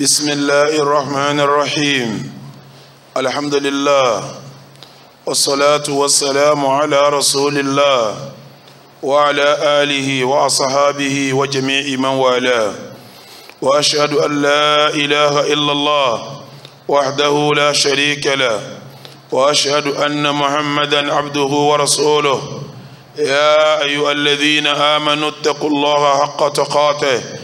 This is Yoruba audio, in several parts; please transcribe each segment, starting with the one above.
بسم الله الرحمن الرحيم الحمد لله والصلاة والسلام على رسول الله وعلى آله وأصحابه وجميع من والاه وأشهد أن لا إله إلا الله وحده لا شريك له وأشهد أن محمدا عبده ورسوله يا أيها الذين آمنوا اتقوا الله حق تقاته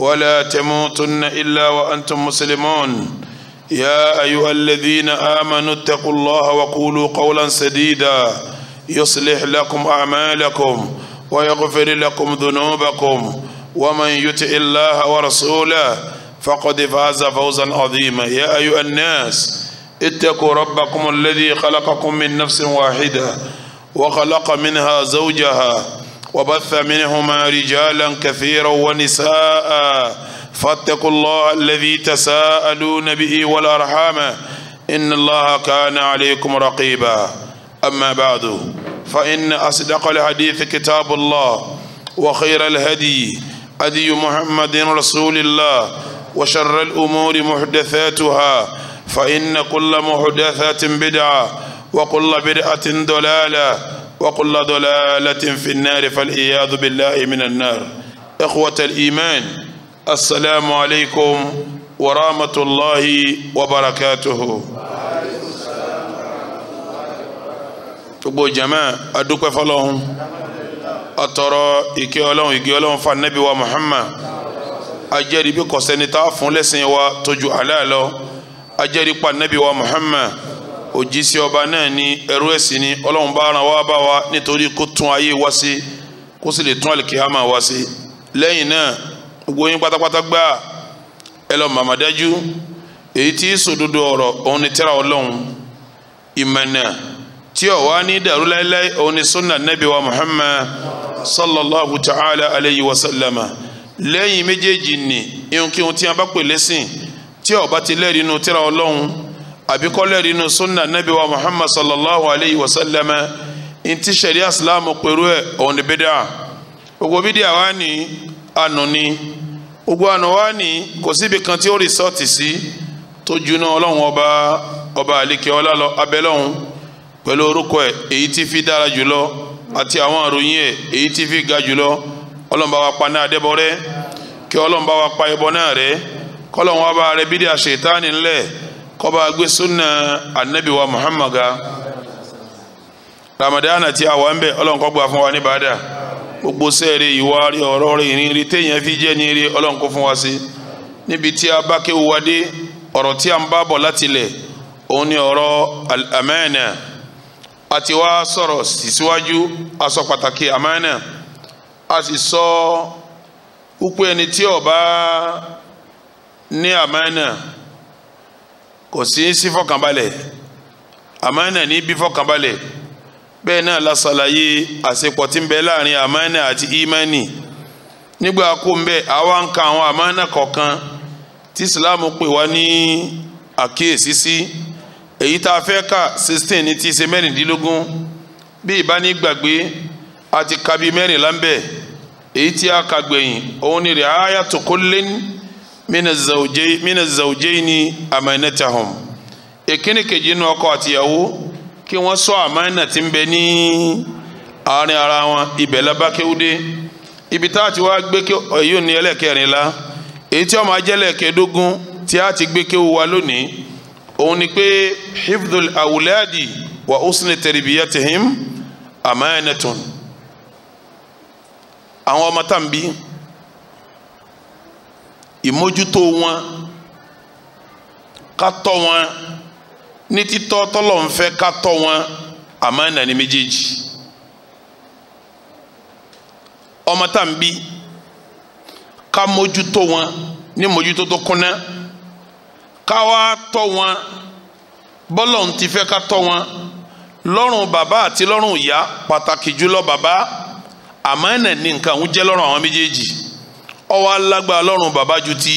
ولا تموتن إلا وأنتم مسلمون يا أيها الذين آمنوا اتقوا الله وقولوا قولا سديدا يصلح لكم أعمالكم ويغفر لكم ذنوبكم ومن يطع الله ورسوله فقد فاز فوزا عظيما يا أيها الناس اتقوا ربكم الذي خلقكم من نفس واحدة وخلق منها زوجها وبث منهما رجالا كثيرا ونساء فاتقوا الله الذي تساءلون به والأرحام إن الله كان عليكم رقيبا أما بعد فإن أصدق الحديث كتاب الله وخير الهدي هدي محمد رسول الله وشر الأمور محدثاتها فإن كل محدثات بدعة وكل بدعة ضلالة وكل ضلالة في النار فالعياذ بالله من النار إخوة الإيمان السلام عليكم ورحمة الله وبركاته gbogbo jama adúpẹ́ fọ́lọ́run atọrọ ìkẹ́ Ọlọ́run ìgẹ́ Ọlọ́run fa nabi wa Muhammad ajẹ́rìí bí kò sẹ́ni tá a fún lẹ́sìn wa tójú àlá lọ ajẹ́rìí pa nabi wa Muhammad òjíṣẹ́ ọba náà ni ẹrú ẹ̀sìn ni ọlọ́run bá ara wa bá wa nítorí kó tún ayé wa ṣe kó sì lè tún àlìkíyàmà wa ṣe lẹ́yìn náà gbogbo yín pátápátá gbà ẹ lọ màmá èyí tí sòdodo ọ̀rọ̀ òun ni tẹ́ra ọlọ́run ìmọ̀nà tí ó wà ní dàrú láéláé òun ni sunna nabi wa muhammad sallallahu ta'ala alayhi wa sallama lẹ́yìn méjèèjì ni ihunkihun tí a bá pè lẹ́sìn tí ó ti lẹ́rìí inú tẹ́ra ọlọ́run àbí kọ́lẹ́rì inú sunna nabi wa muhammad sallallahu alayhi wa sallam ntí sariya silamu pẹ̀lú ẹ̀ òun ni bídà gbogbo bídà wa ni ànú ni gbogbo ànú wa ni kò síbi kan tí ó rìsọ́ọ̀tì sí tó juná ọlọ́run ọba ọba àlekè ọlá lọ abẹ́lọ́hún pẹ̀lú orúkọ ẹ̀ èyí tí fi dára jùlọ àti àwọn àròyìn ẹ̀ èyí tí fi ga jùlọ ọlọ́run bá wa pa náà dẹ́bọ rẹ́ kí ọlọ́run bá wa pa ẹbọ náà rẹ́ kọ́lọ́run wa bá rẹ bídà ṣètánì kọba gbé sunna anabi wa muhammad ga ramadana ti a wà ń bẹ ọlọ́run kó wa ní bàdà gbogbo sere iwari rí ọ̀rọ̀ rí ìrìnrìn téèyàn fi jẹ́ ní rí ọlọ́run kó fún wa sí níbi tí a bá kéwu wa dé ọ̀rọ̀ a n ba bọ̀ lati le òun ni ọ̀rọ̀ amẹ́nà àti wa sọ̀rọ̀ sisiwaju a sọ a kò sí sí fọkànbalẹ̀ àmánà ní bí fọkànbalẹ̀ bẹ́ẹ̀ náà la ṣàlàyé àṣepọ̀ tí ń bẹ láàrin àmánà àti ìmánì nígbà kó ń bẹ àwa ń ka àwọn àmánà kọ̀ọ̀kan tí Islam pè wá ní àkíyèsí sí èyí tá a fẹ́ kà sixteen ní ti ṣe mẹ́rìndínlógún bí ìbánigbàgbé àti kabi mẹ́rìnlá ń bẹ èyí tí a kà gbẹ̀yìn òun ni rẹ̀ ayatollah mina zawjaini amanatahum ìkíni kejì inú ọkọ àtìyàwó kí wọ́n sọ àmánà tí ń bẹ ní àárín ara wọn ibẹ̀ labákéwúdé ibi tá a ti wá gbé èyí ò ní ẹlẹ́kẹrin la èyí tí ọmọ ajẹ́lẹ̀ kẹdógún tí a ti gbé kéwu wa lónìí òun ni pé hifdul awuladi wa usni tarbiyatihim amanatun àwọn ọmọ tá ìmójútó wọn ká tọ́ wọn ní títọ́ tọ́lọ̀ ń fẹ́ ká tọ́ wọn àmọ́ ẹ̀ nàní méjèèjì ọmọ tá n bí ká mójútó wọn ní mójútó tó kúnná ká wá tọ́ wọn bọ́lọ̀ ń ti fẹ́ ká tọ́ wọn lọ́rùn bàbá àti lọ́rùn ìyá pàtàkì jùlọ bàbá àmọ́ ẹ̀ nàní nǹkan ń jẹ́ lọ́rùn àwọn méjèèjì ọwọ́ alágbára lọ́rùn bàbá ju ti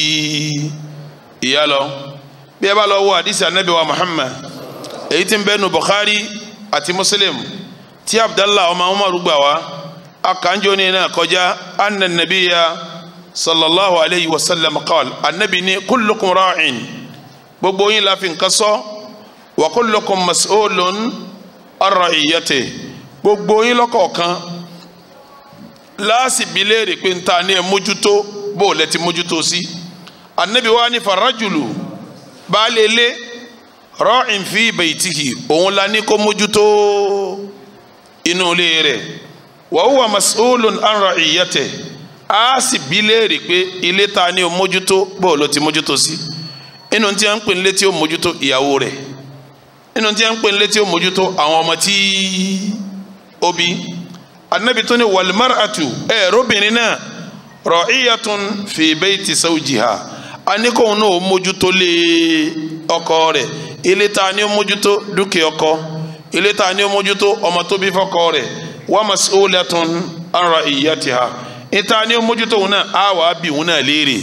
ìyá lọ bí ẹ bá lọ wo àdìsí anabi wa muhammad èyí tí ń bẹ́nu bukhari àti muslim tí abdallah ọmọ umaru gbà wá akanjo ni náà kọjá anna nabiya sallallahu alayhi wa sallam qaal anabi ni kullukum ra'in gbogbo yín la fi wa kullukum mas'ulun ar-ra'iyati gbogbo yín lọ́kọ̀ọ̀kan láàsì bí léèrè pé nta ni ẹ mójútó bó lẹ ti mójútó sí anabi wa ni farajulu baalele ilé rọ́ọ̀ìn fi bẹ̀yìtìhì òun la ní kó mójútó inú ilé rẹ̀ wa huwa mas'ulun an ra'iyyatihi a sì bí léèrè pé ilé ta ni ó mójútó bó lọ ti mójútó sí inú tí ń pè létí ó mójútó ìyàwó rẹ̀ inú tí ń pè létí ó mójútó àwọn ọmọ tí ó bí anabi tó ní walmar'atu ẹ̀rọ obìnrin náà ra'iyatun fi bayti zawjiha aníkòhun náà ó mójútó lé ọkọ rẹ̀ ilé tá a ní ó mójútó dúkìá ọkọ ilé tá a ó mójútó ọmọ tó bí fọkọ rẹ̀ wa mas'ulatun an ra'iyatiha ìta ni ó mójútó òun náà á wàá bí òun náà léèrè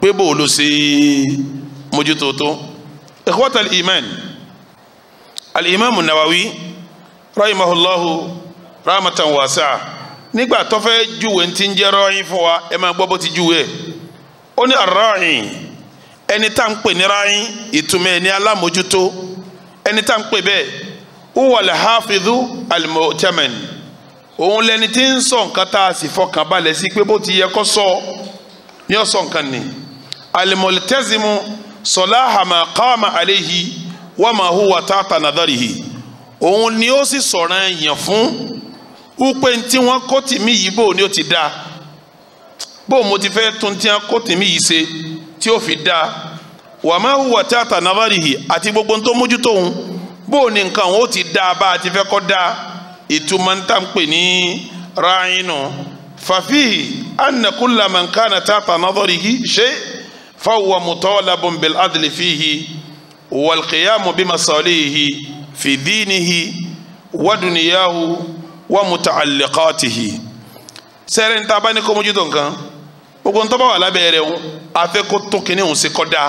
pé bó ló ṣe mójútó tó ikhwata al-iman al-imam nawawi rahimahullahu. rahmatan wasa nígbà tó fẹ́ júwe ti ń jẹ́ rọ́ọ̀yìn fún wa ẹ máa gbọ́ bó ti júwe ó ní àrọ́ọ̀yìn ẹni tá ń pè ní ráyìn ìtumọ̀ ẹni alámòjútó ẹni tá ń pè bẹ́ẹ̀ uwàlẹ̀ hafidhu almu'taman òun lẹni tí ń sọ nǹkan tá a sì fọkàn balẹ̀ sí pé bó ti yẹ kó sọ ní ọ̀sọ̀ nǹkan ni alimọ̀lítẹ́sìmù sọláhàmà kọ́ọ̀mà àléhi wàmà hùwà tààtà nàdọ́rìhì òun ni ó sì sọ̀rọ̀ yàn fún wípé tí wọ́n kó tìmí yìí bò ni ó ti dáa bó mo ti fẹ́ tún tí wọ́n kó tìmí yìí ṣe tí ó fi dáa wà má hùwà tí a tà nàbàrì yìí àti gbogbo tó mójútó òun bó ni nǹkan òun ó ti dáa bá a ti fẹ́ kọ́ dáa ìtumọ̀ ń tà ń pè ní ráyìnà fàfihì ànàkúlà tí a tà nàbàrì yìí ṣe fáwọn mutọ́labùn bil adli fihi wal qiyamu bimasalihi fi dinihi wa duniyahu wa muta'alliqatihi sẹ́rẹ̀ ní taba ní kó mójútó nǹkan gbogbo ntọ́ bá wà lábẹ́ rẹ̀ ń afẹ́ kó tún kíní òun ṣe kọ́dà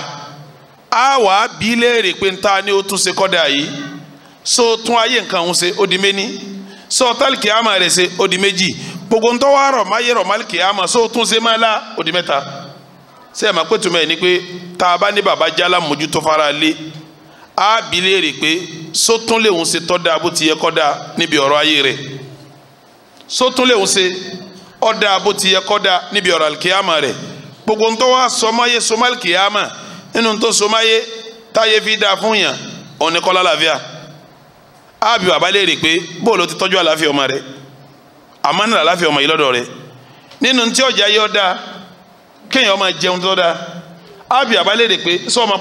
á wà á ni ó tún ṣe kọ́dà yìí so tún ayé nǹkan òun se ó di méní so tálíkì àmà rẹ̀ ṣe ó di méjì gbogbo ntọ́ wà rọ̀ máyé rọ̀ málíkì àmà so tún ṣe máa la ó di mẹ́ta sẹ́yà máa pẹ́ tuma yìí ni pé tá a baba jala mójútó fara lé á bí léèrè so tún lè òun ṣe tọ́da bó ti yẹ kọ́dà níbi ọ̀rọ̀ ayé sótún lè ṣe ọ̀dà bó ti yẹ kọ́dà níbi ọ̀rọ̀ rẹ̀ gbogbo ń tó wá sọmáyé nínú tó sọmáyé táyé fi dáa fún yàn òní kọ́ lálàáfíà ábí bàbá lè pé bóòlù ti tọ́jú àlàáfíà ọmọ rẹ̀ àmọ́ àlàáfíà ọmọ yìí lọ́dọ̀ nínú tí ọjà yọ kéèyàn ọmọ jẹun tó ábí lè pé sọ ọmọ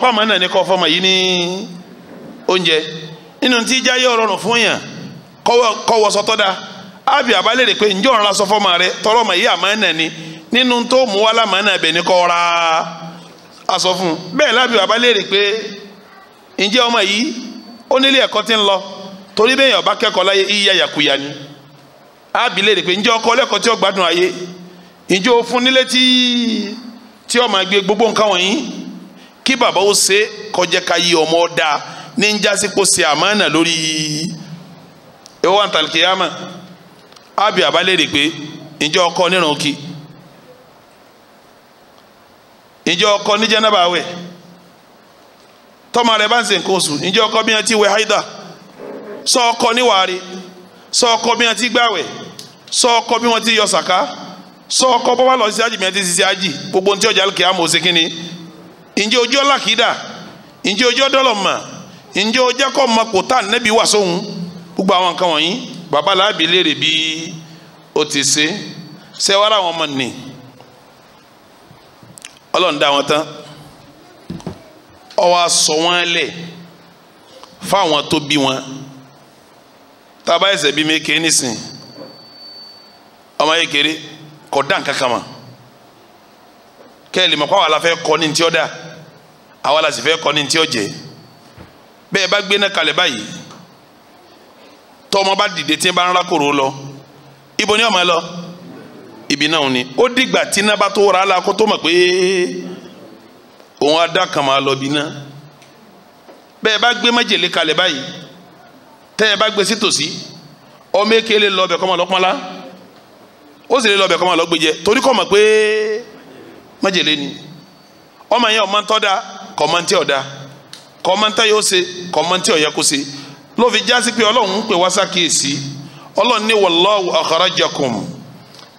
kọ́ a àbálẹ̀ pé ǹjẹ́ ọrụ lásán fọ́ọ̀mà rẹ tọrọ ma yìí àmánà ni nínú tó mú wá lámánà ẹ̀bẹ̀ ní kọ́ ra aṣọ fún un bẹ́ẹ̀ lábí àbálẹ̀ pé ọmọ yìí ó nílé ẹ̀kọ́ tí ń lọ torí ọba kẹ́kọ̀ọ́ láyé iyá yàkuyà ni pé ọkọ lẹ́kọ̀ọ́ tí ó gbádùn ayé ó fún nílé tí tí ọmọ gbogbo nǹkan wọ̀nyí kí bàbá ó kọjá ka yí ọmọ dáa ní ṣe lórí àtàlùkìyàmà ábí àbálẹ́rì pé ǹjẹ́ ọkọ nírun kí ǹjẹ́ ọkọ ní jẹ́nàbà wẹ̀ tọ́mọ rẹ̀ bá ń ṣe nǹkan oṣù ǹjẹ́ ọkọ bí wọ́n ti wẹ̀ haida sọ ọkọ níwàárí sọ ọkọ bí wọ́n ti gbàwẹ̀ sọ ọkọ bí wọ́n ti yọ sàká sọ ọkọ bọ́bá lọ sí ájì bí wọ́n ti ṣiṣẹ́ ájì gbogbo ní tí ọjà kìí àmọ̀ òsè kínní ǹjẹ́ ojú ọlá kìí dà ojú ọdọ́lọ́mà ǹjẹ́ ojú ẹ̀kọ́ mọ kò tá nẹ́bí wà sóhun gbogbo àwọn nǹkan wọ̀nyí bàbá làábì léèrè bí ó ti ṣe ṣé wàá làwọn ọmọ nì ọlọ́run dá wọn tán ó wá sọ wọ́n lẹ̀ fáwọn tó bí wọn tábà ẹsẹ̀ bí mékè nísìn ọmọ yìí kéré kò dá nǹkan kan mọ̀ kẹ́lì mọ̀ pàwọn aláfẹ́ kọ́ ní ti ọ́ dà àwọn aláṣẹ fẹ́ ní ti ọ́ jẹ́ bẹ́ẹ̀ bá gbé náà báyìí. tọmọ bá dìde tí ń bá ń rákòrò lọ ibo ni ọmọ lọ ibi náà ó dìgbà tí iná bá tó ra la kó tó mọ̀ pé òun adá máa lọ bí iná bẹ́ẹ̀ bá gbé májèlé kalẹ̀ báyìí tẹ́ẹ̀ bá gbé sítòsí ọmọ lè lọ ó sì lè lọ torí kọ́ mọ̀ pé májèlé ni ọmọ yẹn ọmọ ló fi jásí pé ọlọ́run ń pè wá sákìyèsí ọlọ́run ní wallahu akhrajakum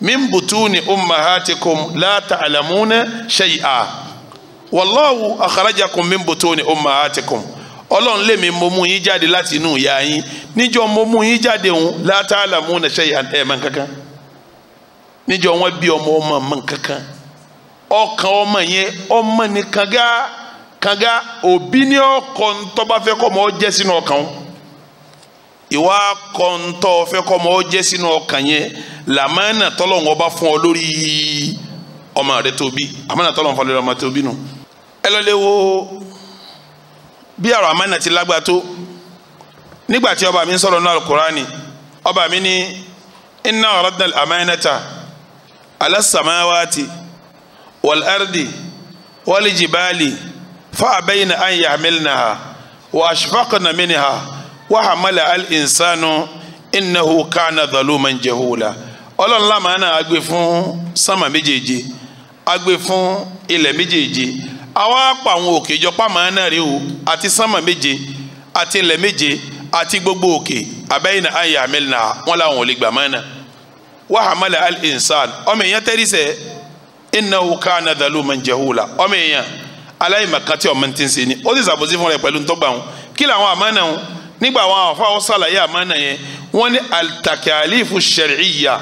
min butuni ummahatikum la ta'lamuna shay'a wallahu akhrajakum min butuni ummahatikum ọlọ́run lèmi mo mú yín jáde láti inú ìyá yín níjọ́ mo mú yín jáde òun la ta'lamuna shay'an ẹ̀ mọ̀ kankan níjọ́ wọn bí ọmọ ọmọ mọ̀ kankan ọkàn ọmọ yẹn ọmọ ní kanga kanga òbí ní ọkọ̀ ntọ́báfẹ́ kọ́ ọmọ ọ sínú ọkàn wọn ìwà kọ́ńtọ́ ọ̀fẹ́ kọ́mọ ó jẹ́ sínú ọkàn yẹn làmánà tọ́lọ́hún ọba fún ọ lórí ọmọ rẹ tó bí àmánà tọ́lọ́hún fún ọ lórí ọmọ tó bí nù. ẹ lọ lé wo bí àrò àmánà ti lágbá tó nígbà tí ọba mi ń sọ̀rọ̀ náà Kùránì ọba mi ní inna aradna al-amanata ala samawati wal ardi wal jibali fa abayna an yahmilnaha wa ashfaqna wahamala al-insanu innahu kana zaluman jahula ọlọ́run lámàánà agbe fún sánmà méjèèje agbe fún ilẹ̀ méjèèje àwa pa àwọn òkè jọ pàmàánà rí o àti sánmà méje àti ilẹ̀ méje àti gbogbo òkè abẹ́yìn ayé amẹ́lìnà wọn làwọn ò lè gbà mọ́nà wahamala al-insan ọmọ èèyàn tẹ́rìsẹ̀ innahu kana zaluman jahula ọmọ èèyàn aláìmọ̀kan tí ọmọ ti ni ó sì ṣàbòsí fún rẹ̀ pẹ̀lú ntọ́gbà wọn kí làwọn àmọ́ wọn nígbà àwọn àfọwọ́ sàlàyé àmánà yẹn wọ́n ní alitakalifu sẹ̀ríyà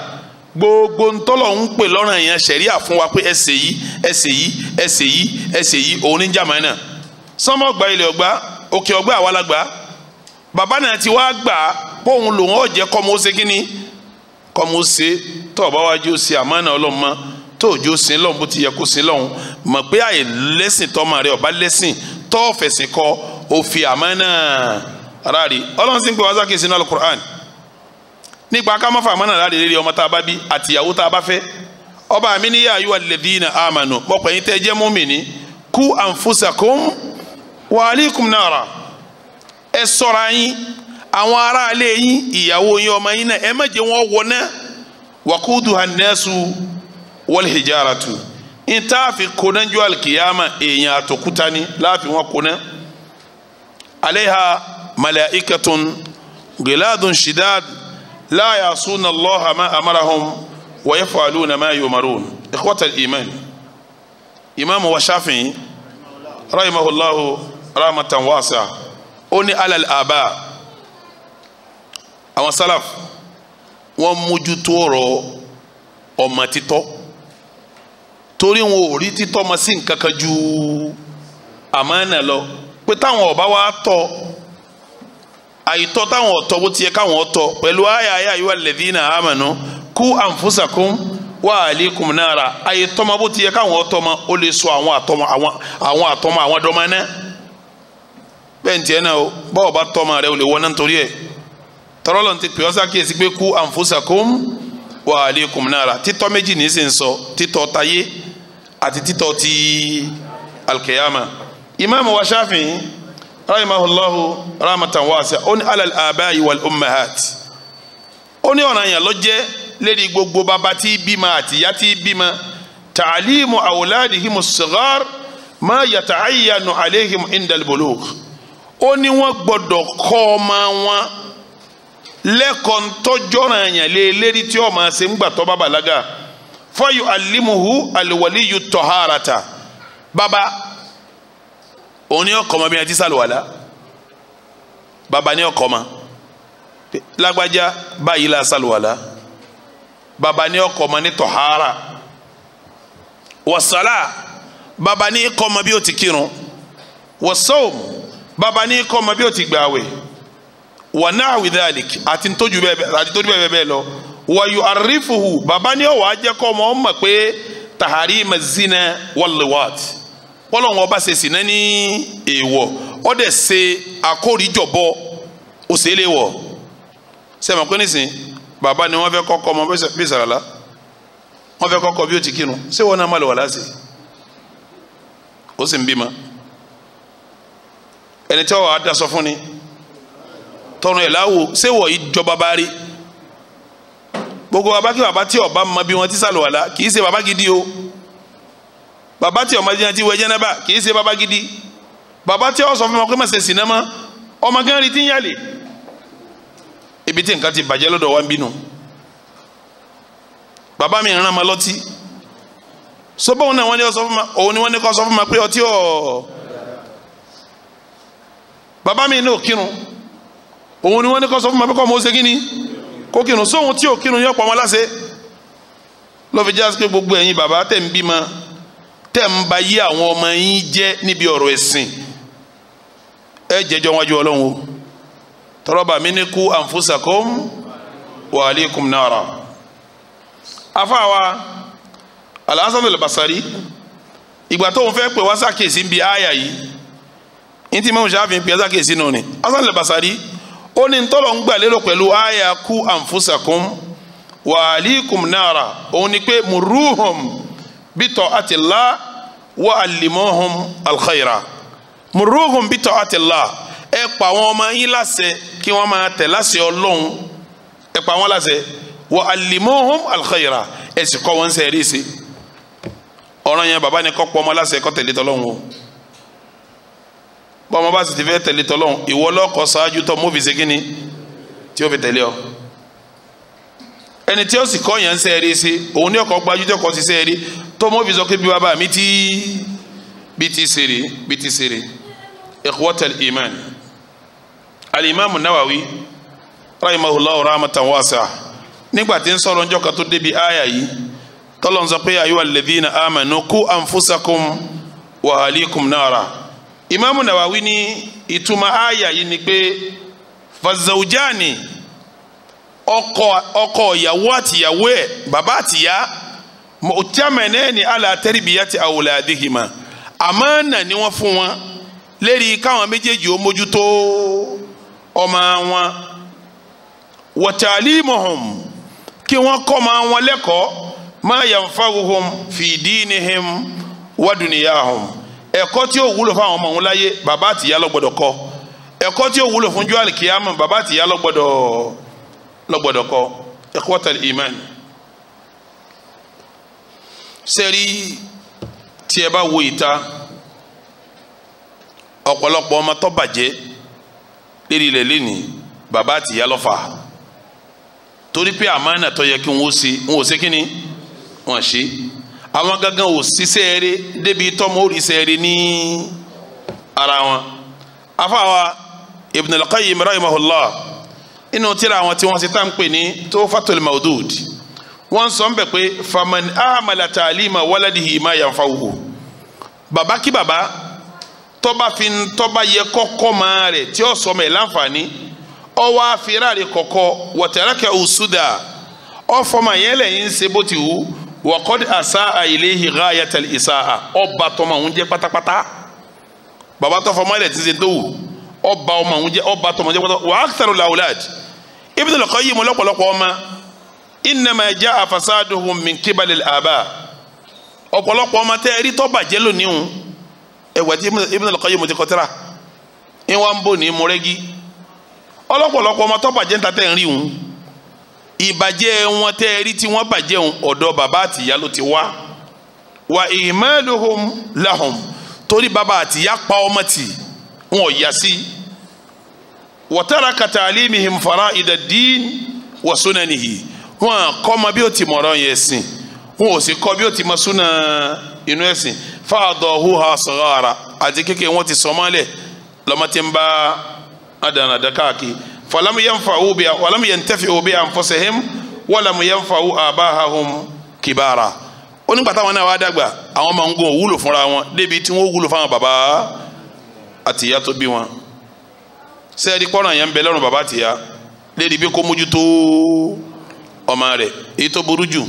gbogbo ntọ́lọ̀ ń pè lọ́rùn yẹn sẹ̀ríyà fún wa pé ẹsẹ̀ yìí ẹsẹ̀ yìí ẹsẹ̀ yìí ẹsẹ̀ yìí òun ní jàmánà sọmọ gba ilẹ̀ ọgbà òkè ọgbà àwa la gbà bàbá náà ti wá gbà póun lòun ọ̀jẹ̀ kọ́ mọ́ ó ṣe kínní kọ́ mọ́ ó ṣe tó ọ̀bá wájú ó ṣe àmánà ọlọ́mọ tó òjò sin lọ́hùn bó ti yẹ kó sin lọ́hùn mọ̀ pé àyè lẹ́sìn tọ́mọ rẹ ọ̀bá lẹ́sìn tọ́ọ̀fẹ̀sìn kọ òfin àmánà aráàlú ọlọ́run sì ń pè wá sákè sínú alukur'an nípa ká má fà mọ́nà láàrin lérí ọmọ tá a bá bí àtìyàwó tá a bá fẹ́ ọba mi ní yà ayúwa lẹ́dínà àmànù mọ̀pẹ́ yín tẹ́ jẹ́ mọ́mìnì kú ànfúsàkùn wàhálìkùn nàrà ẹ ṣọ́ra yín àwọn aráalé yín ìyàwó yín ọmọ yín náà ẹ má jẹ́ wọn wọná wàkúdù hànẹ́sù wal hijaratu ntaafi kona ju alikiyama èèyàn àtòkúta ni láàfin wọn kona aleha malaikatun giladun shidad la yasuna allaha ma amarahum wa yafaluna ma yumarun ikhwata al-iman imaamu wa shafi'i rahimahullahu rahmatan wasi'a ó ní alal aba àwọn salaf wọ́n mójútó ọ̀rọ̀ ọmọ títọ́ torí wọn ò rí títọ́ ọmọ sí nǹkan kan ju àmánà lọ pé táwọn ọba wa tọ́ àìtọ́ táwọn ọ̀tọ́ bó ti yẹ káwọn ọ̀tọ́ pẹ̀lú àyà àyà yóò alladhina amanu ku anfusakum wa alikum nara àìtọ́ ma bó ti yẹ káwọn ọ̀tọ́ ma ó lè sọ àwọn àtọ́mọ àwọn àtọ́mọ àwọn dọ́mọ náà bẹ́ẹ̀ ní tiẹ̀ náà o báwo bá tọ́mọ rẹ o lè wọ́n náà torí ẹ̀ tọ́lọ́lọ́ ti pè ọ́ sákìyèsí pé ku anfusakum wa alikum nara títọ́ méjì ní sìn sọ títọ́ tayé àti títọ́ ti alkiyama Imam wa Shafi'i rahimahulahu rahmatan waasa ó ní alal abayi wal ummahat ó ní ọ̀nà yẹn lọ́jẹ́ lérí gbogbo bàbá tí bímọ àti ìyá tí bímọ taalimu awuladihim sigar ma yata ayanu alehim indalbolok ó ní wọ́n gbọ́dọ̀ kọ́ ọmọ wọn lẹ́kọ̀ọ́ ntọ́jọ́ ọ̀nà yẹn tí ọmọ ṣe ń gbà tó bá bàlágà alimuhu aliwaliyu tọ́hárata bàbá òun ni ọkọ̀ ọmọ bí wọn ti sàlùwàlá bàbá ni ọkọ̀ ọmọ lágbájá báyìí la sàlùwàlá bàbá ni ọkọ̀ ọmọ ní tọ̀hárà wàsálà bàbá ni ikọ̀ ọmọ bí ó ti kírun wàsọ́ọ̀m bàbá ni ikọ̀ ọmọ bí ó ti gbààwẹ̀ wànáàwì dàlík àti tójú bẹ́ẹ̀ bẹ́ẹ̀ lọ wàyù àrífùhù bàbá ni ọ̀wọ́ ajẹ́kọ̀ ọmọ ọmọ pé tàhárí mazina wàlúwàtì pọ́lọ́wọ́n ọba ṣe sìnà ní èèwọ̀ ọdẹ ṣe àkóríjọbọ òṣèlè wọ̀ sẹ́mi pé nísìn bàbá ni wọ́n fẹ́ kọ́kọ́ ọmọ bí sàràlá wọ́n fẹ́ kọ́kọ́ bí ó ti kírun ṣé wọ́n náà má lọ wà láṣẹ ó sì ń bímọ ẹni tí wọ́n wàá dasọ fún ni tọrọ ẹ̀ láwo ṣé wọ̀ yìí jọba bá rí gbogbo bàbá kí bàbá tí ọba mọ bí wọn ti sàlùwàlá kì í ṣe bàbá gidi o bàbá tí ọmọ jẹ́ ti wẹ̀ jẹ́nẹ́bà kì í ṣe bàbá gidi bàbá tí ó sọ fún ọmọ pé má ṣe sìnà mọ́ ọmọ gan rí ti ń yàlè ibi tí nǹkan ti bàjẹ́ lọ́dọ̀ wa ń bínú bàbá mi ràn mọ́ lọ́tí sọ́bọ̀n náà wọ́n ní òun ni wọ́n ní kọ́ sọ fún ma pé ọtí ọ̀ bàbá mi ní òkírun òun ni wọ́n ní kọ́ sọ fún ma pé kọ́ mọ́ ó ṣe ni kó kírun sóhun tí òkírun yọ̀ pọ̀ mọ́ láṣẹ lọ́fi jásí pé gbogbo ẹ̀yin bàbá tẹ̀ ń bímọ tẹ́ ń ba yí àwọn ọmọ yín jẹ́ níbi ọ̀rọ̀ ẹ̀sìn ẹ jẹjọ wájú ọlọ́run o tọrọba mi ní kú anfusakum wa alaykum nara afáwa alhassan al-basari ìgbà tó ń fẹ́ pè wá sàkèsí ń bi àyà yìí ní tí mọ̀ ṣáà fi ń pè wá sàkèsí náà ni hassan al ó ní tọ́lọ̀ ń gbà lérò pẹ̀lú àyà kú anfusakum wa alaykum nara òun ni pé muruhum. بطاعة الله وعلموهم الخير مروهم بطاعة الله ẹ pa àwọn ọmọ yín láṣẹ kí wọ́n máa tẹ̀ láṣẹ Ọlọ́run ẹ pa wọ́n láṣẹ wa alimohum alkhaira ẹ sì kọ́ wọn ṣe rí sí ọ̀ràn yẹn bàbá ni kọ́ pọ́ ọmọ láṣẹ kọ́ tẹ̀lé o bọ́n ọmọ bá sì ti fẹ́ tẹ̀lé tọ́lọ́run ìwọ lọ́kọ̀ ṣáájú tọ́ mọ́fì ṣe kínni tí ó fi tẹ̀lé ọ ẹni tí ó sì kọ́ yẹn ń sẹ́ẹ̀rí sí òun ní ọkọ̀ gbajú tí ọkọ̀ sì sẹ́ẹ̀rí tó mọ́ fi sọ pé bí bàbá mi ti bí ti sèré bí ti sèré ikhwatal iman alimami nawawi rahimahullah rahmatan wasi'a nígbà tí ń sọ̀rọ̀ njọ́ kan tó débi àyà yìí tọ́lọ̀ ń sọ pé ayyuhal ladhina amanu ku anfusakum wa ahlikum nara imamu nawawi ní ìtumọ̀ àyà yìí ni pé fazawjani. ọkọ ọkọ ìyàwó àtìyàwó ẹ bàbá àtìyá mọ̀tàmẹ́nẹ́ni alátẹ́rìbíyá ti awladihima àmánà ni wọ́n fún wọn lérí káwọn méjèèjì ó mójútó ọmọ wọn wọ̀tàlímọ̀hùn kí ma wọn lẹ́kọ̀ọ́ má yanfa'uhum fi tí ó wúlò fún àwọn ọmọ wọn láyé bàbá àtìyá ló gbọ́dọ̀ kọ́ ẹ̀kọ́ tí ó wúlò fún bàbá àtìyá lọ́gbọ́dọ̀ kọ́ ikhwatal iman sẹ́rí tí ẹ bá wo ìta ọ̀pọ̀lọpọ̀ ọmọ tó bàjẹ́ lérí ilẹ̀ lẹ́ni bàbá àtìyá lọ́fà torí pé àmánà tó yẹ kí wọ́n ṣe wọ́n ò ṣe kí ni wọ́n ṣe àwọn gangan ò ṣiṣẹ́ eré débi tọ́mọ ó ṣiṣẹ́ ní ara wọn afáwa Ibn al-Qayyim rahimahullah inú tíra àwọn tí wọ́n ti tán pè ní Tuhfatul Mawdud wọ́n sọ ń bẹ̀ pé faman amala ta'lima waladihi ma yanfa'uhu baba kí baba tọ́ba fi tọ́ba yẹ kọ́kọ́ máa rẹ̀ tí ó sọmọ ẹ̀ láǹfààní ọwọ́ àfihàn rẹ̀ kọ̀kọ́ wọ̀tẹ̀rẹ̀kẹ̀ òsúdà ọ̀fọ̀mà yẹn lẹ́yìn ṣe bó ti wù wọ́kọ́dé àṣà ilayhi ghayatal ìṣáà ọba tọmọ òun jẹ́ pátápátá baba tọ́fọ̀mọ́ rẹ̀ ti ṣe tó wù ọba ọmọ òun jẹ́ ọba tọmọ jẹ́ pátápátá wa aktharul awlad Ibnul Qayyim lọ́pọ̀lọpọ̀ ọmọ innama jaa fasaduhum min qibalil aba ọ̀pọ̀lọpọ̀ ọmọ tẹ́ ẹ̀rí tó bàjẹ́ lónìí hùn ẹ̀wà tí Ibnul Qayyim ti kọtẹ́ra ń wá ń bò ní mọ́rẹ́gí ọlọ́pọ̀lọpọ̀ ọmọ tó bàjẹ́ ń ta tẹ́ ń rí hùn ìbàjẹ́ wọn tẹ́ ẹ̀rí tí wọ́n bàjẹ́ hùn ọ̀dọ̀ bàbá àtìyá ló ti wá wa ihmaluhum lahum torí bàbá àtìyá pa ọmọ tì wọn ò wọ́tara katali mihim fara idadin wa sunanihi wọn kọ́ ma bí o ti mọ̀rọ̀ yẹn sìn wọn ò sì kọ́ bí o ti ma súnà inú ẹ̀ sìn fáadọ̀ huha sọ̀rọ̀ ara àti kékeré wọn ti sọmọ́lẹ̀ lọ́mọ tí ń bá falamu yẹn bi walamu yẹn bi anfusihim walamu yẹn abahahum kibara onígbà táwọn náà wá dàgbà àwọn máa ń gun òwúlò fúnra wọn débi tí wọn wúlò fáwọn bàbá àtìyá tó bí wọn sẹ́ẹ̀dì pọ́nrán yẹn ń bẹ lọ́rùn bàbá tìyà lédi bí kò mójútó ọmọ rẹ̀ èyí tó burú jù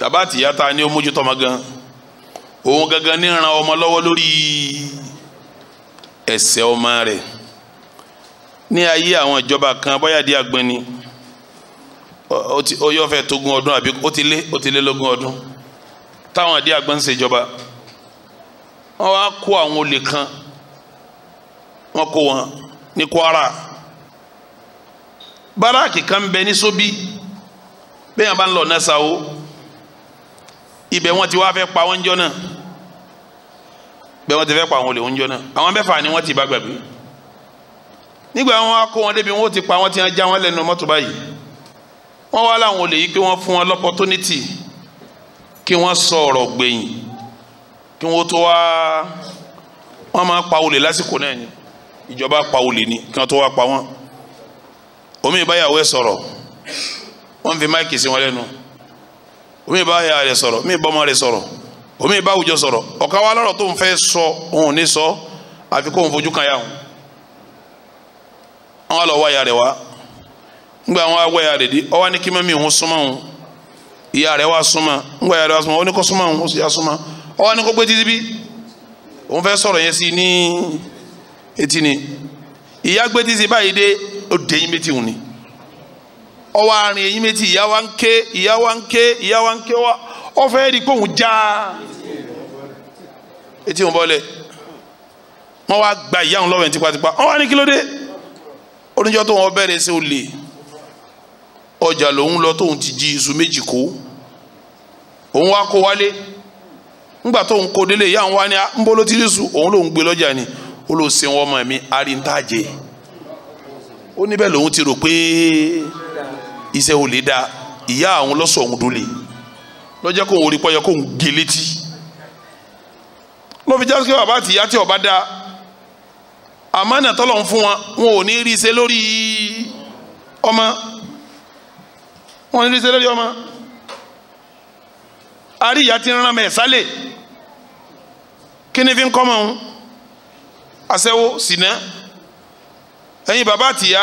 bàbá tìyà ta ni ó mójútó ọmọ gan òun gangan ní ran ọmọ lọ́wọ́ lórí ẹ̀ṣẹ̀ ọmọ rẹ̀ ní ayé àwọn ìjọba kan bóyá di ni ó yọ fẹ́ tógún ọdún àbí ó ti lé ó ti lé lógún ọdún táwọn àdí agbọn ń ṣèjọba wọn wá kó àwọn olè kan wọn kó wọn ní Kwara báràkì kan bẹ ní Sobi bẹ́ẹ̀ bá ń lọ nẹ́sà o ibẹ̀ wọn ti wá fẹ́ pa wọn jọ náà bẹ́ẹ̀ wọn ti fẹ́ pa wọn lè wọn jọ náà àwọn mẹ́fà ni wọ́n ti bá gbàgbé nígbà wọn á kó wọn débi wọn ó ti pa wọn ti hàn já wọn lẹ́nu mọ́tò báyìí wọ́n wá láwọn olè yìí pé wọ́n fún wọn lọ́pọ́tónítì kí wọ́n sọ ọ̀rọ̀ gbẹ̀yìn kí wọ́n tó wá wọ́n máa pa olè lásìkò náà ni ìjọba pa olè ni kí tó wá pa omi ìbáyàwó ẹ sọ̀rọ̀ wọ́n fi máìkì sí wọn omi ìbáyà sọ̀rọ̀ omi ìbámọ́ rẹ̀ sọ̀rọ̀ omi ìbáwùjọ tó ń fẹ́ sọ òun ní sọ àfi kó òun fojú kan yà wọn àwọn wá ngbà wọn di ọwọ́ kí mẹ́mí òun súnmọ́ òun ìyá wá súnmọ́ ngbà ìyá wá súnmọ́ òun ní kó súnmọ́ òun ó sì yá súnmọ́ ọwọ́ kó gbé títí bí òun fẹ́ eti ni ìyá gbé tí báyìí dé ni ọwọ́ àárín eyín méjì ìyá wa ń ké ìyá wa ń ké ìyá wa ń ké wa ọ fẹ́ rí já etí wọn bọ́lẹ̀ wọn wá gba ìyá wọn lọ́wọ́ tipátipá wọn wá ní kí oníjọ́ tó wọn bẹ̀rẹ̀ sí olè ọjà lòun lọ tóun ti jí iṣu méjì ni. ó ló ṣe ọmọ mi arintaje ó níbẹ̀ lòun ti rò pé iṣẹ́ ò lè da ìyá àwọn lọ́sọ̀ òun dole lọ́jọ́ kó òun rí pọ́yọ kó òun gé e létí ló fi jásí pé bàbá àti ìyá tí ọba da àmánà tọ́lọ̀ ń fún wọn wọn ò ní rí iṣẹ́ lórí ọmọ wọn ò ní rí iṣẹ́ lórí ọmọ àrí ti ń rán mẹ́ẹ̀sálẹ̀ kí ni fi ń kọ́ mọ́ òun aṣẹ́wó sìnà ẹ̀yin bàbá àtìyá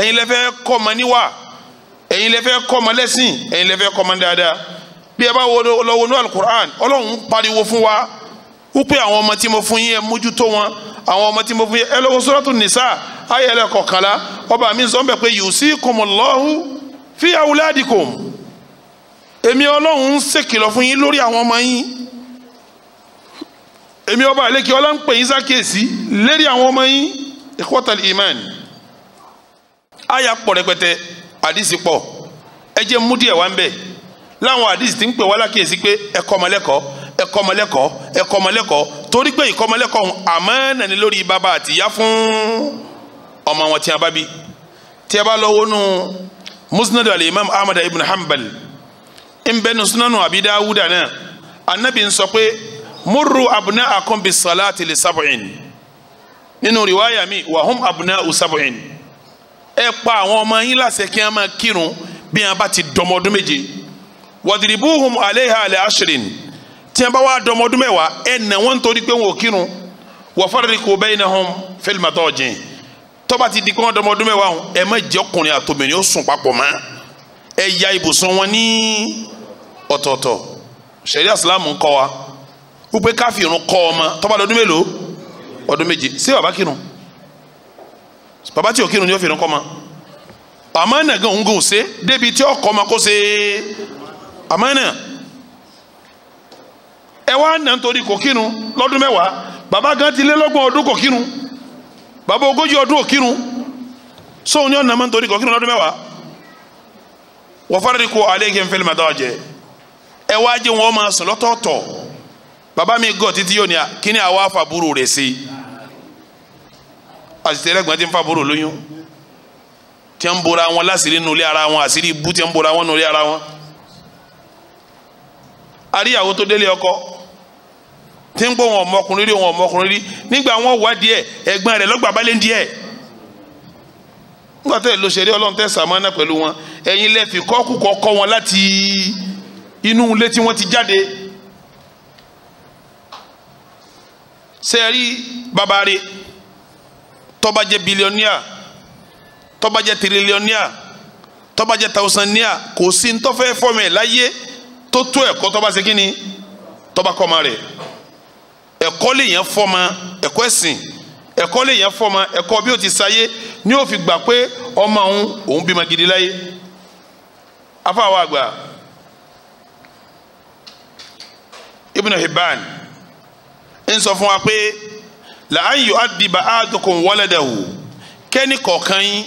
ẹ̀yin lẹ́fẹ́ kọ́ ọmọ níwà ẹ̀yin lẹ́fẹ́ kọ́ ọmọ lẹ́sìn ẹ̀yin lẹ́fẹ́ kọ́ ọmọ dáadáa bí ẹ bá wo lọ́wọ́ ní alukur'an ọlọ́run pariwo fún wa wípé àwọn ọmọ tí mo fún yín ẹ mójútó wọn àwọn ọmọ tí mo fún yín ẹ lọ́wọ́ suratu nisa ayé ẹlẹ́kọ̀ọ́kànlá ọba mi sọ ń bẹ̀ pé yusikumullahu fi awladikum èmi ọlọ́run ń ṣèkìlọ̀ fún yín lórí àwọn ọmọ yín èmi ọba àlékè ọlá ń pè yín sákèésí lérí àwọn ọmọ yín ìkọ́tàlì imán àyà pọ̀ rẹpẹtẹ àdìsí pọ̀ ẹ jẹ́ mú díẹ̀ wá ń bẹ̀ láwọn àdìsí ti ń pè wá lákèésí pé ẹ kọ́ ọmọlẹ́kọ̀ọ́ ẹ torí pé ìkọ́mọlẹ́kọ̀ọ́ ọ̀hún àmọ́ nàní lórí bàbá àti fún ọmọ wọn tí a bá bí tí a bá lọ wọnú musnad al-imam ahmad ibn hanbal ń bẹnu sunanu abi dawuda náà anabi ń sọ pé murru abna'akum bis salati li sab'in nínú riwaya mi wa hum abna'u sab'in ẹ pa àwọn ọmọ yín láṣẹ kí wọ́n máa kírun bí wọ́n bá ti dọmọ ọdún méje wadribuhum alayha li ashrin tí wọ́n bá wá dọmọ ọdún mẹ́wàá ẹ nà wọ́n nítorí pé wọn ò kírun wa farriqu baynahum fil matāji' tó bá ti di kí wọ́n dọmọ ọdún mẹ́wàá ẹ má jẹ́ ọkùnrin àtòmìnrin ó sùn papọ̀ mọ́ ẹ ya ibùsùn wọn ní ọ̀tọ̀ọ̀tọ̀ ṣẹ̀ríà Ìsìlámù ń kọ́ wa. wípé káfí irun kọ́ ọmọ tó lọ́dún mélòó ọdún méje ṣé baba kírun bàbá tí kírun ni o fi irun kọ́ ọmọ àmọ́ ẹ̀nà gan ṣe débi tí kó ṣe ẹ wá nà nítorí kò kírun lọ́dún mẹ́wàá ti lé lọ́gbọ̀n ọdún kò kírun baba ogójì ọdún ò kírun sóun ni ọ̀nà máa ń kò kírun lọ́dún mẹ́wàá wọ́n alẹ́ kí n fẹ́ lè jẹ ẹ wá wọn Baba mi gọ̀ títí yóò ní a kí ni àwa fàbúrò rẹ̀ ṣe àṣìṣe ẹgbẹ́ tí ń fàbúrò lóyún tí ń bora wọn láṣìírí nulẹ̀ ara wọn àṣírí ibú tí ń bora wọn nulẹ̀ ara wọn àríyàwó tó délé ọkọ tí ń gbọ́ wọn ọmọkùnrin rí wọn ọmọkùnrin rí nígbà wọn wá díẹ̀ ẹ̀gbọ́n rẹ̀ lọ́gbà bá lé díẹ̀ nígbà tẹ́ ló ṣeré ọlọ́run tẹ́ sàmánà pẹ̀lú wọn ẹ̀yin lẹ́fì kọ́kù kọ́ wọn láti inú ilé tí wọ́n ti jáde. sẹ́ẹ̀rí babare tó bá jẹ́ bilionia tó tirilionia tó tausania kò sí ń tó fẹ́ fọ́ọ̀mù ẹ̀ láyé tó tó ẹ̀kọ́ tó bá ṣe kíni tó bá kọ́ ma rẹ̀ ẹ̀kọ́ lè yẹn fọ́ọ̀mà ẹ̀kọ́ ẹ̀sìn ẹ̀kọ́ lè yẹn fọ́ọ̀mà ẹ̀kọ́ bí o ti sáyé ni o fi gbà pé ọmọ òun òun bímọ gidi láyé afáwọn àgbà Ibn Hibban. ń sọ fún wa pé làán yóò adìbà àdùkùn wọlẹ́dẹ̀wò kẹ́ni kọ̀ọ̀kan yín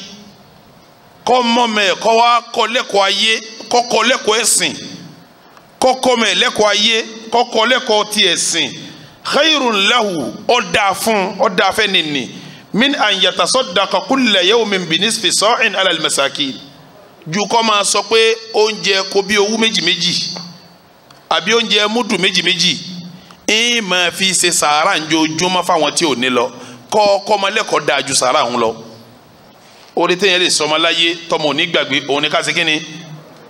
kọ́ mọ́mẹ́ kọ́ wá kọ́ lẹ́kọ̀ọ́ ayé kọ́ kọ́ lẹ́kọ̀ọ́ ẹ̀sìn kọ́ kọ́mẹ́ lẹ́kọ̀ọ́ ayé kọ́ kọ́ lẹ́kọ̀ọ́ ti ẹ̀sìn khayrun lahu ọ̀dà fún ọ̀dà fẹ́ nìní min an yatasaddaqa kulla yawmin bi nisfi sa'in ala al-masakin ju kọ́ máa sọ pé oúnjẹ kò bí owú méjìméjì àbí oúnjẹ múdù méjìméjì ń máa fi ṣe sàárà ń jojúmọ́ fáwọn tí ò ní lọ kọ́ kọ́mọlẹ́kọ̀ọ́ dáa ju sàárà ń lọ orí téèyàn lè sọmọ láyé tọmọ òní gbàgbé òun ni ká ṣe kíni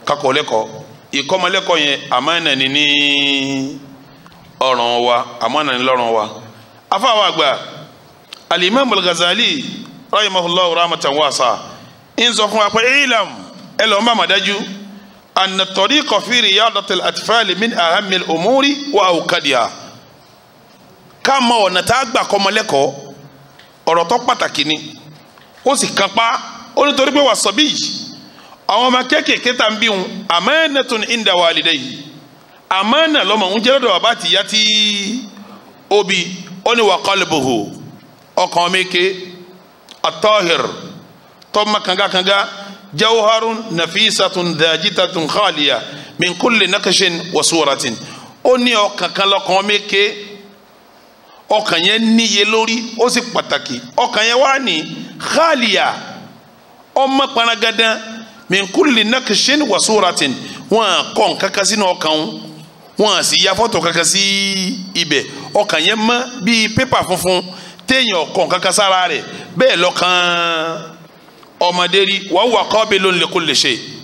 kakọ̀ lẹ́kọ̀ọ́ ìkọ́mọlẹ́kọ̀ọ́ yẹn àmánà ni ní ọ̀ràn wa àmánà ni lọ́ràn wa afáwọn àgbà alimami al-Ghazali rahmatan wasa ń sọ fún wa pé ilam ẹ lọ́ọ́ má má dájú anatọ́rí kọfí riyadatil atfal min ahamil umuri wa awkadiha ká mọ ọ̀nà tá a gbà kọ́ ọmọ lẹ́kọ̀ọ́ ọ̀rọ̀ tó pàtàkì ni ó sì kan pa ó nítorí pé wà sọ bí yìí àwọn ọmọ kéékèèké tá à ń bí wọn amanatun inda walidayhi amánà lọ́mọ ń jẹ́ lọ́dọ̀ bàbá àtìyá tí obì ó ní wà qalbuhu ọkàn meke atọ́hìr tọ́mọ kangakanga jawharun nafisatun dhajitatun khaliya min kulli naqshin wa suratin ó ní ọkàn kan lọ́kàn meke ọkàn yẹn níye lórí ó sì pàtàkì ọkàn yẹn wá ní khaliya ọmọ panagada min kulli nakishin wa suratin wọn kọ nkankan sínú ọkàn wọn wọn sì ya fọ́tò kankan sí ibẹ̀ ọkàn yẹn mọ́ bíi pépà funfun téèyàn kọ nkankan sára rẹ̀ bẹ́ẹ̀ lọ́kàn ọmọdé rí wọ́n wà qabilun li kulli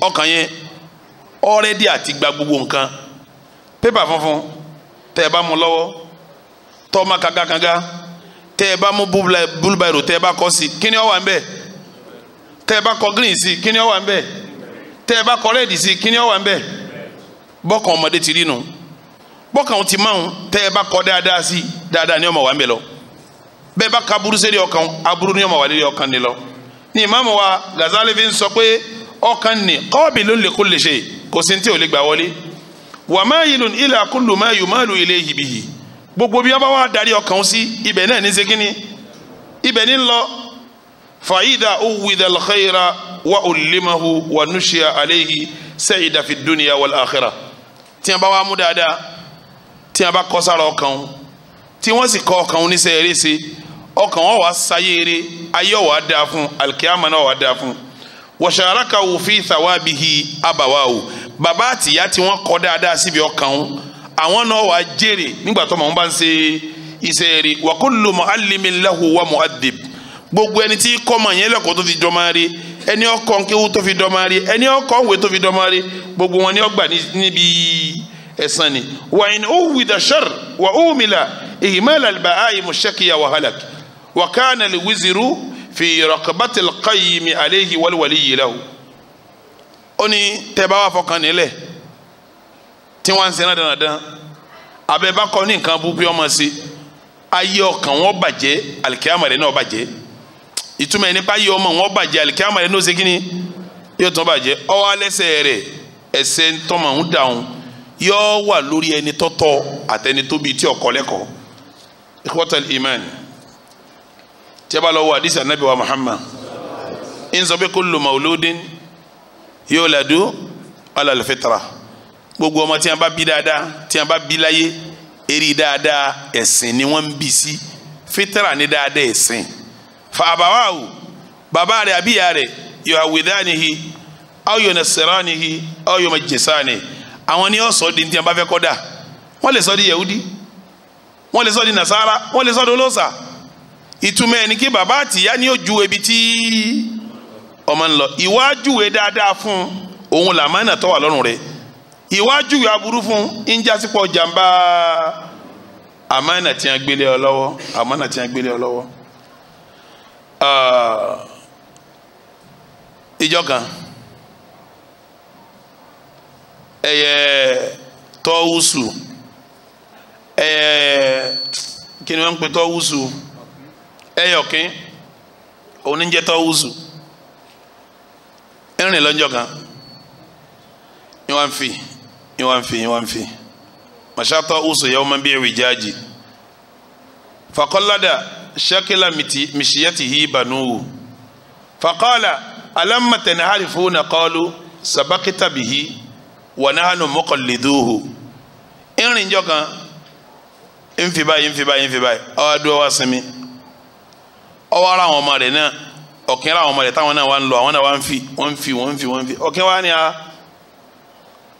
ọkàn yẹn ọ̀rẹ́dì àti gba gbogbo nǹkan pépà funfun tẹ́ ẹ bá mú lọ́wọ́ tọ́ma kangakanga tẹ́ ẹ bá mú búlùbáìrò tẹ́ ẹ bá kọ́ sí kí ni ó wà ń bẹ̀ tẹ́ ẹ bá kọ green sí kí ni ó wà ń bẹ̀ tẹ́ ẹ bá kọ red sí kí ni ó wà ń ti rí nu bọ́kàn ti máa ń tẹ́ ẹ bá kọ dáadáa ni ó máa wà ń bẹ̀ ka burú sẹ́rí ọkàn aburú ni ó máa wà nílé ọkàn ni ni ìmáàmù wa Ghazali fi ń sọ pé ọkàn ni qabilun li kulli shay kò sí ní tí ò lè gbà wọlé wa mailun ila kullu ma yumalu ilayhi bihi gbogbo bí wọn bá wà darí ọkàn sí ibẹ̀ náà ní segini ibẹ̀ ní lọ fàyídà uwìdà lọkẹyìrà wà olèmahu wà nùṣìyà àlẹyìí sẹyìdà fi dúnìyà wàlẹ àkẹrà tí wọn bá wà mú dáadáa tí wọn bá kọ sára ọkàn tí wọn sì kọ ọkàn ní sẹyẹrẹ ṣe ọkàn wọn wà sáyẹrẹ ayé wà dáa fún alikiyama náà wà dáa fún wàṣàràkà wò fi thawabihi abawawo bàbá àtìyá tí wọn kọ dáadáa síbi ọkàn wọn àwọn náà wàá jèrè nígbà tó mọ̀ ń bá ń ṣe iṣẹ́ rí wa kullu muallimin lahu wa mu'addib gbogbo ẹni tí kọ́mọ yẹn lẹ́kọ̀ọ́ tó fi dọ́mọ rí ẹni ọkọ̀ nkéwu tó fi dọ́mọ rí ẹni ọkọ̀ òwe tó fi dọ́mọ rí gbogbo wọn ni ọgbà níbi ẹ̀san ni wa in uwida shar wa umila ihmal al-ba'im shakiya wa halak wa kana al-wizru fi raqabati al-qayyim alayhi wal waliyyi lahu ó ní tẹ́ bá wà fọkàn nílẹ̀ tí wọ́n ń ṣe náà dandan abẹ́bá kọ́ ní nǹkan bú bí ọmọ sí ayé ọkàn wọn bàjẹ́ alikiyama rẹ̀ náà bàjẹ́ ìtumọ̀ ẹni bá yẹ ọmọ wọn bàjẹ́ alikiyama rẹ̀ náà ṣe kíni yóò tún bàjẹ́ ọwọ́ alẹ́sẹ̀ rẹ̀ ẹsẹ̀ ńtọ́mọ̀ ń dàrún yóò wà lórí ẹni tọ́tọ́ àtẹni tóbi tí ọkọ lẹ́kọ̀ọ́ ikhwata al-iman tí a bá lọ wọ hadith anabi wa muhammad ń sọ pé kullu mauludin yuladu ala al gbogbo ọmọ tí wọn bá bí dáadáa tí wọn bá bí láyé eré dáadáa ẹ̀sìn ni wọ́n ń bí sí ni dáadáa ẹ̀sìn fa bàbá rẹ̀ àbí rẹ̀ yóò àwìdánihi ayò nàṣẹ́ránìhi ayò mẹjẹsánì àwọn ni ó di wọn bá sọ di yahudi nasara lè sọ di olóòsà ìtumọ̀ ẹni kí bàbá àtìyá ni ju ebi tí ọmọ ń lọ ìwájú dáadáa fún ìwájú aburú fún ń jásípọ̀ jàǹbá àmánà tí wọ́n gbélé ọ lọ́wọ́ àmánà tí gbélé ọ lọ́wọ́ kan ẹyẹ tọ́wùsù ẹyẹ kí ni ń pè tọ́wùsù ẹyọkín òun tọ́wùsù ẹ̀rìn kan ni wọ́n iwanfi iwanfi mashata uso yawman biya wijaji faqallada shakila miti mishiyatihi banuhu faqala alamma tanharifuna qalu sabaqita bihi wa nahnu muqalliduhu irin jokan nfi báyìí nfi báyìí nfi báyìí ọwọ adúlọ wa sinmi ọwọ ara àwọn ọmọ rẹ náà ọkàn ara àwọn ọmọ rẹ táwọn fi wọn fi wọn fi wọn fi ọkàn wa ni a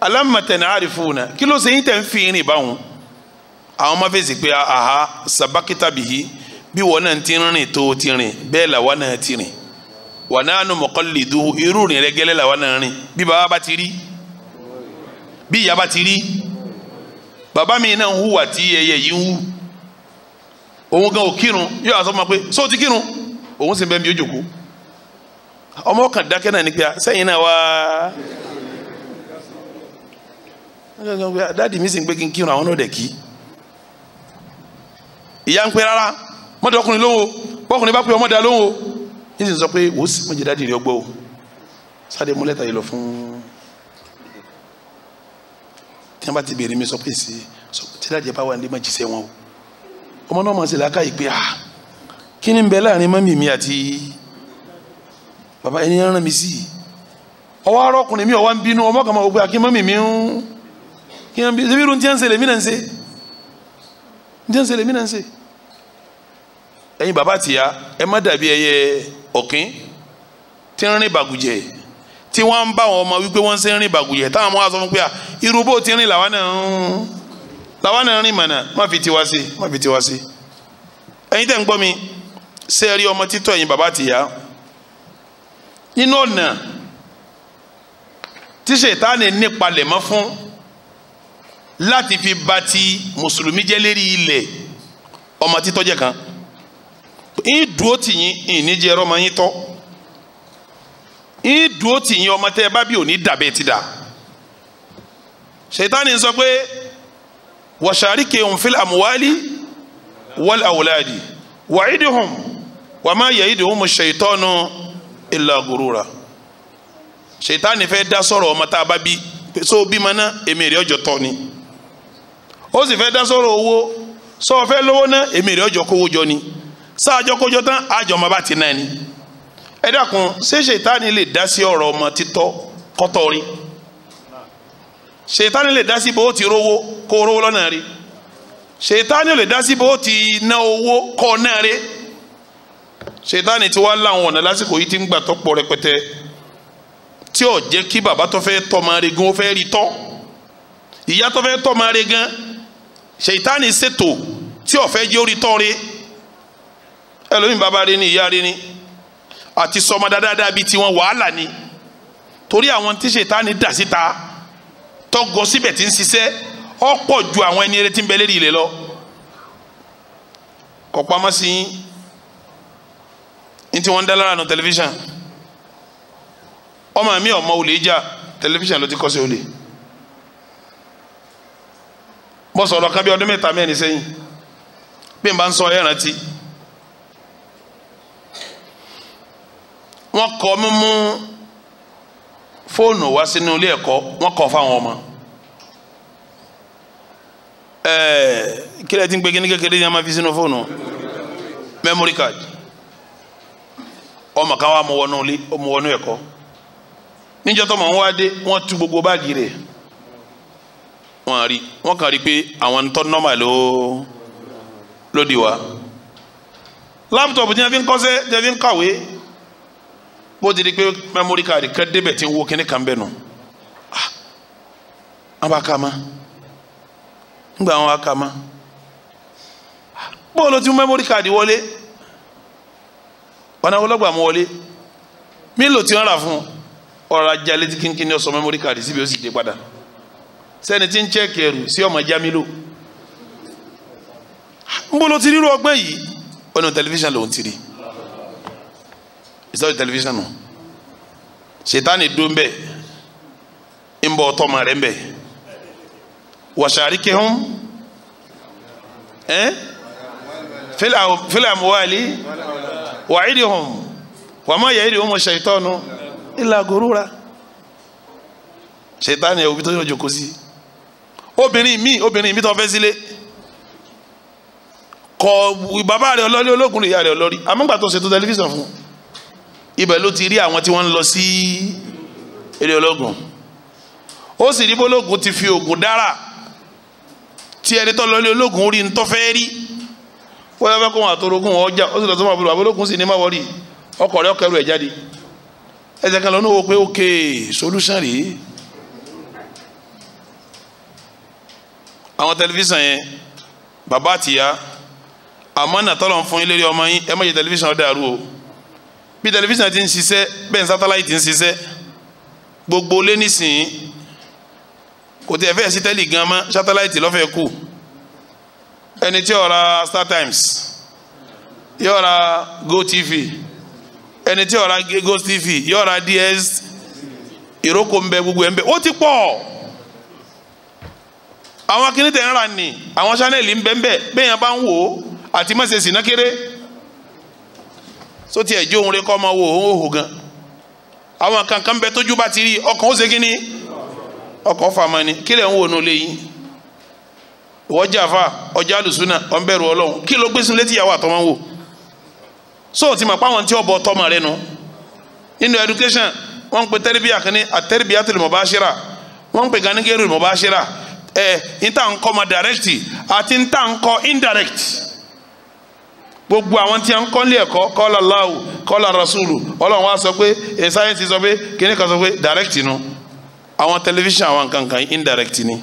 alámọ̀tẹ̀nà àrífúnà kí ló ṣe yín tẹ̀ ń fi àwọn máa fèsì pé aha sabakita bìí bi wọn náà ti rìn tó ti rìn bẹ́ẹ̀ làwa náà ti rìn wà náà nu mọ̀kànlélẹ́dù irú rìn rẹ gẹ́lẹ́ làwa náà rìn bí baba bá ti rí bí ìyá bá ti rí bàbá mi náà ń hùwà tí ẹyẹ yìí ń hù òun gan ò kírun yóò àsọ ma pé so ti kírun òun sì bẹ́ẹ̀ mi ó jòkó ọmọ kan dákẹ́ náà ní pé sẹ́yìn náà dáàdì mi sì ń pé kí n kírun àwọn náà dẹ̀ kí ìyá ń pé rárá mọ́tò ọkùnrin lóhùn o bọ́kùnrin bá pè ọmọdé lóhùn o ní sì sọ pé wò ó sì mọ̀jì dáàdì rẹ̀ ọgbọ́ o sáré mú lẹ́tà yìí lọ fún tí wọ́n bá ti béèrè mi sọ pé sí tí dáàdì bá wà ní má jíṣẹ́ wọn o ọmọ náà mọ̀ sí làákà yìí pé ah kí ni ń bẹ láàrin mọ́mì mi àti bàbá ẹni rán mi sí ọwọ́ arọ́kùnrin mi ọwọ́ ń bínú ọmọ kan máa wọ pé akínmọ́mì mi ń yẹn bí irun tí ń ṣe lèmi náà ń ṣe tí ń ṣe lèmi náà ń ṣe ẹ̀yin bàbá tìyá ẹ má dàbí ẹyẹ ọ̀kín tí ń rìn bàgùjẹ tí wọ́n ń bá wọn ọmọ wípé wọ́n ń ṣe ń rìn bàgùjẹ táwọn ọmọ wa sọ fún pé à irú bó ti rìn làwọn náà ń làwọn náà ń rìn mọ̀nà má fi tiwa sí má fi tiwa sí ẹ̀yin tẹ̀ ń gbọ́ mi ṣé rí ọmọ títọ́ ẹ̀yin bàbá tìyá nínú ọ̀nà tí ṣètánì nípalẹ̀ mọ́ fún láti fi ba ti mùsùlùmí jẹ́ lérí ilẹ̀ ọmọ títọ́ jẹ́ kan ń dúró tì yín ìníjẹ ẹrọ ọmọ yín tọ́ ń dúró tì yín ọmọ tẹ́ ẹ bá bí òní dàbẹ́ ti dà ṣètánì sọ pé wàṣàríkè òǹfil àmúwálí wal awladi wàídìhùn wàmá yẹ̀ídìhùn mu ṣètọ́nu ìlà gùrùrà ṣètánì fẹ́ dá sọ̀rọ̀ ọmọ tá a bá bí so bímọ náà èmi rẹ̀ ọjọ́ tọ́ ni ó sì fẹ́ dá sọ̀rọ̀ owó sọ fẹ́ lówó ná èmi rẹ̀ ọjọ́ kówó jọ ni sáàjọ kójọ tán àjọ ọmọ bá ti náà ni ẹ dákun ṣé ṣètánì lè dá sí ọ̀rọ̀ ọmọ títọ́ kọ́tọ́ rí ṣètánì lè dá sí bó ti rówó kó rówó lọ́nà rí ṣètánì lè dá sí bó ti ná owó kọ́ náà rí ṣètánì tí wàá láwọn ọ̀nà lásìkò yìí ti ń gbà tọ́pọ̀ rẹpẹtẹ tí ò jẹ́ kí bàbá tó fẹ́ tọ́ máa rí gan ó fẹ́ rí tọ́ ìyá tó fẹ́ tọ́ máa rí gan ṣèyítánì seto, tí ọ̀fẹ́ jẹ́ orí tán re ẹlòmíì bàbá rẹ ni ìyá rẹ ni àti sọmọ dáadáa bíi tiwọn wàhálà ni torí àwọn tí ṣèyítánì dà síta tọgọ síbẹ̀ tí ń ṣiṣẹ́ ọ̀pọ̀ ju àwọn ẹni eré tí ń bẹ lérí ilẹ̀ lọ kọ̀pamọ́ sí yín tí wọ́n ń dá lára nù tẹlifíṣàn ọmọ mi ọmọ olè jà tẹlifíṣàn ló ti kọ́ sí olè. mo sọ̀rọ̀ kan bí ọdún mẹ́ta mẹ́rin sẹ́yìn bí n bá ń sọ ẹ rántí wọ́n kọ́ mímú fóònù wá sínú ilé ẹ̀kọ́ wọ́n kọ́ fáwọn ọmọ ẹ̀ẹ́ kí lẹ́ẹ̀tì ń gbé kíní kékeré ní a máa fi sínú fóònù memory card ọmọ kan wà wọnú gbogbo báàgì rẹ̀. wọn rí wọn kàn rí pé àwọn tó nọ́mà ló lóde wa láptọ̀pù tí wọ́n fi ń kọ́ṣẹ́ tí wọ́n fi ń kàwé bó ti di pé mẹ́mórì káàdì kẹ́ débẹ̀ tí ń wo kíní kan bẹ́ẹ̀ nù ah, wọ́n bá ka ma ńgbà wọn bá ka ma ah, bóòlù tí mẹ́mórì káàdì wọlé wọn náà wọlọ́gbà mú wọlé mílò tí wọ́n rà fún ọ̀rọ̀ ajá létí kínkínní ọ̀sán mẹ́mórì káàdì síbi ó sì dé padà sẹ́ni tí ń chẹ́kì ẹrù sí ọmọ jamilu ń bolo ti rírú ọgbẹ́ yìí ó ní tẹlifíṣàn lòún ti rí ìsọ̀rọ̀ tẹlifíṣàn nù sètánì dó ń bẹ̀ ń bọ̀ ọtọ́ ma rẹ̀ ń bẹ̀ wàṣàrí kehun ẹ́ fílà àmúwálì wàhídì hùn wàmọ́ yẹ̀hídì hùn ṣètọ́nu ìlà gòrúra sètánì ẹ̀ òbí tó yọjú kó sí i obìnrin mi obìnrin mi tó fẹ́ sílé kọ bàbá rẹ ọlọ́rí ológun ìyá rẹ ọlọ́rí amúgbà tó ṣètò tẹlifíṣàn fún ibẹ̀ ló ti rí àwọn tí wọ́n ń lọ sí eré ológun ó sì rí bólógun ti fi oògùn dára tí ẹni tó lọ́lé ológun rí ń tọ́fẹ́ rí wọ́n fẹ́ kó wọn àtọ́rọ́gùn wọn ọjà ó sì lọ́ọ́ tó máa bọ̀ àbólógun sì ní má wọrí ọkọ̀ rẹ ọkọ̀ rẹ jáde ẹ̀sẹ̀ kan lọ́nà wo pé ókè solúṣàn rèé àwọn tẹlifíṣàn yẹn bàbá àtìyá àmọ́ nàtọ́lọ̀ ń fún yín lérí ọmọ yín ẹ má jẹ́ tẹlifíṣàn ó dàrú o bí tẹlifíṣàn ti ń ṣiṣẹ́ bẹ́ẹ̀ ni sátáláìtì ń ṣiṣẹ́ gbogbo lé nísìnyí kò tí ẹ fẹ́ sí tẹ́lì gan mọ́ sátáláìtì lọ́fẹ̀ẹ́ kù ẹni tí ó Star Times yóò ra GoTV ẹni tí ó ra GoTV yóò ra DS ìrókò ń bẹ gbogbo ẹ̀ ń bẹ ó ti pọ̀. àwọn akíní tẹ̀ ń ra nì àwọn chanel ń bẹ́ńbẹ́ bẹ́yàn bá ń wò ó àti mọ̀sẹ̀ sí nákéré sóti wo gan àwọn kankan bẹ tójú bá ti rí ọkàn ó ṣe kí ni ọkàn fàmọ́ ni kí ń wò ọjà lùsùnà ọ̀nbẹ̀rù ọlọ́run kí ló sun létí ìyàwó wò so ti mọ̀ páwọn tí ó bọ̀ tọmọ rẹ nu nínú education wọ́n ń pe tẹ́rìbíyà kan ní àtẹ́rìbíyà tó ẹ níta ń kọ́ ma direct àti níta ń indirect gbogbo àwọn tí a ń kọ́ nílé ẹ̀kọ́ kọ́lá Allahu kọ́lá rasulu ọlọ́run wa sọ pé ẹ̀ sáyẹ́nsì sọ pé kíní kan sọ pé direct nu àwọn tẹlifíṣàn àwọn kankan indirect ni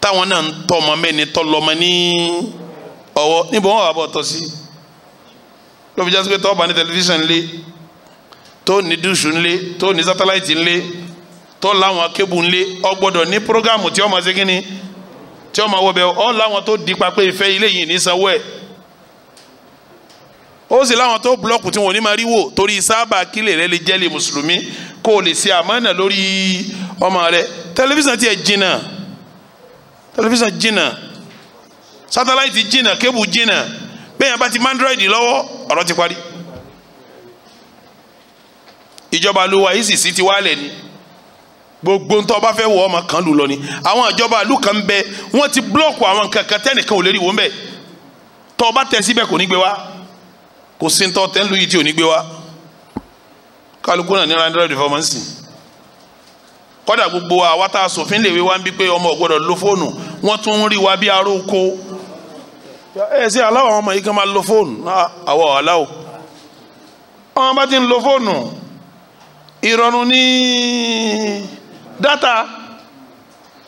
táwọn náà ń tọ́ ọmọ mẹ́ni tọ́ lọ́mọ ní ọwọ́ níbo wọn wà bọ̀ tọ́ sí lóbi jásí pé tọ́ọ̀bà ní tẹlifíṣàn ńlé tó ní dùsù ńlé tó ní sátáláìtì ńlé tó láwọn kébù ńlé ọ ní programu tí ó máa ni tí ó máa wọ bẹ ọ láwọn tó di pa pé ìfẹ́ ilé yìí ní sanwó ẹ̀ ó sì láwọn tó búlọ́ọ̀kù tí wọn ò ní máa rí wò torí sábà kílè rẹ lè jẹ́lẹ̀ mùsùlùmí kó o lè ṣe àmánà lórí ọmọ rẹ tẹlifíṣàn tiẹ̀ jìnnà tẹlifíṣàn jìnnà sátáláìtì jìnnà kébù jìnnà bẹ́ẹ̀ yẹn bá ti mandroidi lọ́wọ́ ọ̀rọ̀ ti parí ìjọba ló wa ecc ti wálẹ̀ ni gbogbo ntọ́ bá fẹ́ wọ ọmọ kan lù lọ ni àwọn ìjọba ìlú kan bẹ wọ́n ti blọ́ọ̀kù àwọn nǹkan kan tẹ́nìkan ò lè rí wọ́n bẹ̀ tọ́ bá tẹ kò ní gbé wá kò sí ntọ́ lu yìí tí ò ní gbé wá kálukú náà ní randrẹ́d fọmọ́nsì kọ́dà gbogbo àwa tá a sòfin lè wí wá ń bí pé ọmọ ògbọ́dọ̀ lo fóònù wọ́n tún rí wa bí aró ko ẹ ṣe aláwọ̀ ọmọ yìí kan máa lo fóònù àwọ̀ aláwọ̀ ọmọ bá ti ń lo fóònù ìrọ̀rùn ní. Ni Data.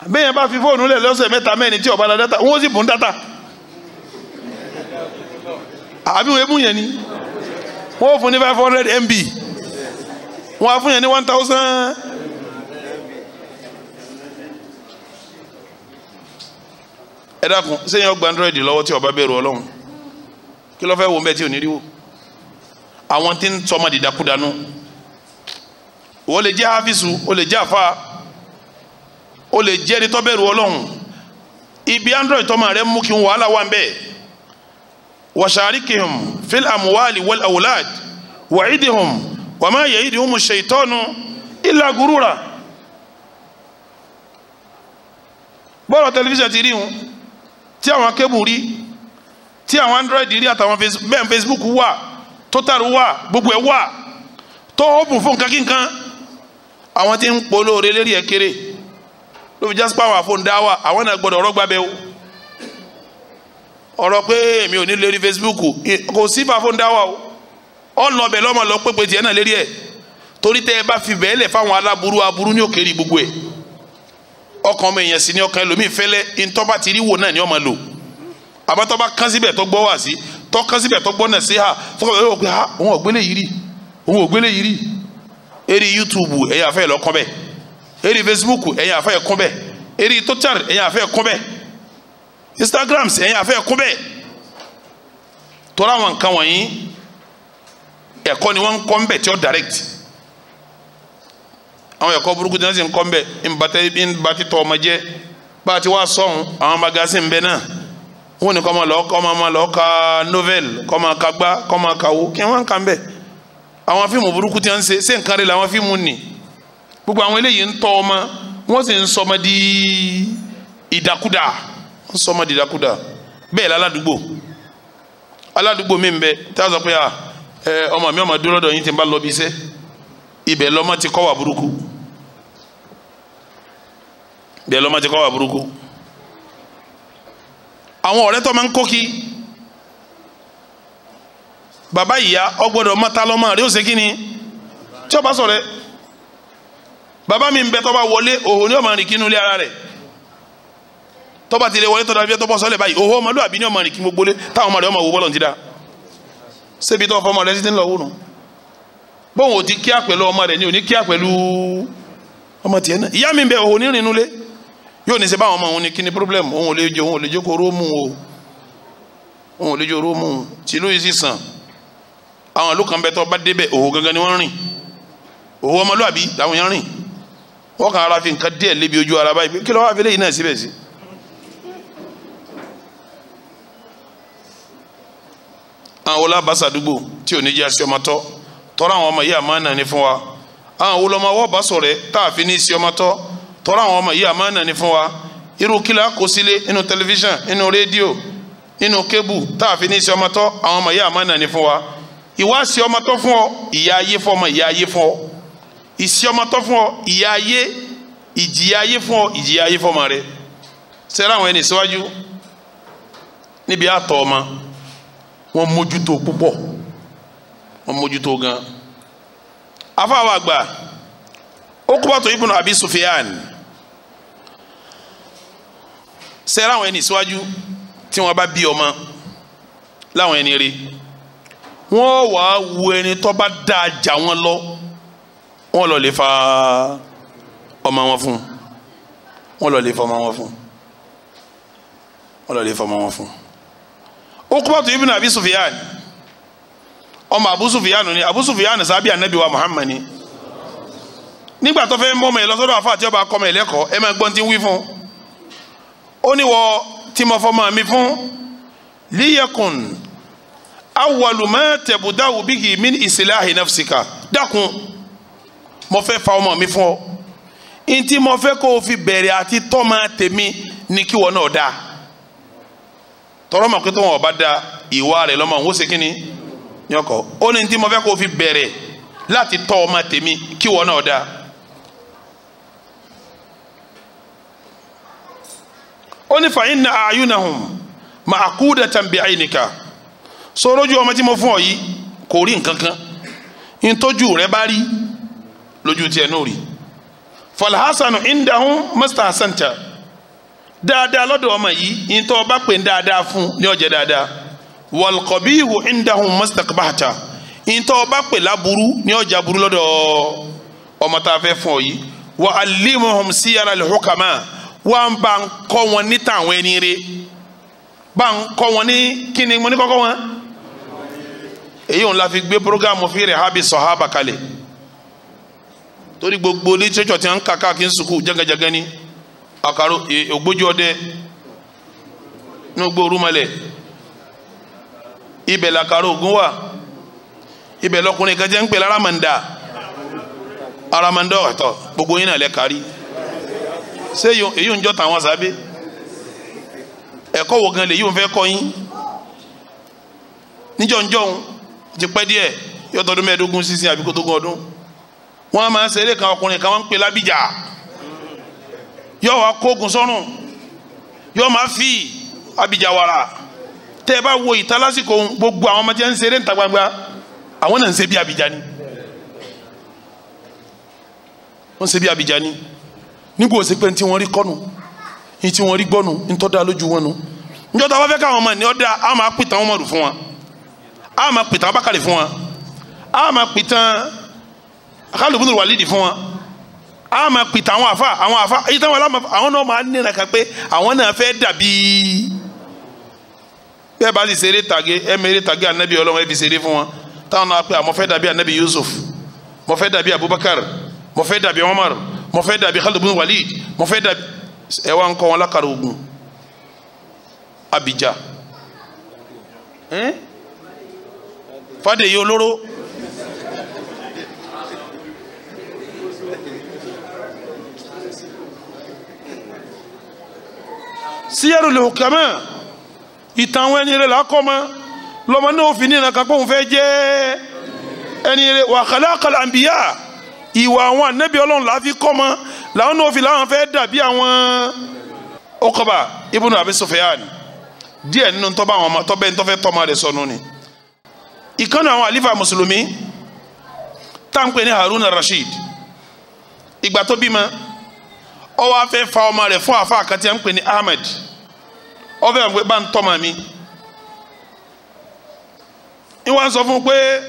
àbẹ́yẹn bá fi fóònù lẹ̀ lọ́sẹ̀ mẹ́ta mẹ́rin tí ó bá ra dátà wọ́n sì bùn dátà àbí wọ́n ebùn ni wọ́n fún ní five hundred mb wọ́n á fún yẹn ní one thousand. ẹ dákun sẹ́yìn ọgbà android lọ́wọ́ tí ó bá bẹ̀rù kí ló fẹ́ wo mbẹ tí ò ní rí wò àwọn tí ń sọmọ dìdakúdanú wọ́n lè jẹ́ hafisu ó lè jẹ́ àfa o lè jẹ́ ẹni tó ọlọ́run ibi android tọ́mọ rẹ mú kí n wàhálà wà ń bẹ́ẹ̀ washarikihim fil amuwaali wal awulad wa'idihum wàmá yaidihum ṣèitọ́nu illa gurura bọ́ọ̀rọ̀ tẹlifíṣàn ti rí wọn tí àwọn kébù rí tí àwọn android rí àtàwọn bẹ́ẹ̀ facebook wà total wà gbogbo ẹ̀ wà tó hópù fún nǹkan kí nǹkan àwọn tí ń polówó lórí ẹ̀ kéré. lóbi jasper jásí a àwọn àfọ̀ǹdá wà àwọn náà gbọ́dọ̀ ọ̀rọ̀ o ọ̀rọ̀ pé èmi ò ní lérí Facebook kò sí fàfọ̀ǹdá wà o ọlọ́bẹ̀ lọ́mọ lọ pépè tiẹ̀ náà lérí ẹ̀ torí tẹ́ ẹ bá fi bẹ́ẹ̀ lẹ̀ fáwọn aláburú aburú ní òkèèrè gbogbo ọkàn ọmọ èèyàn sì ni ọkàn ẹlòmíì fẹ́lẹ́ ntọ́ba ti rí wò náà ni ọmọ lò àmọ́ tọ́ba kán síbẹ̀ ha fọkàn òun ògbélé yìí rí òun ògbélé yìí rí eré Eri facebook ẹ̀yin àfẹ́ ẹ̀kún bẹ́ẹ̀ eré twitter ẹ̀yin àfẹ́ ẹ̀kún bẹ́ẹ̀ instagram ẹ̀yin àfẹ́ ẹ̀kún bẹ́ẹ̀ tọ́lá àwọn nǹkan wọ̀nyí ẹ̀kọ́ ni wọ́n ń kọ́ ń bẹ̀ tí ó direct àwọn ẹ̀kọ́ burúkú tí wọ́n sì ń kọ́ ń bẹ̀ ń ba títọ́ ọmọ jẹ́ bá a ti wá sọ̀hún àwọn magasin bẹ́ẹ̀ náà wọn ni kọ́mọ lọ́ọ́ kọ́mọ ọmọ lọ́ọ́ ka novel kọ́mọ kagbá kọ́mọ kawo kí wọ́n kà ń àwọn fíìmù burúkú tí wọ́n ń ṣe ṣé fíìmù nì gbogbo àwọn eléyìí ń tọ ọmọ wọn sì ń sọmọ di ìdàkúdà ń sọmọ di ìdàkúdà bẹ́ẹ̀ láládùúgbò aládùúgbò mi ń bẹ tí a sọ pé ọmọ mi ọmọ dúró lọ́dọ̀ yín ti ń bá lọ bí iṣẹ́ ibẹ̀ lọ́mọ ti kọ́ wà burúkú ti wà burúkú àwọn Baba mi ń bẹ tó oho ni ó máa rìn kínú ilé ara rẹ̀ tó bá ti lè wọlé tó dàbí tó bọ́ sọ́lẹ̀ ma òhò ọmọlúwàbí ni ó máa rìn kí mo gbólé táwọn ọmọ rẹ̀ ọmọ wò bọ́lọ̀ ti dá ṣebí tó fọmọ rẹ̀ títí ń lọ wúrù bóun ò ti kíá pẹ̀lú ọmọ rẹ̀ ni ò ní kíá pẹ̀lú ọmọ tiẹ̀ náà ìyá mi ń bẹ òhò ní rìnnú lé yóò ní ṣe báwọn ọmọ òun ni kí ni problem òun ò lè jẹ òun ò lè jókòó róòmù o òun ò lè jókòó róòmù tìlú yìí sì sàn àwọn ìlú kan bẹ tó bá débẹ̀ òhò gangan ni wọ́n rìn òhò ọmọlúwàbí làwọn yẹn rìn wọ́n kàn ara fi nǹkan díẹ̀ lébi ojú ara báyìí kí ló wá fi léyìn náà síbẹ̀ sí. àwọn olábàṣà àdúgbò tí ò ní jẹ́ aṣọ ọmọ tọ́ra àwọn ọmọ yìí àmánà ni fún wa àwọn olọmọwọ́ bá sọ̀rẹ́ tá a fi ní sí ọmọ tọ́ tọ́ra àwọn ọmọ yìí àmánà ni fún wa irú kílà kò sílé nínú tẹlifíṣàn nínú rédíò nínú kébù tá a fi ní sí ọmọ àwọn ọmọ yìí àmánà ni fún wa ìwá sí ọmọ fún ọ ìyá ayé fún ọmọ ìyá ayé fún ọ ìsì ọmọ tọ́ fún ọ ìyà ayé ìjìyà ayé fún ọ ìjìyà ayé fún ọmọ rẹ sẹ́rẹ́ àwọn ẹni síwájú níbi àtọ̀ ọmọ wọn mójútó púpọ̀ wọn mójútó gan afáwọn àgbà ó kó bàtò ibùnà àbí Sufyan sẹ́rẹ́ àwọn ẹni síwájú tí wọ́n bá bí ọmọ láwọn ẹni rí wọ́n wàá wo ẹni tó bá dáa jà wọ́n lọ wọ́n lọ lè fa ọmọ wọn fún wọ́n lọ lè fa ọmọ wọn fún wọ́n lọ lè fa ọmọ wọn fún. Ukubatu ibn Abi Sufyan ọmọ Abu Sufyan ni Abu Sufyan sábìà nabi wa Muhammad ni nígbà tó fẹ́ mọ́ ọmọ yẹn lọ́sọ́dọ̀ àfa àti ọba akọ́mọ yẹn lẹ́kọ̀ọ́ ẹ máa gbọ́n tí wí fún ó ní wọ tí mi fún líyẹkùn awwaluma tẹ̀bùdáwù bíkì min islahi nafsika dákun mo fẹ́ fa ọmọ mi fún ọ ntí mo fẹ́ kó o fi bẹ̀rẹ̀ àti tọ́mọ tèmi ní kí wọn náà dáa tọrọ ma pé tó wọn ọba da ìwà rẹ lọmọ òun ó ṣe kí ni yọkọ ó ní ntí mo fẹ́ kó o fi bẹ̀rẹ̀ láti tọ́ ọmọ tèmi kí wọn náà dáa ó ní fàyín na àyùnahùn mà àkúdà tàbí àyìnìkà sọ rojú ọmọ tí mo fún ọ yìí kò rí nǹkan kan rẹ bá rí lójú tiẹ̀ náà rí falhasanu indahun mr hasanta dáadáa lọ́dọ̀ ọmọ yìí yìí tó bá pè ń dáadáa fún ní ọjà dáadáa walqabihu indahun mr kabahata yìí tó bá pè láburú ní ọjà burú lọ́dọ̀ ọmọ tá a fẹ́ fún ọ yìí wa alimuhum siyara lihukama wa n ba n kọ́ wọn ní tàwọn ẹni rẹ bá ń kọ́ wọn ní kíni mo ní kọ́kọ́ wọn èyí òun la fi gbé programu fi rẹ̀ habi sọ̀hábà kalẹ̀. torí gbogbo literature tí wọ́n ń kà káàkiri ni àkàrò e, ògbójú ọdẹ ní gbogbo orúmọlẹ̀ làkàrò ògún wà ibẹ̀ lọkùnrin kan jẹ́ ń pè gbogbo yín náà lẹ kárí ṣé èyí ń jọ tàwọn sábẹ́ ẹ̀kọ́ wo gan lè yí òun fẹ́ kọ́ yín níjọ́ níjọ́ òun ti pẹ́ díẹ̀ sísìn wọ́n máa ń ṣeré kan ọkùnrin kan wọ́n ń pè lábìjà yóò wá kóògùn sọ́rùn yóò máa fi abìjà wàrà tẹ́ ẹ bá wo ìta lásìkò gbogbo àwọn ọmọdé ń ṣeré níta gbangba àwọn náà ń ṣe bí abìjà ni wọ́n ń ṣe bí abìjà ni nígbà òsè pé ní tí rí kọ́nu ní tí rí gbọ́nu ní tó lójú wọn nu níjọ́ tá a bá fẹ́ káwọn ọmọ ní ọ̀dà a máa pìtàn wọn mọ̀rù fún wọn a máa pìtàn abákàlẹ̀ fún wọn a máa pìtàn. Khalid ibn Walid fún wọn a máa pìtà àwọn àfa àwọn àfa èyí táwọn aláma àwọn náà máa nira kan pé àwọn náà fẹ́ dàbí bẹ́ẹ̀ bá sì ṣeré tàgé ẹ mẹ́rẹ́ tàgé anabi ọlọ́wọ́ ẹ fi ṣeré fún wọn táwọn náà pé àwọn fẹ́ dàbí anabi Yusuf mo fẹ́ dàbí Abubakar mo fẹ́ dàbí Omar, mo fẹ́ dàbí Khalid ibn Walid mo fẹ́ dàbí ẹ wá ń kọ́ wọn lákàrà ogun Abidjan fàdé yìí olóró. síyẹ́rù lè hùkàmẹ́ ìtàn àwọn ẹni rẹ̀ lákọ́mọ́ lọ́mọ náà fi ní ìrànkan pé òun fẹ́ jẹ́ ẹni rẹ̀ wà kàlákàlà àǹbíyà ìwà àwọn ànẹ́bí ọlọ́run láfi kọ́mọ́ làwọn náà fi láwọn fẹ́ dàbí àwọn Okọba ibùnú àbí Sufyan díẹ̀ nínú tọ́ bá àwọn ọmọ tọ́bẹ́ tọ́fẹ́ tọ́mọ rẹ̀ sọnù ni ìkànnì àwọn àlífà mùsùlùmí táǹpẹ̀ ní Haruna Rashid ìgbà tó bímọ ọ wá fa ọma rẹ fún àfa àkàtì ń pè ní Ahmed ọ fẹ́ bá ń tọ́ sọ fún pé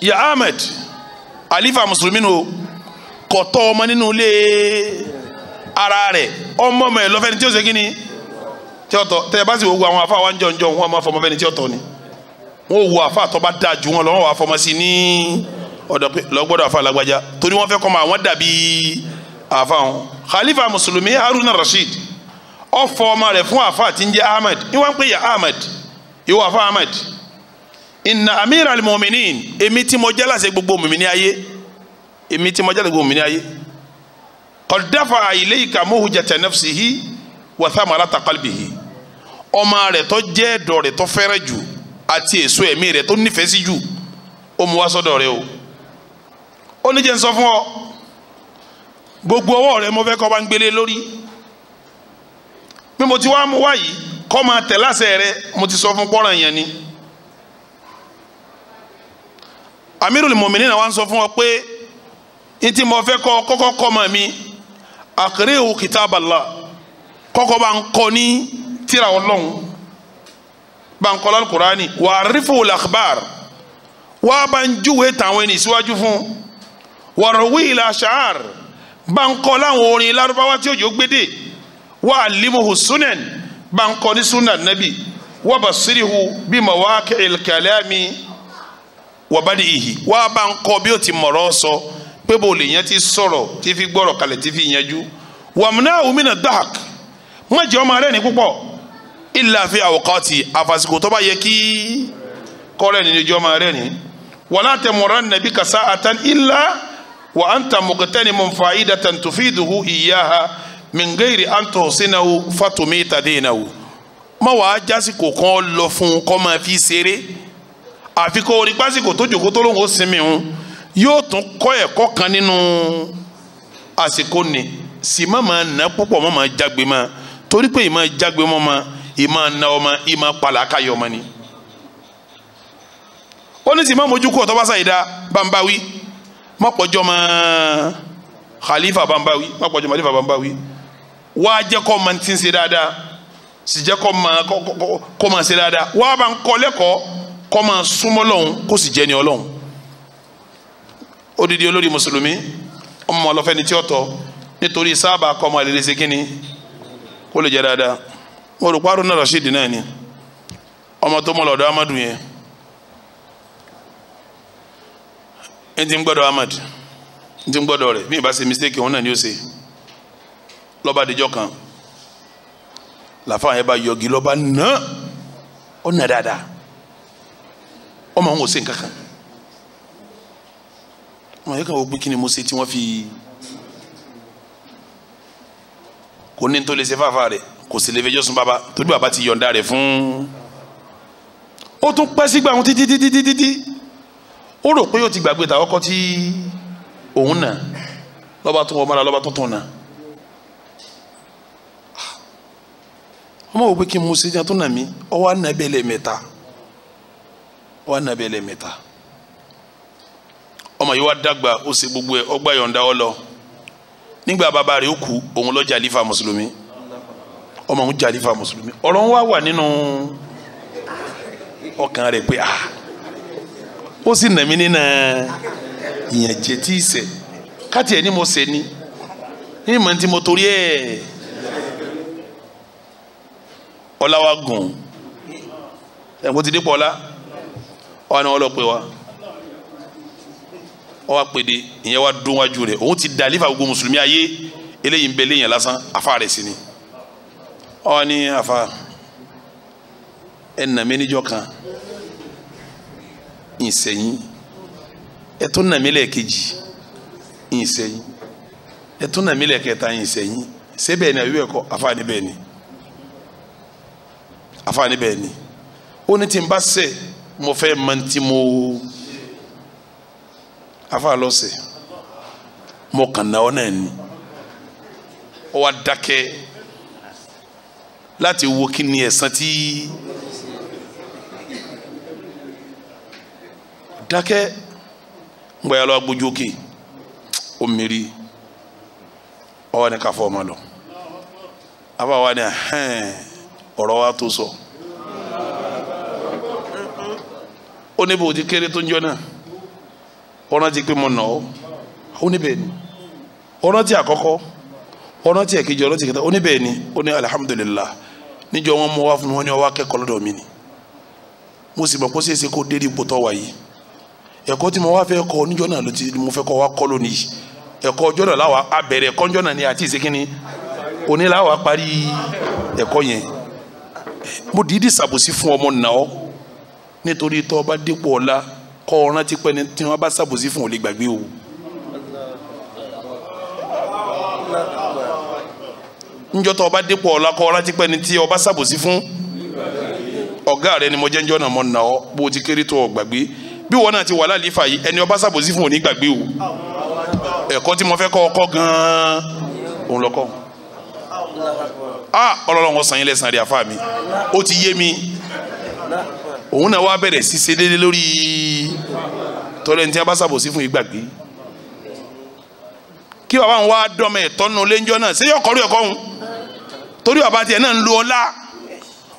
ya Ahmed alifa mùsùlùmí nù kò tọ́ ọmọ nínú ilé ara rẹ ọmọ mẹ ẹ̀ tí ó ṣe kí ni tí ó tọ́ tẹ́ ẹ bá sì àwọn afa wa ń jọ njọ jọ wọn máa fọmọ ni wọn ò afa àtọ́ da ju wọn lọ wọn wà fọmọ sí ní ọ̀dọ̀ pé afa torí àwọn àfahàn khalifa mùsùlùmí haruna rasheed ọfọ ọmọ rẹ̀ fún àfa tí ń ahmed ìwọ ń pè ya ahmed ìwọ àfa ahmed inna amir alimominin, muminin èmi tí mo jẹ́ láṣẹ gbogbo mùmíní ayé èmi tí mo jẹ́ láṣẹ gbogbo mùmíní ayé qad dafa'a ilayka muhjata nafsihi wa thamarata qalbihi ọmọ rẹ̀ tó jẹ́ ẹ̀dọ̀ rẹ̀ tó fẹ́rẹ̀ jù àti èso ẹ̀mí rẹ̀ tó nífẹ̀ẹ́ sí jù ó mú wá sọ́dọ̀ rẹ̀ o ó ní fún ọ gbogbo ọwọ́ rẹ mo fẹ́ kọ́ bá ń gbélé lórí bí mo ti wá mú wá yìí kọ́ máa tẹ̀ láṣẹ rẹ mo ti sọ fún pọ́nrán yẹn ni amirul mọ̀mìnì náà wá ń sọ fún ọ pé n tí mo fẹ́ kọ́ kọ́kọ́ kọ́ mọ̀ mi àkèrè ìhù kitab Allah kọ́kọ́ bá ń kọ́ ní tírà ọlọ́run bá ń kọ́ lálùkùránì wà á rífò làkbàr wà á bá ń júwèé tàwọn ẹni síwájú fún wà á rọ̀wé ìlà ṣáàrì bá ń kọ́ láwọn orin lárúbáwá tí òjò gbédè wà á limuhu sunan bá ń kọ́ ní sunan nabi wà bá sirihu bí mawaki ilkalami wà bá di ìhì wà bá ń kọ́ bí o ti mọ̀rọ̀ sọ pé bó lè yẹn ti sọ̀rọ̀ tí fi gbọ́rọ̀ kalẹ̀ tí fi yanjú wà múná omínà dahak má jẹ́ ọmọ rẹ̀ ní púpọ̀ illa fi awqati àfàsìkò tó bá yẹ kí kọ́rẹ́ ní ní jọ́ ọmọ rẹ̀ ní wàlá tẹ̀mọ̀rán nàbí kàsá àtàn illa wa anta muqtanimun fa'idatan tufiduhu iyyaha min ghairi an tuhsinahu fatumita dinahu má wàá jásìkò kan lọ fún kó máa fi ṣeré àfi kó orí pásìkò tó jòkó tó lóun ó sinmi òun yóò tún kọ́ ẹ̀kọ́ kan nínú àsìkò ni sì má máa nà púpọ̀ má máa jágbe má torí pé ìmọ̀ jágbe mọ́ ma ìmọ̀ na ọmọ ìmọ̀ pàlàkàyọ̀ ọmọ ni ó ní sì má mójú kú ọ̀tọ́ bá sáyé dá bá ń bá wí mọ̀pọ̀jọ́ mọ́ khalifa bambawi mọ̀pọ̀jọ́ khalifa bambawi wàá jẹ́ kọ́ máa ti ń ṣe dáadáa sì jẹ́ kọ́ máa kọ́ máa ṣe dáadáa wàá bá ń kọ́ lẹ́kọ̀ọ́ kọ́ máa súnmọ́ lọ́hùn kó sì jẹ́ ni ọlọ́hùn odidi olórí mùsùlùmí ọmọ ọlọ́fẹ́ tí ó tọ́ nítorí sábà kọ́ ọmọ àlèlè ṣe kínni kó lè jẹ́ dáadáa mo rò pé Haruna Rashid náà ni ọmọ tó mọ lọ́dọ̀ Amadu yẹn ẹni tí ń gbọ́dọ̀ Ahmad ń tí ń gbọ́dọ̀ rẹ̀ bí ìbá ṣe mistake òun náà ni ó ṣe lọ́ba àdìjọ́ kan làfáà yẹn bá yọgi lọ́ba náà ó nà dáadáa ọmọ òun ò ṣe nǹkan kan ọmọ yẹn kàn wọ́n pé kí ni mo ṣe tí wọ́n fi kò ní tó lè ṣe fáfá rẹ̀ kò sì lè fẹjọ́ sùn bàbá torí bàbá ti yọ̀ǹda rẹ̀ fún ó tún pẹ́ sígbà wọn títí títí títí ó rò pé ó ti gbàgbé tàwọn kọ́ tí òun nà lọ́ba tó wọ́n mọ́ra lọ́ba tó tún nà ọmọ wò pé kí n mú sí jẹ́ tó nà mí ọwọ́ ànàbẹ̀lẹ̀ mẹ́ta ọwọ́ ànàbẹ̀lẹ̀ mẹ́ta ọmọ yìí wá dàgbà ó ṣe gbogbo ẹ̀ ọgbà yọ̀ǹda ọ lọ nígbà bàbá rẹ̀ ó kú òun lọ jàlífà mùsùlùmí ọmọ òun jàlífà mùsùlùmí ọ̀rọ̀ ń wà nínú ọkàn rẹ̀ pé ah ó sì nà mí nínà ìyànjẹ tí ì sẹ káàtì ẹ ní mo sẹ ni ní ìmọ̀ tí mo torí ẹ̀ ọ̀làwàgùn ẹ̀ kò ti dé pọ̀ ọ̀la ọ̀hánà ọlọ́pẹ̀ wa ọ wa pèdè ìyẹn wa dún wájú rẹ̀ òun ti da alifa gbogbo mùsùlùmí ayé eléyìí ń bẹ léyìn lásán afa rẹ̀ sí ni ọ ní afa ẹ̀ nà mí níjọ́ kan ìsẹ̀yìn ẹ tún nà mí lẹ́ẹ̀kejì ìsẹ̀yìn ẹ tún nà mí lẹ́ẹ̀kẹta ìsẹ̀yìn ṣé ni àbí bẹ́ẹ̀ kọ́ àfààní bẹ́ẹ̀ ni àfààní bẹ́ẹ̀ ni ó ní tí n bá ṣẹ̀ mo fẹ́ mọ̀ntì mo àfààní lọ́sẹ̀ mo kàn náà náà ni ó wá dákẹ́ láti wo kí ni ẹ̀san tí. dákẹ́ ngbà yà lọ agbójú òkè ó mèrí ọwa ni káfọ́ ọmọ lọ àbá wa ni hẹ́n ọ̀rọ̀ wa tó sọ ó níbi òdi kéré tó ń jọ náà ọ̀nà ti pé mo nà ọ́ ó níbẹ̀ ni ọ̀nà ti àkọ́kọ́ ọ̀nà ti ẹ̀kejì ọ̀nà ti kẹta ni níjọ wọn wa fún mo sì ẹ̀kọ́ tí mo wá fẹ́ kọ́ níjọ́ ló ti mo fẹ́ kọ́ ẹ̀kọ́ abẹ̀rẹ̀ ni àti ìsekínni òní láwa parí ẹ̀kọ́ yẹn mo dìídì ṣàbòsí fún ọmọ náà nítorí tó bá dépò tí bá fún gbàgbé o. njọ́ tó bá dépò tí bá fún rẹ ni mo náà mo ti kéré tó bí wọn náà ti wà lálífà yìí ẹni ọba ṣàbòsí fún òní gbàgbé o ẹ̀kọ́ tí mo fẹ́ kọ́ ọkọ́ gan òun lọ́kọ́ ah ọlọ́run ọ̀sán yín lẹ́sàn-án rí afá mi ó ti yé mi òun náà wá bẹ̀rẹ̀ sí ṣe déédéé lórí tọ́lẹ̀ ní tí a bá ṣàbòsí fún ìgbàgbé kí bàbá òun wá dọ́mọ ẹ̀tọ́nu léńjọ́ náà ṣé yóò kọ́rú ẹ̀kọ́ òun torí bàbá tiẹ̀ náà ń lo ọlá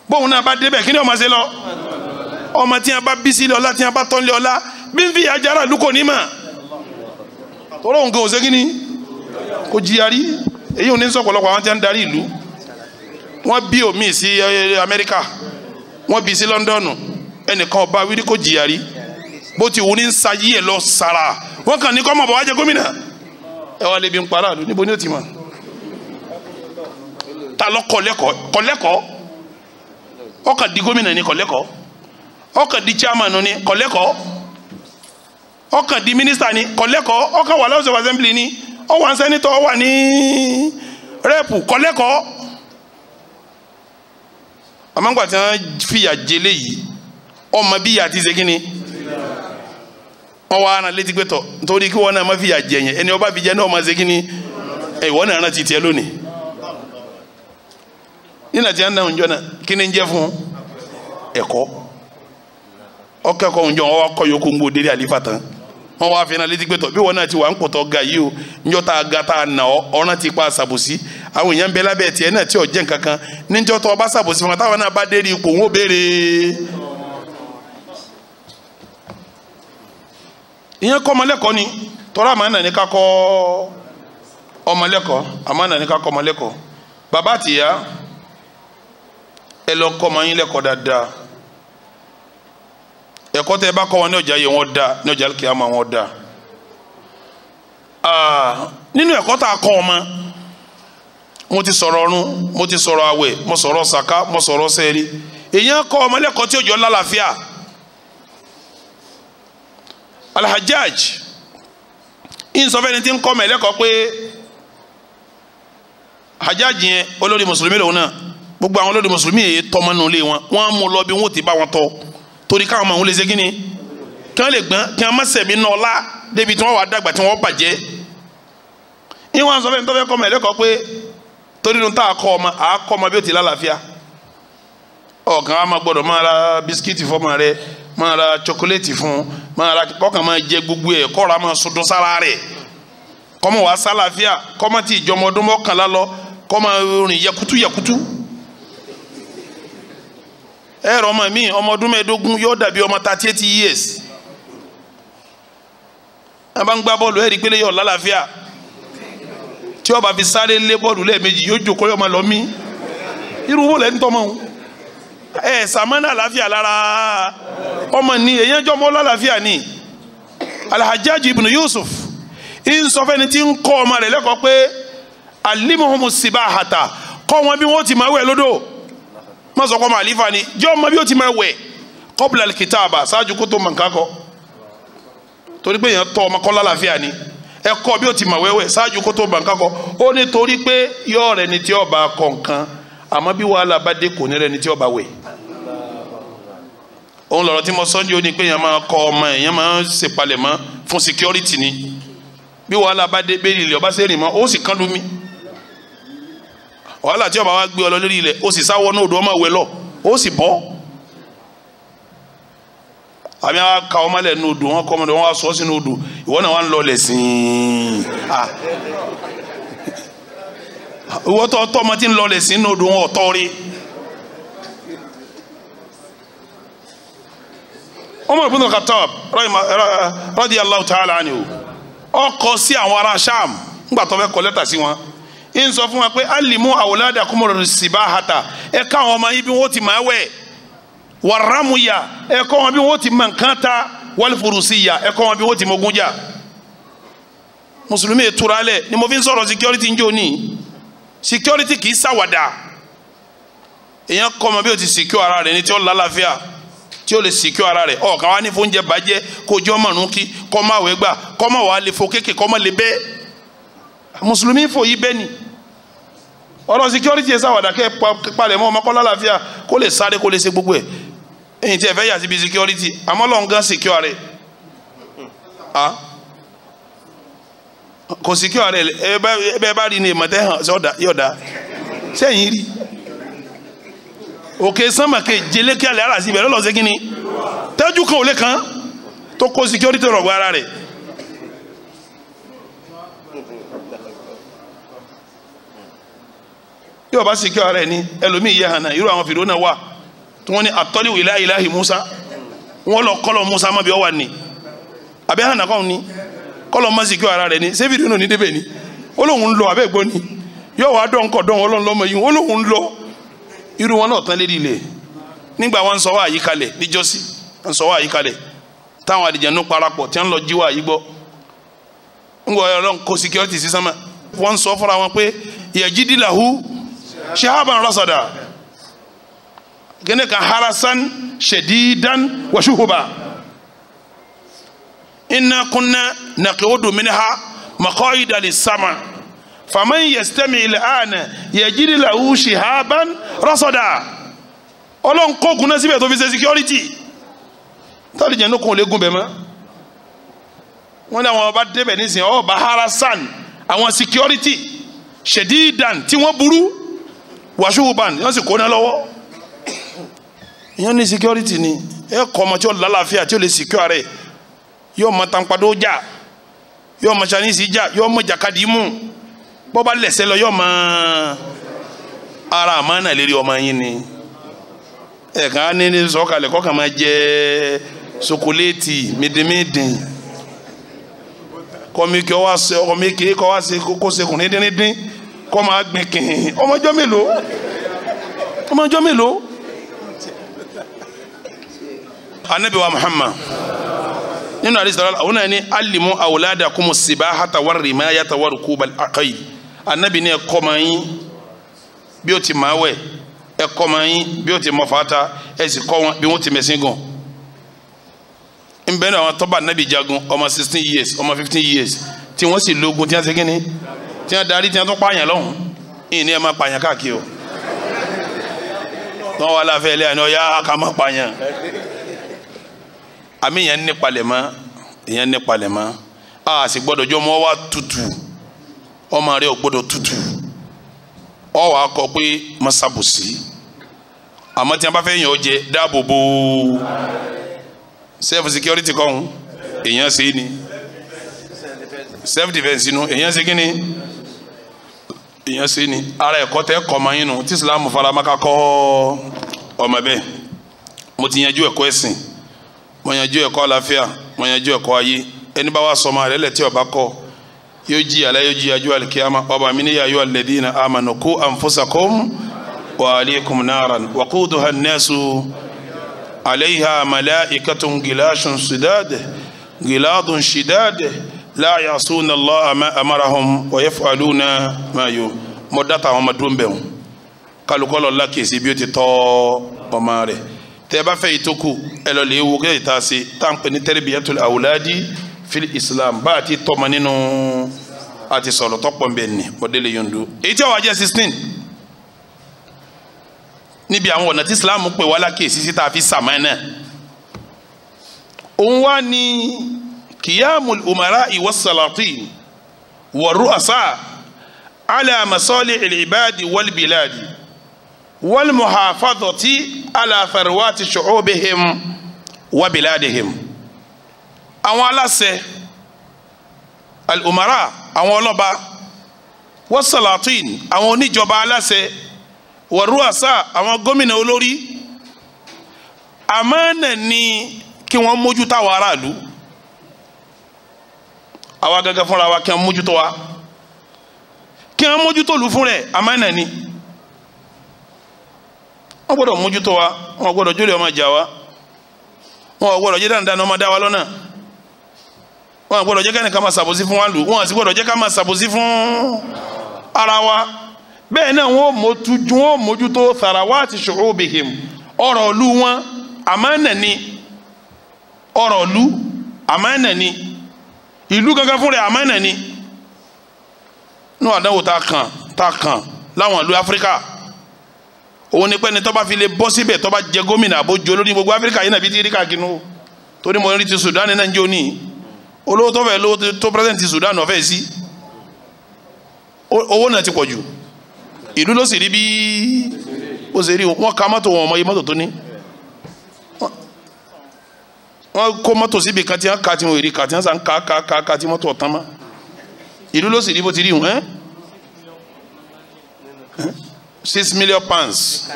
bóun náà bá débẹ̀ kí ni ó ṣe lọ ọmọ tí a bá bí sílẹ̀ ọlá tí a bá tọ́lé ọlá bí n fi ìyá jára lukọ ní mà tọrọ nǹkan ò segin ni kò jiyari èyí ò ní sọ̀pọ̀lọpọ̀ àwọn tí a ń darí ìlú wọ́n bí omi sí Amẹ́ríkà wọ́n bí sí Lọ́ndọ̀nù ẹnìkan ọba wíri kò jiyari bó ti wù ní sayí ẹ̀ lọ sàrà wọ́n kàn ní kọ́ mọ̀ bọ̀ wájẹ gómìnà ẹ wà lébi ń para àlù níbo ni ó ti mọ̀ ta lọ kọ̀ lẹ́kọ̀ọ́ ọkàn di gómìnà ni kọ̀ ọkàn di chairman ni kọ̀lẹ́kọ̀ ọkàn di minister ni kọ̀lẹ́kọ̀ ọkàn wà lọ́sọ̀ assembly ni ó wà sẹ́nitọ̀ ó wà ní rẹ́ẹ̀pù kọ̀lẹ́kọ̀ àmọ́ngbà tí wọ́n fìyà jẹlé yìí ọmọ bí yà ti ṣe kí ni wọ́n wá ara létí pé tọ̀ nítorí kí wọ́n náà má fìyà jẹ yẹn ẹni ọba fi jẹ náà má ṣe kí ni ìwọ́n náà rántí tiẹ̀ lónìí nínú àti àná òǹjọ́ náà kí ni ń jẹ́ fún ẹ̀kọ́. ọkẹkọ njọ́ wọn wá kọ́ yòókù ń gbó délé àlífà tán wọn wá fi iná létí pé bí wọn náà ti wà ń pòtọ́ ga yìí o njọ́ tá a ga tá a nà ọ́ ọ̀ràn ti pa àṣàbòsí àwọn èèyàn bẹ́ẹ̀ lábẹ́ tiẹ̀ náà tí ò nǹkan ọba fún wa táwọn náà bá dé ipò wọn ò béèrè. ìyẹn kọ́ ọmọlẹ́kọ̀ọ́ ni àmà ọmọlẹ́kọ̀ọ́ àmà ọmọlẹ́kọ̀ọ́ bàbá àtìyá ẹ lọ kọ́ ọmọ yín ẹkọta tẹ́ ẹ bá wọn ní ọjà yẹ wọn da ní ọjà wọn da nínú ẹkọta tá a ọmọ mo ti sọrọ ọrún mo ti sọrọ àwẹ̀ mo sọ̀rọ̀ sàká mo sọ̀rọ̀ sẹ́ẹ̀rí èèyàn ọmọ tí òjò lálàáfíà alhajjaj tí ń kọ gbogbo àwọn olórí mùsùlùmí yẹn tọmọ nù lé wọn wọn mú lọ bí torí káwọn ọmọ òun lè ṣe kí ni kí wọ́n lè gbọ́n kí wọ́n má sẹ̀mí náà ọlá débi tí wọ́n wàá dàgbà tí wọ́n bàjẹ́ ìwọ̀n sọ fẹ́ni tó fẹ́ kọ́ ọmọ ẹ̀lẹ́kọ̀ọ́ pé torí nu tá a kọ́ ọmọ àá kọ́ ọmọ bí ó ti lálàáfíà ọ̀kan á máa gbọ́dọ̀ máa ra bisikíìtì fọ́mọ rẹ máa ra chocolate fún máa ra kọ́kàn máa jẹ gbogbo ẹ̀ kọ́ra máa sọdún sára rẹ̀ kọ́mọ wàá sálàáfíà kọ́mọ tí ìjọmọ ọdún mọ́kànlá lọ kọ́mọ rìn yakutu yakutu. ẹ̀rọ ọmọ mi ọmọ ọdún mẹ́ẹ̀ẹ́dógún yóò dàbí ọmọ thirty eight years wọn ń gbá bọ́ọ̀lù ẹ̀rí pélé yọ̀ lálàáfíà tí ó fi sáré lé bọ́ọ̀lù lẹ́ẹ̀mejì yóò jókòó yọ̀ máa lọ irú wo lẹ́ ń sàmánà àlàáfíà lára ọmọ yusuf ń kọ́ ọmọ rẹ̀ lẹ́kọ̀ọ́ pé alimuhumu kọ́ wọn bí má sọ pé ọmọ àlífà ni jẹ́ ọmọ bí ó ti máa wẹ̀ kọ́bùlà kìtàbà ṣáájú kó tó mọ̀ nǹkan kọ́ torí pé èèyàn tọ́ ọmọ kọ́ lálàáfíà ni ẹ kọ́ bí ó ti mọ̀ wẹ́wẹ́ ṣáájú kó tó mọ̀ nǹkan kọ́ ó ní torí pé yọ rẹ̀ ni tí ọba kọ̀ nǹkan àmọ́ bí wàhálà bá dé kò ní rẹ̀ ni tí ọba wẹ̀ òun lọ̀rọ̀ tí mo sọ ní o ní pé èèyàn máa kọ ọmọ èèyàn máa ń ṣèpalẹ̀mọ́ fún security ni bí wàhálà bá dé bẹ́ẹ̀ wàhálà tí ọba wa gbé ọ lọ lórí ilẹ̀ ó sì sáwọ́ náà odò ọmọ ìwé lọ ó sì bọ́ àmì àwọn aka ọmọ lẹ̀ ní odò wọn kọ́ ọmọdé wọn wá sọ sínú odò ìwọ náà wà ń lọlẹ̀ sìn ìwọ tó ọtọ́ ọmọ tí ń lọlẹ̀ sínú odò wọn ọ̀tọ́ rí Umar ibn Khattab radiyallahu ta'ala anhu ó kọ sí àwọn ará Sham ńgbà tó kọ lẹ́tà sí wọn. ń sọ fún wa pé alimu awolada kumoro siba hata ẹ ká àwọn ọmọ yín bí wọn ti máa wẹ̀ wàrámùyà ẹ kọ́ wọn bí wọn ti máa nǹkan ta wàlúfurusíyà ẹ kọ́ wọn bí wọn ti mogun jà mùsùlùmí ètúra lẹ ni mo fi ń sọ̀rọ̀ security ń jò ní security kì í ṣàwàdà èèyàn kọ́ ọmọ bí o ti secure ara rẹ̀ ni tí ó lálàáfíà tí ó lè secure ara rẹ̀ ọ̀kan wa ní fóúnjẹ bàjẹ́ kó jọ́ mọ̀nù kí kọ́ máa wẹ̀ gbà kọ́ máa wà lè fo kéèké kọ́ máa lè bẹ́ẹ̀ mùsùlùmí fòyí bẹ́ni ọlọ́run security ẹ̀ sáwàdà kẹ́ palẹ̀ mọ́ ọmọkọ́ lálàáfíà kó lè sáré kó lè ṣe gbogbo ẹ̀ ẹ̀yìn tí ẹ fẹ́ yà síbi security àmọ́ lọ́n gan secure rẹ̀ ah. kò secure rẹ̀ ẹ bẹ́ẹ̀ bá rí ni èmọ̀tẹ́ hàn yọ̀dá sẹ́yìn rí òkè sánmàkè jẹlẹ́kẹ́ àlẹ́ àràsí ìbẹ̀rẹ̀ lọ́sẹ̀ kan ò lè kan tó kó security rọ̀gbọ́ ara rẹ̀ yóò bá sìnkí ara ẹ̀ ní ẹlòmíì yẹ hànà irú àwọn fìdó náà wà tí wọ́n ní àtọ́líwò ilá ìláhì Musa wọ́n lọ kọ́lọ̀ Musa má bí ọ wà ní àbẹ́ hànà kọ́ ni kọ́lọ̀ má sìnkí ara rẹ̀ ní ṣé fìdó ní débẹ̀ ni ó lóun ń lọ àbẹ́ gbọ́ ni yóò wá dán kọ́ dán ọlọ́run lọ́mọ yìí ó lóun ń lọ irú wọn náà tán lédi ilẹ̀ nígbà wọn sọ wá àyíkalẹ̀ níjọ́sí wọn sọ wá àyíkalẹ̀ táwọn àdìjẹ́nu parapọ̀ security sí sánmà wọ́n sọ fúnra wọn shihaban rasada gini kan harasan shadidan wa shuhuba inna kunna naqidu minha maqaida lis-sama faman yastami al-ana yajid lahu shihaban rasada ọlọ́run kókun náà síbẹ̀ tó fi ṣe security tọ́lì jẹ́ nókun ò lè gun bẹ̀ mọ́ wọ́n ní àwọn ọba débẹ̀ nísìnyí ọba harasan àwọn security shadidan tí wọ́n burú wàṣíwò ban yọ́n sì kó ná lọ́wọ́ èèyàn ní security ni ẹ kọ́ ọmọ tí ó lálàáfíà tí ó lè secure rẹ̀ yóò mọ tanpadó jà yóò mọ chinese jà yóò mọ jàkadì mú bọ́ba lẹ̀sẹ̀ lọ yóò mọ ara àmọ́ náà lérí ọmọ yín ni ẹ̀ka ní ní sọ́kalẹ̀ kọ́ kàn máa jẹ sokoléètì mìdìmìdì kọ́míkì kọ́ wá se kọ́kọ́ sekùn dídín dídín kọ́ máa gbìn kìhìn ọmọjọ́ mélòó ọmọjọ́ mélòó. anabi wa muhammad nínú àdìsí tọ́lá àwọn náà ní alimu awolada kumu siba hata wari rima yata wari kubal akayi anabi ní ẹ̀kọ́ máa yín bí o ti máa wẹ̀ ẹ̀kọ́ máa yín bí o ti mọ fata ẹ̀ sì wọn bí wọ́n ti mẹ̀sìn gan nbẹ́ni àwọn tọ́ba anabi jagun ọmọ sixteen years ọmọ fifteen years tí wọ́n sì lógun tí wọ́n ti kí ni tí wọ́n darí tí wọ́n tún pààyàn lọ́hùn ìní ẹ̀ máa pààyàn káàkiri o wọ́n wà láfẹ́ ilé àná ọ̀yá ká máa pààyàn àmì ìyẹn ní palẹ̀mọ́ ìyẹn ní palẹ̀mọ́ a sì gbọ́dọ̀ jọ ọmọ wa tutù ọmọ rẹ ò gbọ́dọ̀ tutù ọ wàá kọ pé masabusi àmọ́ tí wọ́n bá fẹ́ yàn ọ́ jẹ dáàbò bò self security kọ́hún èèyàn ṣe é ni self defence inú èèyàn ṣe kí ni èèyàn ṣe ni ara ẹ̀kọ́ tẹ́ kọ́ ọmọ yín nu tí Islam faramaka kọ́ ọmọ bẹ́ẹ̀ mo ti yanjú ẹ̀kọ́ ẹ̀sìn mo yanjú ẹ̀kọ́ àlàáfíà mo yanjú ẹ̀kọ́ ayé ẹni bá wà sọmọ rẹ lẹ́tí ọba kọ́ yóò jí àlá yóò jí ajú alikiyama ọba mi níyà yóò alẹ́dí na amànà kó anfusakum wa alaykum naran wa quduha an-nasu alayha malaikatun gilasun sidade giladun shidade la yasuna allah ma amarahum wa yafaluna ma yu mo data àwọn ma dúró bẹ̀ wọn kálukọ́ lọ la kesi sí bí ó ti tọ́ ọmọ rẹ̀ tẹ́ ẹ bá fẹ́ ìtókù ẹ lọ lè wo kéde tá a ṣe tá n fil islam bá a ti tọ́mọ nínú a ti sọ̀rọ̀ tọ́pọ̀ nbẹ̀ ni mọ̀dẹ́lẹ̀ yóò do èyí tí a wà jẹ́ sixteen níbi àwọn ọ̀nà tí islam pè wá lákèésí sí tá a fi òun wá ní kìyàmù umara ìwọ́sàlátì wọ̀rú àṣà ala masọ́lì ìlìbàdì wọ́lbìláàdì wọ́lmùhàfàdọ̀tì ala farwati ṣùcúbìhìm wọ́bìláàdìhìm. àwọn aláṣẹ al'umara àwọn ọlọ́ba wọ́sàlátì àwọn oníjọba aláṣẹ wọ̀rú àṣà àwọn gómìnà olórí àmánà ni kí wọ́n mójú táwọn aráàlú àwa gángan fúnra wa kí wọ́n mójútó wa kí wọ́n mójútó lù fún rẹ̀ àmánà ni wọ́n gbọ́dọ̀ mójútó wa wọ́n gbọ́dọ̀ jólè ọmọ ìjà wa wọ́n gbọ́dọ̀ jẹ́ dáadáa ní ọmọ dá wa lọ́nà wọ́n gbọ́dọ̀ jẹ́ kẹ́nìkan máa ṣàbòsí fún wa lù wọ́n sì gbọ́dọ̀ jẹ́ ká máa ṣàbòsí fún ara wa bẹ́ẹ̀ náà wọ́n mójútó wọ́n mójútó tharawati shu'ubihim ọ̀rọ̀ ìlú wọn àmánà ni ọ̀rọ̀ ìlú àmánà ni ìlú gangan fún rẹ̀ àmánà ni inú àdánwò tá a kàn tá a kàn láwọn ìlú áfíríkà òun ni pé ni tó bá fi lè bọ́ síbẹ̀ tó bá jẹ gómìnà àbójú olórí gbogbo áfíríkà yìí nàbí ti rí káàkiri torí mo rí ti Sudan ní nàìjíríà ní olówó tó fẹ́ lówó tó president ti Sudan ọ̀fẹ́ sí owó náà ti pọ̀ jù ìlú ló sì rí bí ó ṣe rí wọn ká mọ́tò wọn ọmọ yìí mọ́tò tó ní wọ́n kó mọ́tò síbi kan tí wọ́n ka tí wọ́n èrè ka tí wọ́n san ka ka ka ka tí mọ́tò ọ̀tán mọ́ ìlú ló sì rí bó ti rí wọn six million pounds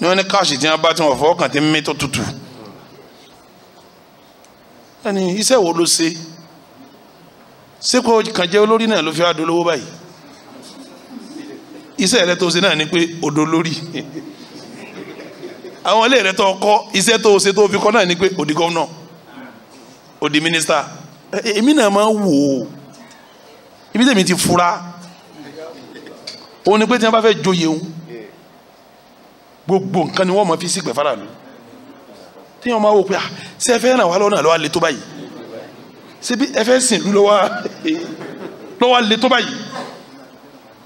ní wọ́n ní káàṣì tí wọ́n bá tí wọ́n fọwọ́ kàn tí ń mẹ́tọ́ tutù ẹni iṣẹ́ wo ló ṣe seko kan jẹ́ olórí náà ló fi wá dolówó báyìí iṣẹ́ rẹ tó ṣe náà ni pé odò lórí àwọn ilé rẹ tó kọ́ iṣẹ́ tó ṣe tó fi kọ́ náà ni pé òdi gómìnà o di mínísítà èmi náà máa wò ó ibi tèmi ti fura òun ni pé tí wọ́n bá fẹ́ joyè òun gbogbo nǹkan ni wọ́n máa fi sígbẹ̀ fara lù tí wọ́n máa wò pé ah, ṣé ẹ fẹ́ ràn wá lọ́nà lọ́wọ́ alẹ́ tó báyìí ṣé bí ẹ fẹ́ sìn lù lọ́wọ́ lọ́wọ́ alẹ́ tó báyìí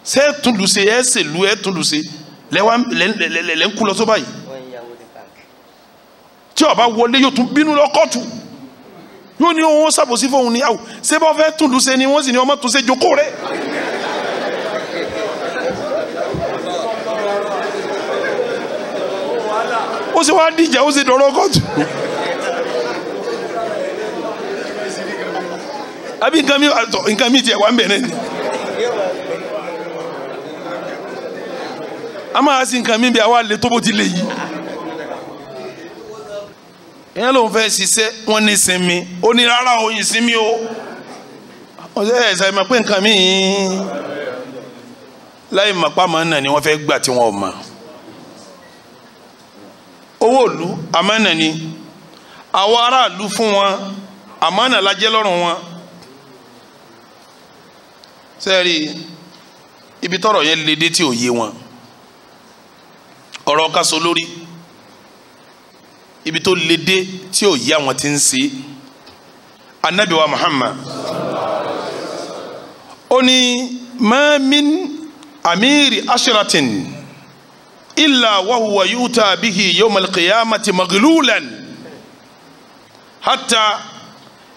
ṣé ẹ tún lù ṣe ẹ ṣe lù ẹ tún lù ṣe lẹ́wọ́n lẹ́ńkú lọ tó báyìí tí ó wọlé yóò tún bínú lọ kọ́ọ̀tù yóò ní wọn ṣàbòsí fóun ní àwò ṣé bá fẹ́ tùlù ṣe ni wọ́n sì ní ọmọ tó ṣe jókòó rẹ̀. ó sì wáá dìjà ó sì dọ̀rọ̀ kọ́tù. àbí nǹkan mi nǹkan mi tiẹ̀ wá ń bẹ̀rẹ̀ ni. a máa sin nǹkan mi bí àwa lè tó bó ti lè yìí ìyẹn lòun fẹ́ ṣiṣẹ́ wọ́n ní sinmi ó ní rárá oyin sinmi o wọ́n ṣe ẹ̀ ṣàìmọ̀ pé nǹkan mìíràn láì mọ̀ pàmò náà ni wọ́n fẹ́ gbà tí wọ́n mọ̀ owó ìlú àmánà ni àwọn aráàlú fún wọn àmánà lajẹ́ lọ́rùn wọn sẹ́ẹ̀rì ibi tọ́rọ̀ yẹn lédè tí ò yé wọn ọ̀rọ̀ ká lórí ibi tó le dé tí ò yá wọn ti ń ṣe anabi wa muhammad ó ní ma min amiri ashiratin illa wahuwa yuta bihi yawm alqiyamati maghlulan hatta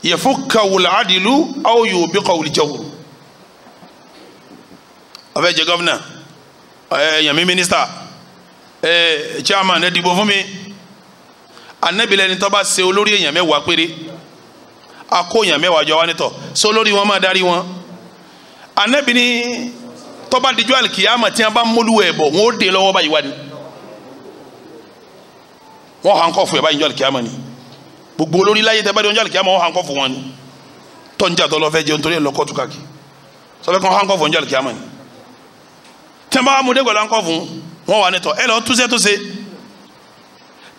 yafukka wulcadilu aw yubiqa wuljawru ó fẹ́ jẹ gọ́vnà ẹ̀yàn mi mínísítà ẹ̀ chairman ẹ̀ dìbò fún mi anabila ẹni tó bá ṣe olórí èèyàn mẹ́wàá péré akó èèyàn mẹ́wàá jọ wá nítọ̀ ṣé olórí wọn máa darí wọn anabi ni tó bá dijọ́ alikiyama tí wọn bá mólúwẹ̀ ẹ̀ bọ̀ wọn ó dé lọ́wọ́ báyìí wá ni wọn hàn kọ́ fún ẹ̀ báyìí jọ́ alikiyama ni gbogbo olórí láyé tẹ́ bá dé jọ́ alikiyama wọn hàn kọ́ fún wọn ni tọ́njà tó lọ fẹ́ jẹun torí ẹ̀ lọ kọ́tù káàkiri sọfẹ́ kan hàn kọ́ fún jọ́ alikiyama ni tí wọn bá mú dégbò lọ́nkọ́ fún wọn wà nítọ̀ ẹ lọ túnṣe túnṣe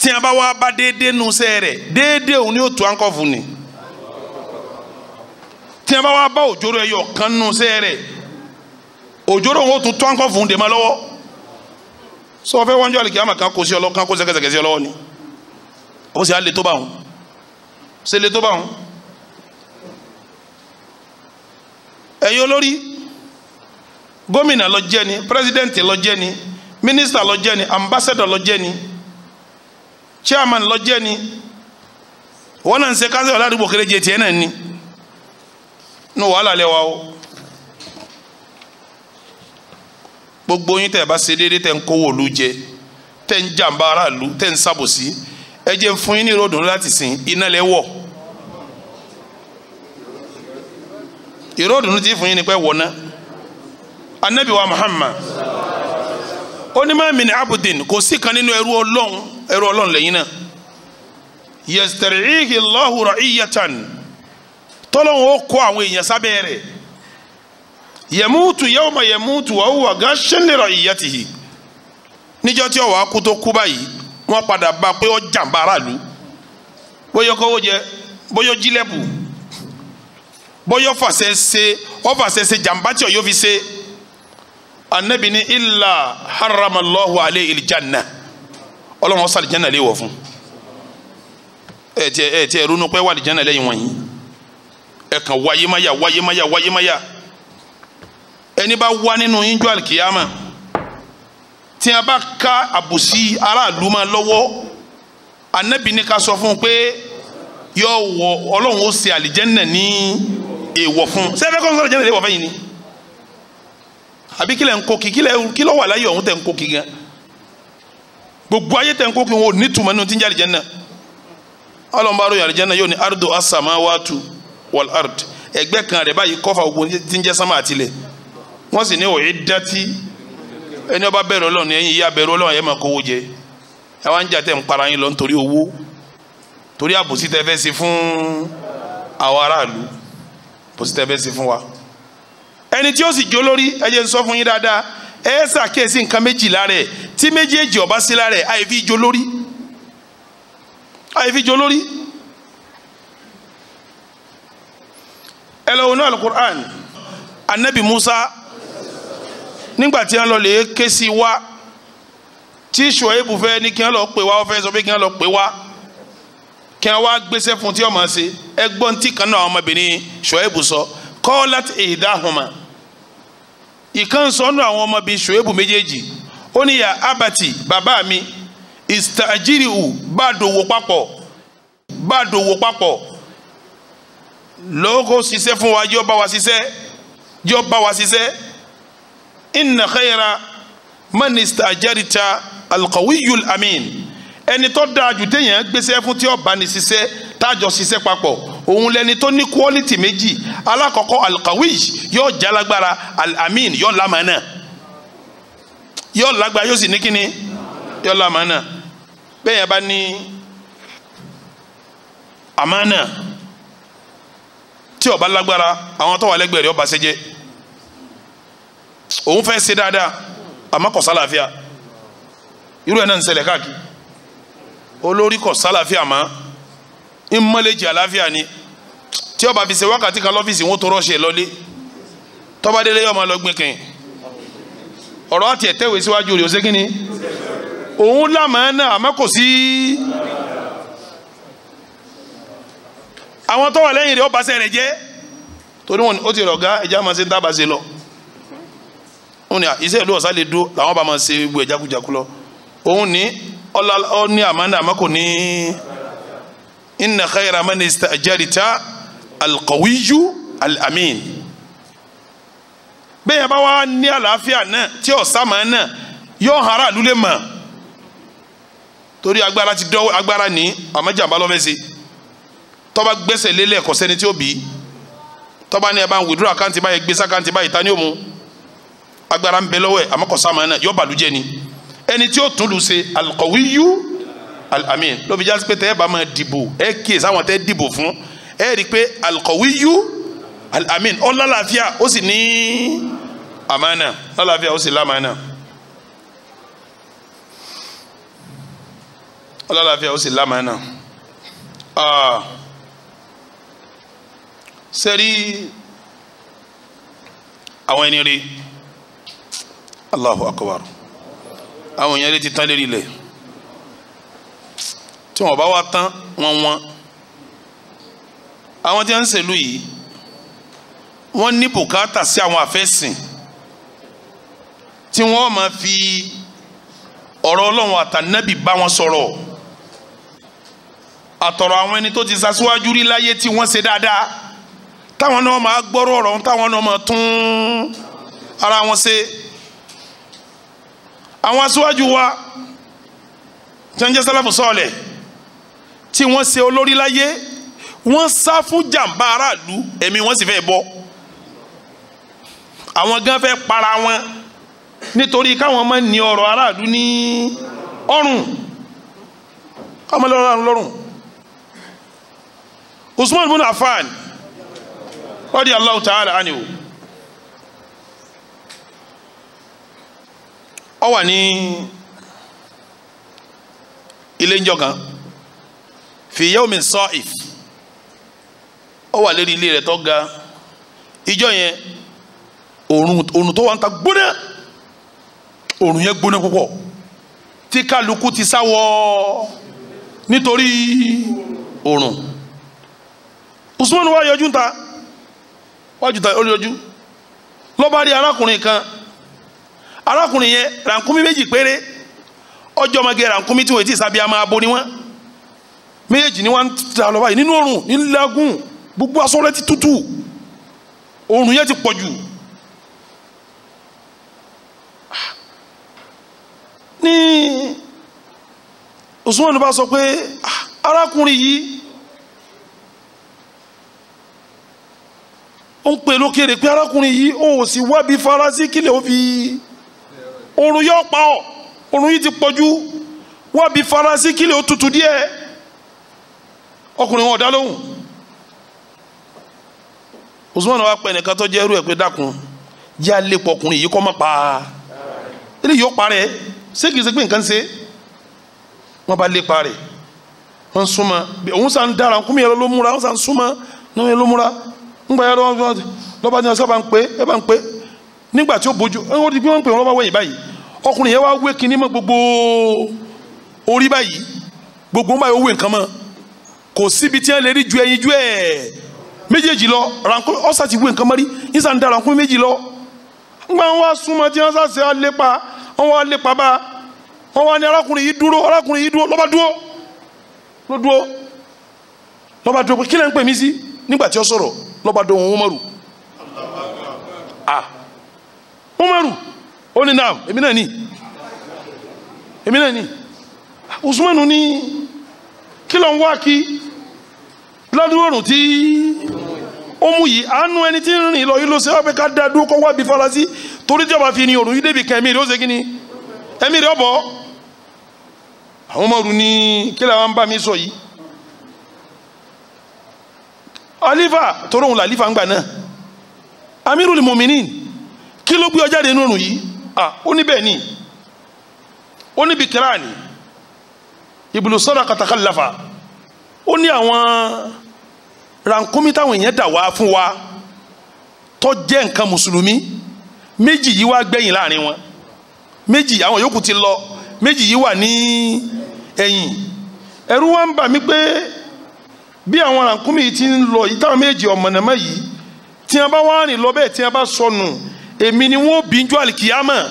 tí a bá wá bá déédéé nu sẹ́ rẹ̀ déédéé òun ni ó tu ankọ́fù ni tí a bá wá bá òjòrò ẹyọ kan nu sẹ́ rẹ̀ òjòrò òun ó tún tu ankọ́fù dèmọ́ lọ́wọ́ sọ fẹ́ wọ́njọ́ àlìkí àmà kan kó sí ọlọ́ kan kó sẹ́kẹsẹ̀kẹ́ sí ọlọ́wọ́ ni ó sì á le tó bá wọn ṣe le tó bá wọn ẹ̀yin olórí gómìnà lọ jẹ́ ni pírẹsidẹ́ǹtì lọ jẹ́ ni mínísítà lọ jẹ́ ni ambassadọ̀ lọ jẹ́ ni. chairman lọ́jẹ́ ni wọn náà ń ṣe kánsẹ́ kéréje náà ni ní wàhálà o gbogbo yín tẹ̀ bá ṣe déédéé tẹ̀ ń kówó jẹ tẹ ń jàǹbá aráàlú tẹ̀ ń ẹ jẹ́ ń fún ìròdùn láti sìn iná ti fún yín anabiwa Muhammad onímọ̀ abudin kò sí kan nínú ẹrú ọlọ́run lẹ́yìn náà yẹsitẹ̀rìhì lọ́hùrọ̀ iyẹtàn tọ́lọ́hún ó kó àwọn èèyàn sábẹ́ rẹ̀ yẹmútu yẹwùmọ̀ yẹmútu wà wúwà gán ṣẹlẹ̀rọ̀ iyẹtìhì níjọ́ tí ọ̀wá kú tó kú báyìí wọ́n padà bá pé ó jàǹbá aráàlú bóyá kọ́wó jẹ bóyá jílẹ̀bù bóyá ọ̀fàṣẹ ṣe ọ̀fàṣẹ ṣe jàǹbá tí ọ̀ fi ṣe anabi ni haramallahu alayhi aljanna ọlọ́run ọ̀sà àlìjánà lè wọ̀ fún ẹ tiẹ̀ ẹ tiẹ̀ ronú pé wà àlìjánà lẹ́yìn wọ̀nyí ẹ kàn wáyé máyà wáyé máyà wáyé máyà ẹni bá wá nínú yín jọ tí a bá ka àbùsí aráàlú máa lọ́wọ́ anabi ní ká sọ fún un pé yọ wọ ọlọ́run ó ṣe àlìjẹ́nà ní èèwọ̀ fún un sẹ́fẹ́ kọ́ńtà àlìjẹ́nà lè wọ̀ fẹ́yìn ni àbí kílẹ̀ ń kókì kílẹ̀ kílọ̀ wà gbogbo ayé tẹ̀ ń kó kí wọn ò ní tùmọ̀ nínú tí ń jẹ́ àlìjẹ́nà ọlọ́mọba aróyìn àlìjẹ́nà yóò ní ardo as-samawatu wal ard ẹgbẹ́ kan rẹ̀ báyìí kọ́fà ogun tí ń jẹ́ sánmà àtìlẹ̀ wọ́n sì ní òye dátí ẹni ọba bẹ̀rù ọlọ́run ní ẹ̀yin ìyá bẹ̀rù ọlọ́run ẹ̀ máa kówó jẹ ẹ wá ń jà tẹ̀ ń para yín lọ nítorí owó torí àbòsí tẹ fẹ́ ṣe fún àwọn aráàlú àbòsí tẹ fẹ́ ṣe fún wa ẹni tí ó sì jó lórí ẹ jẹ́ sọ fún yín dáadáa ẹ ṣàkíyèsí nǹkan méjìlá rẹ tí méjèèjì ọba sí lára ẹ àìfi ìjọ lórí àìfi ìjọ lórí ẹ lọ wọnú alukur'an anabi musa nígbà tí wọn lọ lè ké sí wa tí ṣùwẹ́bù fẹ́ ní kí wọn lọ pè wá wọn fẹ́ sọ pé kí wọn lọ pè wá kí wọn wá gbéṣẹ́ fún tí wọn máa ṣe ẹ tí kan náà ọmọbìnrin ṣùwẹ́bù sọ qalat ihdahuma ìkan sọnù àwọn ọmọ bíi ṣòwébù méjèèjì ó ní ya abati bàbá mi istajiriu bá dòwò papọ̀ bá dòwò papọ̀ lọ́kọ́ ṣiṣẹ́ fún wa jọba wa ṣiṣẹ́ jọba wa ṣiṣẹ́ inna khayra man istajarita alqawiyul amin ẹni tó dáa jù téèyàn gbéṣẹ́ fún tí ó bá ní ṣiṣẹ́ tájọ ṣiṣẹ́ papọ̀ òun lẹni tó ní quality méjì alákọ̀ọ́kọ́ alqawi yóò jalagbara alamin yóò lamana yóò lágbára yóò sì ní kíni yóò lamana bẹ́ẹ̀ yẹn bá ní amana tí ó bá lágbára àwọn tó wà lẹ́gbẹ̀ẹ́ rẹ̀ ó bá ṣe jẹ́ òun fẹ́ ṣe dáadáa àmọ́ kò sálàáfíà irú ẹ̀ náà ń ṣẹlẹ̀ káàkiri olórí kò sálàáfíà máa ń mọ́lẹ́jì àlàáfíà ni tí ó bá fi ṣe wákàtí kan lọ́fíìsì wọn tó rọ́ọ̀ṣẹ̀ lọ́lé tó bá délé yóò máa lọ gbìn kìn ọ̀rọ̀ àti ẹ̀tẹ́wé síwájú rẹ̀ ó ṣe kí ni òun lámàá náà àmọ́ kò sí àwọn tó wà lẹ́yìn rẹ̀ ó bá sẹ́rẹ̀ jẹ́ torí wọn ó ti rọ̀ gá ẹja máa ṣe ń dábàá ṣe lọ òun ni iṣẹ́ ìlú ọ̀sá lè dúró làwọn bá máa ṣe gbogbo ẹ̀jákujàku lọ òun ní ọ̀la ó ní àmàna àmọ́ kò ní inna khayra man istajarita alqawiyu alamin bẹ́ẹ̀ bá wà ní àlàáfíà náà tí ọ̀sá máa náà yóò hara àlúlẹ̀ mọ̀ torí agbára ti dọ́wọ́ agbára ní àmọ́jàmbá lọ́mẹ́sẹ̀ tọ́ba gbẹ́sẹ̀ lélẹ̀ kò sẹ́ni tí ó bì í tọ́ba ní ẹ bá ń wìdúró àkáǹtì báyìí gbèsè àkáǹtì báyìí ta ni ó mu agbára ń bẹ lọ́wọ́ ẹ̀ àmọ́kọ̀sá máa náà yóò bàlújẹ́ ni ẹni tí ó tún lù ṣe alqawiyu amin ló fi jásí pé tẹ́ ẹ bá máa dìbò ẹ kíyè sáwọn tẹ́ dìbò fún ẹ rí i pé alqawiyyu amin ó lálàáfíà ó sì ní àmàna lálàáfíà ó sì lámàna. ọlọ́láfíà ó sì lámàánà sẹ́rí àwọn ẹni rí Allahu akbar àwọn ẹni rí ti tán lérí ilẹ̀ tí wọn bá wá tán wọn wọn àwọn tí wọn ń ṣèlú yìí wọn ní bùkátà sí àwọn àfẹ́sìn tí wọn máa fi ọ̀rọ̀ Ọlọ́run àtànẹ́bì bá wọn sọ̀rọ̀ àtọ̀rọ̀ àwọn ẹni tó ti sasíwájú rí láyé tí wọ́n ṣe dáadáa táwọn náà máa gbọ́rọ̀ ọ̀rọ̀ táwọn náà máa tún ara wọn ṣe àwọn aṣíwájú wa tí wọ́n sọ́ọ̀lẹ̀ tí wọ́n ṣe olórí láyé wọ́n sá fún jàǹbá aráàlú ẹ̀mí wọ́n sì fẹ́ bọ́ àwọn gan fẹ́ para wọn nítorí káwọn máa ní ọ̀rọ̀ aráàlú ní ọrùn káwọn máa lọ́rùn lọ́rùn Usman bin Affan radiyallahu ta'ala anhu ó wà ní ilé ìjọ kan. fi yawmin if ọ wà lérí ilé rẹ̀ tó ga ịjọ yẹn òrùn tó wà ń ta gbóná òrùn yẹn gbóná púpọ̀ tí kálukú ti sá wọ nítorí òrùn Usman wà yọjú ta wájú ta olójú rí arákùnrin kan arákùnrin yẹn rànkúmí méjì péré ọjọ́ ọmọge rànkúmí tí wọ́n ti ni wọ́n. méjèèjì ni wọ́n ta lọ báyìí nínú oòrùn nílágùn gbogbo aṣọ rẹ̀ ti tútù oòrùn yẹn ti pọ̀ jù ní Usman bá sọ pé arákùnrin yìí ó ń pè lókèrè pé arákùnrin yìí ó sì wábi farasí kílẹ̀ ó fi oòrùn yọ pa ọ́ oòrùn yìí ti pọ̀ jù wábi farasí kílẹ̀ ó tutù díẹ̀. ọkùnrin wọn ò dá lóhùn Usman wa pẹ nìkan tó jẹ́ irú ẹ̀ pé dákun jẹ́ àlepọ̀ ọkùnrin yìí kọ́ mọ́ pa ilé yìí ó parẹ́ ṣé kìí ṣe pé nǹkan ṣe wọ́n bá lé parẹ́ wọ́n súnmọ́ òun sàn dára nkúmi yẹn ló múra òun sàn súnmọ́ náà yẹn ló múra ńgbà yẹn ní bá ń bá ń gbogbo orí báyìí gbogbo báyìí ó wé nǹkan kò síbi tí ẹ lè rí ju ẹyin ju ẹ méjèèjì lọ rankun ọ̀sà ti wé nǹkan mọ́rí nísà ń da rankun méjì lọ ńgbà wọn wá tí wọ́n sàṣẹ alépa wọn wá lépa bá wọn wá ní arákùnrin yìí dúró arákùnrin yìí dúró lọ́ba dúró ló dúró lọ́ba Umaru ah. Umaru ó ní èmi náà ní Usmanu ní. kí ló ń wá kí lọ́dún òrùn tí ó mú yìí àánú ẹni tí ń rìn lọ yìí ló ṣe wá pé ká dá dúró kó wá bí farasí torí tí ọba fi ni òrùn yìí débi kan ẹ̀mí rẹ̀ ó ṣe kí ni ẹ̀mí rẹ̀ ọ̀bọ̀ àwọn ọmọ òrùn ni kí làwọn ń bá mi sọ yìí alifa torí òun làlífà ń gbà náà amirul muminin kí ló gbé ọjà dé nínú òrùn yìí ó ní bẹ́ẹ̀ ni ó ní bìkírà ni ibùdó sọ́dọ̀ kàtàkàlàfà ó ní àwọn rankumi táwọn èèyàn dà wá fún wa tó jẹ́ nǹkan mùsùlùmí méjì yìí wá gbẹ̀yìn láàrin wọn méjì àwọn yòókù ti lọ méjì yìí wà ní ẹ̀yìn ẹ̀rú wa ń bà mí pé bí àwọn rankumi ti ń lọ yìí táwọn méjì ọ̀mọ̀nàmọ́ yìí tí wọn bá wá rìn lọ bẹ́ẹ̀ tí wọn bá sọnù èmi ni wọn bí ń jọ àlìkìyàmọ̀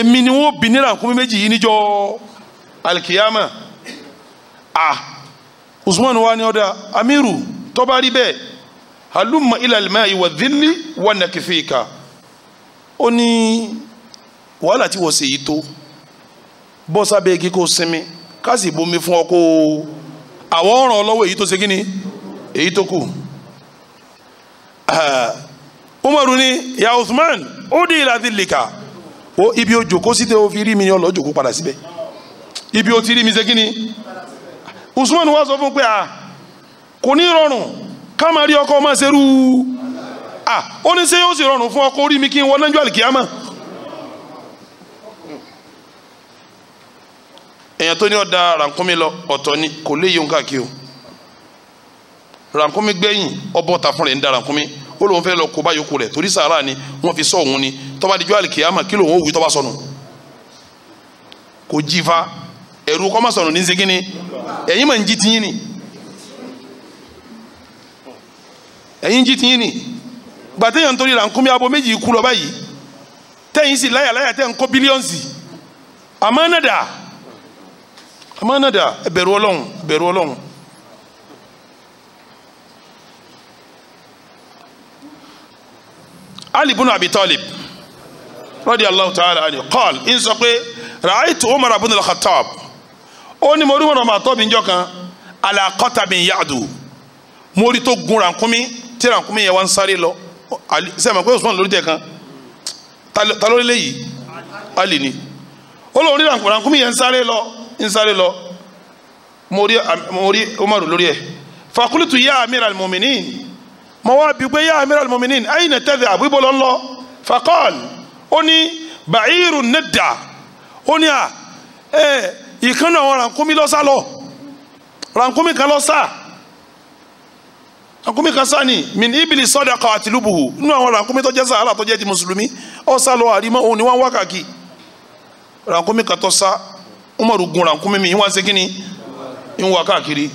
èmi ni wọ́n bì ní ràkúnmí méjì yìí níjọ́ alikiyama ah usman wa ni ọ̀dà amiru tọ́ba rí bẹ́ẹ̀ halumma ilalima iwa dili wa nakifika ó ní wàhálà tí wọ́n ṣe yìí tó bọ́ sábẹ́ igi kó sinmi ká bomi fún ọ kó àwọn ọ̀ràn ọlọ́wọ́ èyí tó ṣe kí ni èyí tó kù umaru ni ya usman ó di ìlà dìlìkà. o ibi o jókòó sí tẹ o fi rí mi ni ọlọ́ jókòó padà síbẹ̀ ibi o ti rí mi ṣe kí ni Usman wa a ah, kò ní rọrùn ká ọkọ máa seru a ah, ó ní ṣé yóò sì rọrùn fún ọkọ orí mi kí n wọ lọ́jọ́ àlìkíyàmọ́ èèyàn tó ní ọ̀dà lọ ọ̀tọ̀ ni kò o rànkúnmi gbẹ̀yìn ọbọ̀ ta fún rẹ̀ ń da rànkúnmi ó lóun fẹ́ lọ kó bá yòókù rẹ̀ torí sàárà ni wọ́n fi sọ òun ni tó bá dijọ́ àlìkìyàmà kí lòun ó wí tó bá sọnù kò jí fa ẹ̀rù kọ́ má sọnù ní nsegínni ẹ̀yin mà ń jí tiyín ni ẹ̀yin jí tiyín ni gbàtẹ́yàn torí rànkúnmí abo méjì kú lọ báyìí tẹ́yìn sì láyàláyà tẹ́ ń kó bílíọ̀nsì àmánàdà àmánàdà ẹ bẹ̀rù Ọlọ́run ẹ bẹ̀rù Ali ibn Abi Talib radiyallahu ta'ala anhu qal in sọ pé ra'aytu umar ibn al-khattab ó ní mo rí wọn ọmọ àtọ́bí njọ́ kan ala qatabin ya'du mo rí tó gun rànkúmí tí rànkúmí yẹn wá ń sáré lọ sẹ́mi pé Usman lórí tẹ̀ kan ta lórí léyìí Ali ni ó lóun rí rànkúmí yẹn sáré lọ ń sáré lọ mo rí umar lórí ẹ̀ fakulitu ya amir al mo wá bí pé ya amir al-muminin ayna tadhhab àbúgbò lọ́nlọ́ faqal ó ní bàírù nẹ́dà ó ní à ah, ẹ eh, ìkànnì àwọn rànkúmí lọ́sà lọ rànkúmí kan lọ́sà rànkúmí kan sá ni min ibili sadaqa àti lùbùhù nínú àwọn rànkúmí tó jẹ́ sàárà tó jẹ́ ti mùsùlùmí ọ̀sà lọ àrímọ́ òun ni wọ́n wá kàkí rànkúmí kan tó sá umaru gun rànkúmí mi ìwọ́n ṣe kí ni ìwọ́n káàkiri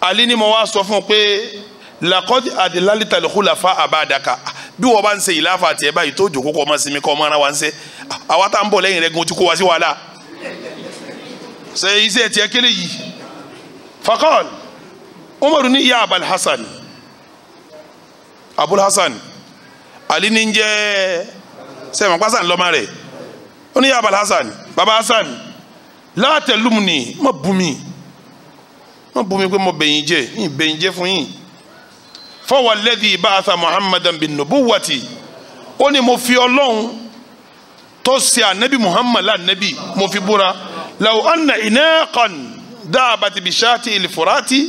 ali ni mo wá sọ fún un pé laqad adlalita al abadaka bí wọ́n bá ń ṣe ìlàfà àti ẹ̀ báyìí tó jòkó kọ́ ọmọ sinmi kọ́ ọmọ ara wa ń ṣe àwa tá ń bọ̀ lẹ́yìn rẹ̀ gan ti kó wa sí wàhálà ṣe iṣẹ́ tiẹ̀ kéré yìí fakọ́l umaru ní ìyá abul hasan abul hasan ali ní jẹ́ sẹ́wọ̀n pásán lọ́mọ rẹ̀ ó ní ìyá abul hasan baba hasan látẹ̀lùmùnì má bú mi má bú mi pé mo bẹ̀yìn jẹ́ yìí bẹ̀yìn jẹ́ fún yìí fawa alladhi ba'atha muhammadan bin nubuwati ó ní mo fi ọlọ́run tó ṣe ànábì muhammad lánàbì mo fi búra law anna inaqan dáàbàtì bishati ilfurati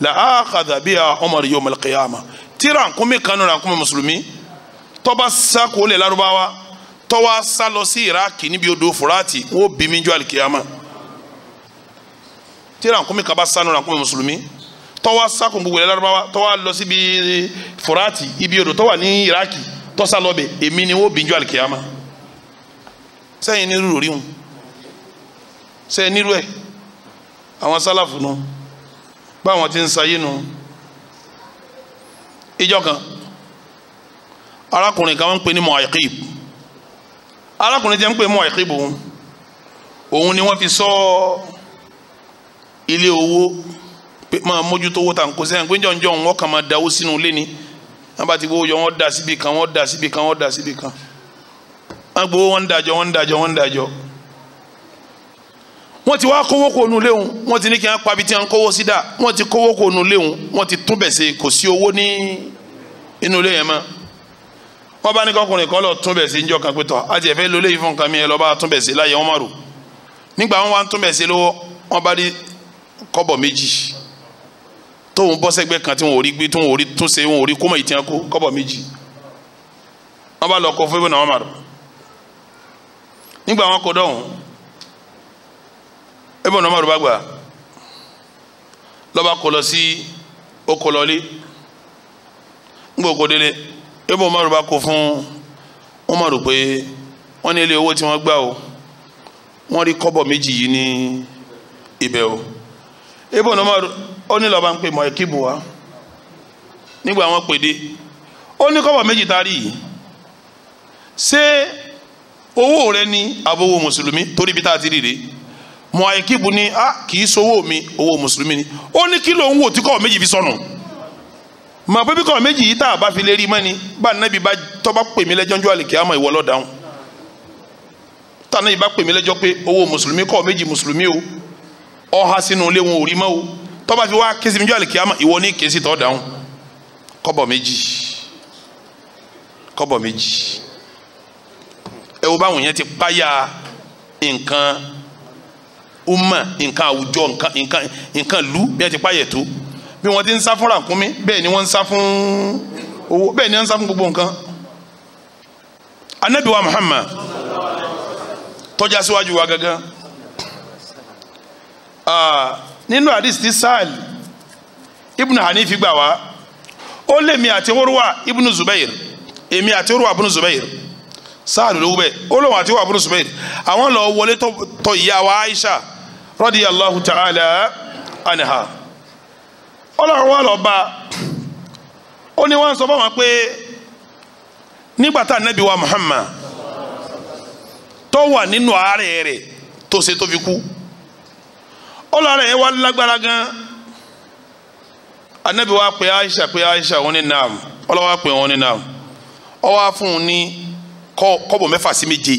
la akhadha biha umar yawm alqiyama tí rànkúnmí kanu rànkúnmí mùsùlùmí tó bá sá larubawa tó wá iraki níbi odò furati wọ́n bí mi alikiyama tí rànkúnmí kaba sanu rànkúnmí mùsùlùmí tọ́wá sákùn gbogbo ilẹ̀ Lárúbáwá tọ́wá lọ síbi Fúrátì ibi odò tọ́wà ní Iraki tọ́sà lọ́bẹ̀ èmi ni wọ́n bìnjú àlìkìyàmá sẹ́yìn nírú lórí wọn sẹ́yìn nírú ẹ̀ àwọn sálàfù nu báwọn ti ń sayé nu ìjọ kan arákùnrin kan wọ́n ń pè ní Mu'aqib arákùnrin tí wọ́n ń òun òun ni wọ́n fi sọ ilé owó. So, pé máa mójútó owó tá à ń kó sẹ́yìn pé jọ̀njọ̀ wọn kàn máa dáwó sínú ilé ni wọn bá ti gbowó yọ wọn dà síbi kan wọn dà síbi kan wọn dà síbi kan wọn gbowó wọn dàjọ wọn dàjọ wọn dàjọ wọ́n ti wá kówó kò nu léwu wọ́n ti ní kí wọ́n pabi tí wọ́n kówó sí dà wọ́n ti kówó kò nu léwu wọ́n ti tún bẹ̀sẹ̀ kò sí owó ní inú ilé yẹn mọ́ wọ́n bá ní kọkùnrin kan lọ tún bẹ̀sẹ̀ níjọ́ kan pé tọ́ àti ẹ̀fẹ́ lólé yìí fún nǹkan mi ẹ̀ lọ́ bá tún bẹ̀sẹ̀ láyé wọn márùn nígbà wọn wá tún bẹ̀sẹ̀ lọ́wọ́ wọ́n bá rí kọ́bọ̀ méjì tóun bọ́ sẹ́gbẹ́ kan tí wọn ò rí gbé tí ò rí tún ṣe wọn ò rí kó kọ́bọ̀ méjì wọn bá lọ kọ fún ibùdó Umar nígbà wọn kọ dọ́hùn ibùdó Umar bá gbà lọ́ba kọ lọ sí bá kọ fún pé ní ilé owó tí gbà o rí kọ́bọ̀ méjì yìí ní o ó ní lọ́ba ń pè mọ́ ẹ̀kíbù wa nígbà wọn pèdé ó ní kọ́bọ̀ méjì tá a yìí ṣé owó rẹ ni àbówó mùsùlùmí torí bí tá a ti rí rèé mọ àìkíbu a kì í sowó mi owó mùsùlùmí ni ó ní kí ló ń wò tí kọ́bọ̀ méjì fi sọnù mà pé bí kọ́bọ̀ méjì yìí tá a bá fi lè rí mọ́ni bá nábì bá tọ́ba pè mí lẹ́jọ́ ń jọ àlèkè àmọ́ ìwọ lọ́dàún tá nábì pè mí lẹ́jọ́ pé owó mùsùlùmí kọ́bọ̀ méjì mùsùlùmí o ọha sínú ilé wọn ò rí mọ́ o tó fi wá kesi mi jọ alikiyama ìwọ ní kesi tó dáhùn kọ́bọ̀ méjì kọ́bọ̀ méjì ẹ wo báwọn yẹn ti páyà nǹkan umma nǹkan àwùjọ nǹkan nǹkan nǹkan lu bí ẹ ti páyà tó bí wọ́n ti ń sá fún ràkúnmí bẹ́ẹ̀ ni wọ́n ń sá fún owó bẹ́ẹ̀ ni wọ́n ń sá fún gbogbo nǹkan anabi Muhammad tọ́jà síwájú wa gangan. Ah, nínú hadith ti Sahal ibnu Hanifi gbà wá ó lé mi àti Urwa ibnu Zubair èmi àti Urwa ibnu Zubair Sahal ló wúbẹ̀ ó lóun àti Urwa ibnu Zubair àwọn lọ wọlé tọ ìyá wa Aisha radiyallahu ta'ala anha ọlọ́run wa lọ bá ó ní wọ́n sọ fún wọn pé nígbà tá ànábì wa Muhammad tó wà nínú àárẹ̀ rẹ̀ tó ṣe tó fi kú ọlọ́run yẹn wá lágbára gan anabi wa pe aisha pe aisha wọ́n ní naam wa pe wọ́n ní naam fún un ní kọbọ mẹfà sí méje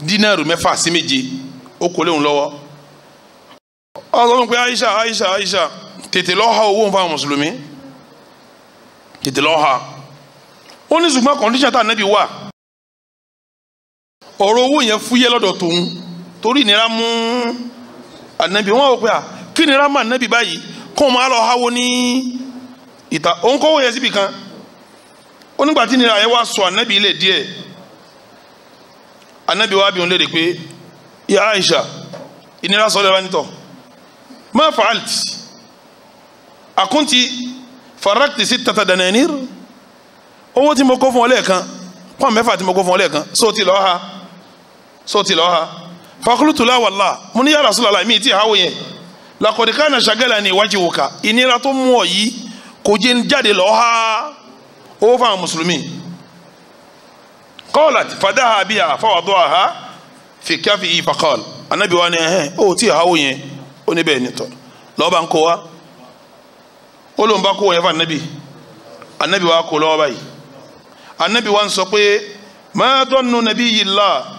dínàrù mẹfà sí méje ó kò pe aisha aisha aisha tètè ha owó nfa mùsùlùmí tètè lọ ó ní ṣùgbọ́n kọ́ndíṣà tá anabi owó yẹn torí ìnira mú ànábì wọn ò pé à kí ìnira mú ànábì báyìí kó o máa lọ háwo ní ìta òun kọ́wọ́ yẹn síbi kan ó nígbà tí ìnira yẹn wá sọ ànábì ilé díẹ̀ ànábì wa bí òun léde pé ya Aisha ìnira sọ lẹ́wọ́n nítọ̀ ma fa'alt àkúntì farakti sittata dananir owó tí mo kó fún ọ lẹ́ẹ̀kan pọ́n mẹ́fà tí mo kó fún ọ lẹ́ẹ̀kan sóòtì lọ́ha sóòtì lọ́ha. So fakulutu la wàllá muni ní ya Rasulullah mi ti hàwó yẹn laqad kana shagalani wajhuka ìnira tó mú ọ yìí kò jẹ́ ń jáde lọ ha ó fáwọn mùsùlùmí qalat fadaha biha fawada'aha fi kafihi faqal anabi wa ni ẹhẹn ó ti hàwó yẹn ó ní bẹ́ẹ̀ ni tọ́ lọ́ba ń kó wa ó ló ń bá kó yẹn fún anabi anabi wa kó lọ́wọ́ báyìí anabi wa ń sọ pé ma dhannu nabiyillah.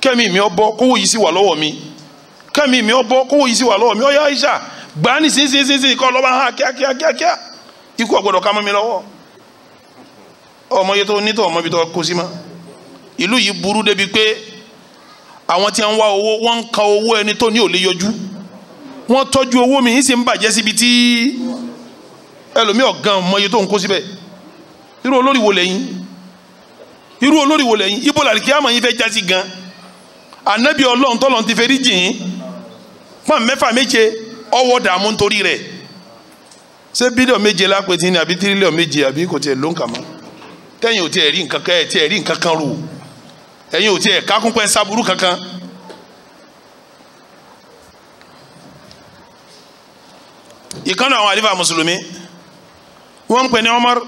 kẹ́mi mi ọbọ kówó yìí sì wà lọ́wọ́ mi kẹ́mi mi ọbọ kówó yìí sì wà lọ́wọ́ mi ọyá Aisha gbà ní sínsínsínsín kọ́ lọ́ba hàn kíákíá kíákíá ikú ọ̀gbọ́dọ̀ ká mọ́ mi lọ́wọ́ ọmọ yẹn tó nítọ̀ ọmọ ibi tó kó sí ma ìlú yìí burú débi pé àwọn tí wọ́n ń wá owó wọ́n ń ka owó ẹni tó ní ò lè yọjú wọ́n tọ́jú owó mi yìí sì ń bàjẹ́ síbi tí ẹlòmíì ọ̀gán ọmọ yẹn tó ń kó síbẹ̀ irú olórí wo lẹ́yìn irú olórí wo lẹ́yìn ibo làlìkí àmọ̀ yín fẹ́ jásí gan-an anabi ọlọ́run tọ́lọ́run ti fẹ́rí jìn pọ́n mẹ́fà méje ọwọ́ dààmú nítorí rẹ̀ ṣé bílíọ̀n méje lápẹ̀tì ni àbí tírílíọ̀n méje àbí kò tiẹ̀ ló ń kà mọ́ tẹ́yìn ò tiẹ̀ rí nǹkan kan ẹ̀ tiẹ̀ rí nǹkan kan rò ẹ̀yìn ò tiẹ̀ kákúnpẹ́ sábúrú kankan. ìkànnì àwọn àlífà mùsùlùmí wọ́n ń pè ní Umar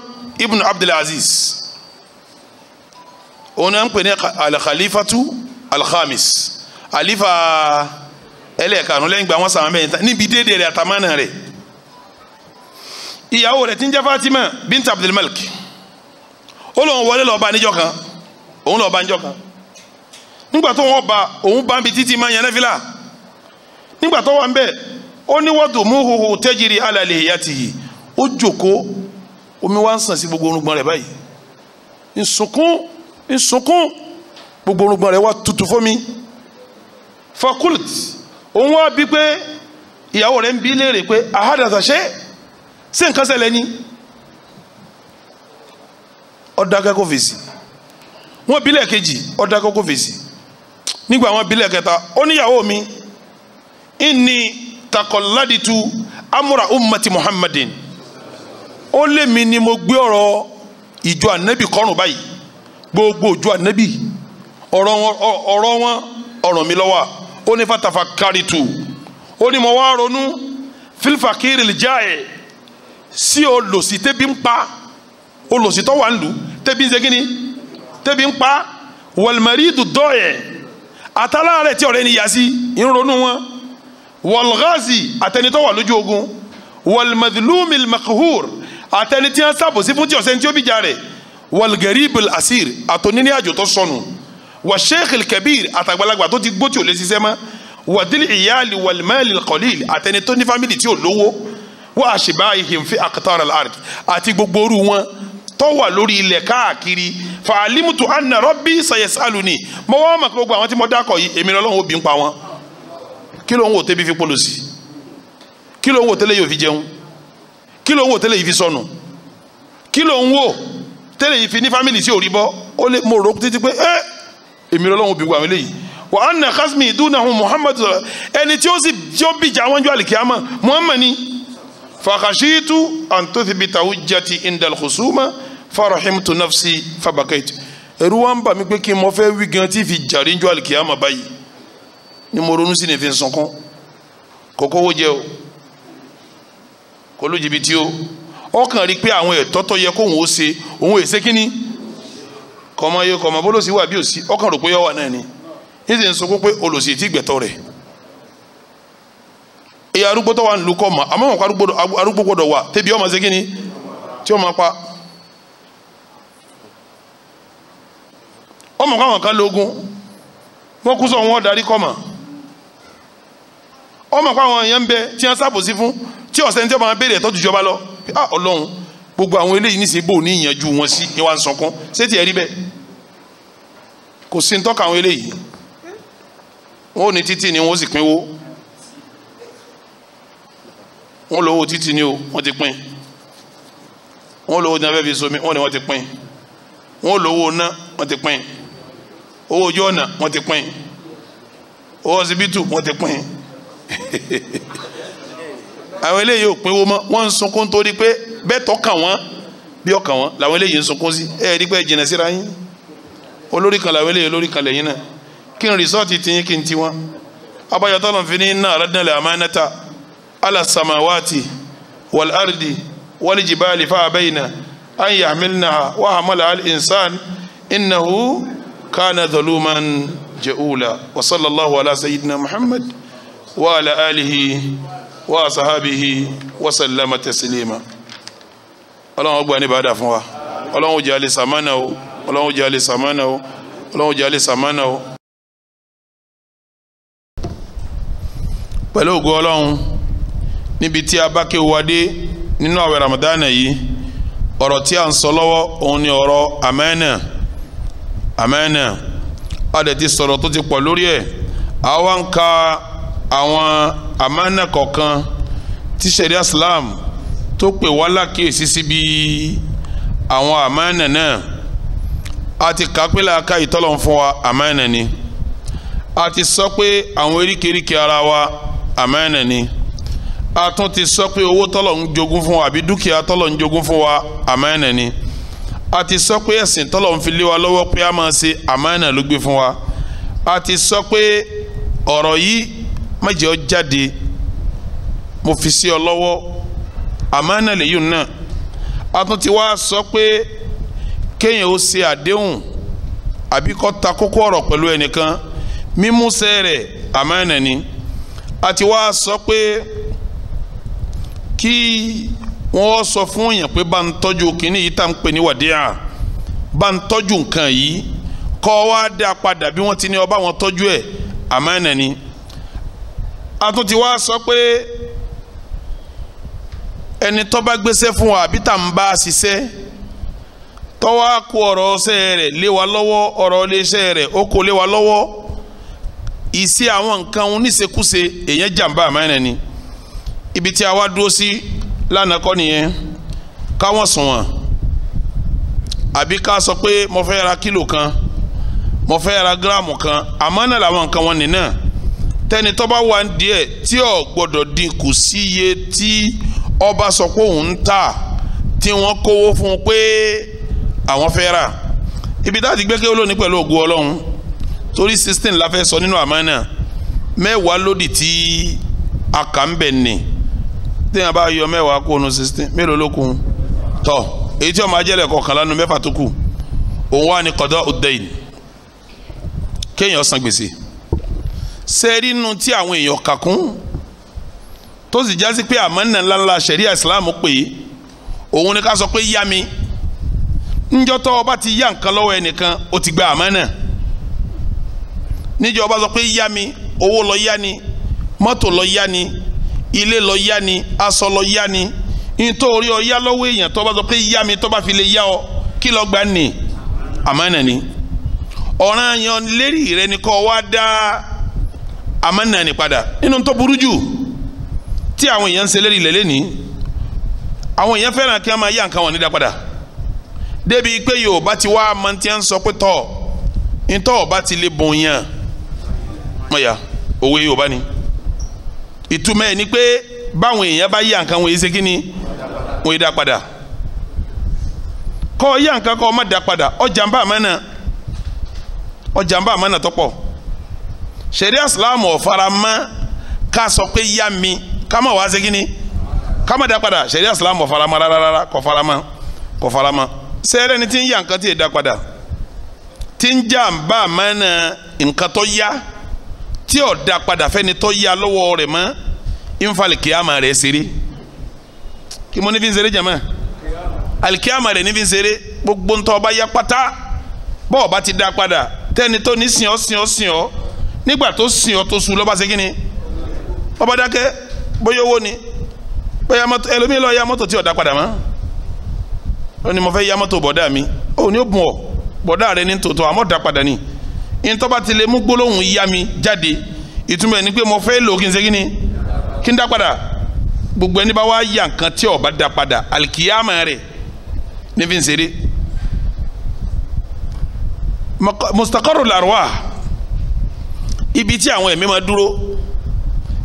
ibn Abdulaziz òun náà ń pè ní al-Khalifatu alhamis alifa ẹlẹ́ẹ̀kanu lẹ́yìn gba wọn sàmà bẹ́ẹ̀ tán níbi déédéé rẹ̀ àtàmánà rẹ̀ ìyàwó rẹ̀ tí ń jẹ́ Fatima bint Abdulmalik ó lóun wọlé lọ́ọ́ bá níjọ́ kan òun lọ́ọ́ bá níjọ́ kan nígbà tó wọn bá òun bá ń bi títí máa yẹn nẹ́fìlà nígbà tó wà ń ó ní wọ́n dùn mú huhu tẹ́jìrì alàlẹ́ ìyá yìí ó jókòó omi wá ń sàn sí gbogbo orúngbọ̀n rẹ̀ báyìí ń sunkún gbogbo orúngbọ̀n rẹ̀ wá tutù fún mi fakult òun wá bí pé ìyàwó rẹ̀ ń bí léèrè pé àhádàtà ṣe ṣé nǹkan ṣẹlẹ̀ ni ọ̀dàkẹ́ kò fèsì wọ́n mi inni takọ̀ládìtu amúra ummati muhammadin ó lé mi ni mo gbé ọrọ ìjọ gbogbo ìjọ anabi. ọ̀rọ̀ wọn ọ̀rọ̀ wọn ọ̀ràn mi lọ́wọ́ ó ní fàtàfà kárìtù ó ní mo wá ronú fílfàkìrì jáì sí olòṣì tẹ́bí ń pa olòṣì tó wà ń lù tẹ́bí ń ṣe kíni tẹ́bí ń pa wàlmẹ̀rìdù dọ́yẹ̀ àtàlárẹ̀ tí ọ̀rẹ́ ni yà sí ń ronú wọn wàlghazi àtẹnitọ́ wà lójú ogun wàlmẹ̀dìlúmi mẹkùhùr àtẹnití sábòsí fún tí ọ̀sẹ̀ ní tí ó bìjà rẹ̀ wàlgẹ̀rìbìl àsír àtòníníàjò tó sọnù wà sheikh kabir àtàgbàlagbà tó ti gbó tí ò lè ṣiṣẹ́ mọ́ wà dil ìyáàlì wal mal qalil àtẹni tó ní fámìlì tí ò lówó wà ashbaihim fi aqtar al ard àti gbogbo orú wọn tó wà lórí ilẹ̀ káàkiri fàálímùtù anna rabbi sayasaluni mo wá mọ̀ gbogbo àwọn tí mo dákọ̀ yìí èmi lọ́lọ́run ó ń pa wọn kí ló ń wò tẹ́bí fi polo sí kí ló ń wò tẹ́lẹ̀ yóò fi jẹun kí ló ń wò tẹ́lẹ̀ yìí fi sọnù kí ló ń wò tẹ́lẹ̀ yìí fi ní fámìlì tí ò ó lè mo rò títí pé ẹ́ eh, èmi lọ́lọ́run bí wàwé léyìí wà á nà kásmi ìdúnàhùn muhammad sọ̀rọ̀ ẹni tí ó sì tí ó bìjà wọn ju àlìkíyàmà muhammad ni fàkàṣìtú àǹtóṣìbìtà hujjati indalkhusuma farahimtu nafsi fabakaitu ẹ̀rù wa ń bà mí pé kí n mọ fẹ́ wí gan tí fi jàrí ju àlìkíyàmà báyìí ni mo ronú sí ni fi ń sọkún kókó wo jẹ o kó lójijì bí o ọkàn rí pé àwọn ẹ̀tọ́ tó yẹ kóhun ó ṣe òun èsè kínní kọmọ yẹ kọmọ bó wà bí òsì ọkàn rò pé yọ wà náà ni ní ń sọ pé olòsì ti gbẹtọ rẹ ìyá arúgbó tó wà ma àmọ́ wọn kọ́ arúgbó gbọ́dọ̀ wà tẹ́bi ọmọ ṣe kíni tí ó máa pa ọmọ kan lógún kú sọ wọn darí ma ọmọ kọ́ àwọn ń bẹ tí fún tí ní tí béèrè jùjọba lọ ah, gbogbo àwọn eléyìí ní sèbó ní wọn sí kò sí ní tọ́ka àwọn eléyìí wọn ò ní títì ni wọn ó sì pínwó wọn lówó títì ni o wọn ti pín wọn lówó ní afẹ́fẹ́ somi wọn ni wọn ti pín wọn lówó ná wọn ti pín owó ojú ọ̀nà wọn ti pín owó ọsibítù wọn ti pín àwọn eléyìí ò pínwó mọ́ wọ́n ń sunkún torí pé bẹ́ẹ̀ tọ́ka wọn bí ọkàn wọn làwọn eléyìí ń sunkún sí ẹ̀ẹ́dí pé jìnnà síra yín olórí kan làwọn eléyìí olórí kan lẹ́yìn náà kí n rìsọ́ọ̀tì tiyín kí n tiwọn abayọ tọ́lọ̀ fi ní iná àrádínlẹ̀ àmánátà alàsàmáwáàtì wàlárìdì wàlìjìbáàlì fáabẹ́yìnà ayé àmìlínà wà hàmàlà alìsàn ìnáhu kánà zaluman ja'ula wa sallallahu ala sayyidina muhammad wa ala alihi wa sahabihi wa sallama taslima ọlọ́run ó gbà bàdà fún wa ọlọ́run ó jẹ́ alìsàmánà o ọlọ́run jẹ́ alẹ́ sàmánà o ọlọ́run jẹ́ alẹ́ sàmánà o. pẹ̀lú ògo ọlọ́run níbi tí a bá ké wadé nínú àwẹ̀ ramadana yìí ọ̀rọ̀ tí a ń sọ lọ́wọ́ òun ni ọ̀rọ̀ amẹ́nà amẹ́nà a dẹ̀ ti sọ̀rọ̀ tó ti pọ̀ lórí ẹ̀ àwa ń ka àwọn amẹ́nà kọ̀ọ̀kan tí sẹ̀rí Islam tó pè wá lákèésí síbi àwọn amẹ́nà náà a ti kà pé làákà ìtọ́lọ̀ ń fún wa àmánà ni a ti sọ pé àwọn eríkèéríkèé ara wa àmánà ni a tún ti sọ pé owó tọ́lọ̀ ń jogún fún wa àbí dúkìá tọ́lọ̀ ń jogún fún wa àmánà ni a ti sọ pé ẹ̀sìn tọ́lọ̀ ń fi lé wa lọ́wọ́ pé a máa ṣe àmánà ló gbé fún wa a ti sọ pé ọ̀rọ̀ yìí má jẹ́ jáde mo fi sí ọ lọ́wọ́ àmánà lèyí náà a tún ti wá sọ pé kéèyàn ó ṣe àdéhùn àbí kó ta kókó ọ̀rọ̀ pẹ̀lú ẹnìkan mímúṣẹ rẹ̀ àmánà ni àti wá sọ pé kí wọ́n sọ fún èèyàn pé bá ń tọ́jú kínní yìí tá ń pè ní wàdíà bá ń tọ́jú nǹkan yìí kọ́ wá dá padà bí wọ́n ti ní ọba wọn tọ́jú ẹ̀ àmánà ni a ti wá sọ pé ẹni tó bá gbéṣẹ́ fún wa àbí tá ń bá a ṣiṣẹ́ tọ́wọ́ kó ọ̀rọ̀ ṣẹ́ rẹ̀ lé wa lọ́wọ́ ọ̀rọ̀ iléeṣẹ́ rẹ̀ ó kó lé wa lọ́wọ́ ìṣe àwọn nǹkan oníṣekúṣe èèyàn jàǹbá àmọ́ẹ̀nà ni ibi tí a wá dúró sí lánàá kọ́ nìyẹn káwọn sùn wọn àbí ká sọ pé mo fẹ́ ra kílò kan mo fẹ́ ra gíráàmù kan àmọ́ náà làwọn nǹkan wọn nìyẹn tẹ́ni tó bá wà díẹ̀ tí ò gbọ́dọ̀ dínkù sí iye tí ọba sọ pé òun ń tà tí wọ́n kówó fún un pé àwọn fẹ́ rà ibi tá a ti gbẹ́kẹ́ olóòní pẹ̀lú ògùn ọlọ́run torí sixteen la fẹ́ sọ nínú àmánà mẹ́wàá lódì tí a kà ń bẹ̀ nì téèyàn bá yọ mẹ́wàá kó nu sixteen mélòó ló kù tọ́ èyí tí ọmọ ajẹ́lẹ̀ kọ̀ọ̀kan lánàá mẹ́fà tó kù òun wà ní kọ̀dọ̀ ọ̀dẹ́yìn kéèyàn san gbèsè sẹ́ẹ̀rì nu tí àwọn èèyàn kà kún tó sì já sí pé àmánà ńláńlá ṣẹ̀ríà ìsìláàmù pé òun ni ká sọ pé yá mi níjọ́tọ́ ọba ti yá nǹkan lọ́wọ́ ẹnìkan ó ti gba àmánà níjọ́ ọba sọ pé yá mi owó lọ yá ni mọ́tò yani yá ni ilé lọ yá ni aṣọ lọ yá ni nítorí ọ yá lọ́wọ́ èèyàn tó bá sọ pé yá mi tó bá fi lè yá ọ kí lọ́ọ́ gbà ní àmánà ni ọ̀ràn yan lérí rẹ ni kọ́ wá dá àmánà ni padà nínú tó burú jù tí àwọn èèyàn ń ṣe lérí lẹ́lẹ́ àwọn èèyàn fẹ́ràn kí wọ́n máa yá nǹkan wọn nídàá padà débi pé yorùbá ti wá mọ̀ntìyàn sọ pé tọ́ ntọ́ ọba ti lè bùn yàn ọ̀yà òwe yorùbá ni ìtumọ̀ ẹ̀ ni pé báwọn èèyàn bá yà nǹkan wọn yìí ṣe kí ni wọn yìí dá padà kọ́ yà nǹkan kọ́ ọ má dá padà ọjà ń bá àmọ́ náà ọjà ń bá àmọ́ náà tọ́pọ̀ sẹ̀rí àsìlámù ọ̀fara mọ́ ká sọ pé yá mi ká má wá ṣe kí ni ká má dá padà sẹ̀rí àsìlámù ọ̀fara mọ́ rárá kò fara mọ́ kò fara mọ́ sẹ́rẹ́ ni tí ń yà nǹkan tí yẹ dá padà tí ń jà ń bá àmánà nǹkan tó yá tí ò dá padà fẹ́ni tó yá lọ́wọ́ rẹ̀ mọ́ ìnfàlì kìámà rẹ̀ ṣeré kí mo ní fi ń ṣeré jẹ̀mọ́ àlìkìámà rẹ̀ ní fi ń ṣeré gbogbo ntọ́ ọba yá pátá bọ́ọ̀ bá ti dá padà tẹ́ni tó ní sìn ọ́ sìn ọ́ sìn ọ́ nígbà tó sìn ọ́ tó sùn lọ́ba ṣe kí ni ọba dákẹ́ bóyá owó ni bóyá ẹlòmíì lọ́ọ́ yá mọ́tò tí ò da padà mọ́ ó ní mo fẹ́ yá mọ́tò bọ̀dá mi ó ní ó bùn ọ́ bọ̀dá rẹ ní tòótọ́ àmọ́ dá padà ni ìtọ́ bá ti lè mú gbólóhùn yá mi jáde ìtumọ̀ ẹ̀ ni pé mo fẹ́ lò kí n ṣe kí ni kí n dá padà gbogbo ẹni bá wá yá nǹkan tí ó bá dá padà alikiyama rẹ̀ ní fi ń ṣeré mustaqarru larwa ibi tí àwọn ẹ̀mí máa dúró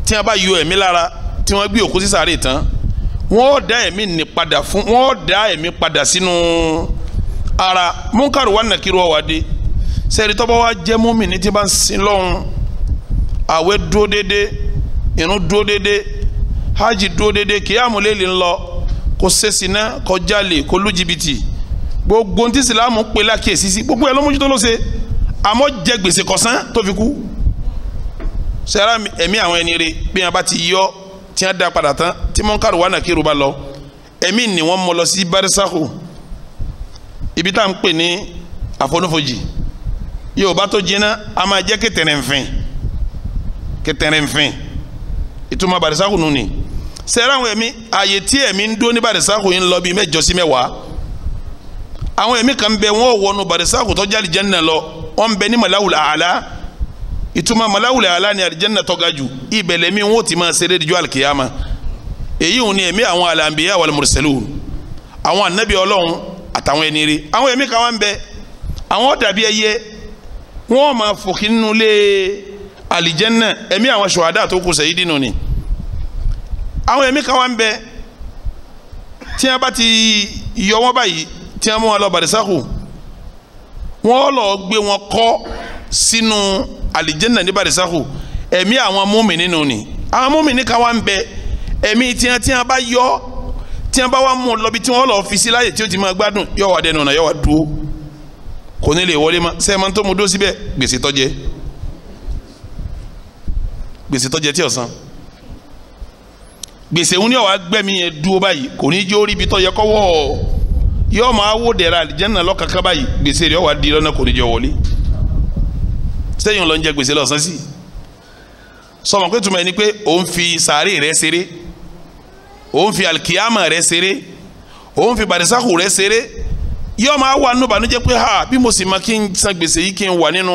tí wọ́n bá yọ ẹ̀mí lára tí wọ́n gbé òkú sí tán wọ́n dá ẹ̀mí ní padà fún wọ́n dá ẹ̀mí padà sínú ara múnkàrú wà nàkírú ọ̀wádìí sẹ́ẹ̀rì tọ́ba wa jẹ́ múmi ní tí bá ń sin lọ́hùn àwẹ̀ dúró déédéé ìrun dúró déédéé hajj dúró déédéé kí àmúlẹ̀ lè ń lọ kò sẹ́sì náà kò jalè kò lu jìbìtì gbogbo ntí sìlámù pè lákèésí sí gbogbo ẹ̀ ló mójútó ló ṣe àmọ́ jẹ gbèsè kọ̀sán tó fi kú sẹ́ẹ̀rì ẹ̀mí àwọn ẹni rè bí wọn bá ti yọ tí wọ́n da padà tán tí mọ́nkàrú wà nàkírù bá lọ ẹ̀mí ni wọ́n mọ lọ sí barisahu ibi tá à ń pè ní àfonífojì yóò bá tó jiná a máa jẹ́ kẹtẹ̀rẹ̀ nfin kẹtẹ̀rẹ̀ nfin ìtumọ̀ barisahu nù ni sẹ́rẹ́ àwọn ẹ̀mí ààyè tí ẹ̀mí ń dó ní barisahu yìí ń lọ bíi mẹ́jọ sí mẹ́wàá àwọn ẹ̀mí kan bẹ wọ́n wọnú barisahu tó jáde jẹ́ nínú lọ wọ́n bẹ ní malawul àlá ìtumọ̀ malawulẹ̀ ala ni alijanna tọ́ga jù ibẹ̀lẹ̀ mi wọ́n ti máa ṣeré dijọ́ alikiyama èyí ò ní ẹ̀mí àwọn alambiya wal mursalun àwọn anabi ọlọ́run àtàwọn ẹni rí àwọn ẹ̀mí kan wá ń bẹ àwọn dàbí ẹyẹ wọ́n máa fòkì nínú lé alijanna ẹ̀mí àwọn ṣùhádà tó kù sẹ́yìn dínú ni àwọn ẹ̀mí kan bẹ tí bá ti yọ wọ́n báyìí tí mú wọn lọ bàrísàkù wọ́n lọ gbé wọn kọ́ sínú àlìjẹ́nà ní barisakhu ẹ̀mí àwọn múmìnì nù ni àwọn múmìnì kan wá ń bẹ ẹ̀mí tiẹ̀ tiẹ̀ bá yọ tiẹ̀ bá wà mú lọ́bi tí wọ́n lọ́ọ́ fi sí láyè tí ó ti máa gbádùn yọ̀ wá dẹnu ọ̀nà yọ̀ wá dúró kò ní lè wọlé ma sẹ́ẹ̀ máa ń tó mu dó síbẹ̀ gbèsè tọ́jẹ́ gbèsè tọ́jẹ́ tí ò san gbèsè ń ní ọ̀wá gbẹ́mí yẹn dúró báyìí kò ní jẹ́ orí ibi tọ́ yẹ kọ́ wọ́ yọ máa wó dẹ̀ra àlìjẹ́nà lọ́kàkà báyìí gbèsè rẹ̀ ọ̀wá di lọ́nà kò ní jẹ́ wọlé sẹ́yìn ló ń jẹ gbèsè lọ́sàn sí sọmọ pé tuma ẹni pé òun fi sàárè rẹ ṣeré òun fi alikiyama rẹ ṣeré òun fi barisaku rẹ ṣeré yóò máa wà nínú ìbànújẹ́ pé ha bí mo sì máa kí n san gbèsè yìí kí n wà nínú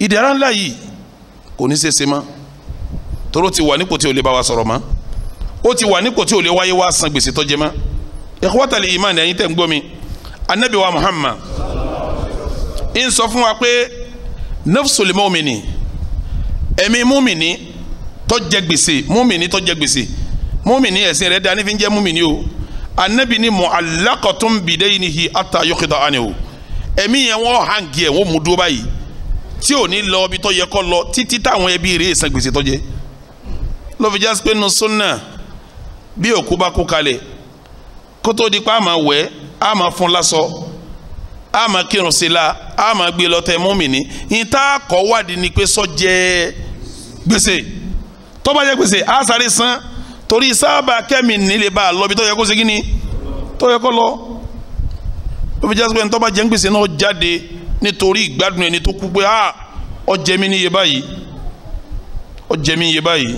ìdára ńlá yìí kò ní ṣe ṣe mọ́ toró ti wà nípò tí ò lè bá wa sọ̀rọ̀ mọ́ ó ti wà nípò tí ò lè wáyé wá san gbèsè tó jẹ mọ́ ikhwatal iman ẹ̀yin tẹ̀ ń gbọ́ mi anabi muhammad ń sọ fún wa pé nafsul mu'mini ẹ̀mí múmìnì tó jẹ gbèsè múmìnì tó jẹ gbèsè múmìnì ẹ̀sìn rẹ̀ dání fi ń jẹ́ múmìnì o anabi ni mu'allaqatun bidaynihi atta yuqda anhu ẹ̀mí yẹn wọ́n hangi ẹ̀ wọ́n mú dúró báyìí tí ò ní lọ ibi tó yẹ kó lọ títí táwọn ẹbí rẹ̀ san gbèsè tó jẹ lọ́fi jásí sunna bí òkú bá kú di pa àmà wẹ̀ àmà fún lásọ a máa kírun sí la a máa gbé e lọ́tẹ̀ mọ́mìnì ní tá a kọ́ wádìí ni pé sọ́jẹ́ gbèsè tó bá jẹ́ gbèsè a sáré san torí sábà kẹ́mi nílé bá a lọ bí tó yẹ kó segin ni tó yẹ kó lọ ó fi jásí pé ní tó bá jẹ́ gbèsè náà jáde nítorí ìgbádùn ẹni tó kú pé a ó jẹ níye báyìí ó jẹ níye báyìí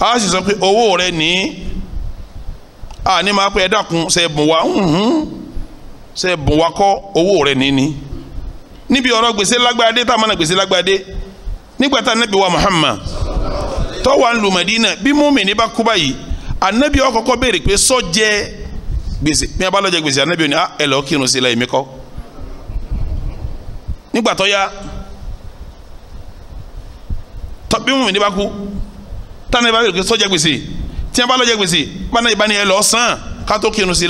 a sì sọ pé owó rẹ ní a máa pẹ́ ẹ dákun bùn wá ṣe bùn wa kọ́ owó rẹ̀ níní níbi ọ̀rọ̀ gbèsè lágbàdé tá a mọ̀nà gbèsè lágbàdé nígbà tá wa Muhammad tọ́wọ́ an lumadina Madina bí mùmínì bá kú báyìí anabi wa kọ́kọ́ béèrè pé sọ́jẹ́ gbèsè mi abá lọ́jẹ́ gbèsè anabi ni ah, ẹ lọ́ọ́ kírun sí i la èmi kọ́ nígbà tó yá bí mùmínì bá kú tánà ìbá béèrè pé sọ́jẹ́ gbèsè tí bá lọ́jẹ́ gbèsè bá náà ìbá ni ẹ kátó kírun sí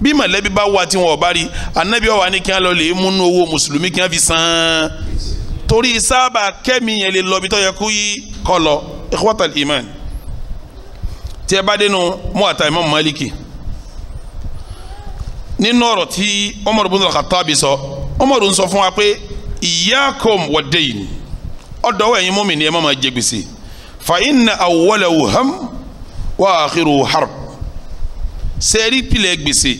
bí mọ̀lẹ́bí bá wà tí wọn ò bá rí anabi ọ̀wà ni kí wọn lọ lè múnú owó mùsùlùmí kí wọn fi san torí sábà kẹ́mi yẹn lè lọ bí tọ́ yẹ kú yí kọ́ lọ ikhwatal iman tí ẹ bá dénú mú àtà Imam Maliki nínú ọ̀rọ̀ tí Umar ibn al-Khattabi sọ Umar ń sọ fún wa pé iyyakum wad-dayn ọ̀dọ̀ wẹ̀ yín mọ́mì ni ẹ má máa jẹ gbèsè fa inna awwalahu ham wa akhiruhu harb sẹ́ẹ̀rí pilẹ̀ gbèsè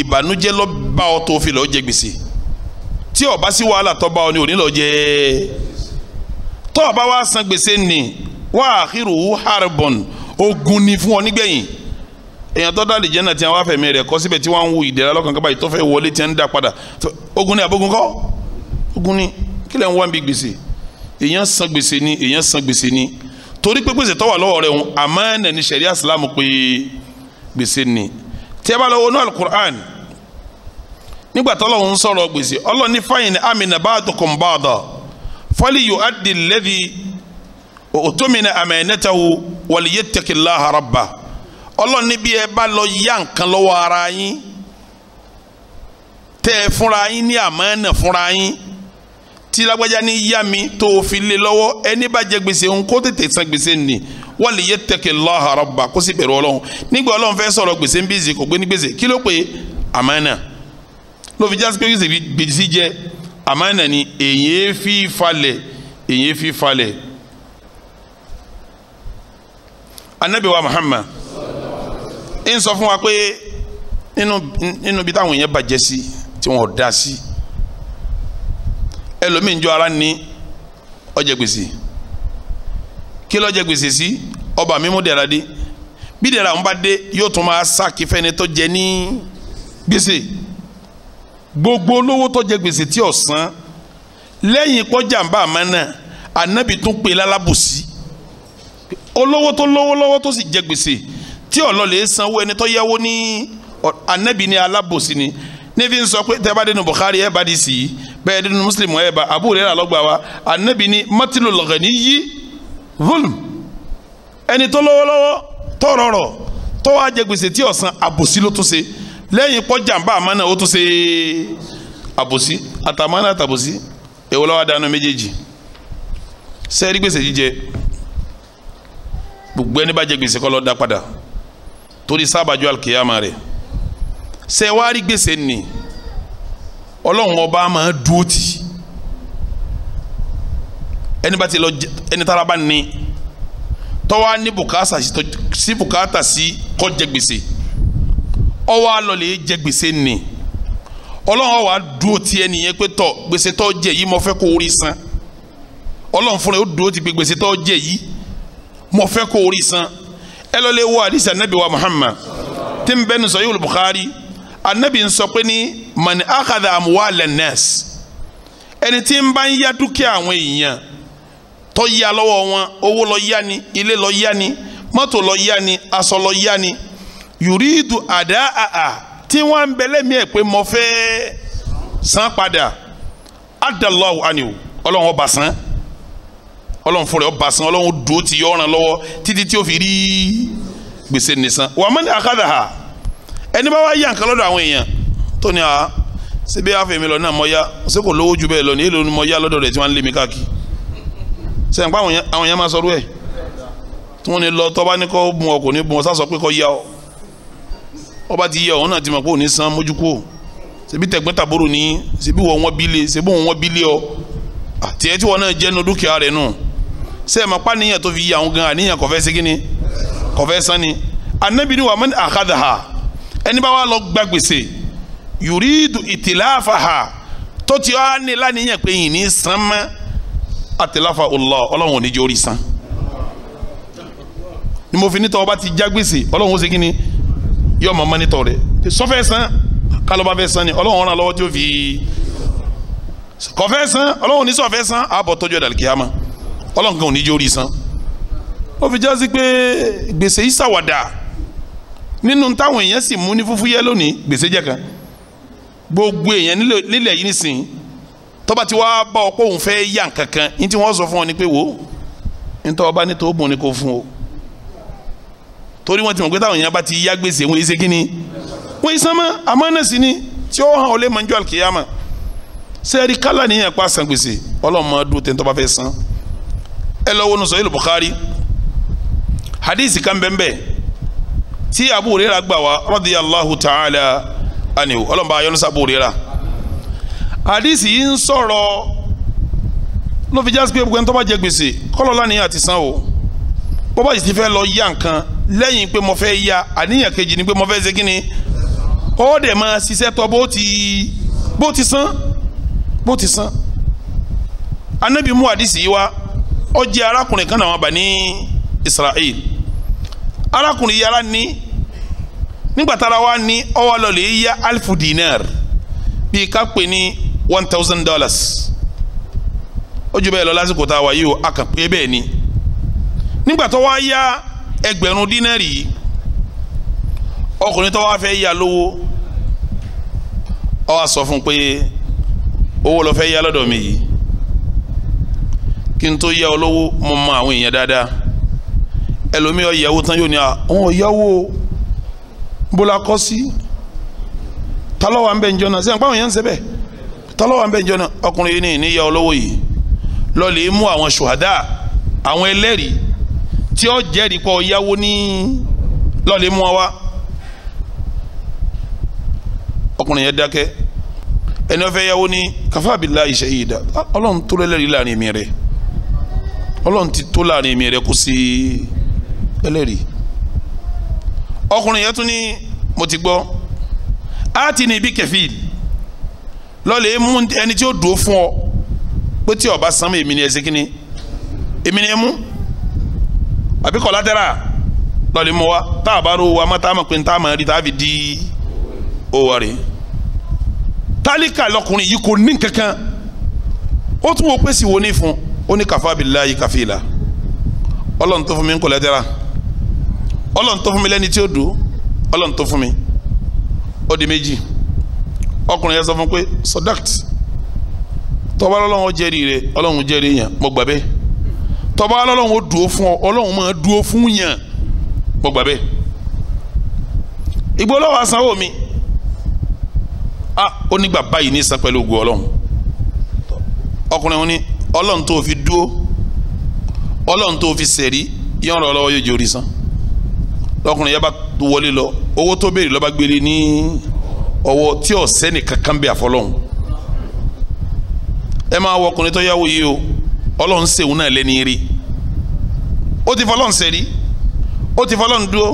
ìbànújẹ́ lọ bá ọ tó fi lọ jẹ gbèsè tí o bá sí wàhálà tó bá ọ ní òní lọ jẹ tó wa bá wá san gbèsè ni wà á hírù harbon ogun ni fún ọ nígbẹ̀yìn èèyàn tó dá lìjẹ́ náà tí wọ́n fẹ̀mí rẹ̀ kọ́ síbẹ̀ tí wọ́n ń wu ìdẹ̀ra lọ́kàn kábàá yìí tó fẹ́ wọlé tí wọ́n ń dà padà ogun ni àbógun kọ́ ogun ni kí lẹ́ ń wá ń bi gbèsè èèyàn san gbèsè ni èèyàn san gbèsè ni torí pé gbèsè tó lọ́wọ́ rẹ̀ ń àmánà ní ṣẹ̀ríà Ìsìlámù pé gbèsè ni tí ẹ bá lọ wọnú alukur'an nígbà tí ọlọ́run ń sọ̀rọ̀ gbèsè ọlọ́run ní fáyìn amina ba'dukum ba'da fali yu'addi alladhi utumina amanatahu wal yattaqillaha rabba ọlọ́run ní bí ẹ bá lọ yá nǹkan lọ́wọ́ ara yín tẹ́ ẹ fúnra yín ní àmánà fúnra yín tí lágbájá ní yá mi tó fi lé lọ́wọ́ ẹni bá jẹ gbèsè òun tètè san gbèsè nì wàlẹ̀ yẹ tẹ̀kẹ̀ lọ́hà rọ́bà kó sì bẹ̀rù ọlọ́run nígbà ọlọ́run fẹ́ sọ̀rọ̀ gbèsè ń bèsè kò gbé ní gbèsè kí ló fi jásí pé jẹ ni èyí fi falẹ̀ èyí fi falẹ̀ anabi Muhammad sọ fún wa pé nínú nínú bí táwọn èèyàn bàjẹ́ sí tí wọ́n sí ẹlòmíín kí ló jẹ gbèsè sí ọba mímú dẹ̀ra dé bí dẹ̀ra ń bá dé yóò tún máa sá kí fẹ́ni tó jẹ ní gbèsè gbogbo olówó tó jẹ gbèsè tí ó san lẹ́yìn kọjàmbá àmánà ànábì tún pè lálábòsí olówó tó lówó lọ́wọ́ tó sì jẹ gbèsè tí ó sanwó ẹni tó yáwó ní ànábì ní alábòsí ni níbi ń sọ pé tẹ́ bá dénú Bukhari ẹ̀ bá di sí bẹ́ẹ̀ dénú Muslim ẹ̀ bá Abu Hurairah lọ́gbà wa ànábì ní matilul ghaniyi zulm ẹni tó lówó lọ́wọ́ tó rọrọ̀ tó wá jẹ gbèsè tí ọ̀sán àbòsí ló tún ṣe lẹ́yìn pọ́ jàǹbá àmánà ó tún ṣe àbòsí àtàmánà àtàbòsí èwo ló wà dànù méjèèjì sẹ́ẹ̀rí gbèsè jíjẹ gbogbo ẹni bá jẹ gbèsè kọ́ ló dá padà torí sábàjọ́ àlùkìyàmà rẹ̀ sẹ́ẹ̀ wá gbèsè nì ọlọ́run ọba máa dúró tì í ẹni bá ti lọ ẹni tára bá ní tọ́wá ní bùkátà sí bùkátà sí kó jẹ gbèsè ọwọ́ alọ́lẹ̀ jẹ gbèsè ni ọlọ́run wàá dúró ti ẹni yẹn pé tọ́ gbèsè tó jẹ yìí mo fẹ́ kó orí san ọlọ́run fúnra ó dúró ti pé gbèsè tó jẹ yìí mo fẹ́ kó orí san ẹ wọ àdìsí anabi wa Muhammad tí n bẹ́ẹ̀ ní sọ yóò Bukhari anabi ń sọ pé ní mani akadà amuwa lẹ́nẹ́sì ẹni tí ń bá ń yá dúkìá àwọn èèyàn tó yá lọ́wọ́ wọn owó lọ yá ni ilé lọ yá ni mọ́tò lọ yá ni aṣọ lọ yá ni yùrídù àdá àà tí wọ́n ń bẹ̀lẹ̀ mi ẹ̀ pé mo fẹ́ san padà adàlọ́wọ́ àníwò ọlọ́run ọba san ọlọ́run fúnra ọba san ọlọ́run ti yọ ọ̀ràn lọ́wọ́ títí tí ó fi rí gbèsè ni sẹ́yìn pa àwọn yẹn máa sọ rú ẹ̀ tí wọ́n ní lọ tọ́ba ní kọ́ bùn ọ kò ní bùn ọ sásọ pé kọ́ yá ọ ọba ti yá ọ náà ti mọ̀ pé ò ní san mójú kú ṣebí tẹ̀gbọ́n tàbúrò ní ṣebí wọ́n wọ́n bílé ṣebí wọ́n wọ́n bílé ọ àti ẹ̀ tí wọ́n náà jẹ́ nu dúkìá rẹ̀ nù sẹ́yìn ma pa tó fi yá àwọn gan àníyàn kọ̀fẹ́ sí kíni kọ̀fẹ́ sán ni anabi ni wàá mẹ́ni ha ẹni bá wà lọ gba gbèsè yùrídù ìtìláfà ha tó ti wá ní láníyàn pé àtẹláfà ọlọ ọlọ́run ò ní jẹ́ orí san ni mo fi nítọ́ ọba ti já gbèsè ọlọ́run ó ṣe kí ni yọ ọmọ ọmọ nítọ́ rẹ̀ sọfẹ́ san kálọ́ba fẹ́ san ni ọlọ́run ọ̀ràn lọ́wọ́ tí ó fi kọfẹ́ san ọlọ́run ní sọfẹ́ san àbọ̀ tọ́jú ẹ̀dá kìámà ọlọ́run kan ò orí san ó fi jásí pé gbèsè yìí nínú táwọn èèyàn sì mú ní fúfúyẹ́ lónìí gbèsè jẹ́ kan gbogbo èèyàn nílẹ̀ yìí nìsín tọ́ba tí wàá bá ọ pé òun fẹ́ yà kankan ní tí wọ́n sọ fún ọ ni pé wò ó nítorí ọba ní tó bùn ni kò fún o torí wọn ti mọ̀ pé táwọn èèyàn bá ti yá gbèsè wọn lè ṣe kí ni wọ́n yìí sánmọ́ àmọ́ náà sì ni tí ó hàn ọ lè mọ̀jú àlùkìyàmà sẹ́ẹ̀rì kálá ní pa san gbèsè ọlọ́run máa dúró tẹ́ńtọ́ bá fẹ́ san ẹ lọ wọnú sọ ìlú Bukhari hadith kan bẹ́ẹ̀ tí Abu Hurairah gbà wá radiyallahu ta'ala anhu ọlọ́run bá yọ́nú sí Abu Hurairah àdìsí yìí ń sọ̀rọ̀ ló fi jásí pé gbogbo ẹni tó bá jẹ gbèsè kọ́lọ́lá ni àti san o bó bá sì ti fẹ́ lọ yá nǹkan lẹ́yìn pé mo fẹ́ yá àníyàn kejì ni pé mo fẹ́ ṣe kí ni ó dẹ̀ máa ṣiṣẹ́ tọ́ bó ti bó ti san bó ti san anabi mu àdìsí yìí wá ó jẹ́ arákùnrin kan náà wọn ní Israel arákùnrin yàrá ní nígbà tára wa ní ọwọ́ lọ́ọ́ lè yá alifu dinar bíi ká pè ní one thousand dollars ó ju bẹ́ẹ̀ lọ lásìkò tá a wà yìí o a kàn pé bẹ́ẹ̀ ni nígbà tó wá yá ẹgbẹ̀rún dínárì yìí ọkùnrin tó wá fẹ́ yá lówó ó wá sọ fún un pé owó ló fẹ́ yá lọ́dọ̀ mi yìí kí n tó yá ọ mo mọ àwọn èèyàn dáadáa ẹlòmíì ọ̀yàwó tán yóò ní àwọn ọ̀yàwó bó kọ́ sí ta ń bẹ̀ ń jọ náà sẹ́yìn pàwọn èèyàn ń ṣe tọ́lọ́wọ́ ń bẹ jọ́nà ọkùnrin yìí ní ìníyà olówó yìí lọ́ọ̀lì mú àwọn ṣùhádà àwọn ẹlẹ́rìí tí ó jẹ́rìí pọ̀ yáwó ní lọ́ọ̀lì mú wa wá ọkùnrin yẹn dákẹ́ ẹni ó fẹ́ yáwó ní kafā billāhi shahīdā ọlọ́run tó lẹ́lẹ́rìí láàrin èmi rẹ̀ ọlọ́run ti tó láàrin èmi rẹ̀ kó sí ẹlẹ́rìí ọkùnrin yẹn tún ní mo ti gbọ́ á ti ní ibi kẹfìlì lọ́ọ̀lẹ̀ mú ẹni tí ó dúró fún ọ pé tí ọba sanmi èmi ni ẹ kínní èmi ni ẹ mú àbí kọ̀látẹ́rà lọ́ọ̀lẹ̀ mú wa tá a bá rò wa má tá a mọ̀ pé tá a mọ̀ rí tá a fi di owó rẹ̀ tálíkà lọkùnrin yìí kò ní kankan ó tún wọ́n pèsè wo ní fún ó ní kàfá ọkùnrin yẹn sọ fún pé sọdákt tọba lọ́lọ́run jẹ́rìí rẹ Ọlọ́run jẹ́rìí yẹn mo gbà bẹ́ẹ̀ tọba lọ́lọ́run ó dúró fún ọ Ọlọ́run máa dúró fún yẹn mo gbà bẹ́ẹ̀ ìgbó asanwó mi ah ó nígbà báyìí ní san pẹ̀lú ògùn ọlọ́run ọkùnrin wọn ni ọlọ́run tó fi dúó ọlọ́run tó fi sẹ̀rí yọ̀n rọ lọ́wọ́ yóò jẹ́ orí san lọ́kùnrin yẹn bá wọlé lọ owó tó béèrè lọ́ba gbélé ní ọwọ́ tí ò sẹ́ni kankan bẹ́ẹ̀ àfọlọ́hún ẹ máa wọ ọkùnrin tó yáwó yìí o ọlọ́run ṣèwọ́n náà lẹ́ni rí ó ti fọlọ́run ṣẹ́rí ó ti fọlọ́run dúró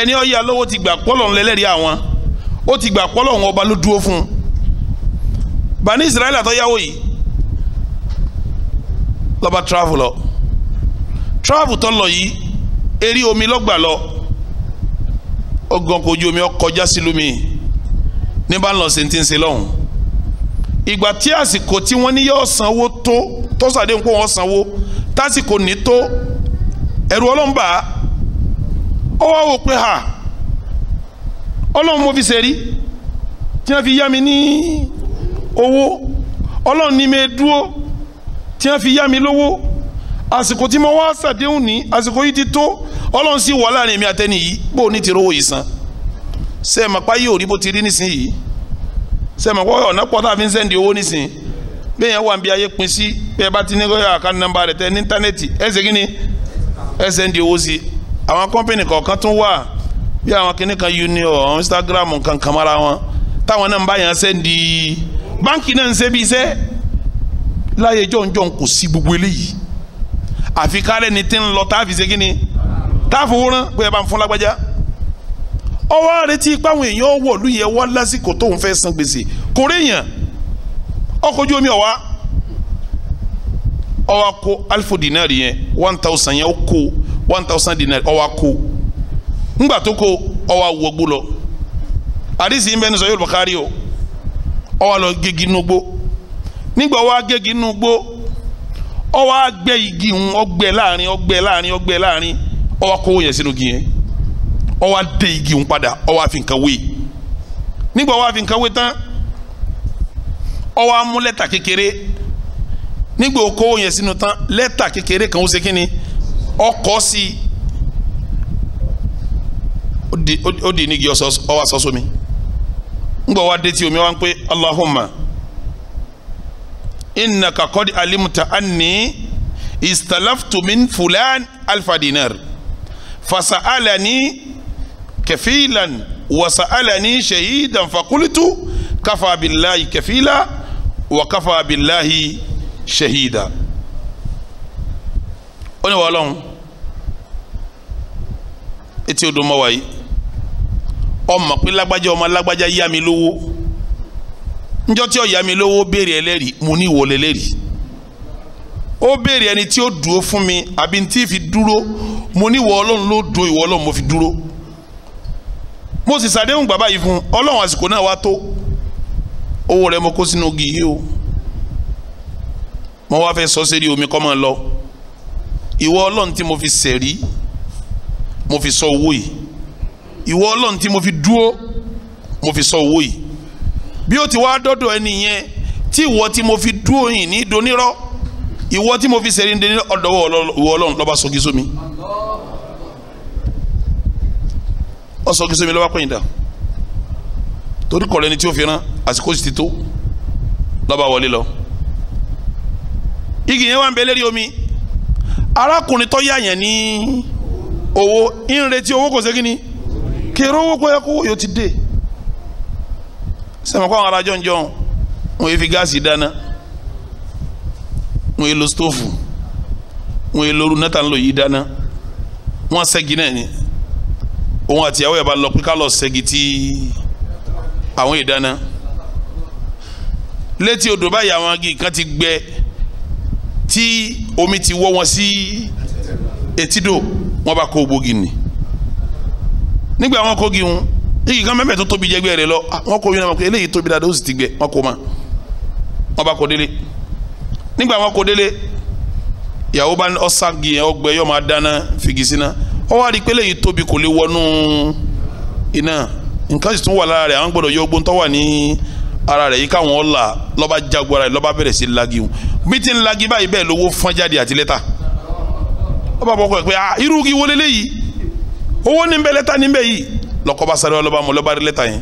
ẹni ó yá lówó ti gbà pọ́lọ́run lẹ́lẹ́rìí àwọn ó ti gbà pọ́lọ́run ọba ló dúró fún un bani Israẹli àtọ́ yáwó yìí lọ́ba travel lọ travel tó lọ yìí eré omi lọ́gbà lọ ọgàn kò ju omi ọkọjá sílùmí ní bá ń lọ sí ti ń ṣe lọ́hùn ìgbà tí àsìkò tí wọ́n ní yóò sanwó tó tó sàdéhùn kó wọ́n sanwó tásìkò ní tó ẹ̀rù ọlọ́mbà ó wá wò pé ha ọlọ́run mo fi ṣe rí tí wọ́n fi yá mi ní owó ọlọ́run ní mi dúró tí wọ́n fi yá mi lówó àsìkò tí mo wá sàdéhùn ní àsìkò yìí ti tó ọlọ́run sì wà láàrin mi àtẹni yìí bó o ní ti rówó yìí san ṣe é mọ̀ pa yóò rí bó ti rí nísìnyìí ṣe é mọ̀ pọ́ ọ̀nà pọ̀ tá a fi ń sẹ́ndì owó nísìnyìí bẹ́ẹ̀ yẹn wà ń bí ayé pin sí bẹ́ẹ̀ bá ti ní kọ́ àkáńtì nọ́mbà rẹ̀ tẹ́ ní íńtánẹ́ẹ̀tì ẹ̀ ṣe kí ni ẹ̀ sẹ́ndì owó sí àwọn kọ́mpìnì kọ̀ọ̀kan tún wà bí àwọn kìnnì kan union Instagram nǹkan kan mara wọn táwọn náà ń bá yẹn sẹ́ndì báńkì náà ń ṣe bí iṣẹ́ láyé jọ̀njọ̀n kò sí gbogbo eléyìí àfi kárẹ́ni ń lọ táàfin ṣe kí ni táàfin wúrán bóyá bá ń fún lágbájá ó wá retí páwọn èèyàn ó wọ̀lú yẹn wá lásìkò tóun fẹ́ san gbèsè kò réèyàn ọkọ̀ ojú omi ọ̀wá ó wá alifo dinari yẹn one thousand yẹn ó kó one thousand dinari ńgbà tó kó lọ àdìsí ń bẹ ní sọ yóò o nígbà igi ń láàrin láàrin láàrin ó wá dé igi òun padà ọwa fi nǹkan wé nígbà ó fi nǹkan wé tán ó wá mú lẹ́tà kékeré nígbà ó yẹn sínú tán lẹ́tà kékeré kan ó ṣe kíni ó kọ sí i ó di nígi ó wá sọ nígbà ó dé tí omi wá ń pé Allahumma inna qad alimta anni istalaftu min fulan alfa dinar fasalani. كفيلا وسألني شهيدا فقلت كفى بالله كفيلا وكفى بالله شهيدا ó ní wọ́n lọ́hùn etí odò mọ́ wáyé ọmọ pé lágbájá ọmọ lágbájá yá mi lówó njọ́ tí ó yá mi lówó béèrè ẹlẹ́rìí mo ní ìwọlé lẹ́rìí ó béèrè ẹni tí ó dúró fún mi àbí tí ì fi dúró mo ní ìwọ ọlọ́run ló dúró ìwọ ọlọ́run mo fi dúró. Moses sì ṣàdéhùn bàbá yìí fún ọlọ́run àsìkò náà wá tó owó rẹ mo kó sínú igi yìí o mo wá fẹ́ sọ sẹ́rí omi kọ́ máa lọ ìwọ ọlọ́run tí mo fi sẹ̀rí mo fi sọ owó yìí ìwọ ọlọ́run tí mo fi dúó mo fi sọ owó yìí bí ó ti wá dọ́dọ̀ ẹni yẹn tí ìwọ tí mo fi dúó yìí ní donírọ́ ìwọ tí mo fi sẹ̀rí ní donírọ́ ọ̀dọ́wọ́ ìwọ ọlọ́run lọ́ba sọ́gi sómi. So ọsọ kí sẹmi lọ́wọ́ pẹ̀yìn dà torí kọ̀ọ̀lẹ́ ni tí ó fi rán àsìkò sì ti tó lọ́ba wọlé lọ. igi yẹn wà ń bẹ lérí omi arákùnrin tó yà yẹn ní owó ń owó kò ségin ni kèrè owó kó yẹ kó yóò ti dé sẹ́mi kó àwọn ará jọ̀njọ̀n wọ́n yẹ fi gáàsì dáná wọ́n yẹ lo stóòfù wọ́n yẹ lóru náà tà ń dáná wọ́n sẹ́gi náà ni òun àti ìyàwó ẹ̀ bá lọ pé ká lọ ṣẹ́gi tí àwọn ìdáná létí odò báyìí àwọn igi kan ti gbẹ tí omi ti wọ́ wọn sí etídò wọn bá kó gbógi nì nígbà wọn kó gihun igi kan mẹ́mẹ́ tó tóbi jẹgbẹ́ rẹ lọ ah, wọn kó yín eléyìí tóbi dáadáa ó sì ti gbẹ wọn kó ma wọn bá kó délé nígbà wọn kó délé ìyàwó bá ọsàn gihun ọgbẹ yọọ máa dáná fìgì síná ó wá rí pé léyìí tóbi kò lè wọnú iná nǹkan sì tún wà lára rẹ̀ àwọn gbọ́dọ̀ yọ ogbó tó wà ní ara rẹ̀ yìí káwọn ọ̀la lọ́ba jagun ara rẹ̀ lọ́ba bẹ̀rẹ̀ sí lagi wọn bí ti ń lagi báyìí bẹ́ẹ̀ lówó fọ́n jáde àti lẹ́tà ó bá bọ́ ọkọ ẹ̀ pé ah, irú kí wọlé léyìí owó ní bẹ́ẹ̀ lẹ́tà ní bẹ́ẹ̀ yìí lọ́kọ́ bá sáré ọlọ́ba mọ́ lọ́ba rí lẹ́tà yẹn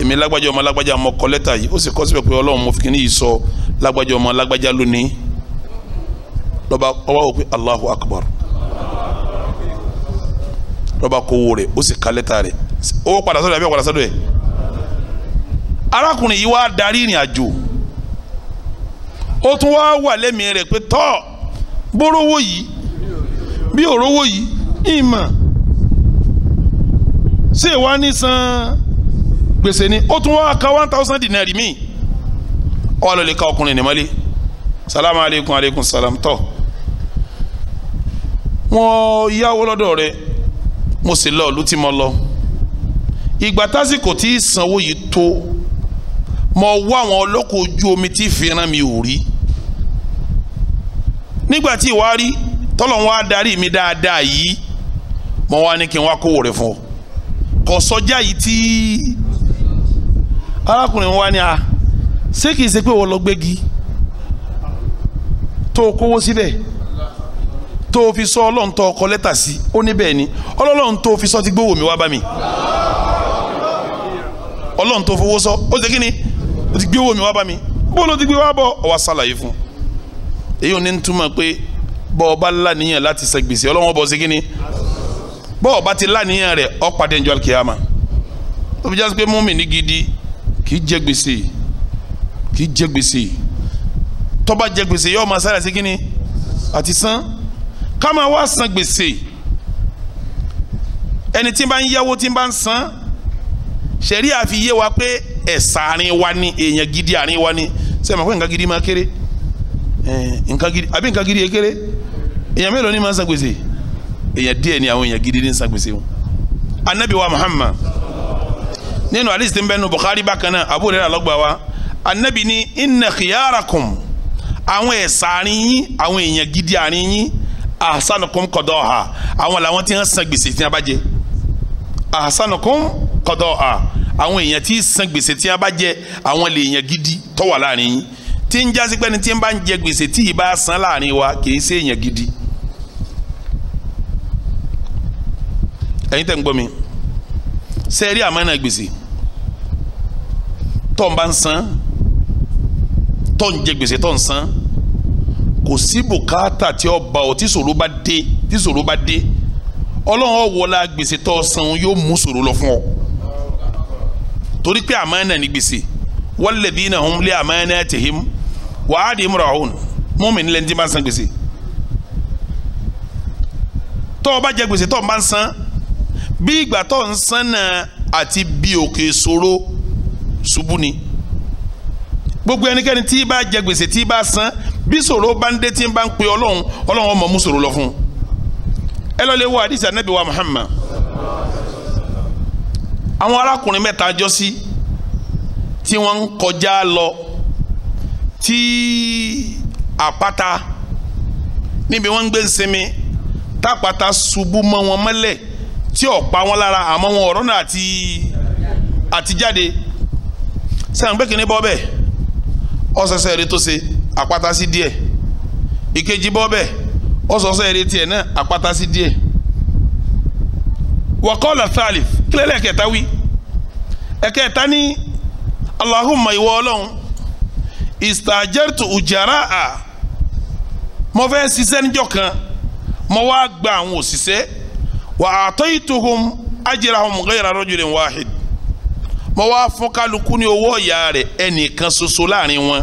èmi lágbájá ọmọ lágbájá mo kọ lẹ́tà yìí ó sì kọ́ síbẹ̀ pé ọlọ́run mo fi kíní yìí sọ lágbájá ọmọ lágbájá lónìí lọ́ba ọwọ́ òpin Allahu Akbar lọ́ba kówó rẹ̀ ó sì ka lẹ́tà rẹ̀ owó padà sọ́dọ̀ ẹ̀ bí ó padà sọ́dọ̀ ẹ̀ arákùnrin yìí wá darí ìrìn àjò ó tún wá wà lẹ́mìí rẹ̀ pé tọ́ bórówó yìí bí òrówó yìí ìmọ̀ ṣé wàá ní san gbèsè ni ó tún wá ka one thousand dinari mi. ọ̀ lọ́ọ́ lè ka ọkùnrin nìmọ́lé salamu aleykum aleykum salam tọ́ wọ́n yáwó lọ́dọ̀ rẹ̀ mo sì lọ ìlú tí mo lọ ìgbà tásìkò tí ìsanwó yìí tó mo wá àwọn ọlọ́kọ̀ ojú omi tí fìràn mi ò rí nígbà tí ìwà rí tọ́lọ̀ wọn á darí mi dáadáa yìí mo wá ní kí n wá kówó rẹ̀ fún ọ kò sọjá yìí tí arákùnrin wa ni a ṣé kìí ṣe pé wọ́n lọ gbégi tó kówó síbẹ̀. Si tó fi sọ ọlọ́run tó ọkọ lẹ́tà sí ó ní bẹ́ẹ̀ ni ọlọ́run tó fi sọ ti gbówó mi wá bá mi ọlọ́run tó fowó sọ ó ti kí ni ó ti gbówó mi wá bá mi bó ló ti gbé wá bọ̀ ọ wá ṣàlàyé fún èyí ò ní túmọ̀ pé bọ́ ọ bá láníyàn láti san gbèsè ọlọ́run ọbọ̀ sí kí ni bọ́ ọ bá ti láníyàn rẹ̀ ọ pàdé ìjọ kìáma tó fi já sí pé múmi ní gidi kì í jẹ gbèsè kì í jẹ gbèsè tó bá jẹ gbèsè yóò máa sára sí kí àti san ká máa wá san gbèsè ẹni tí ń bá ń yáwó tí ń bá ń san ṣẹ̀rí àfi yé wa pé ẹ̀sà àárín wa ni èèyàn gidi àárín wa ni ṣe máa pé nǹkan gidi máa kéré nǹkan gidi àbí nǹkan gidi yẹ e kéré èèyàn mélòó ni máa ń san gbèsè èèyàn díẹ̀ ni àwọn èèyàn gidi ní san gbèsè wọn anabi wa muhammad nínú hadith tí ń bẹnu bukhari bákan náà abu rẹ̀ alọ́gba wa anabi ni inna khiyarakum àwọn ẹ̀sà àárín yín àwọn èèyàn gidi àárín yín ahsanukum qadaha àwọn làwọn tí wọ́n san gbèsè tí wọ́n bá jẹ ahsanukum qadaha àwọn èèyàn tí san gbèsè tí wọ́n bá jẹ àwọn lè èèyàn gidi tó wà láàrin yín tí ń jásí pẹ́ni tí ń bá ń jẹ gbèsè tí ì bá san láàrin wa kì í ṣe gidi ẹ̀yin tẹ̀ ń gbọ́ mi sẹ́ẹ̀rí àmánà gbèsè tó ń bá ń san tó ń jẹ gbèsè tó ń san kò sí bùkátà tí ọba ọ tí ṣòro bá dé tí ṣòro bá dé ọlọ́run wọlá gbèsè tó san yóò mú ṣòro lọ fún ọ torí pé àmánà ní gbèsè walladhina hum li amanatihim wa ahdihim ra'un mùmínì lẹ́ni tí máa ń san gbèsè tó o bá jẹ gbèsè tó o máa ń san bí ìgbà tó ń san náà àti bí òkè ìṣòro ṣubú ni gbogbo ẹnikẹ́ni tí bá jẹ gbèsè tí bá san bí sòro bá ń dé tí ń bá ń pe ọlọ́run ọlọ́run ọmọ mú sòro lọ fún un ẹ lọ lè wo àdìsí anabi wa Muhammad àwọn arákùnrin mẹ́ta jọ sí tí wọ́n ń kọjá lọ tí àpáta níbi wọ́n ń gbé sinmi tápáta ṣubú mọ́ wọn mọ́lẹ̀ tí ó wọn lára àmọ́ wọn ọ̀rọ̀ náà àti àtijáde sẹ́yìn pé kìíní bọ́ bẹ́ẹ̀ ọ̀sẹ̀sẹ̀ rí tó ṣe. àpáta sí díẹ̀ ìkejì bọ́ bẹ́ẹ̀ ọ̀sọ̀ọ̀sọ̀ eré tiẹ̀ náà àpáta sí díẹ̀ wàkọ́ọ̀lá thalif kílẹ̀lẹ̀ kẹta wí ẹ̀kẹta ní Allahumma ìwọ ọlọ́run ìsìtàjẹ́rìtù ujara a mo fẹ́ ṣiṣẹ́ níjọ́ kan mo wá gba àwọn òṣìṣẹ́ wà á tọ́ ìtuhun ajrahum ghayra rajulin wahid mo wá fún kálukú ní owó ọ̀yà rẹ̀ enikan soso láàrin wọn.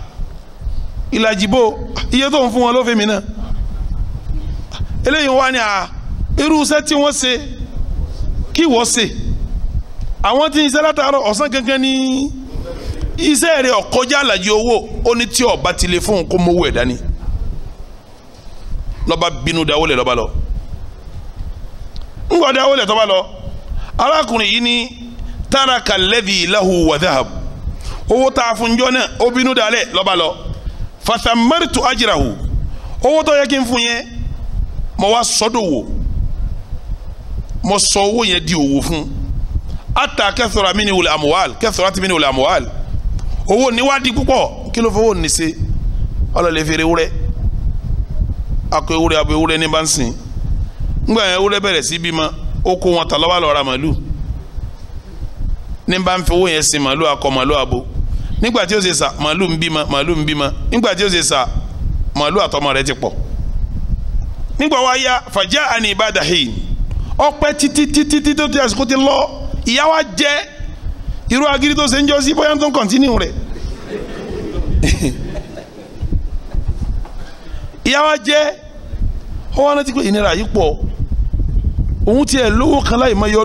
ìlàjì bò iye tó ń fún wọn ló fẹ́ mi náà eléyìí wá ní à irú iṣẹ́ tí wọ́n ṣe kí wọ́n ṣe àwọn tí ń ṣe látàárọ̀ ọ̀sán gangan ní iṣẹ́ rẹ̀ ọ̀kọjá àlàjì owó ó ní tí ọba ti lè fún un kó mowó ẹ̀ dání lọ́ba bínú dáwọ́lẹ̀ lọ́ba lọ ńgbà dáwọ́lẹ̀ tọ́ba lọ arákùnrin yìí ní tààrà kàlẹ́dì lahu wa dhahab owó tá a fún jọ náà ó bínú dálẹ̀ lọ́ba lọ. Lo fathamaritu ajirahu owó tó yẹ kí n fún yẹn mo wá sọ́dọ̀ wò mo sọ owó yẹn di òwò fún ata kẹsọ̀rọ̀ mi ni wòle amuwal kẹsọ̀rọ̀ ti mi ni wòle amuwal owó níwádìí púpọ̀ kí ló fowó ní ṣe ọlọ́lẹ̀ fèrè wúrẹ́ akọ ewúrẹ́ abo ewúrẹ́ ní bá ń sìn ngbà yẹn ewúrẹ́ bẹ̀rẹ̀ sí bímọ ó wọn tà lọ́wọ́ lọ́ọ́ ra màlúù ní bá ń fi owó yẹn sin màlúù akọ màlúù abo nígbà tí ó ṣe sà màálù ń bímọ màálù ń bímọ nígbà tí ó ṣe sà màálù àtọmọ rẹ̀ ti pọ̀ nígbà wá yá fàjá àní ìbàdàhìn títí títí tó ti àsìkò ti lọ ìyá wa jẹ irú agiri tó ṣe ń jọ sí bóyá tó ń kọ̀ntínú rẹ̀ ìyá wa jẹ ó wá rántí pé ìnira yìí pọ̀ òun tiẹ̀ lówó kan láì mọ iye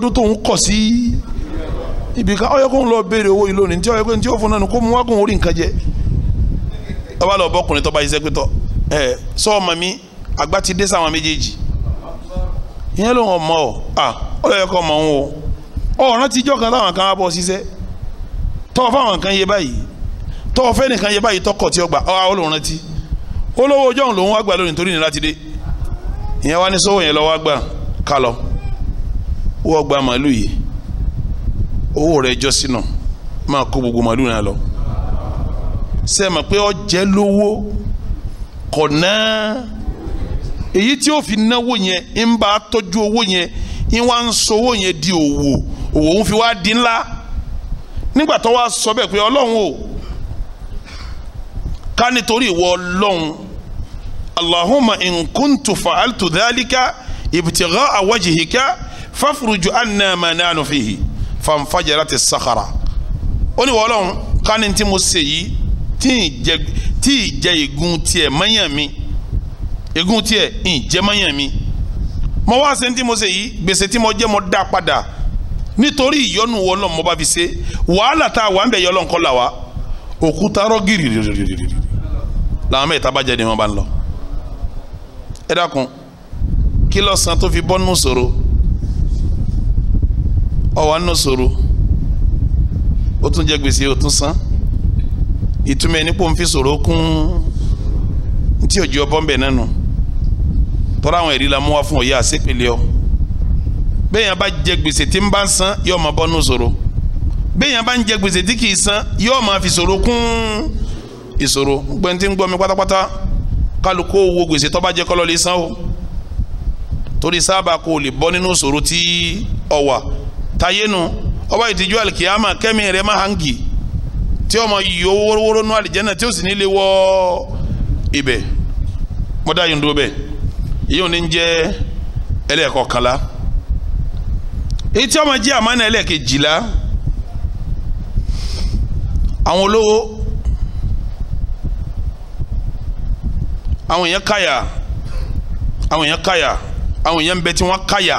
ibika ọyọ kó ń lọ béèrè owó yìí lónìí tí ọyọ pé tí ó fún náà kó mu wá kóun orí nǹkan jẹ ọba lọ bọkùnrin tó ẹ sọ ọmọ mi àgbà ti dé sáwọn mọ ọ à òun o ọ̀ràn tíjọ́ kan táwọn kan á bọ̀ ṣiṣẹ́ tọ́ fáwọn kan yé báyìí tọ́ ọ nìkan yé báyìí tí gbà rántí olówó ọjọ́ òun wá gbà lónìí torí owó rẹ̀ jọ sínú máa kó gbogbo màlúù náà lọ sẹ́mi pé ọ jẹ́ lówó kọ̀ náà èyí tí ó fi náwó yẹn ń bá tọ́jú owó yẹn ń wá ń sọ owó yẹn di òwò òwò ń fi wá di ńlá nígbà tó wá sọ bẹ́ẹ̀ pé ọlọ́run o ká nítorí ìwọ ọlọ́run allahumma in fa'altu dhalika ibtigha'a wajhika fafruj anna ma nanu fihi fanfajara ti sahara ó ní wọ́ọ́lọ́hún kání tí mo ṣe yìí tí ì jẹ ègún tiẹ̀ mọ́yàn mi ègún tiẹ̀ ì jẹ́ mọ́yàn mi mo wá ṣe tí mo ṣe yìí gbèsè tí mo jẹ́ mo dá padà nítorí ìyọnu wọ́ọ́lọ́ mo bá fi ṣe wàhálà tá a wà ń bẹ̀ yọlọ́ nǹkan là wá òkúta rọ́gìrì làwọn mẹ́ta bá jẹ́ ni wọ́n bá ń lọ ẹ dákun kí lọ́sàn tó fi bọ́nú sọ̀rọ̀ ọwà ń sòrò ó tún jẹ gbèsè ó tún san ìtumọ̀ ẹni nfi sòrò kún tí òjò ọbọ̀ tọ́ra àwọn ẹ̀rí la mú wá fún òye àṣepẹ̀lẹ̀ ọ bẹ́ẹ̀ yẹn bá jẹ gbèsè tí ń bá ń san yóò máa bọ́ nù sòrò bẹ́ẹ̀ yẹn bá ń jẹ san yóò máa fi sòrò kún gbẹ̀ntì ń gbọ́ mi pátápátá kálukó wo gbèsè jẹ kọ́lọ́ lè san o torí sábà kò lè bọ́ nínú tayénu ọba ìtìjú alikiyama kẹ́mi rẹ̀ hangi tí ọmọ yìí wórówóró nú àlìjẹ́nà tí ó sì nílé wọ ibẹ mọ́dá yìí ń dúró bẹ́ẹ̀ èyí ò ní jẹ́ kala èyí tí ọmọ jẹ́ àmánà ẹlẹ́ẹ̀kejìlá àwọn olówó àwọn èèyàn káyà àwọn èèyàn káyà àwọn èèyàn bẹ tí wọ́n kaya.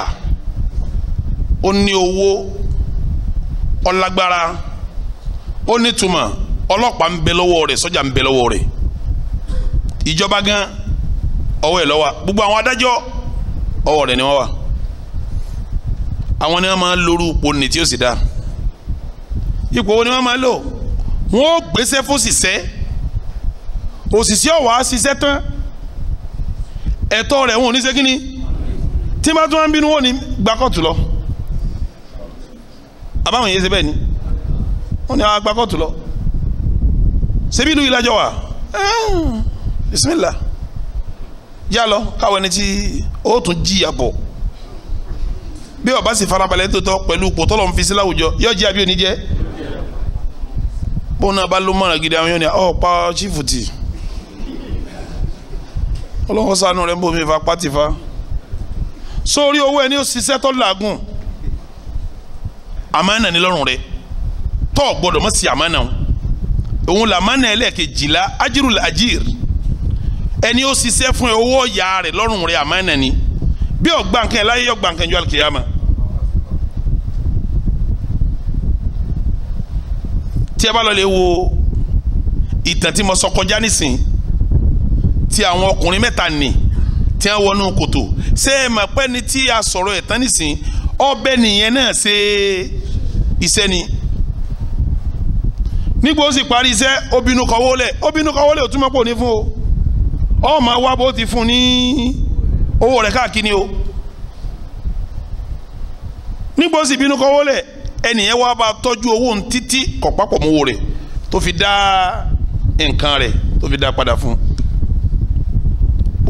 ó ní owó ọlágbára ó nítumọ̀ ọlọ́pàá ń bẹ lọ́wọ́ rẹ̀ sọ́jà ń bẹ lọ́wọ́ rẹ̀ ìjọba gan ọwọ́ ẹ̀ lọ́wọ́ gbogbo àwọn adájọ́ ọwọ́ rẹ̀ ni wọ́n wà àwọn ni wọ́n máa ń lóru ipò ní tí ó sì dá ipò wo ni wọ́n máa ń lò wọ́n ó gbéṣẹ́ fóṣìṣẹ́ òṣìṣẹ́ ọ̀wá ṣiṣẹ́ tán ẹ̀tọ́ rẹ̀ wọn ò ní ṣe kí ni tí bá tún wá bínú wọn ò ní gbàkọ̀tù lọ àbáwọn yẹn ṣe bẹ́ẹ̀ ni wọ́n ní àwọn ah, agbákọ̀tù lọ ṣebí ìlú ìlàjọ wa eh, bisimilá yá lọ káwọn ẹni tí ó tún jìyà bọ̀ bí ọba sì farabalẹ̀ tó pẹ̀lú ipò ń fi sí láwùjọ yóò jẹ́ àbí oníjẹ́ bóun náà bá ló mọ̀ràn gidi àwọn yóò ní ah, ọ pa chifu tì ọlọ́wọ́ sànú rẹ̀ ń bomi fa pátì fa sórí owó ẹni ó ṣiṣẹ́ tó làágùn àmánà ní lọ́rùn rẹ tó o gbọ́dọ̀ mọ̀ sí àmánà o òun làmánà ẹlẹ́ẹ̀kejìlá ajírù làjírì ẹni ó ṣiṣẹ́ fún ẹ owó ọ̀yà rẹ̀ lọ́rùn rẹ̀ àmánà ni bí ọ̀gbà nǹkan ẹ̀ láyé ọ̀gbà nǹkan ẹ̀jọ́ àlùkìyàmà tí ẹ bá lọ lè wo ìtàn tí mo sọ kọjá nísìn tí àwọn ọkùnrin mẹ́ta nì tí wọ́n wọnú kòtò ṣé ẹ mọ̀ pé ni tí a sọ̀rọ̀ ẹ̀ tán nísìn ọbẹ̀ nìyẹn náà ṣe é iṣẹ́ ni nígbà ó sì parí iṣẹ́ obìnrin kọ́wọ́lẹ̀ obìnrin kọ́wọ́lẹ̀ ò túmọ̀ ní fún o ọ wá bó ti fún ní owó o nígbà ó sì bínú kọ́wọ́lẹ̀ ẹnìyẹn wá bá tọ́jú owó ń títí kọ̀ papọ̀ tó fi dá nǹkan rẹ̀ tó fi dá padà fún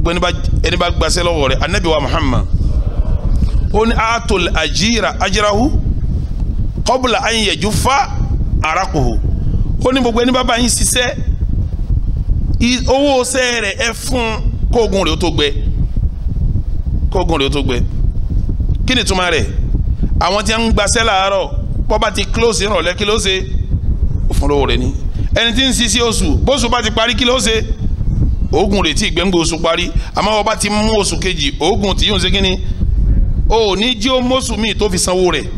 gbogbo ẹni bá gbaṣẹ́ lọ́wọ́ rẹ̀ anabiwa Muhammad ó ní kọ́bùlà ayẹyẹjú fa arákòó ó ní gbogbo ẹni bá bá yín ṣiṣẹ́ owó ṣẹ́ rẹ̀ ẹ fún kóògùn rẹ̀ ó tó gbẹ kóògùn rẹ̀ ó tó gbẹ kí ni túmọ̀ rẹ̀ àwọn tí ń gbaṣẹ́ làárọ̀ bọ́ba ti close ìrànlẹ́ kí ló ṣe fún lówó rẹ̀ ni ẹni tí ń ṣiṣẹ́ oṣù bóṣù bá ti parí kí ló ṣe oògùn rẹ̀ tí ìgbẹ́ngbẹ́ oṣù parí àmọ́ bọ́ba ti mú oṣù kejì oògùn tí yóò ṣe kí ni o ò ní jí ó mọ́ṣù míì tó fi sanwó rẹ̀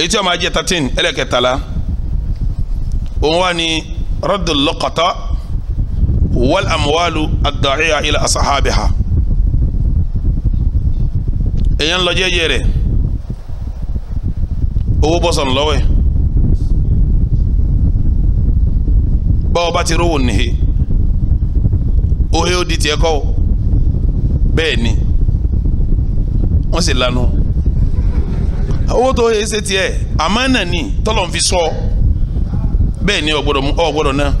èyí tí ó máa jẹ́ thirteen ẹlẹ́kẹtàlá òun wà ní raddul luqata wal amwalu ad-da'iya ila asahabiha èyàn ń lọ jẹ́jẹ́ rẹ̀ owó bọ́sàn lọ́wọ́ báwo bá ti rówó nìhe òhe ó di kọ́ bẹ́ẹ̀ ni wọ́n sì lanu owó tó ṣe tiẹ̀ àmánà ni tọ́lọ̀ ń fi sọ bẹ́ẹ̀ ni ọ̀gbọ́dọ̀ ọ̀gbọ́dọ̀ náà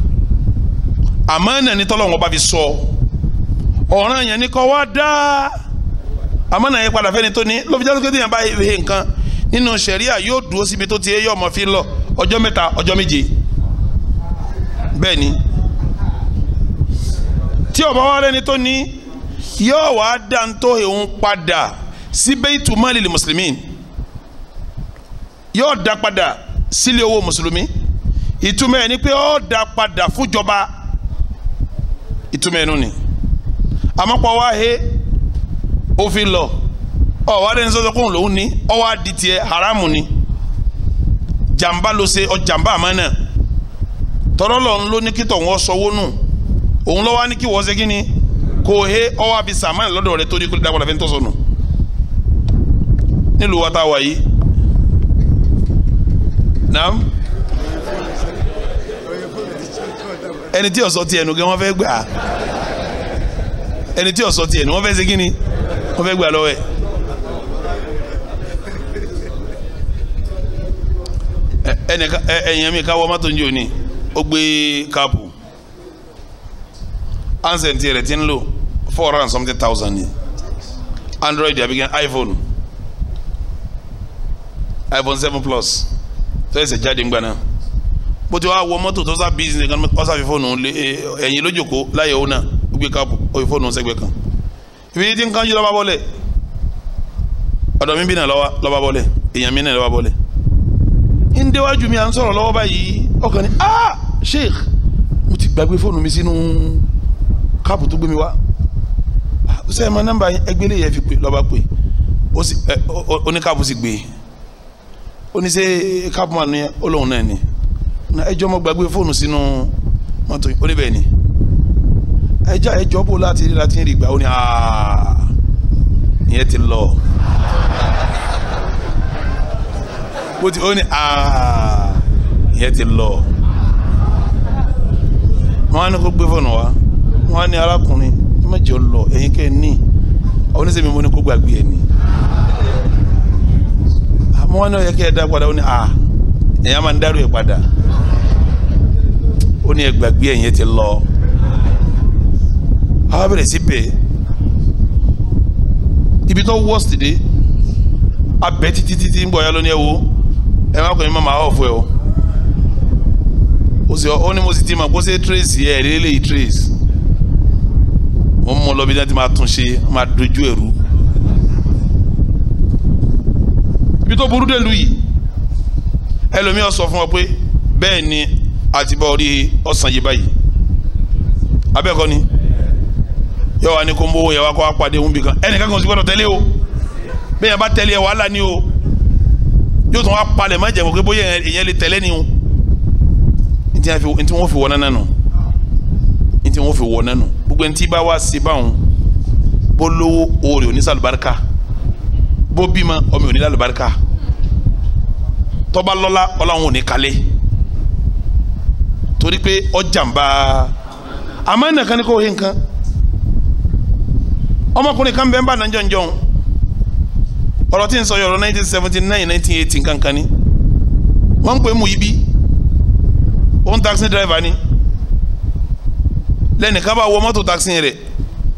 àmánà ni tọ́lọ̀ wọn bá fi sọ ọ̀ràn yẹn ni kọ́ wá dá àmánà yẹn padà fẹ́ni tó ní ló fi jáde pé téèyàn bá he nǹkan nínú sẹ̀ríà yóò dúró síbi tó ti yọ ọmọ fi lọ ọjọ́ mẹ́ta ọjọ́ méje bẹ́ẹ̀ ni tí ọba wa rẹni tó ní yóò wá dá ń tó hehun padà síbẹ̀ ìtumọ̀ lílì mùsùlùmí yóò dá padà sílé owó mùsùlùmí ìtumọ̀ ẹ̀ ni pé ó da padà fúnjọba ìtumọ̀ ẹ̀ nù ni àmọ́pọ̀ wá he òfin lọ ọ̀wá dẹni sọ́sọ́ kóhùn lòún ní ọwọ́ adi tiẹ̀ haramu ni jàmbá ló ṣe ọjàmbá àmánà tọ́lọ́ lọ́n ló ní kí tọ̀hún ọ̀sọ́wó nù òun lọ́wọ́ ní kí wọ́n ṣe kí ni kò he ọwọ́ àbí sàmánì lọ́dọ̀ rẹ̀ torí kó dápadà fẹ́ ń tọ́sọ̀nù nílùú wa tá yìí naam ẹni tí ọ̀sọ́ tiẹ̀ nù kí wọ́n fẹ́ gbà á ẹni tí ọ̀sọ́ tiẹ̀ nù wọ́n fẹ́ ṣe kí ni wọ́n fẹ́ gbà lọ́wọ́ ẹ̀. ẹ̀yìn mi káwọ́ mọ́tò ń jò ní ó gbé káàpù ansẹ̀ntì rẹ̀ ti ń lò four hundred and something thousand ni android àbí iphone iphone seven plus fẹsẹ̀ jáde ńgbà náà bó ti wá wọ mọ́tò tó sá bísí kan ọ̀sá fi fóònù lé e, ẹ̀yìn lójoko láyé òun náà ó gbé káàpù ó fi fóònù sẹ́gbẹ̀ kan ibi tí ń kánjú lọ́ba bọ́lẹ̀ ọ̀dọ̀ mi bí náà lọ́ba bọ́lẹ̀ èèyàn mi náà lọ́ba bọ́lẹ̀ ń déwájú mi à ń sọ̀rọ̀ lọ́wọ́ báyìí ọkàn ni ah sheikh mo ti gbàgbé fóònù mi sínú káàpù tó gbé mi wá ṣé ah, ẹ máa nọ́mbà ẹgbẹ́lẹ́yẹ fi pè lọ́ba pè oníkáàpù onise se kapuma ni olohun na ni na ejo mo gbagbe fone sinu moto yi oni be ni ejo ejo bo lati ri lati ri gba oni ah iye ti lo bo ti oni ah iye ti lo wọn ni kó gbé fone ni arakunrin ẹ olo ẹyin ni oni ni kó gbagbe mo wá ní ó yẹ kí ẹ dá padà ó ní ah èèyàn máa ń dárò ẹ padà ó ní ẹgbàgbé ẹ̀yìn ti lọ àwọn abẹ̀rẹ̀ sí bẹ́ẹ̀ ibi tó worst dé abẹ títí títí ń bọ̀ ya lónìí ẹ wo ẹ má kò ní máa máa ọ̀fọ̀ ẹ o ó ní mo sì ti mọ̀ kó ṣe trace yẹ ẹ̀ lélẹ́yìí trace mo mú un lọ bí máa tún ṣe máa dojú ẹ̀rú. ibi tó de dé lu yìí ẹlòmíì ó sọ fún ọ pé bẹ́ẹ̀ ni àti bọ́ orí ọ̀sán yìí báyìí abẹ́ẹ̀kọ́ ni yọ wá ní kó ń bọ́ owó yẹn wá kó wá pàdé òun bìkan ẹnìkan kò sí gbọ́dọ̀ tẹ́lẹ̀ o bẹ́ẹ̀ yẹn bá tẹ́lẹ̀ ẹ̀ ni o yóò tún wá palẹ̀ má jẹ̀ kó bóyá èèyàn lè tẹ́lẹ̀ ni o ntí wọ́n fi wọ nánà nù ntí wọ́n fi wọ nánà nù gbogbo ntí bá wá sí báwọn bó lówó oore onísàlùbáríkà bó bímọ ọmọ òní lálùbáríkà tọ́ba lọ́lá ọlọ́run òní kalẹ̀ torí pé ọjàmbá àmọ́ ẹnìkan ní kò hí nǹkan ọmọkùnrin kan bẹ́ẹ̀ ń bá náà jọ̀njọ̀n ọ̀rọ̀ tí ń sọ yọ̀rọ̀ 1979 1980 kankan ni wọ́n ń pè mú ibi ó ń taxi driver ni lẹ́nìkan bá wọ mọ́tò taxi rẹ̀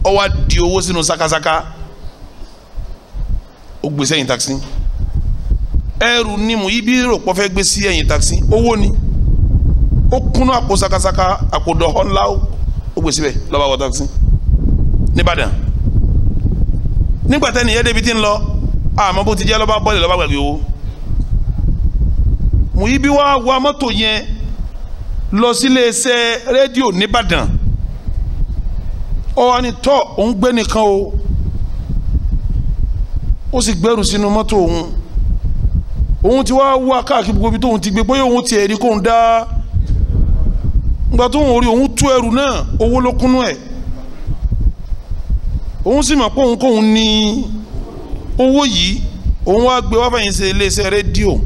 ó wá di owó sínú sakasaka. Saka ó gbé sẹ́yìn takisí ẹrù ni mo ibi rò pọ́ fẹ́ gbé sí ẹ̀yìn takisí owó ni ó kúnná àpò sakasaka àpò dọ̀họ́ ńlá ó gbé síbẹ̀ lọ́ba wọ takisí nìbàdàn nígbà tẹ́ni yẹ́n débi tí ń lọ àmọ́ bó ti jẹ́ lọ́ba bọ́ọ̀lì lọ́ba gbàgbé owó mo ibi wá wa mọ́tò yẹn lọ síléeṣẹ́ rédíò nìbàdàn ó wá ní tọ́ òun gbé nìkan o ó sì gbẹ́rù sínú mọ́tò òun òun ti wá wá káàkiri gbogbo ibi tóun ti gbé bóyá òun ti ẹ̀rí kóun dá nígbà tóun rí òun tú ẹrù náà owó ló kúnú ẹ̀ òun sì mọ̀ pé òun kóun ní owó yìí òun wá gbé wá fẹ̀yìn sí iléeṣẹ́ rédíò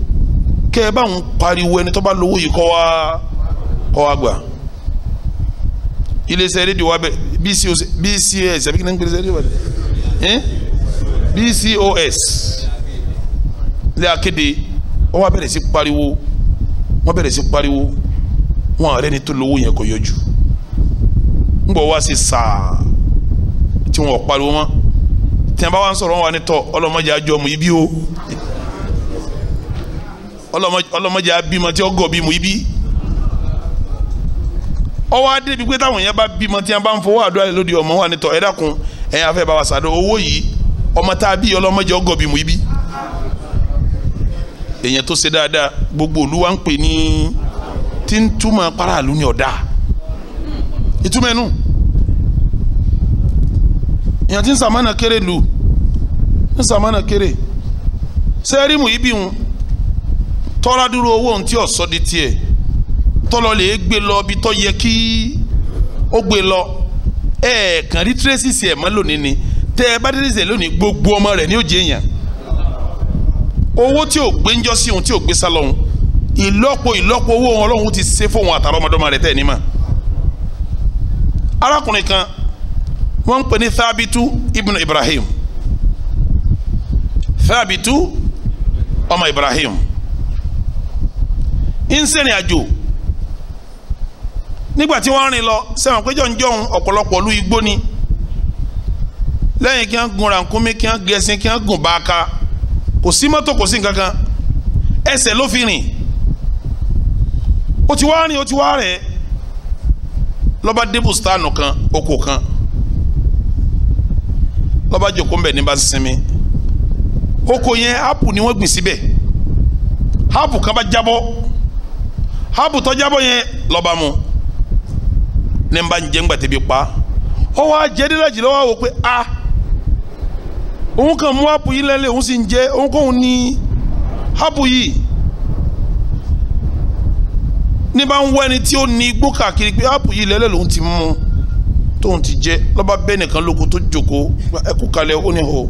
kẹ́ ẹ bá òun pariwo ẹni tó bá lówó yìí kọ́ wá kọ́ wá gbà iléeṣẹ́ rédíò wa bẹ̀ bcs àbí kí ni ń pèsè rédíò wa bẹ̀ bcos ilé akéde wá bẹ̀rẹ̀ sí pariwo wọ́n bẹ̀rẹ̀ sí pariwo wọ́n àrẹ ni tó lówó yẹn kò yọjú ń bọ̀ wá sí sàá tí wọ́n pariwo mọ́ tí wọ́n bá wá ń sọ̀rọ̀ wọn wà ní mu ibi o tí ibi adé pé táwọn yẹn bá tí bá ń àdúrà lóde ọmọ ní bá wa sàdó ọmọ tá a bí ọlọ́mọdé ọgọ́bí mu ibi èèyàn tó ṣe dáadáa gbogbo olúwa ń pè ní tí ń túmọ̀ paráàlú ní ọ̀dà ìtumọ̀ ẹnu èèyàn tí ń sàmánà kéré lù ń sàmánà kéré sẹ́ẹ̀rì mu ibi wọn tọ́ra dúró owó ohun tí ọ̀sọ́ di tiẹ̀ tọ́lọ lè gbé lọ bí tọ́ yẹ kí ó gbé lọ ẹ̀ẹ̀kan rí tírẹ́sì sí ẹ̀ mọ́ lónìí ni. tẹ ẹ lónìí gbogbo ọmọ rẹ ní òjì èèyàn owó tí o gbé ń jọ sí òun tí o gbé sá lọ́hùn ìlọ́po owó wọn ti ṣe fóun àtàrà ọmọdọ́mọ rẹ ma. ẹ̀ ní arákùnrin kan wọ́n ń pè ní Thabitu ibn Ibrahim Thabitu Ibrahim àjò nígbà tí wọ́n lọ sẹ́wọ̀n péjọ ń ọ̀pọ̀lọpọ̀ lu ni. lẹ́yìn kí wọ́n gun rànkúnmí kí wọ́n gẹṣin kí wọ́n gun báaka kò sí mọ́tò kò sí nǹkankan ẹsẹ̀ ló fi rìn ó ti wá rìn ó ti wá rẹ̀ lọ́ba débùsítánù kan oko kan lọ́ba jòkó mbẹ̀ ní bá sinmi yẹn ápù ni wọ́n gbìn síbẹ̀ ápù kan bá jábọ́ ápù tó jábọ́ yẹn lọ́ba mu ní bá ń jẹ́ ńgbà tẹ́bi pa ó wá jẹ́ dídájì lọ́wọ́ wò pé a. Ah, òun kàn mú ápù yìí lẹ́lẹ̀ òun sì ń jẹ́ òun kóun ní ápù yìí ní bá ń wọ ẹni tí ó ní igbó káàkiri pé ápù yìí lẹ́lẹ̀ lòun ti mú tóun ti jẹ́ lọ́ba bẹ́ẹ̀ nìkan lóko tó jókòó ẹ kalẹ̀ ó ní hò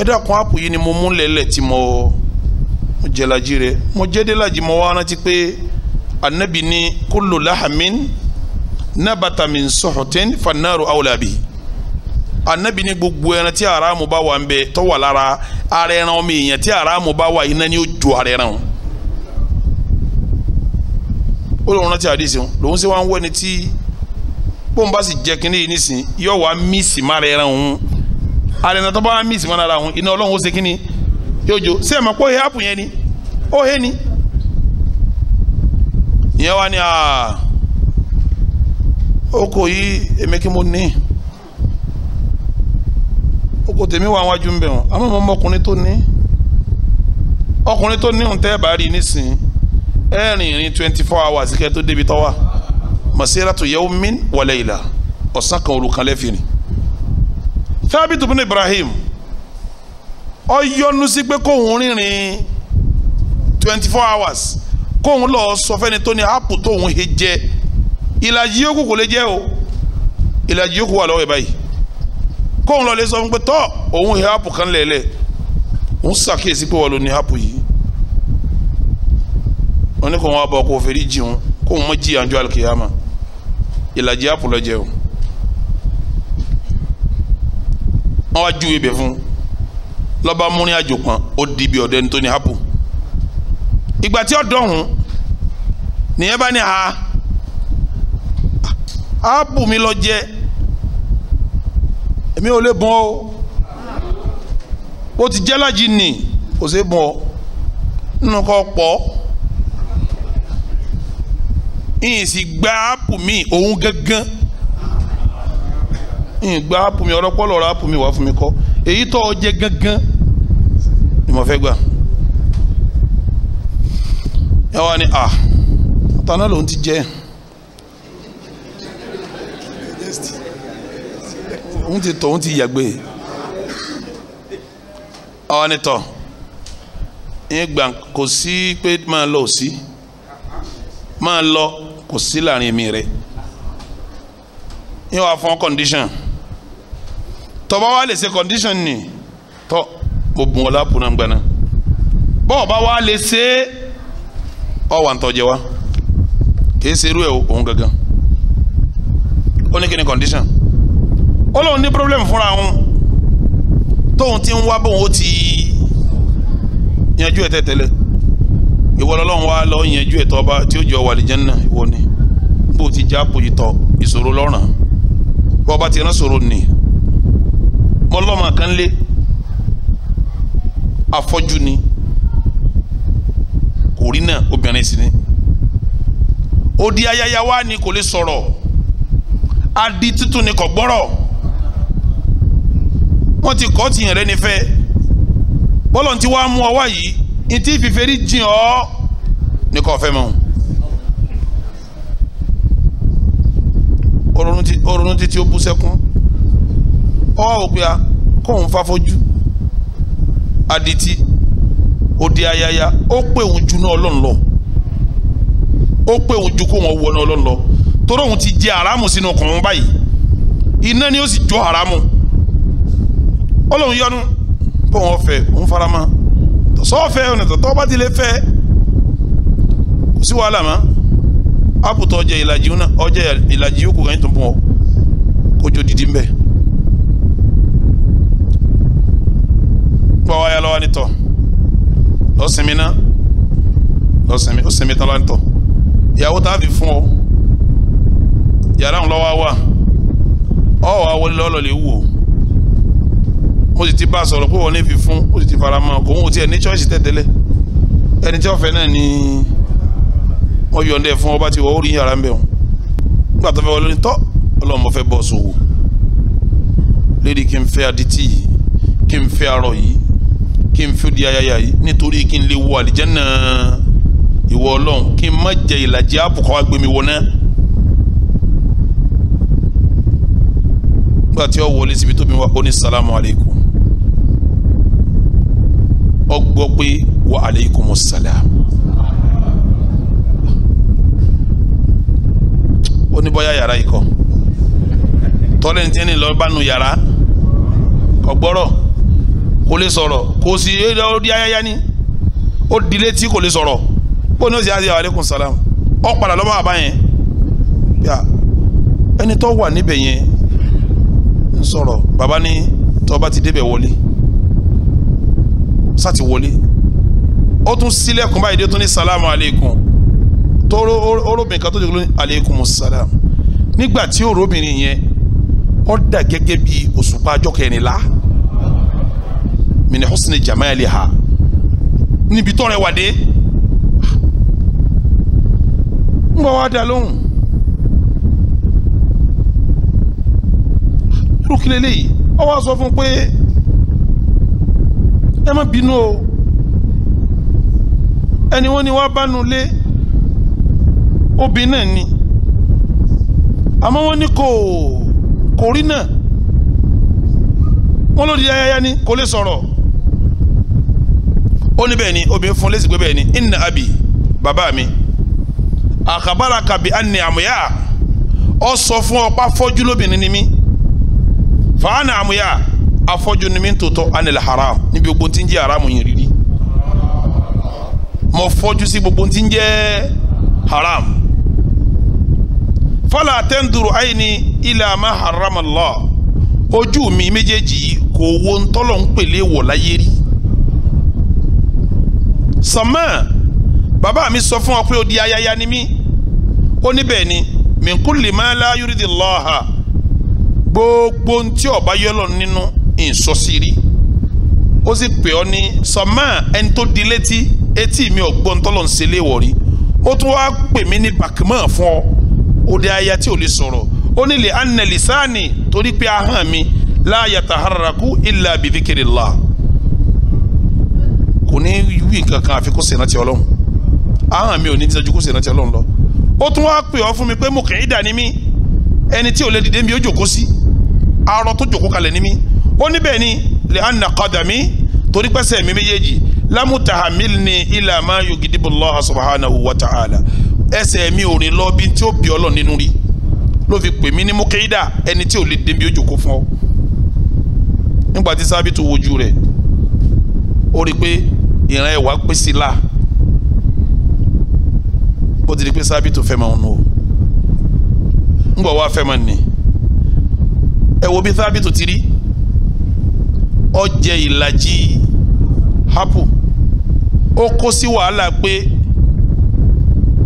ẹ dákun ápù yìí ni mo mú lẹ́lẹ̀ tí mo mo jẹ lajì rẹ mo jẹ dé lajì mo wá rántí pé anabi ní kullu lahamin nabata min suhutin fannaru awla bihi anabi ní gbogbo ẹran tí aramu bá wà ń bẹ tọ́wà lára ara ẹran ọmọ èèyàn tí aramu bá wà iná ni ó ju ara ẹran o lòun rántí àdìsí wọn lòun sì wá ń wẹni tí bóun bá sì jẹ kínní yìí nísìn yóò wá mísì má ara ẹran òun ara ẹran tó bá wá mísì má ara òun iná ọlọ́run ó ṣe kínní yóò jó sí ẹ̀ mọ̀ pé ó he ápù yẹn ni ó he ni ìyẹn wá ní àá oko yìí èmi kí mo ní oko tèmi wà wájú ń bẹ̀ wọ́n àmọ́ mo mọ ọkùnrin tó ní ọkùnrin tó ní òǹtẹ́ bá rí nísìnyí ẹ̀rìn ìrìn twenty four hours kẹ́ tó débi tọ́wà masiratu yawmin wa layla ọ̀sán kan olùkan lẹ́fìrì Thabitu bin Ibrahim ó yọ́nú sí pé kóun rìnrìn twenty four hours kóun lọ sọ fẹ́ni tó ní áàpù tóun he jẹ ìlàjì yòókù kò lè jẹ́ o ìlàjì yòókù wà lọ́wọ́ ẹ̀ báyìí kóun lọ lè sọ fún pé tọ́ òun hẹ́pù kan lẹ̀lẹ̀ òun ṣàkíyèsí pé wọ́n ló ní hẹ́pù yìí wọ́n ní kóun wá bọ̀ kó fèrè jìun kóun mọ̀ jìyà njọ́ alikiyama ìlàjì hẹ́pù lọ jẹun wọ́n wá ju ibẹ̀ fún lọ́ba múrin àjò kan ó di ibi ọ̀dẹ́ni tó ní hẹ́pù ìgbà tí ó dọ̀hún nìyẹn bá ní ha hẹ́pù mi lọ jẹ́ èmi ò lè bọ́n o ó ti jẹ́ lájì nì kò sí bọ́n o nínú kọ́ pọ̀ ìyìn sì gba áàpù mi òun gángan ìyìn gba áàpù mi ọlọ́pọ̀ lọ́ọ́ ra mi wá fún mi kọ́ èyí tó o jẹ gángan ni mo fẹ́ gbà ẹ wá ní à tànà lòun ti jẹ́ ẹ̀. ń ti tọ̀ ń ti yàgbé ọ ni tọ̀ ń gbà kò sí pé máa lọ sí máa lọ kò sí láàrin mi rẹ yóò wá fún condition tọ́ba wa lè ṣe condition ni tọ́ mo bùn ọ́ lápò náà gbaná bọ́ọ̀ bá wa lè ṣe ọ wà ń tọ́jẹ wa kì í ṣe irú ẹ̀ òun gangan ó ní kí ni condition ó lóun ní problem fúnra òun tóun ti ń wá bóun ó ti yanjú ẹ̀ tẹ́tẹ́lẹ̀ ìwọ lọ́lọ́run wá lọ yanjú ẹ̀ tọ́ba tí ó jọ wàlìjẹ́nà ìwọ ni bó ti já pòyì tọ ìṣòro lọ́ràn bó ọba ti rán ṣòro nì mọ́lọ́mọ kan lé afọ́jú ni kò rí náà obìnrin sí ni ó di ayáyá wá ni kò lè sọ̀rọ̀ adi títún ni kò gbọ́rọ̀ wọ́n ti kọ́ ti yàn rẹ nífẹ̀ẹ́ bọ́lọ̀ ti wá mú ọ wá yìí ntí fífẹ́rí jìn ọ́ ní kò fẹ́ mọ́ oorun títí ó bú sẹ́kún ọ wá òpin a kóun fáfojú adití òde ayaya ó pè òun ju náà lọ́n lọ ó pè òun ju kó wọn wọ náà lọ́n lọ torí òun ti jẹ àràmù sínú ọkùnrin báyìí iná ni ó sì jó àràmù ó lóun yọnu pé òun ọ̀fẹ́ òun farama sọ́ọ̀fẹ́ ọ̀nà tó bá ti lè fẹ́ kò sí wàhálà mọ́ àpòtọ́ ọjẹ́ ìlàjì ọjẹ́ ìlàjì yókù kan tó ń bọ̀ kójó didi ń bẹ̀. gbọ́ wáyà lọ́wọ́ nítọ̀ lọ́sìnmi náà lọ́sìnmi ó sinmi tán lọ́wọ́ nítọ̀ ìyàwó tá a fi fún ọ yàrá òun lọ́wọ́ wa ọ̀ wá wọlé lọ́lọ́ lè wù ọ́ mo sì ti bá a sọ̀rọ̀ pé wọ́n ní fi fún ó sì ti fara mọ́ kò ń tiẹ̀ ní chọ́ọ̀ṣì tẹ̀tẹ̀lẹ̀ ẹni tí wọ́n fẹ́ náà ni wọ́n yọ̀ǹdẹ̀ fún ọba tí wọ́n ó rí yàrá ń bẹ̀ wọn nígbà tó fẹ́ wọlé ní tọ́ ọlọ́run mo fẹ́ bọ́ sòwò lédi kí n fẹ́ adití yìí kí n fẹ́ arọ yìí kí n fẹ́ di ayaya yìí nítorí kí n lè wọ àlìjẹ́nà ìwọ ọlọ́run kí n má jẹ ìlàjì àbùkọ́ agbèmí wọ náà. nígbà tí wọ́n wọlé síbi tóbi wá ó ní salamu alaykum ọgbọ́ pé wa alaikumus salam oníbọ̀yà yàrá ikọ̀ tọ́lẹ̀ntẹ́ni lọ́ọ́ bánu yàrá ọ̀gbọ́rọ̀ kò lè sọ̀rọ̀ kò sí ó di ayáyá ni ó di létí kò lè sọ̀rọ̀ bó ní o sì àṣeyà aleykum salam ọ padà lọ́mọ àbá yẹn yà ẹni tó wà níbẹ̀ yẹn ń sọ̀rọ̀ bàbá ní tó ti débẹ̀ wọlé sá ti wọlé ó tún sílẹ̀kùn báyìí dé tún ní salamu aleykum tóró orobìnrin kan tó dìgbò ní aleykum salam nígbà tí orobìnrin yẹn ó dà gẹ́gẹ́ bí òṣùpá ọjọ́ kẹrìnlá min husni jamaliha níbi tọrẹ wà dé ń bọ̀ wá dá lóhùn irú kí lélẹ́yìí ó sọ fún pé ẹ má bínú o ẹni wọ́n ní wá bánu lé obìnrin náà ni àmọ́ wọ́n ní kò kò rí náà wọ́n ló di ni kò lè sọ̀rọ̀ ó ní bẹ́ẹ̀ ni obìnrin fún lẹ́sìn pé ni inna abi bàbá mi àkàbàrà kàbí àní àmúyá ọ sọ fún ọ pa fọ́jú lóbìnrin ni mí fàánà àmúyá afọ́jú ni mi ń tòótọ́ haram ni gbogbo tí ń jẹ́ haram yẹn rírí mo fọ́jú gbogbo tí ń jẹ́ haram fọlá àtẹ́ndùrú àyìní ilẹ̀ àmà haram Allah ojú mi méjèèjì yìí kò wo ntọ́lọ̀ ń pèlè wọ̀ láyé rí sọmọ mi sọ fún wa pé ó di ayaya ni mí ó níbẹ̀ ni min kulli ma la yuridi Allah gbogbo ntí ọba yọlọ nínú ìsọsí rí ó sì pè ọ́ ní sọmọ ẹni tó di létí etí mi ò gbọ́n tọ́lọ̀ ń ṣe léwọ̀ rí ó tún wá pè mí ní bàkímọ̀ fún ọ òde aya tí ò lè sọ̀rọ̀ ó ní lè anna lisani torí pé ahọ́n mi la yataharraku illa bi dhikrillah kò ní wí nǹkan kan àfi kó ṣe ìrántí Ọlọ́run ahọ́n mi ò ní dídájú kó ṣe Ọlọ́run lọ ó tún wá pè ọ́ fún mi pé mo kì í dà ní mí ẹni tí ò lè dìde mi ó jòkó sí arọ tó jòkó kalẹ̀ ní mí ó níbẹ̀ ni lè anna mi, torí pẹ́sẹ̀ mi méjèèjì lámùtàhámìl ni ilà má yugidibullah ẹsẹ̀ mi ò rìn lọ bí tí ó bí ọlọ́ nínú rí ló fi pè mí ní mukeida ẹni tí ò lè débi ó fún ọ nígbà tí sábìtù wojú rẹ̀ ó rí i pé ìran ẹ̀wà pèsè láà ó ti di pé sábìtù fẹ́ máa ń nù o ńgbọ̀ wá fẹ́ máa ń ẹ ó jẹ ìlàjì hapu ó kó sí wàhálà pé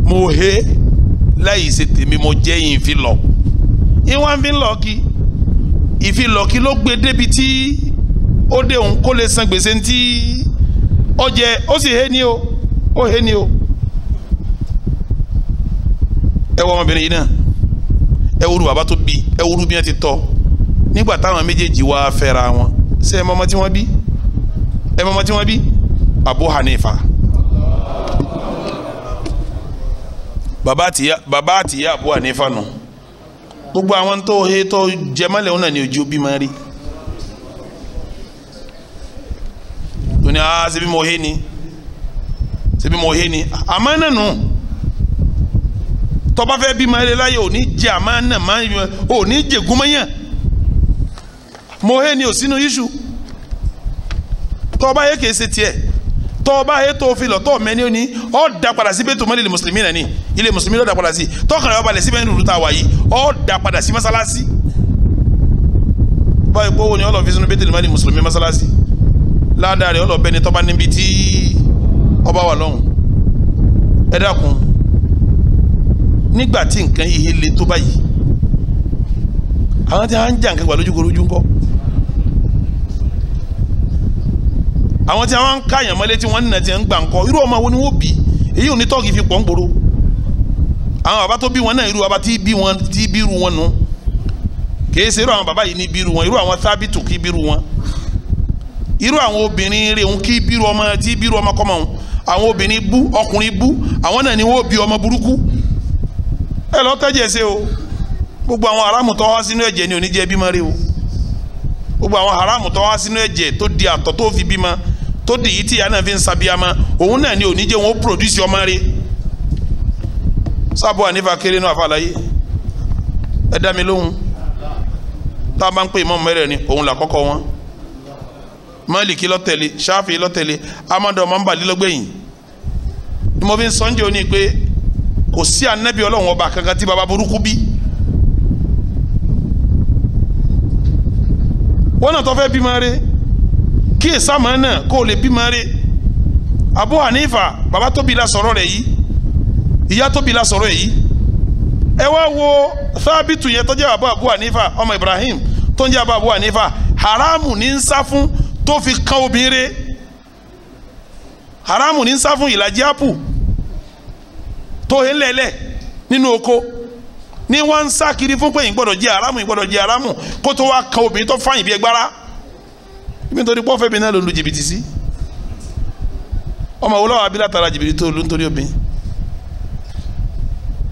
mo he láì ṣe tèmi mo jẹ́ ìfilọ̀ ìwọ̀n fi ń lọ kí ìfilọ̀ kí ló gbé débi tí ó dé òun kó lè san gbèsè ntí ó jẹ ó sì he ni o ó he ni o ẹ wọ ọmọbìnrin yìí náà ẹ wúru bàbá tó bí ẹ wúru bí wọn ti tọ́ nígbà táwọn méjèèjì wá fẹ́ra wọn ṣe ẹ mọmọ tí wọ́n bí ẹ mọmọ tí wọ́n bí Abu Hanifa baba àtìyá baba àtìyá Abu Hanifa nù gbogbo àwọn tó he tó jẹmọ́lẹ̀ ọ̀nà ni ojú bí máa rí tóní a ah, ṣebí mo he ni ṣebí mo he ni àmọ́ náà nù tọ́ba fẹ́ bí máa rí láyé òní jẹ àmọ́ náà máa òní jẹ gúnmọ́yàn mo hé ni ò sínú iṣu tọ́ọ̀bá yẹ kìí ṣe tiẹ̀ tọ́ọ̀bá yẹ tó fi lọ tọ́ọ̀ mẹ́ni ó ọ́ da padà sí bẹ́ẹ̀ tó mọ́lẹ̀ ilé mùsùlùmí náà ni ilé mùsùlùmí lọ́ọ́ da padà sí tọ́ọ̀kan rẹ̀ wá balẹ̀ síbẹ̀ nínú ìlúta wáyé ọ́ da padà sí mọ́sálásí báyìí pọ́wọ́ ni ọlọ́ọ̀fi sínú bẹ́ẹ̀ tó mọ́lẹ̀ mùsùlùmí mọ́sálásí ládàá rẹ̀ ọlọ́ọ̀bẹ ni tọ́ba níbi tí ọba wà lọ́hùn ẹ dákun nígbà tí nǹkan àwọn tí wọ́n ń káyàn mọ́lé tí wọ́n ń nà tí ń gbà ńkọ́ irú ọmọ wo ni wọ́n bí èyí ò ní tọ́ọ̀gì fi pọ̀ ń gbòòrò àwọn bàbá tó bí wọn náà irú bàbá tí bí wọn tí bírú wọn kìí ṣe irú àwọn bàbá yìí ní wọn irú àwọn sábìtù kí wọn irú àwọn obìnrin kí ọmọ tí ọmọ o gbogbo àwọn tó wá sínú ni oníjẹ́ bímọ rè o gbogbo àwọn tó wá sínú ẹ̀jẹ̀ di àtọ̀ tó fi bímọ tó dìyí tí ìyá náà fi ń sabiyama òun náà ni òní jẹ́ wọn ó produce ọmọ rẹ̀ sábò ànífà kéré náà àfàlàyé ẹ dá mi lóhùn tá a bá ń pè mọ́ mẹ́rẹ̀ ni òun làkọ́kọ́ wọn Málíkì lọ́tẹ̀lé Ṣáfì lọ́tẹ̀lé amadu ọmọ nbàlí lọ́gbẹ̀yìn ni mo fi ń sọ ń jẹ́ òní pé kò sí ànábì ọlọ́run ọba kankan tí baba burúkú bí. wọ́n náà tó fẹ́ bímọ rẹ̀ kí èsàmọ́ náà kó o lè bímọ rẹ Abu Hanifa baba tóbi la sọ̀rọ̀ rẹ̀ yìí ìyá tóbi la sọ̀rọ̀ yìí ẹ wá wo sábìtù yẹn tó jẹ́ bàbá Abu Hanifa ọmọ Ibrahim tó ń jẹ́ bàbá Abu Hanifa haramu ní ń sá fún tó fi kan obìnrin haramu ní ń sá fún ìlàjì apu tó he lẹ́lẹ̀ nínú oko ní wọ́n ń sá kiri fún pé ìgbọ́dọ̀ jẹ́ haramu ìgbọ́dọ̀ jẹ́ haramu kó tó wá kan obìnrin tó fáyìn bí ẹgbára nítorí pọ́fẹ́ mi náà ló lu jìbìtì sí ọmọ wo lọ́wọ́ abilá tara jìbìtì tó lu nítorí obìnrin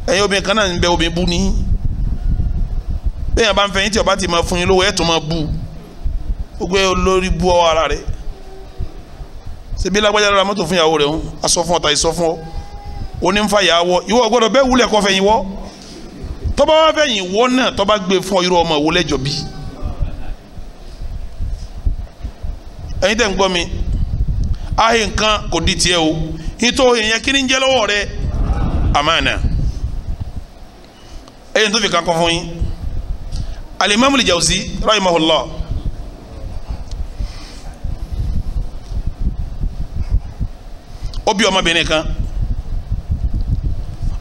ẹ̀yin obìnrin kan náà ń bẹ obìnrin bú ní bẹ́ẹ̀ bá ń fẹ́ yín tí ọba ti máa fún yín lówó ẹ̀ tó máa bú ó gbé olórí bú ọ ara rẹ̀ ṣebí lágbájá lọ́ra mọ́tò fún ìyàwó rẹ̀ ń asọ fún ọ̀tà ìsọ fún ọ onífa ìyàwó ìwọ gbọ́dọ̀ bẹ́ẹ̀ wúlẹ̀ kọfẹ́ yín wọ́ tọ́ba wá fẹ́ yín wọ́ náà tọ́ba gbé fún ọ irú ọmọ ìwọlẹ́jọ bíi ẹ̀yin tẹ̀ ń gbọ́ mi ahe nǹkan kò di tiẹ̀ o nítorí ìyẹn kí ni ń jẹ́ lọ́wọ́ rẹ amana ẹ̀yin tó fi kan kọ́ fún yín alimami Al-Jawzi rahimahullah ó bí ọmọbìnrin kan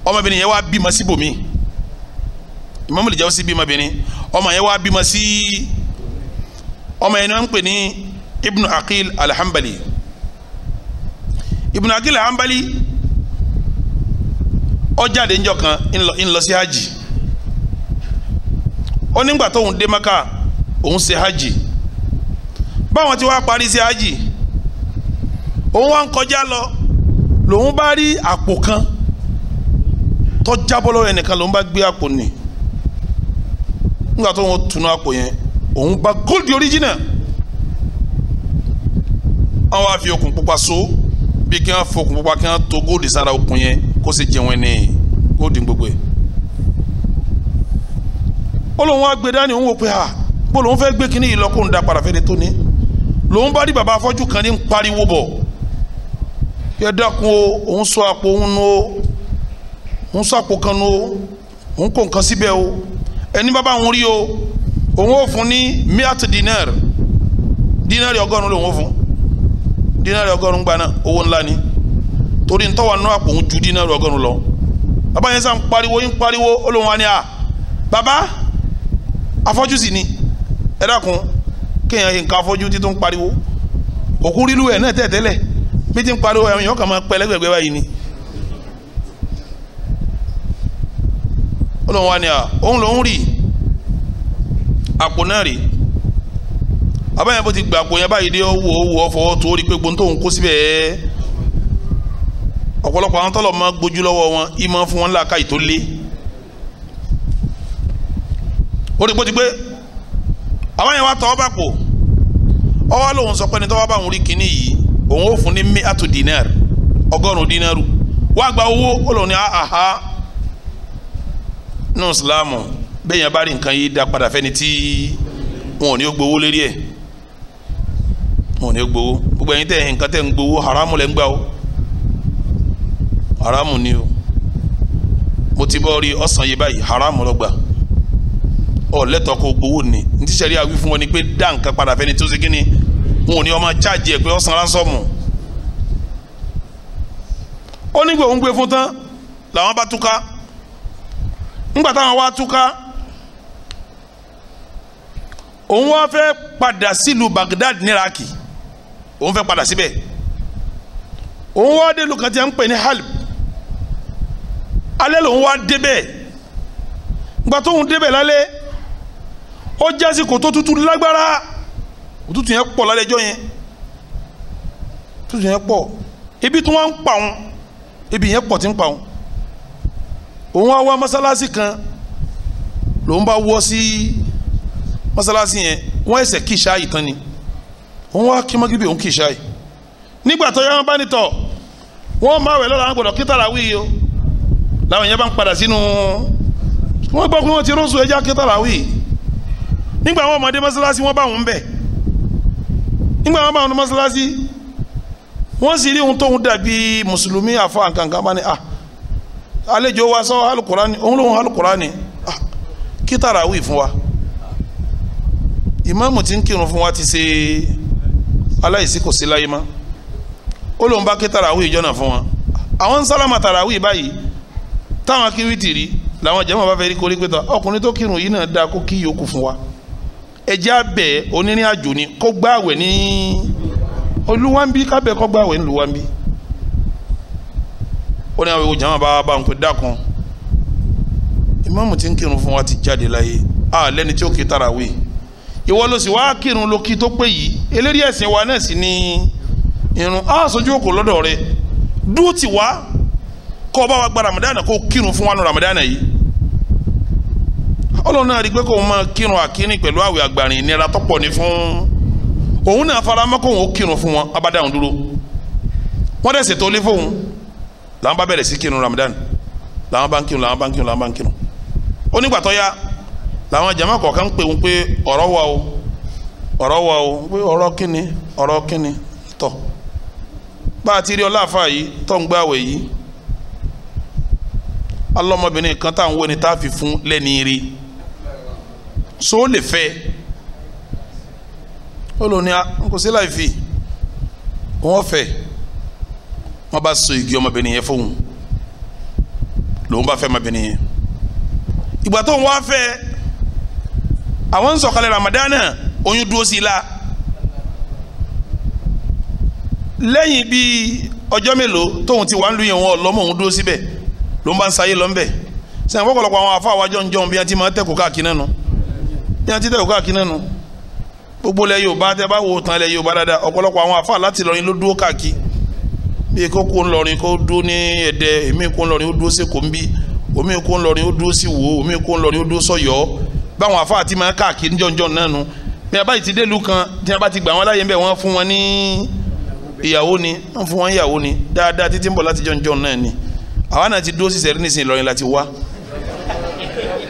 ọmọbìnrin yẹn wá bímọ síbòmí Imam Al-Jawzi bímọ obìnrin ọmọ yẹn wá bímọ sí ọmọ yẹn ni wọ́n ń pè ní ibnu aqil alhambali ibnu aqil alhambali ó jáde ńjọ́ kan ń lọ sí hajj ó nígbà tóun dé maka òun ṣe hajj báwọn ti wá parí sí hajj òun wá ń kọjá lọ lòun bá rí àpò kan tó jábọ́ lọ́wọ́ ẹnìkan lòun bá gbé àpò nì nígbà tóun tunu àpò yẹn òun bá gold original wọ́n wá fi okùn pupa so bí kí wọ́n fokùn pupa kí wọ́n to góòdì sára okùn yẹn kó sì jẹun ẹni góòdì gbogbo ẹ̀ ó lóun wá gbé dání òun wò pé à bó lòun fẹ́ gbé kínní yìí lọ kó ń da padà fẹ́rẹ́ tó ní lòun bá rí bàbá afọ́jú kan ní ń pariwo bọ̀ yẹ dákun o òun sọ àpò òun nu o òun sọ àpò kan nu o òun kó nǹkan síbẹ̀ o ẹni bàbá òun rí o òun ò fún ní miat dinar dinari ọgọ́rùn-ún lòun ò fún dínárì ọgọ́rùn-ún gbaná owó ńlá ni torí ń tọ́wọ́ nínú àpò òun ju dínárì ọgọ́rùn lọ bàbá yẹn sàn pariwo yín pariwo olóhùn wa ni à bàbá afọ́jú sì ni ẹ dákun kéèyàn nǹkan afọ́jú ti tún pariwo òkú rílu ẹ̀ náà tẹ̀tẹ̀lẹ̀ bí ti ń pariwo ẹ̀yìn ọkàn máa pẹ́ lẹ́gbẹ̀gbẹ́ báyìí ni olóhùn wa ni à òun lòún rì àpò náà rì bàbá yẹn bó ti gbàgbó yẹn báyìí dé owó owó ọ̀fọwọ́ tó rí pé gbóntóhùn kó síbẹ̀ ọ̀pọ̀lọpọ̀ àwọn tọ́lọ̀ máa gbójú lọ́wọ́ wọn ìmọ̀ fún wọn làákàyè tó lé ó rí pé ti pé àwọn yẹn wá tọ́ bá pò ọwọ́ lòun sọ pé ní tọ́wọ́ bá òun rí kinní yìí òun ò fún ní mi àtò dinar ọgọ́rùn-ún dinaru wá gba owó ó lòun ní àhà ah, ah, ah. nù Islam bẹ́ẹ̀ yẹn bá rí nǹkan yìí dá padà fẹ́ni tí wọn ò ní ó gbowó lérí ẹ̀ wọn ò ní gbowó gbogbo haramu lẹ́ ń gbà haramu ni o mo ti bọ́ rí ọ̀sán yìí haramu lọ gba lẹ́tọ̀ọ́ kó gbowó ni ní tíṣẹ̀rí fún wọn ni pé dá padà fẹ́ni tó ṣe ni wọn ò ní ọmọ ẹ̀ pé ọ̀sán ó nígbà òun gbé fún tán làwọn bá túká táwọn wá túká òun wá Baghdad ní òun fẹ́ padà síbẹ̀ òun wá dé lùkàn tí a ń pè ní halb alẹ́ lòun wá débẹ̀ gba tóun débẹ̀ lálẹ́ ó jásí kò tó tutù lágbára òtútù yẹn pọ̀ lálẹ́ ẹjọ́ yẹn òtútù yẹn pọ̀ ibi tí wọ́n ń pa òun ibi yẹn pọ̀ tí ń pa òun òun wá wá mọ́sálásí kan lòun bá wọ́ sí mọ́sálásí yẹn wọ́n ẹsẹ̀ kí ìṣá yìí tán ni òun wá kí mọ́gíbì òun kì í ṣáì nígbà tó yá wọn bá nítọ̀ wọ́n máa wẹ̀ lọ́la wọn gbọ́dọ̀ kí tàràwí o làwọn yẹn bá ń padà sínú wọ́n gbọ́ pé wọ́n ti rọ́ọ̀sù ẹja kí tàràwí nígbà wọn ọmọdé mọ́sálásí wọ́n bá wọn bẹ̀ nígbà wọn bá wọn mọ́sálásí wọ́n sì rí ohun tóun dàbí mùsùlùmí àfọ àǹkàǹkà bá ní à ah, àlejò wa sọ alukurani òun lòun alukurani ah, à kí tàràwí fún wa ìmáàmù ti ń kírun fún wa ti ṣe aláìsí kò sí láyé mọ́ ó lóun bá ké tarawih jọ́nà fún wọn àwọn ń sálámà tarawih báyìí táwọn akéwì tì rí làwọn jẹ́mọ̀ bá fẹ́ rí korí pété ọkùnrin tó kírun yìí náà dáa kó kí yòókù fún wa ẹjẹ́ abẹ onírìn àjò ni kó gbààwẹ̀ ní olúwàǹbí kábẹ́ kó gbààwẹ̀ ní olúwàǹbí ó ní àwọn ìwò jẹ́mọ̀ bá bá ń pè dákun ìmáàmù tí ń kírun fún wa ti jáde láyé a lẹ́ni tí ó ké tarawih ìwọ ló sì wá kírun ló kí tó pé yìí eléré ẹ̀sìn wa náà sì ni irun á sojú òkò lọ́dọ̀ rẹ dúró tì wá kọ́ bá wa gba ramadana kó kírun fún wa nu ramadana yìí ọlọ́run náà rí i pé kóun máa kírun àkíní pẹ̀lú àwẹ̀ àgbàrin ìnira tọ́pọ̀ ní fún òun náà fara mọ́ kóun ó kírun fún wọn abádáhùn dúró wọ́n dẹ̀ ṣètò ilé fóun làwọn bá bẹ̀rẹ̀ sí kírun ramadan làwọn bá ń kírun làwọn bá ń kírun làwọn bá ń kírun ó nígbà tó yá làwọn jama kọ̀ọ̀kan pè wọ́n pé ọ̀rọ̀ wa o ọ̀rọ̀ wa o pé ọ̀rọ̀ kíni ọ̀rọ̀ kíni tọ̀ bá a ti rí ọláàfáà yìí tó ń gbàwẹ̀ yìí alọ́mọbìnrin kan tá à ń wọ ni tá a fi fún lẹ́ni rí so ó lè fẹ́ ó lò ní ah, kò sí láì fi wọ́n fẹ́ wọ́n bá so igi ọmọbìnrin yẹn fóun lòun bá fẹ́ ọmọbìnrin yẹn ìgbà tó ń wá fẹ́ ẹ àwọn sọ̀kalẹ̀ ramadana oyún dúró sí i la lẹ́yìn bíi ọjọ́ mélòó tóun ti wà ń lu yẹn wọn lọ́mọ òun dúró síbẹ̀ ló ń bá ń sayé lọ́nbẹ̀ sẹ́yìn fọ́kọ̀lọ́pọ̀ àwọn afọ àwájọ́ ń jọun bí wọ́n ti máa ń tẹ̀kọ̀ káàkiri náà nù bí wọ́n ti tẹ̀kọ̀ káàkiri náà nù gbogbo lẹ Yorùbá tẹ bá wo tán lẹ Yorùbá dáadáa ọ̀pọ̀lọpọ̀ àwọn afọ láti lọrin ló dúró káàkiri bí kò kó ń kó dúró ní Ẹdẹ báwọn afa àti máa káàkiri jọ̀njọ̀ náà nu bí a bá ti dé ìlú kan tí a bá ti gbà wọ́n láyé ń bẹ̀ wọ́n fún wọn ní ìyàwó ni wọ́n fún wọn ìyàwó ni dáadáa títí ń bọ̀ láti jọ̀njọ̀ náà ni àwa náà ti dúró sí sẹ́rí nísìnyí lọ́rin láti wá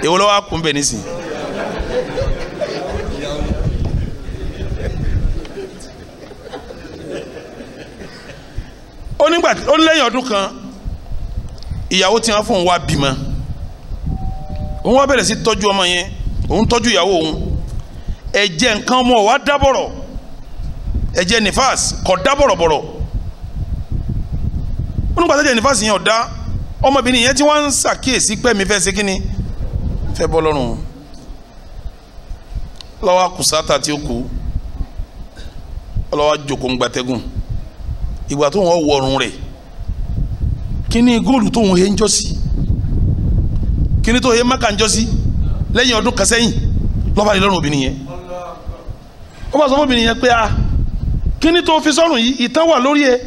èwo lọ́wọ́ kún bẹ̀ nísìnyí. ó nígbà ó lẹ́yìn ọdún kan ìyàwó tí wọ́n fún un wá bímọ òun wá bẹ̀rẹ̀ sí tọ́jú ọmọ yẹn òun tọ́jú ìyàwó òun ẹ̀jẹ̀ nǹkan ọmọ wa dábọ̀rọ̀ ẹ̀jẹ̀ nifas kò dábọ̀rọ̀bọ̀rọ̀ ó nígbà tẹ́jẹ̀ nifas yẹn ọ̀dá ọmọbìnrin yẹn tí wọ́n ń ṣàkíyèsí pé mi fẹ́ ṣe kí ni fẹ́ bọ́ lọ́rùn lọ́wọ́ kùsàtà tí ó kú ọlọ́wọ́ jòkó ń gbatẹ́gùn ìgbà tó wọ́n wọ̀rùn rẹ̀ kí góòlù tó ń he ń jọ́sí kí tó he máka ń jọ́sí lẹ́yìn ọdún kan sẹ́yìn lọ́ba ìlọrin obìnrin yẹn ó bá sọ fún obìnrin yẹn pé a ah, kí ni tó fi sọ́rùn yìí ìtàn wà lórí ẹ̀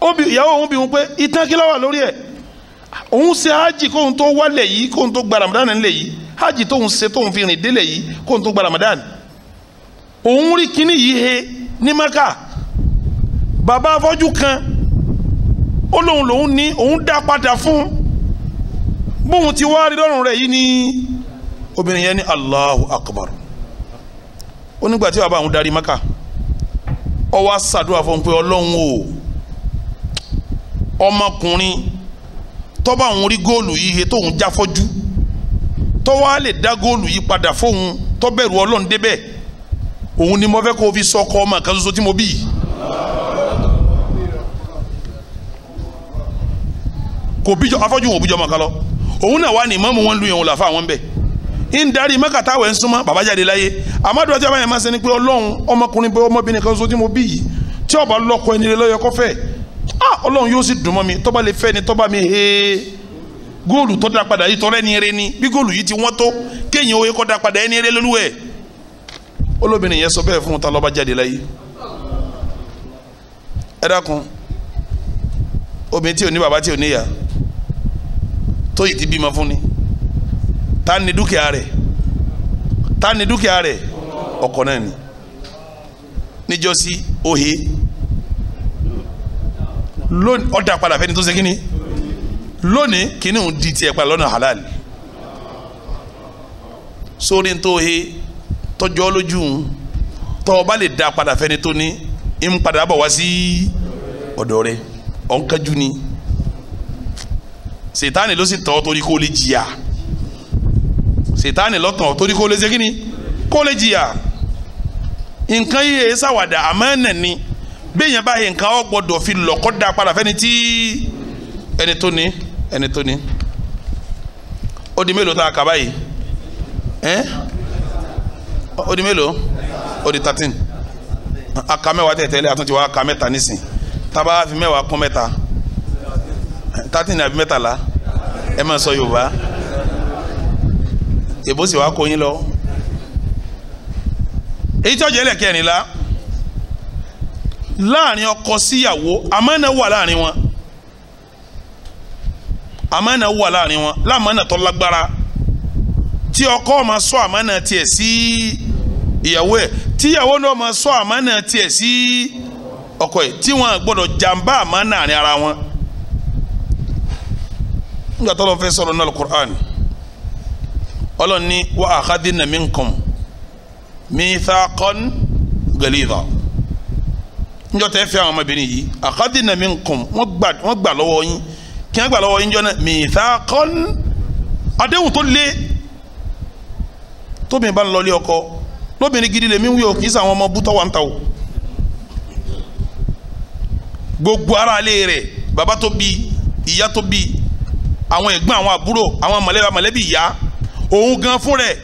ìyàwó òun bí wọn pé ìtàn kí ló wà lórí ẹ̀ òun ṣe hájì kóhun tó wálẹ̀ yìí kóhun tó gba Ramadan nílẹ̀ yìí hájì tóhun ṣe tóhun fi rìn délẹ̀ yìí kóhun tó gba Ramadan òun rí kíní yìí he ní Maka bàbá afọ́jú kan ó lóun lòun ní òun dá padà fún un bóun ti wá rí lọ́rùn rẹ̀ yìí ni obìnrin yẹn ní Allahu Akbar ó nígbà tí bàbá àwọn darí maka ó wá ṣàdúrà fún un pé ọlọ́run o ọmọkùnrin tọ́ba òun rí góòlù yìí he tóun jáfọ́jú tọ́wọ́ lè dá góòlù yìí padà fóun tọ́bẹ̀rù ọlọ́run débẹ̀ òun ni mo fẹ́ kó o fi sọ́kọ ọmọ kan ṣoṣo tí mo bí kò bíjọ afọ́jú wọn bíjọ ọmọ kan lọ òun náà wà ní ìmáàmù wọn lu ìhun làfa àwọn bẹ ń darí mẹ́ka táwọn ń súnmọ́ bàbá láyé àmọ́dọ̀ ọjọ́ báyìí máa ṣe ni pé ọlọ́run ọmọkùnrin bẹ ọmọbìnrin kan sojú mo bí yìí tí ọba lọkọ ẹni lọ́yọ̀ kọfẹ́ ah ọlọ́run yóò sì dùn mọ́ mi tọ́ba lè fẹ́ ni tọ́ba mi hee góòlù tó dá padà yìí tọ́lẹ́ ni eré ni bí góòlù yìí ti wọ́n tó kéèyàn òye kọ́ dá padà ẹni eré lóluwẹ̀ olóbìnrin yẹn sọ bẹ́ẹ̀ fún un ta lọ́ba jáde láyé ẹ dákun obìnrin tí ò ní bàbá tí ò níyà tó yìí ti bímọ fún ni ta ni dúkìá rẹ̀ ta ni dúkìá rẹ̀ ọkọ náà ni níjọ́sí òhe lónìí ọ̀dà padà fẹ́ni tó ṣe kínní lónìí kínní òun di tiẹ̀ padà lọ́nà halal sórí tó he tọjọ́ lójú tọ́ ọ lè da padà fẹ́ni tó ní ń wá sí ọ̀dọ̀ rẹ̀ ọ̀nkájú ni sètáni ló sì tàn ọ́ torí kó lè jìyà sètáni ló tàn ọ́ torí kó lè ṣe kíni kó lè jìyà nǹkan yìí ẹ ṣàwàdà àmọ́ ẹ̀nà ni bẹ́ẹ̀yẹn báyìí nǹkan ọ̀ gbọ́dọ̀ fi lọ́kọ́ da padà fẹ́ni tí ẹni tó ní ẹni tó ní ó di mélòó tá a kà báyìí ẹ́ ó di mélòó ó di thirteen a kà mẹ́wàá àtúntì wa a nísìn tá fi mẹ́wàá kún mẹ́ta. Tatini ní àbí mẹ́tàlá ẹ máa sọ yorùbá èbó sì wá kó yín lọ la láàrin ọkọ síyàwó àmánà wà láàrin wọn àmánà wà láàrin wọn láàmánà tó lágbára tí ọkọ máa sọ àmánà tiẹ̀ sí ìyàwó ẹ̀ tíyàwó náà máa sọ àmánà tiẹ̀ sí ọkọ ẹ̀ tí wọn gbọ́dọ̀ jàǹbá àmánà àárín ara wọn nígbà tó lọ fẹ́ sọ̀rọ̀ náà alukur'an ọlọ́run ní wa akhadna minkum mithaqan ghalidha njọ́ tẹ́ fẹ́ àwọn ọmọbìnrin yìí akhadna minkum wọ́n gbà lọ́wọ́ yín kí wọ́n gbà lọ́wọ́ yín jọ́ náà mithaqan àdéhùn tó lé tóbìnrin bá ń lọlé lóbìnrin gidi lèmi wí o kì í sàwọn ọmọ bútọ́ wa ń ta o gbogbo ara ilé rẹ̀ bàbá tó bí ìyá tó bí àwọn ẹ̀gbọ́n àwọn àbúrò àwọn mọ̀lẹ́bí mọ̀lẹ́bí ìyá òun gan fún rẹ̀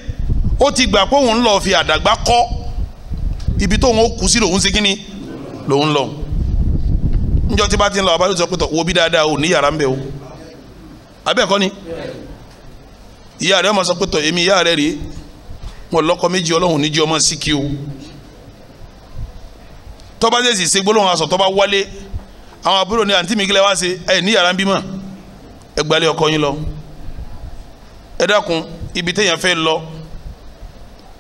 ó ti gbà pé òun ń lọ fi àdàgbà kọ́ ibi tóun ó kú sí lòun ṣe kínní lòun lọ níjọ́ tí bá ti ń lọ abájọ sọ pé tọ wo bí dáadáa ò ní yàrá ń bẹ o abẹ́ẹ̀kọ́ ni ìyá rẹ̀ ọmọ sọ pé tọ èmi ìyá rẹ̀ rèé mo lọ́kọ méjì ọlọ́run níjẹ́ ọmọ sí kí o tọ́ba ṣèṣì ṣe gbólóhùn aṣọ tọ́ba wálé àwọn àbúrò ní àǹtí mi kílẹ̀ wá ṣe ẹ̀ ní yàrá ń bímọ ẹ gbalẹ̀ ọkọ yín lọ ẹ dákun ibi téèyàn fẹ́ lọ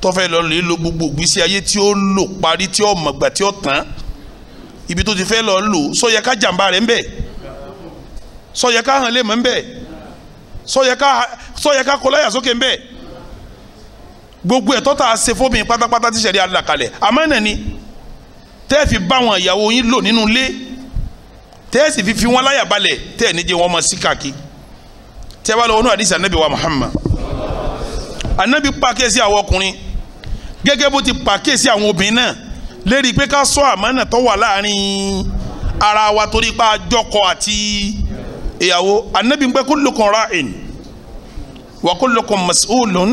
tọ́fẹ́ lọ lè lo gbogbo ìgbésí ayé tí ó lò parí tí ó mọ̀gbà tí ó tán ibi tó ti fẹ́ lọ lò sọ́yẹ ká jàǹbá rẹ̀ ń bẹ̀ sọ́yẹ ká hàn lè mọ̀ ń bẹ̀ sọ́yẹ ká kọláyà sókè ń bẹ̀ gbogbo ẹ̀tọ́ tá a ṣe fómi pátápátá tí sẹ̀rí alákalẹ̀ àmánà ni tẹ́ẹ̀ fi bá wọn ìyàwó yín lò nínú ilé tẹ́ẹ̀ sì fi fi wọn láyà balẹ̀ tẹ́ẹ̀ níjẹ́ wọn mọ sí káàkiri tí a bá lọ wọnú àdìsí anabi wa Muhammad anabi pàkíyèsí àwọn ọkùnrin gẹ́gẹ́ bó ti pàkíyèsí àwọn obìnrin náà lérí pé ká sọ àmánà tó wà láàrin ara wa torí pa àjọkọ àti ìyàwó anabi pé kullukum ra'in wa kullukum mas'ulun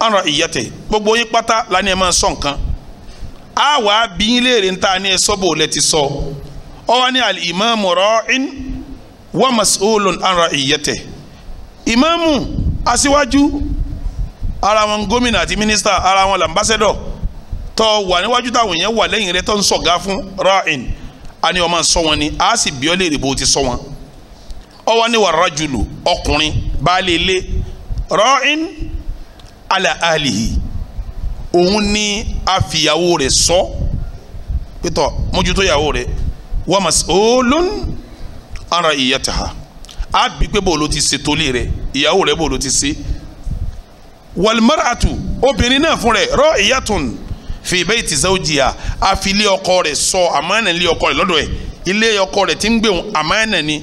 an ra'iyatihi gbogbo yín pátá la ní ẹ máa sọ nǹkan a wà á bí yín léèrè níta ní ẹ sọ bò lẹ ti sọ ọ wá ní al-imamu ra'in wa mas'ulun an ra'iyatihi ìmáàmù aṣíwájú ara wọn gómìnà àti mínísítà ara wọn làǹbáṣẹ́dọ̀ tó wà níwájú táwọn èèyàn wà lẹ́yìn rẹ̀ tó ń sọ̀gá fún ra'in àní ọmọ sọ wọn ni a sì bí ọ léèrè bó ti sọ wọn ọwọ́ ni wàá rajulu ọkùnrin baálé ilé ra'in ala alihi òun ni àfìyàwó rẹ̀ sọ pétọ́ mójútó yàwó rẹ̀ wọ́n mọ̀ sí olóńtò ara ìyẹ́ta a bí pé bó ló ti ṣètò lé rẹ̀ ìyàwó rẹ̀ bò ló ti sí walimaratu obìnrin náà fún rẹ̀ rọ ìyàtùn fi bayti zawjiha àfilé ọkọ rẹ̀ sọ àmánà ilé ọkọ rẹ̀ lọ́dọ̀ ẹ̀ ilé ọkọ rẹ̀ ti ń gbẹ̀hùn àmánà ni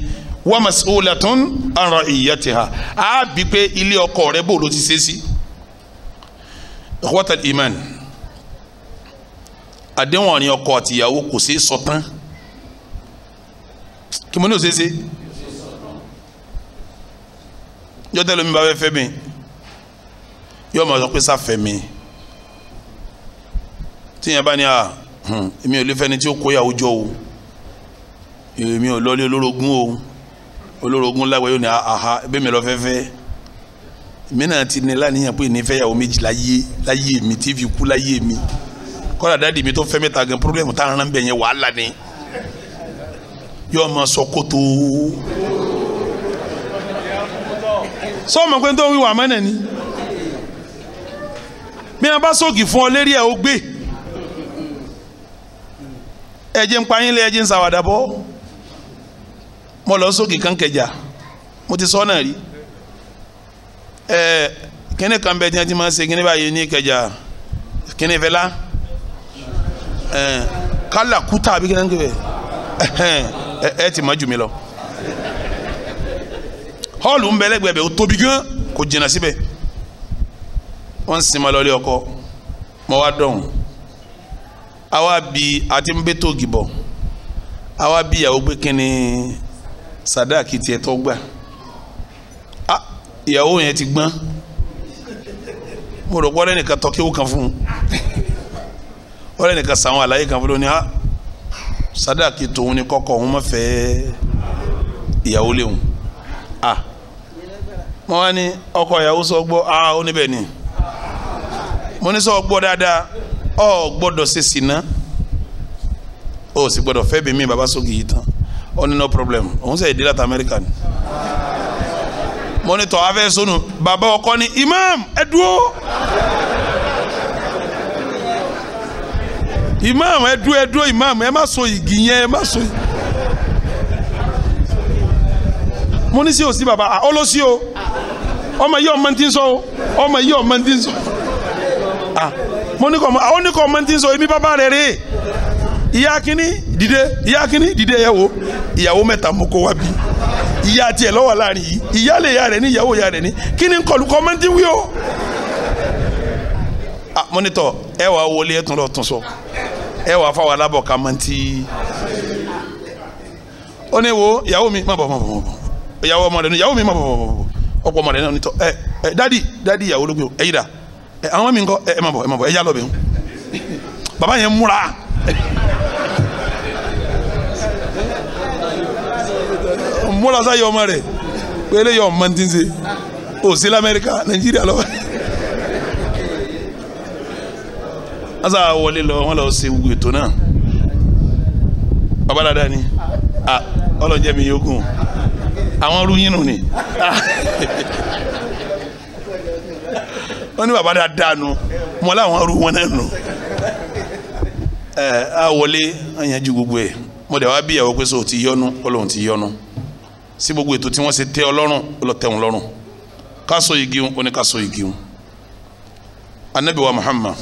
wa mas'ulatun an ra'iyatiha á bí pé ilé ọkọ rẹ̀ bò ló ti ṣe sí. ikhwatal iman àdéhùn ọ̀rìn ọkọ àtìyàwó kò sí sọ tán kí mo ní ò ṣe ṣe jọ́tẹ́ lómi bá fẹ́ fẹ́ mi yóò máa sọ pé sáfẹ́ mi tíyẹn bá ní à èmi ò lè fẹ́ni tí ó kó yàwó jọ o èmi ò lọ́lé olórogún o olórogún lágbàá yóò ní àhá ẹbí mi lọ fẹ́fẹ́ èmi náà ti ní láníyàn pé ní fẹ́yàwó méjì láyé láyé mi tí kú láyé mi kọ́lá dáàdì mi tó fẹ́ mẹ́ta gan pírọ́blẹ́mù tá à ń rán bẹ̀ yẹn wàhálà ni yóò máa sọ kótó sọ́ọ̀mọ̀ pé tó ń wíwà mọ́nà ni bí wọ́n bá sóògì fún ọ lérí ẹ̀ ó gbé ẹ̀jẹ̀ ń pa yín lé ẹ̀jẹ̀ ń sàwàdà bọ́ mo lọ sóògì kan kẹjà mo ti sọ náà rí ẹ kíní kan bẹ tí wọ́n ti máa ń ṣe kíní báyìí ní kẹjà kíní fẹlá ẹ kálà kúta àbí kíní kẹfẹ ẹ ẹ ti mọ jù mí lọ họ́ọ̀lù ń bẹ lẹ́gbẹ̀ẹ́ bẹ̀ ó tóbi gan kò jìnnà síbẹ̀ wọ́n ń sinmi lọ́lé ọkọ mọ wá dọ̀hún àwa bi àti ń bẹ tó gìbọ̀ àwa bi ìyàwó gbé kínní sàdáàkì tiẹ̀ tó gbà á ìyàwó yẹn ti gbọ́n mo rò pé ọ̀rẹ́ nìkan tọ́ kéwù kan fún un ọ̀rẹ́ nìkan sàwọn àlàyé kan fún un ní á sàdáàkì tòun ni kọ́kọ́ òun má fẹ́ ìyàwó léwu ah mo wá ní ọkọ ìyàwó sọ gbọ́ ah ó níbẹ̀ ni mo ní sọ gbọ́ dáadáa ọ gbọ́dọ̀ ṣe sìnà o sì gbọ́dọ̀ fẹ́ bí mi bàbá sókè yìí tán ó ní no problem òun sẹ̀ dé láti Amẹ́ríkà ni mo ní tọ́ afẹ́ bàbá ọkọ imam ẹ dúró imam ẹ dúró ẹ dúró imam ẹ má so igi yẹn ẹ má so igi. mo ní sí o sí bàbá ó ló sí o ọmọ yìí ọmọ tí ń sọ o ọmọ yìí ọmọ tí ń sọ mo ní kọ ọmọ àwọn oníkọ ọmọ tí ń sọ èmi bàbá rẹ̀ rè ìyá kínní dìde ìyá kínní dìde ẹ wo ìyàwó mẹ́ta mo kó wá bí ìyá tiẹ̀ lọ́wọ́ láàrin yìí ìyá ya rẹ̀ ní ìyàwó ya rẹ̀ ní kí ni kọlùkọ́ ọmọ tí ń wí o mọ́nítọ̀ ẹ wà wọlé ẹ tún lọ tún sọ ẹ wà fáwọn alábọ̀ ká mọ́ tí ó ní wo ìyàwó mi má bọ̀ má bọ̀ má bọ̀ ìyàwó ọmọ rẹ̀ ìyàwó mi ma bọ̀bọ̀bọ̀ ọkọ ọmọ rẹ̀ náà nítọ́ ẹ ẹ dadi dadi ìyàwó ló gbé o ẹyí da ẹ àwọn mi ń kọ ẹ ẹ ma bọ̀ ẹ ma bọ̀ ẹ yá lọ bẹ̀ ń baba yẹn múra múra sáyé ọmọ rẹ̀ pé eléyìí ọmọ ti ń ṣe o sí lamẹ́ríkà nàìjíríà lọ́wọ́ asa wọlé lọ wọn lọ ṣe gbogbo ètò náà baba dada ni ọlọ́njẹ́ mi yókùn. àwọn irú yín nù ni wọ́n ní bàbá dáadáa nu mọ́ láwọn irú wọn nù ẹ̀ a wọlé gbogbo mo wá bí ìyàwó pé so ti yọnu ọlọ́run ti yọnu sí gbogbo ètò tí ṣe igi wọn ni ní igi wọn anabi wa muhammad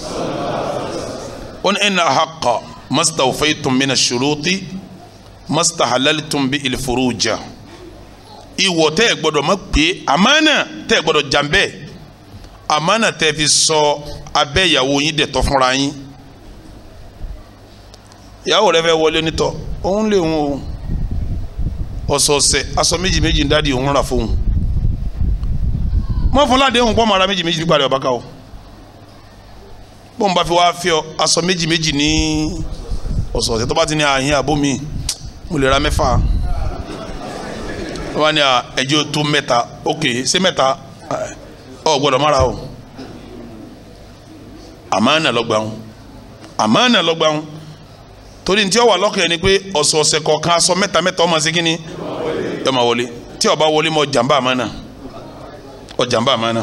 na ní ina haqa mastawfaitum mina shuruti ìwọ tẹ́ ẹ gbọ́dọ̀ mọ̀ pé àmánà tẹ́ ẹ gbọ́dọ̀ jàǹbẹ́ àmánà tẹ́ fi sọ abẹ́ ìyàwó yín dẹ̀tọ́ fúnra yín ìyàwó rẹ fẹ́ wọlé nítọ́ òun lè hun òun ọ̀sọ̀ọ̀sẹ̀ aṣọ méjì méjì ń dáàdi òun rà fóun mọ́fọ́ládé òun pọ́ mara méjì méjì nígbà rẹ̀ ọ̀bá ká o bọ́n bá fi wá fẹ́ ọ aṣọ méjì méjì ní ọ̀sọ̀ọ̀sẹ̀ tó bá ti ní àhín àbómi mo lè ra mẹ́fà. wọ́n a ẹjọ́ otu mẹ́ta oke ṣé mẹ́ta ọ gbọ́dọ̀ mara o amana lọ́gbà amana àmánà lọ́gbà wọn torí tí ó wà lọ́kàn ni pé ọ̀sọ̀ọ̀sẹ̀ kọ̀ọ̀kan aṣọ mẹ́ta mẹ́ta ọmọ segini kínní ẹ máa wọlé tí ó bá wọlé mọ jàǹbá àmánà ọjàǹbá àmánà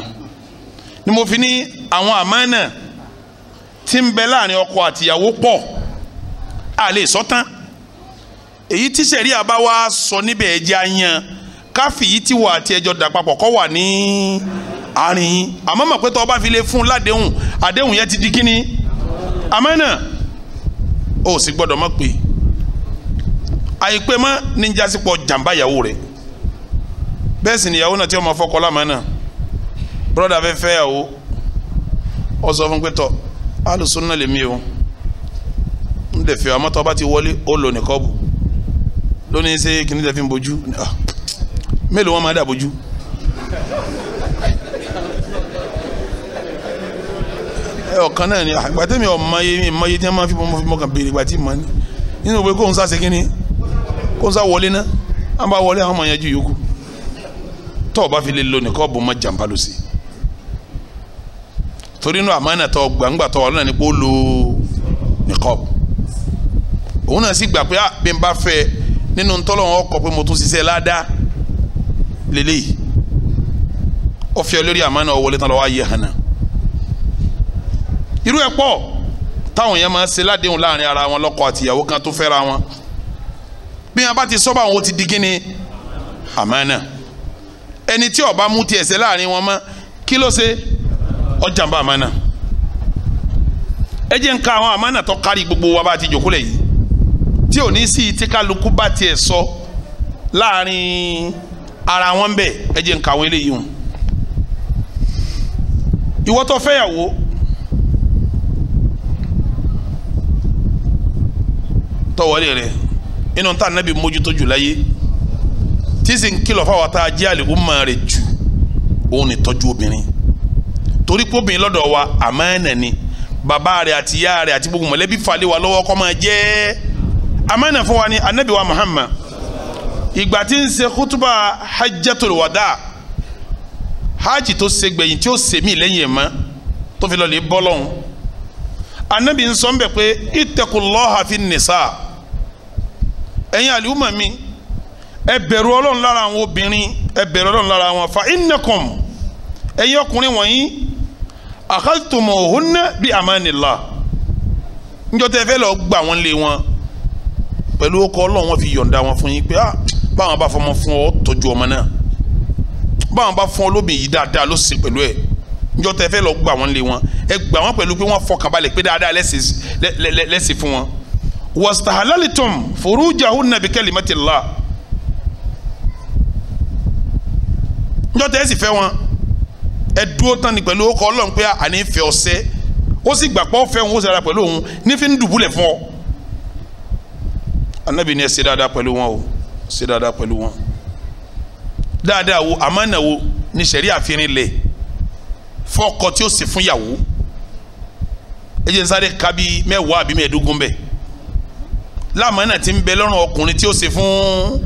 ni mo fi ní àwọn àmánà tí ń bẹ láàrin ọkọ àtìyàwó pọ̀ a lè sọ tán èyí tíṣẹ̀rí wa sọ níbẹ̀ ẹ̀ jẹ́ àyàn káfí yìí ti wà àti ẹjọ́ dà papọ̀ kọ́ wà ní àárín yín àmọ́ mọ̀ pé tọ́ ọba fi lè fún un ládéhùn àdéhùn yẹn ti di kíni amẹ́nà ó sì gbọ́dọ̀ mọ̀ pé àìpé mọ́ ní jásípọ̀ jàǹbá ìyàwó rẹ̀ bẹ́ẹ̀ sì nìyàwó náà tí wọ́n máa fọ́kọ lámàánà bọ́dà fẹ́ fẹ́ yàwó ọ sọ fún pé tọ́ alùsùn náà lè mí o ń dẹ̀ àmọ́ tọ́ ọba ti wọlé ó lò nìkọ́ bù lónìí ṣe kìnìún fi ń bojú ah mélòó wọn máa dàbójú. ẹ ọ̀kan náà ni àgbà tẹ́mi ọ̀mọye mi ìmọye tí wọ́n máa fi mọ́ fi mọ́ kan béèrè ìgbà tí mọ́ ni nínú ìwé kóhùn sá segin ni kóhùn sá wọlé náà àwọn bá wọlé àwọn máa yanjú yòókù tọ́ ọ bá fi lè lo nìkan ọ̀bùn máa jàǹbá lọ sí torí inú àmánà tọ́ gbàǹgbà tọ́ ọ̀lọ́nà ni kó lo nìkan òun náà sì gbà pé ah, bí n bá fẹ́ nínú ntọ́lọ́wọ́n ọkọ̀ pé mo tún ṣiṣẹ́ ládàá lélẹ́yìí ọ̀fẹ́ olórí àmánà ọ̀wọ́lé tán lọ́wọ́ ayé hànà irú ẹ̀ pọ̀ táwọn yẹn máa ń ṣe ládéhùn láàrin ara wọn lọ́kọ àtìyàwó kan tó fẹ́ra wọn bí wọn bá ti sọ́ba àwọn ó ti di kíni àmánà ẹni tí ó bá mú tiẹ̀ ṣe láàrin wọn mọ́ kí ló ṣe ọjàmbá àmánà ẹ jẹ́ ń ka àwọn àmánà tó kárí gbogbo wa bá ti jòkúlẹ̀ yìí tí ò ní sí tí kálukú bá tiẹ̀ sọ láàrin. So, ara wọn bẹ ẹ jẹ́ nǹkan àwọn eléyìí hùn ìwọ́tọ̀ fẹ́yàwó tọwọ́lé rẹ̀ inú ta nàbí mójútó jù láyé tí sì ń kìlọ̀ fáwọn tá a jẹ́ àlè ó máa rẹ̀ jù òun ní tọ́jú obìnrin torí pé obìnrin lọ́dọ̀ wa àmánà ni bàbá rẹ̀ àti ìyá rẹ̀ àti gbogbo mọ̀lẹ́bí falẹ̀ wa lọ́wọ́ kọ́ máa jẹ́ àmánà fún wa ni anabi wa Muhammad ìgbà tí ń ṣe kútúbà hajjatul wada hajj tó ṣe gbẹ̀yìn tí ó ṣe mí lẹ́yìn ẹ̀ mọ́ tó fi lọ́ọ́ bọ́ lọ́hùn anabi ń sọ ń bẹ̀ pé ittaqullaha fin nisa ẹ̀yin àlùmọ̀ mi ẹ bẹ̀rù ọlọ́run lára àwọn obìnrin ẹ bẹ̀rù ọlọ́run lára àwọn fa innakum ẹ̀yin ọkùnrin wọ̀nyí akhadtumuhunna bi amanillah níjọ́ tẹ́ fẹ́ lọ gbà wọ́n lé wọn pẹ̀lú ọkọ̀ ọlọ́run fi yọ̀ǹda wọn fún yín pé ah báwọn bá fọmọ fún ọ tọ́jú ọmọ náà báwọn bá fún ọ lóbìn yìí dáadáa ló ṣe pẹ̀lú ẹ̀ njọ́ tẹ́ fẹ́ lọ gbà wọ́n lé wọn ẹ gbà wọ́n pẹ̀lú pé wọ́n fọkànbalẹ̀ pé dáadáa lẹ́sìn fún wọn. wastahalalitum furujahunna bi kalimatillah njọ́ tẹ́ sì fẹ́ wọn ẹ dúró tán ni pẹ̀lú ọkọ̀ ọlọ́run pé àní fẹ́ ọ̀sẹ́ ó sì gbàgbọ́ fẹ́ òun ó sì dára pẹ̀lú òun nífi ń dùbúlẹ̀ fún ọ. anábì ni ẹ ṣe dáadáa pẹ̀lú wọn o ṣe dáadáa pẹ̀lú wọn dáadáa wo àmánà wo ní sẹ̀rí àfihàn lẹ̀ fọ́kọ tí ó sì fún yàwó ẹ jẹ́ n sáré ka bí mẹ́wàá àbí mẹ́ẹ̀ẹ́dógún bẹ́ẹ̀ lámánà tí ń bẹ lọ́rùn ọkùnrin tí ó ṣe fún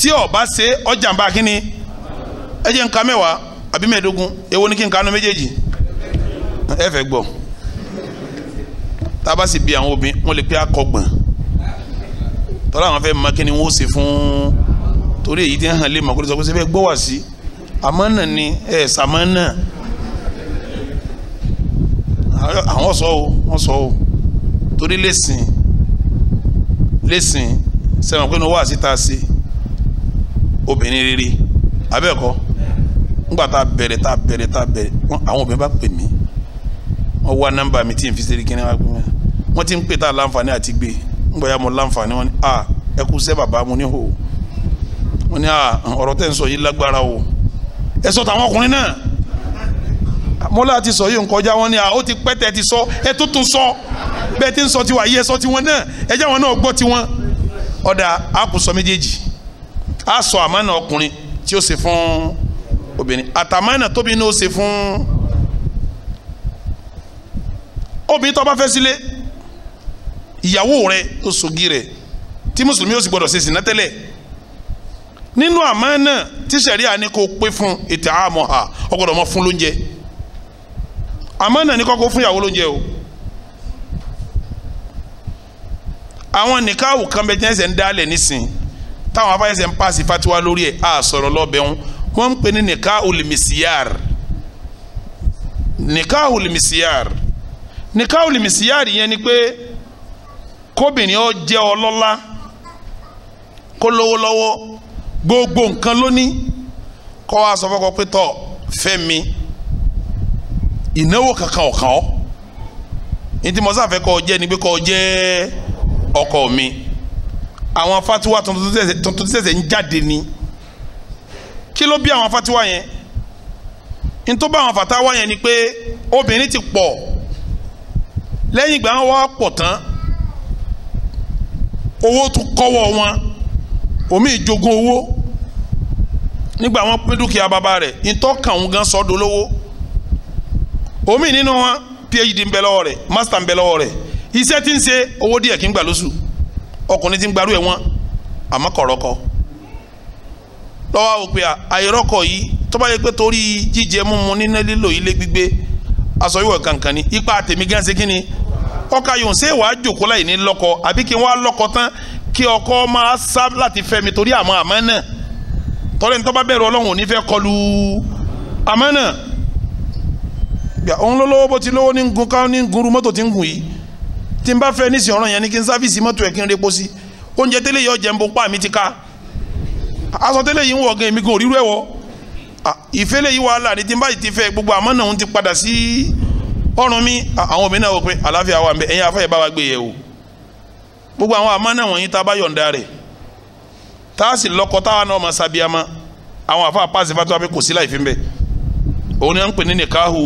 tí ó ṣe ọjà ń bá kínní ẹ n ka mẹ́wàá àbí mẹ́ẹ̀ẹ́dógún èwo ni kí n kanu méjèèjì ẹ fẹ́ gbọ́ tá a bá sì bí àwọn obìnrin wọ́n lè pé akọgbọ̀n tọ́lá àwọn fẹ́ mọ kí ni wọ́n ṣe fún torí èyí tí hàn lè mọ̀ kó lè sọ pé ṣe fẹ́ gbọ́ wá sí àmọ́ náà ni ẹ̀ sàmọ́ náà àwọn sọ o wọ́n sọ o torí lẹ́sìn lẹ́sìn sẹ́wọ̀n pé ní wá sí ta ṣe obìnrin rere abẹ́ẹ̀kọ́ nígbà tá a bẹ̀rẹ̀ tá a bẹ̀rẹ̀ tá bẹ̀rẹ̀ àwọn obìnrin bá pè mí wọ́n wá nọ́mbà mi tí n fi ṣe kí ni wọ́n ti ń pè tá láǹfààní àti gbé e bóyá mo láǹfààní wọn ni a ẹ kú sẹ́ bàbá mo ní hò mo ní a ọ̀rọ̀ tẹ́ ń sọ yìí lágbára o ẹ sọ tàwọn ọkùnrin náà mo láti sọ yìí nkọjá wọn ni a ó ti pẹ́tẹ́ ti sọ ẹ tó tún sọ bẹ́ẹ̀ ti ń sọ tiwa yìí ẹ sọ tiwọn náà ẹ jẹ́ wọn náà gbọ́ tiwọn ọ̀dà a kò sọ méjèèjì a sọ àmánà ọkùnrin tí ó ṣe fún obìnrin àtàmánà tóbi ní ó ṣe fún obìnrin tó bá fẹ́ sílé ìyàwó rẹ ló sogi rẹ tí mùsùlùmí yóò sì gbọdọ̀ ṣe sìnà tẹ́lẹ̀ nínú àmánà tí ṣẹ̀ríà ní kó pé fún ètò àmọ́ ha ó gbọdọ̀ mọ́ fún lóúnjẹ àmánà ní kọ́kọ́ fún ìyàwó lóúnjẹ o àwọn nìkáwù kan bẹ tí ẹsẹ̀ ń dálẹ̀ nísìn táwọn afáyẹsẹ̀ ń paasi fatiwa lórí ẹ̀ á sọ̀rọ̀ lọ́bẹ̀ wọn wọ́n ń pè ní nìkáwù lìmísíyàr nìkáwù lìmísíyàr nìkáwù lìmísíyàr yẹn ni pé kóbìnrin ó jẹ́ ọlọ́lá kó lówó lọ́wọ́ gbogbo nǹkan lóní kó wá sọ fọ́kọ pé tọ́ fẹ́ mi ìnáwó kankan ọ̀kan ọ́ ní tí mo sáfẹ́ kọ́ ọ jẹ́ ni pé kọ́ ọ jẹ́ ọkọ mi àwọn fatiwa tuntun ṣẹ̀ṣẹ̀ ń jáde ni kí ló bí àwọn fatiwa yẹn nítorí bá àwọn fatiwa yẹn ni pé obìnrin ti pọ̀ lẹ́yìn ìgbà wọn wá pọ̀ tán owó tún kọ́wọ́ wọn omi ìjogún owó nígbà wọn pín dúkìá bàbá rẹ̀ ìtọ́kàn òun gan sọ́dọ̀ lówó omi nínú wọn phd ń bẹ lọ́wọ́ rẹ̀ master ń bẹ lọ́wọ́ rẹ̀ iṣẹ́ ń ṣe owó díẹ̀ kí ń gbà lóṣù ọkùnrin ti ń gbarú ẹ̀ àmọ́ kọ̀rọ̀kọ̀ lọ́wọ́ òpè àìrọ́kọ̀ yìí tó bá yẹ pé gbígbé aṣọ kankan ni ipa tèmi ọkà yòó ṣé wàá jòkó láì ní lọ́kọ àbí kí wọ́n á lọ́kọ tán kí ọkọ máa sá láti fẹ́ mi torí àmọ́ àmọ́ náà tọ́lẹ̀ ní tọ́ bá ọlọ́run ò ní fẹ́ kọlu àmọ́ náà òun ló bó ti lówó ní gun ká ní gunru mọ́tò tí ń gùn yìí tí n bá fẹ́ ní ìsìn ọ̀ràn yẹn ni kí n sáfìsì mọ́tò ẹ̀ kí n repo sí oúnjẹ tẹ́lẹ̀ yìí ọ̀jẹ̀ ń bọ́ pa mi ti ká aṣọ tẹ́lẹ̀ yìí ń wọ̀ gan èmi gan òrírú ẹ̀ wọ̀ ìfẹ́lẹ̀ yìí wàhálà ní tí n bá ti fẹ́ gbogbo àmọ́ náà ń ti padà sí ọrùn mi àwọn obìnrin náà wò pé àlàáfíà wà nbẹ ẹ̀yin afẹ́yẹ̀ bá wa gbé yẹ̀ wò gbogbo àwọn àmọ́ náà tá a bá yọ̀ǹda rẹ̀ tá a sì lọ́kọ táwa náà ma sábíàmá àwọn àfa àpáàsì fatọ́ abẹ́ kò sí láì fi ń bẹ òun ni wọ́n ń pè ní nìkahu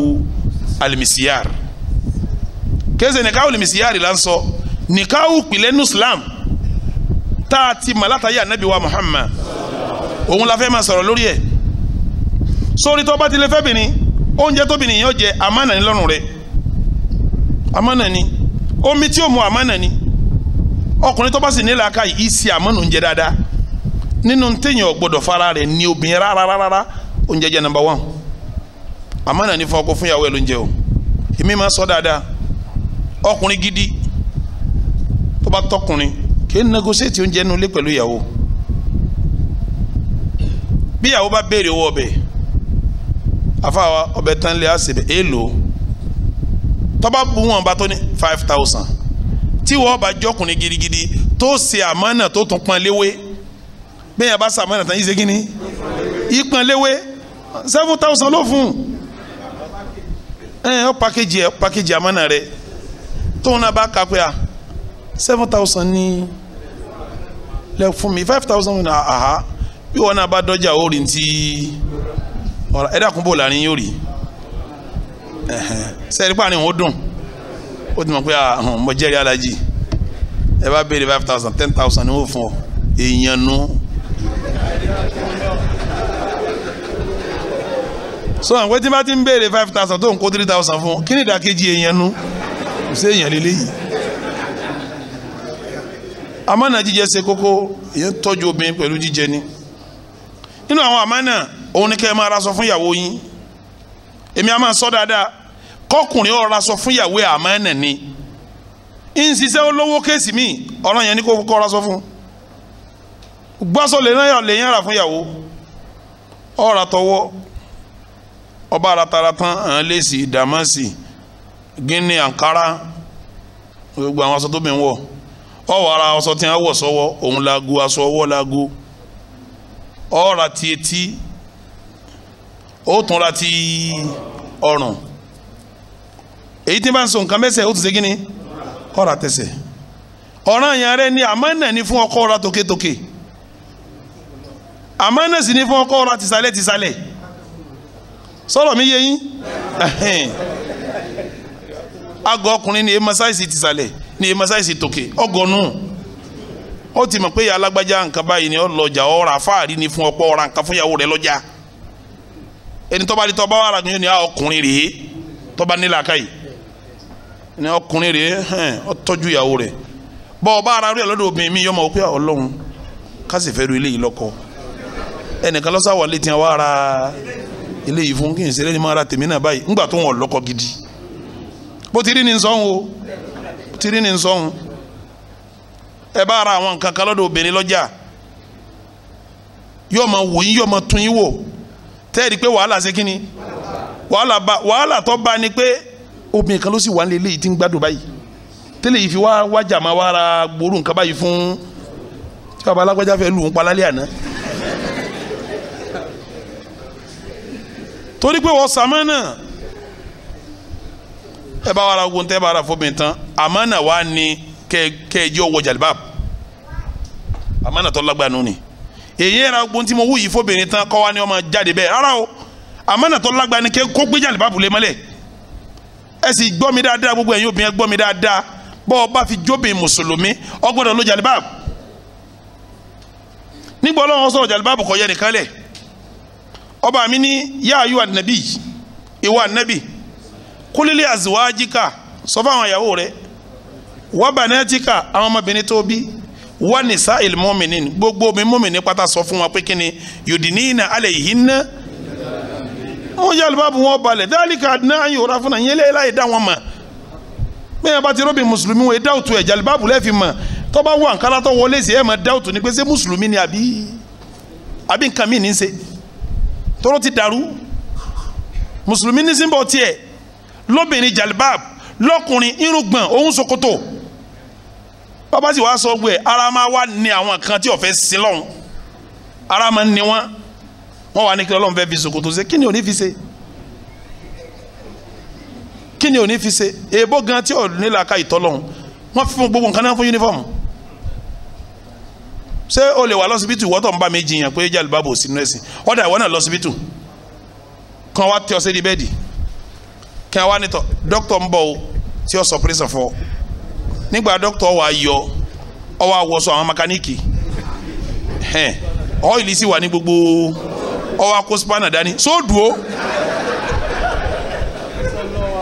alimisiyar kéèsè nìkahu alimisiyar là ń sọ nìkahu pìlẹ̀ nu tá a ti màlátàyà nàbí wa Muhammad òun la fẹ́ máa sọ̀rọ̀ lórí ẹ̀ sórí tó bá tilẹ̀ fẹ́ bìnrin oúnjẹ tóbìnrin yẹn ó jẹ àmánà ńlọ́rùn rẹ̀ amánà ni omi tí ó mu amánà ni ọkùnrin tó bá sì nílò aka yìí sí amánà oúnjẹ dáadáa nínú téèyàn gbọ́dọ̀ fara rẹ̀ ní obìnrin rárá rárá oúnjẹ jẹ́ number one amánà ni fọkọ fún ìyàwó ẹ̀ lóúnjẹ o èmi máa sọ dáadáa ọkùnrin gidi tó bá tọkùnrin kì í negotiate oúnjẹ nulẹ pẹ̀lú ìyàwó bí ìyàwó bá béèrè owó ọbẹ̀ àfa ọbẹ̀ tán lé àsèbẹ̀ èèlò tọ́ba bu wọn bá tó ní five thousand tí wọ́n bá jọkùnrin gidigidi tó ṣe àmánà tó tún pọn léwé bẹ́ẹ̀ yẹn bá ṣe àmánà tán yìí ṣe kí ni ìpọn léwé seven thousand ló fún un ọ pàkéjì ẹ pàkéjì àmánà rẹ tóun náà bá kà pé a ah, seven thousand ni lẹ fún mi five thousand ní aha. bí wọn náà bá dọjà ó rí ti ọ̀rọ̀ ẹ̀dá kúnbó làárín yóò rí. sẹ́yìn nípa àárín òun ó dùn ó ti mọ̀ pé ah, mo jẹ́rìí alájì ẹ bá béèrè five thousand ten thousand ni wọ́n fún ọ èèyàn nu. so àwọn pé tí bá ti ń béèrè five thousand tó ń kó three thousand fún kí ni ìdàkejì èèyàn nu kò sí èèyàn lélẹ́yìí amánà jíjẹ ṣe kókó èyàn tọ́jú obìnrin pẹ̀lú jíjẹ ni nínú àwọn amánà òun ni kẹ́ ẹ máa fún ìyàwó yín èmi a máa sọ dáadáa kọkùnrin ọ̀rọ̀ aṣọ fún ìyàwó àmọ́ ẹ̀nà ni ń ṣiṣẹ́ olówó kéèsì míì ọ̀rọ̀ yẹn ní kó kọ́ ọ̀rọ̀ aṣọ fún gbọ́sọ̀ lè náà lè yẹn rà fún ìyàwó ọ̀rọ̀ àtọwọ́ ọba aratara tán àwọn lẹ́sì dàmásì gíní àǹkárá gbogbo àwọn aṣọ tó bẹ̀ ń wọ̀ ọwọ́ ara aṣọ tí wọ́n wọ̀ sọ́wọ́ òun laago aṣọ ọwọ́ laago ọ̀rọ̀ àti ó tún ra ti ọrùn èyí tí bá ń so nǹkan mẹ́sẹ̀ ó tún ṣe kíni ọ̀rà tẹ̀sẹ̀ yẹn rẹ ni àmánà ni fún ọkọ ọ̀rà tókètókè àmánà sì ni fún ọkọ ọ̀rà tìsàlẹ̀ tìsàlẹ̀ sọ̀rọ̀ mi yé yín àgọ́ ọkùnrin ni ema sáìsì ni ema sáìsì ọgọ́nù ó ti mọ̀ pé alágbájá nǹkan báyìí ni lọ́jà ọ̀rà fáàrí ni fún nǹkan lọ́jà. ẹni tọ́ba di tọ́ba wàrà ni yóò ọkùnrin rèé tọ́ba nílà káyì ọkùnrin rèé hẹ́n ọba ara rẹ̀ lọ́dọ̀ obìnrin mi yọmọ òkú ah, ọlọ́run kásì fẹ́ ru eléyìí lọ́kọ ẹnìkan lọ́sà wà létí wa ara eléyìí fún kí n tèmi gidi bó ti rí ni o bó ti rí ni ẹ bá ara àwọn nǹkan kan lọ́dọ̀ tẹ́ẹ̀rí pé wàhálà ṣe kí ni wàhálà bá wàhálà tó bá ni pé obìnrin kan ló sì wà ní ilé yìí tí ń gbádùn báyìí tẹ́lẹ̀ yìí fi wá wájà máa wá ra gbòòrò nǹkan báyìí fún tí baba alágbájá fẹ́ lù ń pa lálẹ́ àná torí pé wọ́n sàmọ́ náà ẹ bá wàrà ogun tẹ́ bá wàrà fóbìnrin tán àmọ́ náà wà ní kẹ́ wọ jàlíbáàbù àmọ́ náà tó lágbàá ni èyí yẹn ra gbọ́n tí mo wú yìí fóbìnrin tán kọ́ wa ni ọmọ jáde bẹ́ẹ̀ rárá o àmọ́nà tó lágbá ni kó gbé jàlè bábù lé mọ́lẹ̀ ẹ sì gbọ́ mi dáadáa gbogbo ẹ̀yin obìnrin gbọ́ mi dáadáa bọ́ ọ bá fi jóbìn mùsùlùmí ọ ló jàlè báàbù nígbà ọlọ́run sọ̀rọ̀ jàlè báàbù kọ̀ yẹ nìkan lẹ̀ ọba mi ní yá ayú ànábì ìwọ ànábì kúlílé àzìwájíkà sọ fún àwọn ìyàwó rẹ wọ́n bà wọ́n ní sá ìlmọ́mìnì gbogbo omi mọ́mìnì pátá sọ fún wọn pé kí ni yòdìníìnà alẹ́ yìí ná wọ́n yá alùbáàbù wọn balẹ̀ dáríkà náà yòóra fún náà yẹlẹ́ láì dá wọn mọ̀ bẹ́ẹ̀ bá ti rọ́bì mùsùlùmí wọn ẹ̀dá òtún ẹ̀jẹ̀ alùbáàbù lẹ́ẹ̀fì mọ̀ tó bá wà wọlé sí ẹ̀ mọ̀ dá òtún ni pé ṣé mùsùlùmí ni àbí àbí nǹkan míì ní ṣe tọ́rọ ti dàrú mùsùlùmí ní símbọ̀ tiẹ̀ lóbìnrin jàlbáàbù lọ́kùnrin irùngbọ̀n òun ṣòkòtò bàbá sì wá sọ gbé ara máa wá ní àwọn kan tí ọ̀fẹ́ sin lọ́hùn ara máa ń ní wọn wọn wà ní kí ọlọ́run fẹ́ fi ṣòkòtò ṣe kí ni ò ní fi ṣe kí ni ò ní fi ṣe èèbó gan tí ò ní làákà ìtọ́lọ́hún wọ́n fi fún gbogbo nǹkan náà fún yúnífọ̀mù ṣé o lè wà lọ́sibítù ìwọ́ tó ń bá mi jiyàn pé jẹ́ àlùbábò sínú ẹ̀sìn ọ̀dà ìwọ́ náà lọ́sibítù kan wá tẹ́ ọ sí di kí wọ́n wá nítọ̀ dókítà ń bọ̀ o tí ó sọ pírẹ́sì fún ọ nígbà dókítà wa yọ ọ wa wọṣọ àwọn mẹkáníìkì hẹn ọ́ìlì sì wà ní gbogbo ọ wa dání so dùó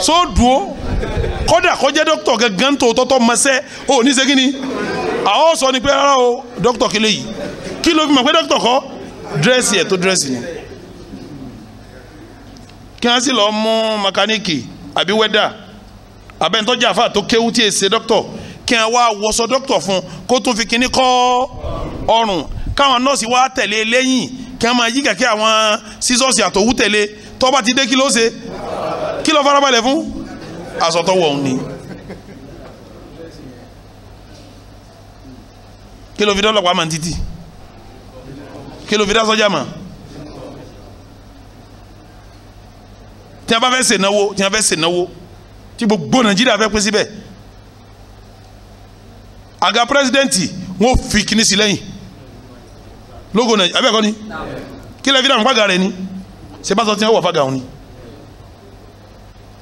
so dùó kódà kọjá dókítà gangan tó tọ́tọ́ mọ́sẹ́ ó ní segin ni àwọn sọ ni pé rárá o dókítà kele yìí kí ló fi mọ̀ pé dókítà kọ́ dírẹ́sì ẹ̀ tó dírẹ́sì ni kí wọ́n sì lọ mú mẹkáníìkì àbí wẹ́dà abẹ́ntọ́jà àfa tó kéwú tí èsè dókítọ̀ kí wọ́n wá wọṣọ dókítọ̀ fún kó tún fi kinní kọ́ ọrùn káwọn nọ́ọ̀sì wá tẹ̀lé e lẹ́yìn kí wọ́n máa yí kẹ̀kẹ́ àwọn sísọ́ọ̀sì àtòwú tẹ̀lé tó bá ti dé kí ló ṣe kí ló farabalẹ̀ fún aṣọ tó wọ̀ ni. kí ló fi dọ́lọ́pàá máa ń títì kí ló fi dá máa. tí a bá fẹ́ ṣènáwó tí a fẹ́ ṣènáwó tí gbogbo nàìjíríà fẹ́ pín síbẹ̀ àga pírẹsidẹ́ǹtì wọn ò fi kíní sí lẹ́yìn lógo nàìjíríà abẹ́ẹ̀kọ́ ni kí lẹ́ẹ̀fi náà fàgà rẹ̀ ni ṣé bá sọ ti wọ́n wà ni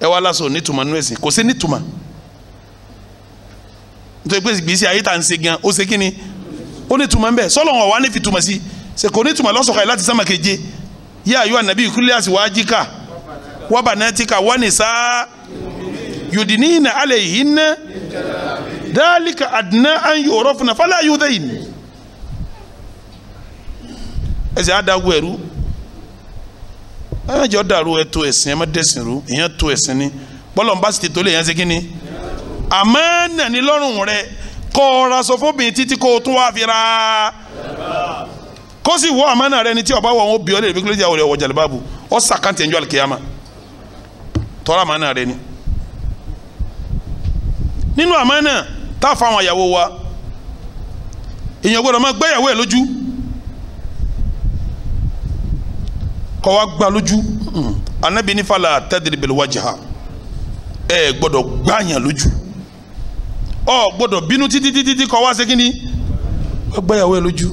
ẹ wá lásán nítumọ̀ nínú ẹ̀sìn kò sí nítumọ̀ nítorí pé gbèsè ayé tá à ń ṣe gan ó ṣe kíni ó nítumọ̀ ń bẹ̀ sọ́lọ́ wọn wà ní fi tumọ̀ sí ṣe kò nítumọ̀ lọ́sọ̀kọ̀ yìí láti sámà yíyá yóò ànábì kúlẹ̀ àti wàá jíkà wàá bànátíkà wàá nìsáà يدنين عليهن ذلك أدنى أن يعرفن فلا يؤذين ẹsẹ̀ adágún ẹ̀rú ẹ jọ dàrú ẹ tò ẹ̀sìn ẹ má dẹ̀sìn rú ìyẹn tò ẹ̀sìn ni bọ́lọ̀ ń bá sì ti tó lè yẹn ṣe kí ni àmọ́ nàní lọ́rùn rẹ kọ́ ọ̀ra sọ fóbìnrin títí kó o tún wá fi ra kó sì wọ àmánà rẹ ni tí ọba wọn ó bí ọ lè rí bí kílódé àwọn ọ̀rẹ́ ọ̀wọ̀ jàlẹ́bàbù ọ̀ sàkántì ẹ̀ńjọ́ àlùkìyàmà tọ́ra àmánà rẹ ni nínú àmánà tá a fa àwọn ìyàwó wa èèyàn gbọ́dọ̀ máa gbẹ́yàwó ẹ̀ lójú kọ́ wa gbà lójú anabi hmm. nífàlà tadrib bil wajha ẹ gbọ́dọ̀ gbàyàn lójú ọ gbọ́dọ̀ bínú títí títí kọ́ wa ṣe ni wọ́n gbẹ́yàwó ẹ̀ lójú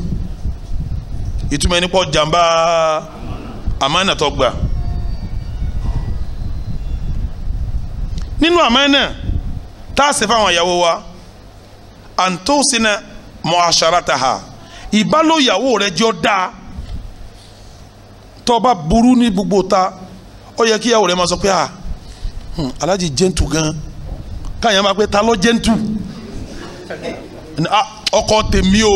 ìtumọ̀ ẹni pọ̀ jàǹbá àmánà tó gbà nínú àmánà tá a ṣe fáwọn ìyàwó wa àǹtósínà muasharataha ìbálò ìyàwó rẹ jọ dáa tó bá burú ní gbogbo ta ó yẹ kí ìyàwó rẹ máa sọ pé à ah, hmm, aláàjì jẹ́ǹtù gan káyọ̀ máa pé ta ló jẹ́ǹtù ah, ọkọ tèmi o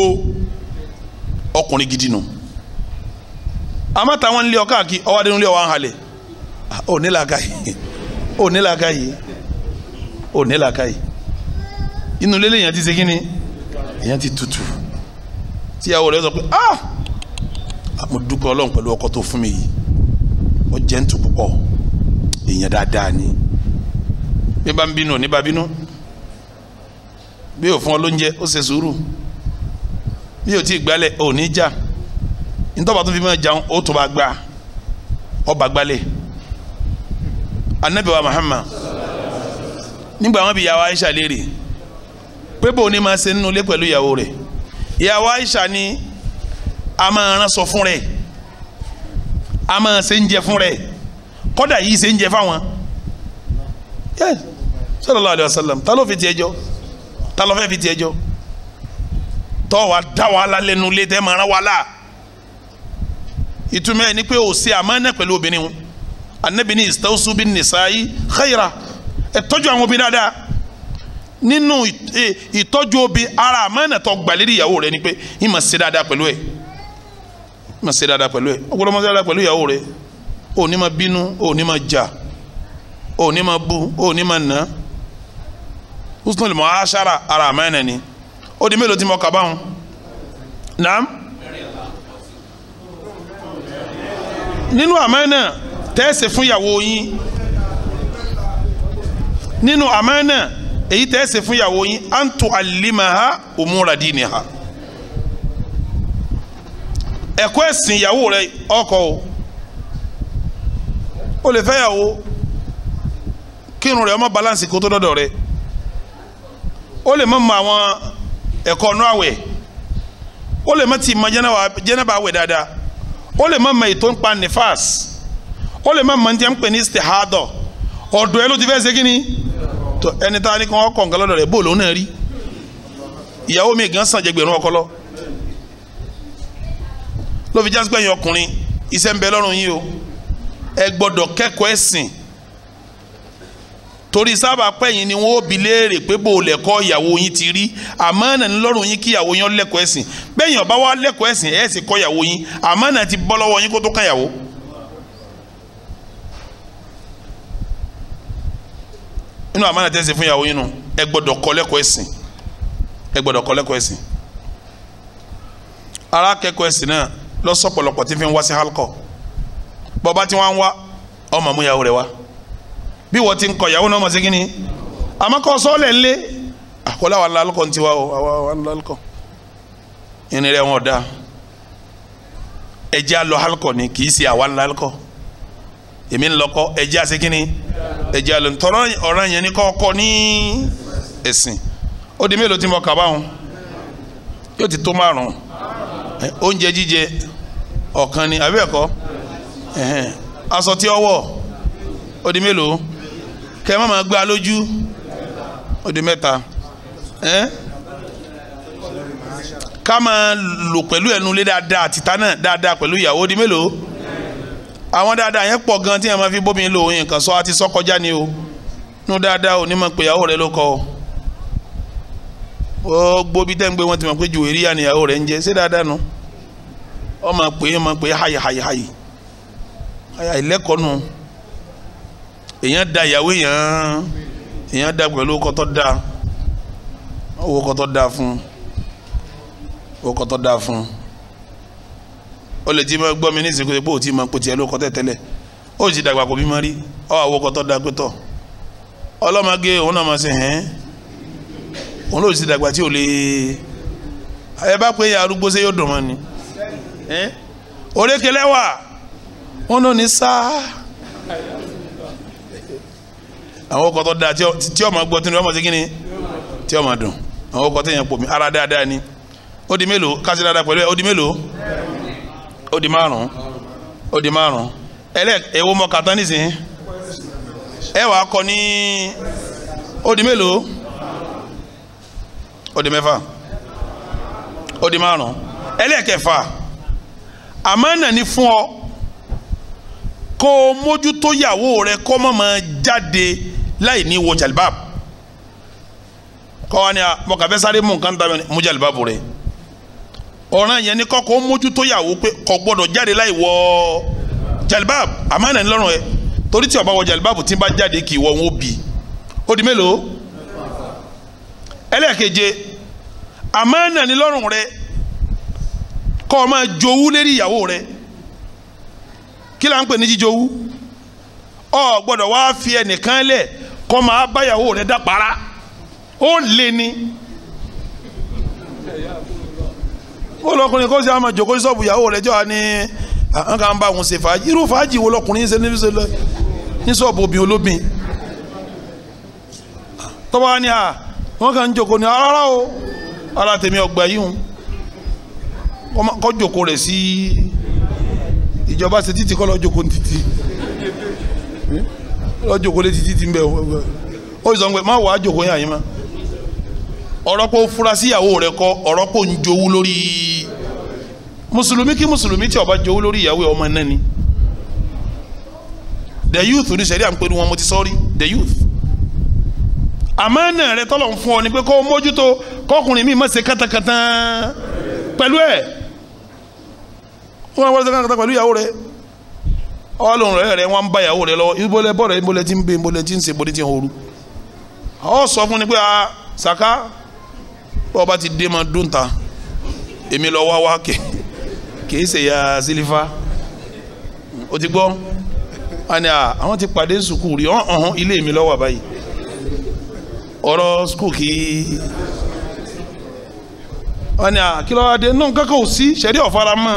ọkùnrin gidi nù àmọ́ táwọn ń lé ọ káàkiri ọwọ́ adé ń lé ọ wá ń ah, ní làákàyè ò ní làákàyè ò ní làákàyè inú lélẹ̀ èèyàn ti ṣe kíni èèyàn ti tutù tíyàwó rẹ̀ sọ pé ah mo dúpẹ́ ọlọ́run pẹ̀lú ọkọ tó fún mi yìí ó jẹ́ ntù púpọ̀ èèyàn dáadáa ni bí bá ń bínú ò ní bá bínú bí ò fún ọ lóúnjẹ ó ṣe sùúrù bí ò tí ì gbálẹ̀ ò ní jà ntọ́ba tó fi máa jàun ó tó bá gbà ọba gbálẹ̀ anabiwa Muhammad nígbà wọn bí ìyàwó Aisha léèrè pé bò ní máa ṣe nínú ilé pẹ̀lú ìyàwó rẹ̀ ìyàwó Aisha ni a máa rán sọ fún rẹ̀ a máa ṣe ń jẹ fún rẹ̀ kọ́dà yìí ṣe ń jẹ fáwọn yes sallallahu alayhi wa sallam ta ló fi tiẹ̀ jọ ta ló fẹ́ fi tiẹ̀ jọ tọ́ wa dá wàhálà lẹ́nu ilé tẹ́ máa rán wàhálà ìtumọ̀ ẹ̀ ni pé ó ṣe àmánà pẹ̀lú obìnrin wọn anabi ni istawsu bin nisa'i khayra ẹ tọ́jú àwọn obìnrin dáadáa nínú ìtọ́jú obìnrin ara àmọ́nà tó gbà lérí ìyàwó rẹ ni pé ìmọ̀ ṣe dáadáa pẹ̀lú ẹ̀ ìmọ̀ ṣe dáadáa pẹ̀lú ẹ̀ ọgbọ́dọ̀ mọ̀ ṣe dáadáa pẹ̀lú ìyàwó rẹ ò ní máa bínú ò ní máa jà ò ní máa bú ò ní máa nà husnul mu'ashara ara àmọ́nà ni ó di mélòó tí mo kà báwọn naam nínú àmọ́nà tẹ́ẹ̀sì fún ìyàwó yín nínú àmánà èyí tẹ́ ṣe fún ìyàwó yín à ń tu àlìmáha òmùra dínìha ẹ̀kọ́ ẹ̀sìn ìyàwó rẹ ọkọ o o lè fẹ́ ìyàwó kírun rẹ ọmọ balansi kó tó dọ́dọ̀ rẹ o lè má mọ àwọn ẹ̀kọ́ ọ̀nà àwẹ̀ o lè má ti mọ jẹ́nàbà àwẹ̀ dáadáa o lè má mọ ètò ń pa nifas o lè má mọ ní jẹ́ ń pè ní stihadọ̀ ọ̀dọ̀ ẹ ló ti fẹ́ ṣe kíni ẹni tá a ní kí wọ́n kọ̀ nǹkan lọ́dọ̀ rẹ̀ bó lòun náà rí ìyàwó mi gan san jẹgbẹ̀rún ọkọ lọ ló fi jásí pẹ̀yìn ọkùnrin iṣẹ́ ń bẹ lọ́rùn yín o ẹ gbọ́dọ̀ kẹ́kọ̀ọ́ ẹ̀sìn torí sábà pẹ̀yìn ni bi léèrè pé ìyàwó yín ti rí ní yín kí ìyàwó yín wa sì inú àmàlà tẹ́sí fún ìyàwó yín nu ẹ gbọ́dọ̀ kọ́ lẹ́kọ̀ọ́ ẹ̀sìn ẹ gbọ́dọ̀ kọ́ lẹ́kọ̀ọ́ ẹ̀sìn ara kẹ́kọ̀ọ́ ẹ̀sìn náà lọ́sọ̀pọ̀lọpọ̀ tí fi ń wá sí halkọ̀ bọ́ba tí wọ́n á ń wá ọmọ mú ìyàwó rẹ̀ wá bí wọ́n ti ń kọ ìyàwó náà mọ̀ sí kínní àmọ́ kọ́ sọ́ọ̀lẹ̀ ńlé àkọlé àwọn alálùkọ ni kì í ṣe èmi ń lọkọ ẹjẹ àsekínni ẹjẹ àlọ ntọrọ ọ̀ràn yẹn ní kọkọ ní ẹsìn ó di mélòó tí mo kà báwọn yóò ti tó márùn oúnjẹ jíjẹ ọ̀kan ni àbí ẹ̀kọ́ aṣọ tí ó wọ̀ ó di mélòó kẹ ẹ má máa gbá lójú ó di mẹ́ta ká máa lò pẹ̀lú ẹnu lé dáadáa àtìtá náà dáadáa pẹ̀lú ìyàwó ó di mélòó àwọn dáadáa yẹn pọ̀ gan tí yẹn máa fi bómi lò yẹn kàn sọ àti sọ kọjá ni o nú dáadáa ò ní mọ̀ pé ìyàwó rẹ ló kọ ọ gbóbi tẹ́ ń gbé wọn ti mọ̀ pé jùwèríyà ni ìyàwó rẹ ń jẹ ṣé dáadáa nu ọ máa pè é máa pè é hayi hayi hayi àìlẹ́kọ̀ọ́ nu èèyàn da ìyàwó èèyàn èèyàn da pẹ̀lú kọ́tọ́ da owó kọ́tọ́ da fún owó kọ́tọ́ da fún un ó lè ti máa gbọ́ mi ní ìsìnkú pé ó ti máa pò tiẹ̀ ló kọ́ tẹ́tẹ́lẹ̀ ó sì dàgbà kò bí mọ́ rí ọ́ àwòkọ́ tó da tọ̀ ọlọ́mọge òun náà máa ṣe hẹ́n òun ló sì dàgbà tí ò lè ẹ bá pé ya arúgbó ṣe yóò dùn mọ́ ni orékelẹ́ wà wọn náà ní sáà àwọn ọkọ̀ tó da tí ọmọ gbọ́ tí ọmọ ṣe kí ni tí ọmọ dùn àwọn ọkọ̀ yẹn pò mí ara dáadáa ni ó di mélòó kásìdáadáa pẹ̀lú ẹ ó di mélòó ó di márùn ó di márùn ẹlẹ èwo mọ kàtán nísìn ẹ wàá kọ ní ó di mélòó ó di mẹ́fà ó di márùn ẹlẹ́kẹfà àmánà ni fún ọ kó o mójútó yàwó rẹ kó má máa jáde láì ní wọ jalibab kọ́ wa ni a mọ̀kàfẹ́ sáré mú nǹkan tàbí mú jalibab rẹ ọ̀ràn yẹn ni kọ́kọ́ ó mójútó yàwó pé kò gbọ́dọ̀ jáde láì wọ jalibab àmánà ni lọ́rùn ẹ torí tí ó bá wọ jalibab tí ń bá jáde kì í wọ wọn ó bì í ó di mélòó ẹlẹ́ẹ̀keje àmánà ni lọ́rùn rẹ kọ́ ọ máa jowú lérí ìyàwó rẹ kí là ń pè ní jíjowú ọ gbọ́dọ̀ wá fi ẹnìkan lẹ̀ kọ́ máa báyàwó rẹ dápara ó lé ní bó lọkùnrin kó sì àmọ́ jòkó sọ́ọ̀bù ìyàwó rẹ̀ jọ́ ni àwọn ah, kan bá òun ṣe fàájì irú fàájì wo lọkùnrin ṣe ní sọ́ọ̀bù obìn olóbìn tọ́ba ni à wọ́n kàn ń jòkó ni ah, rárá o ara tèmi ọgbà yìí kọ́ jòkó rẹ̀ sí ìjọba ṣe títí kọ́ lọ́ọ́ jòkó títí lọ́ọ́ jòkó ọ̀rọ̀pọ̀ pé ó fura sí ìyàwó rẹ̀ ń jowú lórí mùsùlùmí kí mùsùlùmí tí ọba bá jowú lórí ìyàwó ọmọ náà ni the youth ní sẹ́rí à ń pè wọn ti sọ́ọ́rí the youth àmánà rẹ tọ́lọ̀ ń fún ọ ni pé kó mójútó kọkùnrin mi ṣe kátàkátà pẹ̀lú ẹ̀ wọ́n ṣe kátàkátà pẹ̀lú ìyàwó ọlọ́run wọ́n ń bá ìyàwó lọ ìbólẹ̀ ìbólẹ̀ ń ìbólẹ̀ ń ṣe ìbólẹ̀ ń horu sọ fún ni pé ah, a bọ́ọ̀ bá ti dé ma dùn tán èmi lọ wá wá kè kì í ṣe ya sílífà o ti gbọ́ àni àwọn ti pàdé sùkúù rí ọ̀hún ilé mi lọ́wọ́ àbáyé ọ̀rọ̀ sùkúù kì í àni àkìlọ̀ adé náà kankan ò sí ṣẹ̀dí ọ̀fara mọ́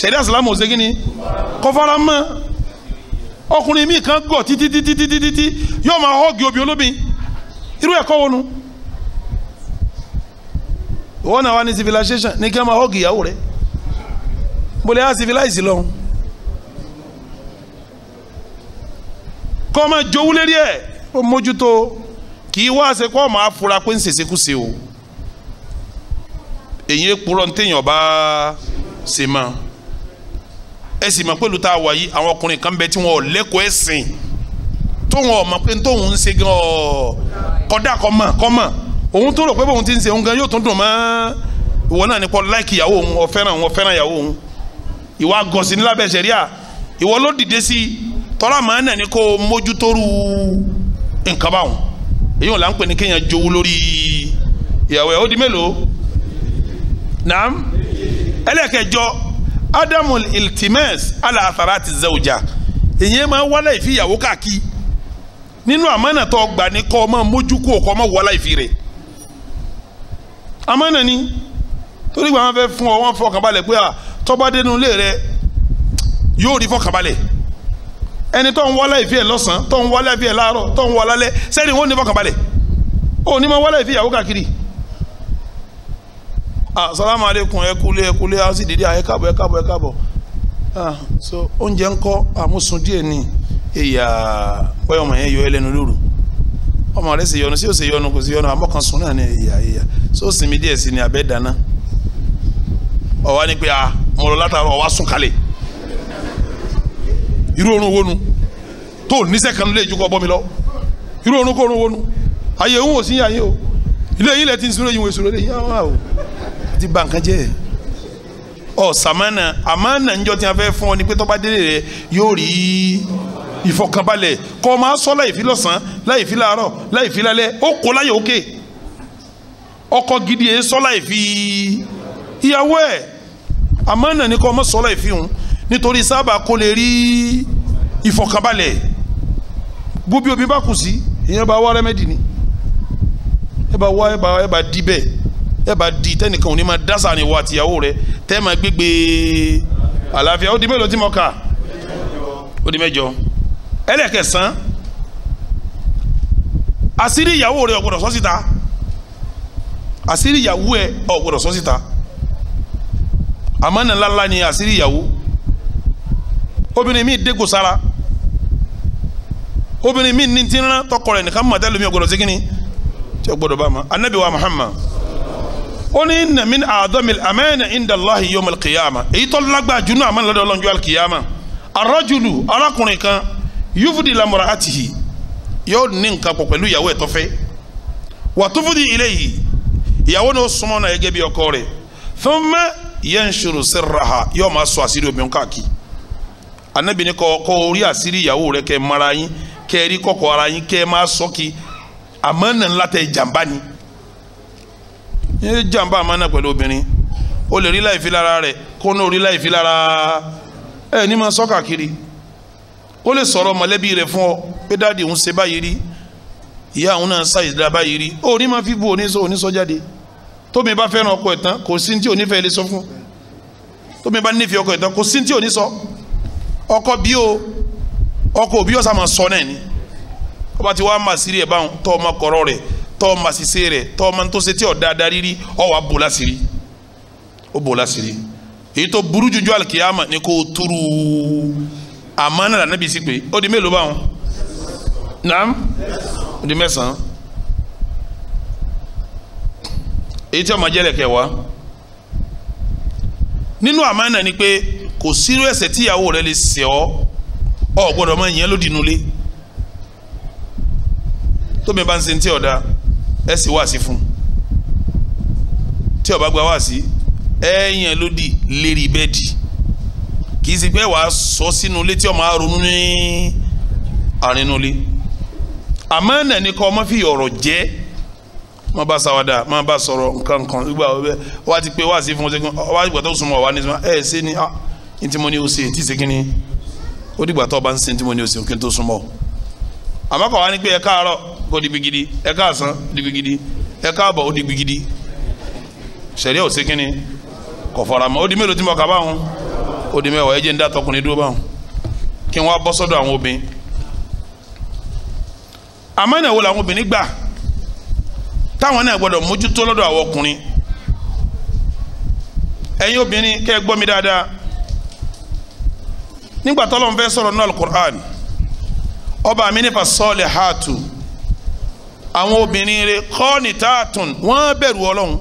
ṣẹ̀dí àsìlámù ò ṣe kí ni kọ́fara mọ́ ọkùnrin mi kan gọ̀ títí títí títí yóò máa họ́ọ̀gì obì olóbi irú ẹ̀kọ́ wọnú wọn náà wà ní civilization ní kí wọn máa hógi ìyàwó rẹ bọ́lẹ̀ á civilize lọ. kọ́ máa jowú lérí ẹ̀ ó mójútó kì í wá ṣe kọ́ máa fura pé ń ṣèṣekúṣe o èyí kúrọ̀ ní téèyàn bá ṣe mọ́ ẹ sì mọ̀ pé tá a wà yìí àwọn ọkùnrin kan bẹ tí wọn ò lẹ́kọ̀ọ́ ẹ̀sìn tó wọn ò mọ̀ pé tóun ń ṣe gan ọ̀ kọ́dà kọ́ mọ̀ kọ́ mọ̀ òun tó rò pé bóun ti ń ṣe òun gan yóò tún dùn mọ́ ìwọ náà nípa láìkì ìyàwó òun ó fẹ́ràn òun ó fẹ́ràn ìyàwó òun ìwà agọ̀sí ní lábẹ́ sẹ̀ríà ìwọ ló dìde sí tọ́lá màá nà ní kó mójútóru nǹkan báwọn èyí wọn là ń pè ní kéèyàn jowú lórí ìyàwó ẹ̀ ó di mélòó naam ẹlẹ́kẹjọ adamul iltimes ala atharati zawja ìyẹn máa wálé ìfi ìyàwó káàkiri nínú àmánà tó gbà ní kọ́ ọ mójú kó o kọ́ ọ ìfi rẹ̀ amánà ni torí pé àwọn fẹ́ fún ọ wọ́n fọkànbalẹ̀ pé à tọ́ba dénú ilé rẹ yóò rí fọkànbalẹ̀ ẹni tó ń wá láìfi ẹ̀ lọ́sàn-án tó ń wá láìfi ẹ̀ láàárọ̀ tó ń wá lálẹ́ sẹ́ni wọ́n ní fọkànbalẹ̀ ó ní ma wá láìfi ìyàwó káàkiri asalaamu aleykum ẹ kúlé ẹ kúlé a sì dìde ẹ káàbọ̀ ẹ káàbọ̀ ẹ káàbọ̀ so oúnjẹ ńkọ́ àmúsun díẹ̀ ni èyà pẹ́ ọmọ yẹn yọ ẹ lẹ́nu lóru ọmọ rẹ ṣe yọnu sí ò ṣe yọnu kò sí yọnu àmọ́ kan sùn náà ní ìyá ìyá so sinmi díẹ̀ sí ni abẹ́ dáná ọ̀wá ni pé a ah, mo lọ látara ọ̀wá sùn kalẹ̀ irú oorun wo tó níṣẹ́ kan lè ju kọ́ bọ́ mi lọ irú oorun kó oorun wo nu ayé òun ò sí ayé o ilé yìí lẹ ti ń sùn lóyún ìṣòro lè yá wà o ti ba nǹkan jẹ́ ọ sàmánà àmánà níjọ́ tí a fẹ́ fún ọ ni pé tọ́ba délé rẹ yóò rí i ìfọ̀kànbalẹ̀ kọ́ máa sọ láì fi lọ́sàn-án láì fi láàárọ̀ láì fi lálẹ́ ó kó láyè òkè ọkọ gidi yẹn sọ láì fi ìyàwó ẹ̀ àmọ́ náà ni kọ́ ọmọ sọ láì fi hùn nítorí sábà kó lè rí ìfọ̀kànbalẹ̀ bóbi omi bá kù sí ìyẹn bá wá rẹ́mẹ́dì ni ẹ bá wá ẹ bá ẹ bá di bẹ́ẹ̀ ẹ bá di tẹnìkan ò ní máa dásà ni wà tìyàwó rẹ tẹ́ máa gbégbé àlàáfíà ó di mélòó tí mo kà ó di mẹ́jọ ẹlẹ́kẹsàn àṣírí ìyàwó rẹ ò gbọdọ̀ asiri síta àṣírí ìyàwó ẹ ò gbọdọ̀ sọ síta ni asiri ìyàwó obìnrin mi dégo sára obìnrin mi ní ti rán tọkọ rẹ̀ nìkan mọ̀tẹ́ lómi ò sí kínní tí ò bá ma anabi Muhammad oni ní inna min a'dhamil amana inda Allahi yawm al-qiyamah èyí tó lágbàá junu àmánà lọ́dọ̀ ọlọ́njọ́ al-qiyamah kan yúfúdi lamọ̀ra àtìhì yóò ní nǹkan pọ̀ pẹ̀lú ìyàwó ẹ̀ tọ́fẹ́ wà tó fúdi ilé yìí ìyàwó ni ó súnmọ́ náà gẹ́gẹ́ bí ọkọ rẹ̀ thumma yanshuru sirraha yóò máa sọ àṣírí obìnrin káàkiri anabi kọ kọ orí àṣírí ìyàwó rẹ̀ kẹ́ mara yín kẹ́ rí kọ̀kọ̀ ara yín kẹ́ máa sọ kí àmọ́ nà ńlá tẹ jàmbá ni jàmbá àmọ́ nà pẹ̀lú obìnrin o lè rí láì fi lára rẹ̀ kó ní orí láì fi lára ẹ̀ ní máa sọ káàkiri ó lè sọ̀rọ̀ mọ̀lẹ́bí rẹ̀ fún ọ pé dáàdi òun ṣe báyìí rí ìyá òun náà ṣàyè dá báyìí rí ó rí máa fi bu oníṣọ oníṣọ jáde tómi bá fẹ́ràn ọkọ ẹ̀ tán kò sí tí onífẹ́ lè sọ fún tómi bá nífẹ̀ẹ́ ọkọ ẹ̀ tán kò sí tí oníṣọ ọkọ bí o ọkọ òbí ọ̀sà máa sọ náà ni ó bá ti wá máa sírí ẹ̀ báwọn tọ́ ọmọ kọ̀rọ̀ rẹ̀ tọ́ ọmọ àṣìṣe rẹ̀ tọ́ ọmọ tó ṣe tí ọ̀dà adarí rí ọ̀wà bò láṣìírí ó bò láṣìírí èyí tó burú jùjọ àlùkìyàmà ni kò túrú Amana la nábì sí pé ó di mélòó báwọn naam ó di mẹ́sàn-án èyí tí ọmọ jẹ́lẹ̀ kẹwàá nínú àmánà ni pé kò sírú ẹ̀ṣẹ̀ tíyàwó rẹ lè ṣẹ̀ ọ́ ọ gbọ́dọ̀ máa yẹn ló dínú lé tómi bá ń ṣe tí ọ̀dà ẹ sì wá sí fún tí ó bá gba wá sí ẹ yẹn ló dì lérí bẹ́ẹ̀dì kì í ṣe pé wàá sọ sínú ilé tí ọmọ aronú ní àrínú àmọ́ ẹ̀nà ni kọ́ ọmọ fi ọ̀rọ̀ jẹ́ má bá ṣàwàdà má bá sọ̀rọ̀ nǹkan kan gbígbà wá ti pé wá sí fún ọsẹ́gun wá ti gbà tó súnmọ́ wá ní sọ́mọ́ ẹ̀ ṣe ni ah, ní tí mo ní o ṣe tí ì ṣe kí ni ó dìgbà tó bá ń ṣe ní tí mo ní o kí n tó súnmọ́ àmọ́ kọ̀ wá ní pé ẹ káàárọ̀ kó dibi gidi ẹ káàsán dibi gidi ẹ káàbọ̀ ó dibi gidi sẹ̀rí ò ṣe kí ni kọ̀ fọ̀rọ̀ àmọ́ ó di mélòó tí mo kà ó di mẹ́wàá ẹ jẹ́ ń dá tọkùnrin dúró báwọn kí wọ́n á bọ́ sọ́dọ̀ àwọn obìnrin àmánà wo làwọn obìnrin gbà táwọn náà gbọ́dọ̀ mójútó lọ́dọ̀ àwọn ọkùnrin ẹ̀yin obìnrin kẹ́ ẹ gbọ́ mi dáadáa nígbà tọ́lọ́run fẹ́ sọ̀rọ̀ nínú alukur'an ọba mi nípa sọ́ọ̀lì hàtù àwọn obìnrin rẹ̀ kọ́ọ̀nì tààtùn wọ́n bẹ̀rù ọlọ́run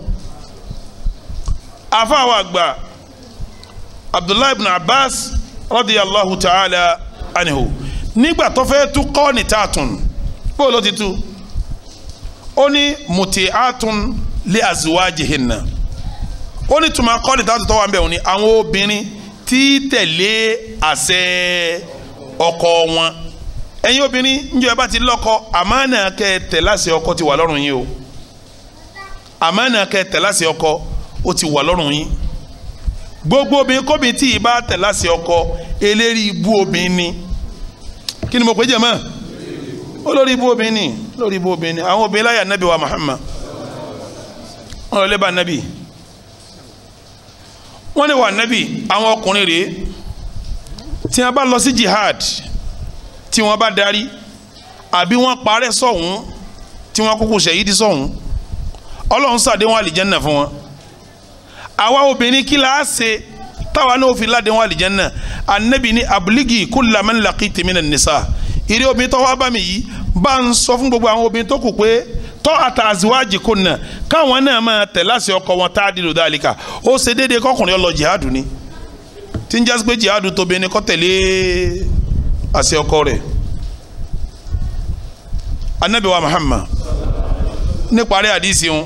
àfáwọn àgbà abdullahi ibn abbas radiyallahu ta'ala anhu nígbà tó fẹ́ tú kọ́ọ̀nì tààtùn bó ló ti tú ó ní azuwa li hinna ó ní tuma kọ́ọ̀nì tààtùn tó wà ń bẹ̀ wọ́n ni àwọn obìnrin tí tẹ̀lé àṣẹ ọkọ wọn ẹ̀yin obìnrin ẹ ti lọ́kọ àmánà kẹ́ tẹ̀ láṣẹ ọkọ ti wà lọ́rùn o gbogbo obìnrin kóbi tí ì bá tẹ̀ láṣẹ ọkọ eléri ibú obìnrin ni kí ni mo pè jẹ́ mọ́ olórí ibú obìnrin ni olórí ibú obìnrin ni àwọn obìnrin láyà nàbí wa Muhammad wọn lọ lẹ́bàá nàbí wọn lè wà nàbí àwọn ọkùnrin rèé tí wọn bá lọ sí jihad tí wọn bá darí àbí wọn parẹ́ sọ̀hún tí wọn kúkú ṣèyí di sọ̀hún ọlọ́run sàdéhùn àlìjẹ́nà fún wọn àwa obìnrin kí la á ṣe táwa náà fi ládéhùn àlìjẹ́nà anabi ní abuligi kulla man laqiti minan nisa ìrí obìnrin tó wá bá mi yìí bá ń sọ fún gbogbo àwọn obìnrin tó kù pé tọ́ àtàzíwájì kò nà káwọn náà máa tẹ̀ láti ọkọ wọn tá a dìlò dáàlíkà ó ṣe déédéé kọkùnrin ọlọ jihadu ni tí ń jásí pé jihadu tóbi ni kọ́ tẹ̀lé àṣẹ ọkọ rẹ̀ anabi wa Muhammad níparí àdìsí wọn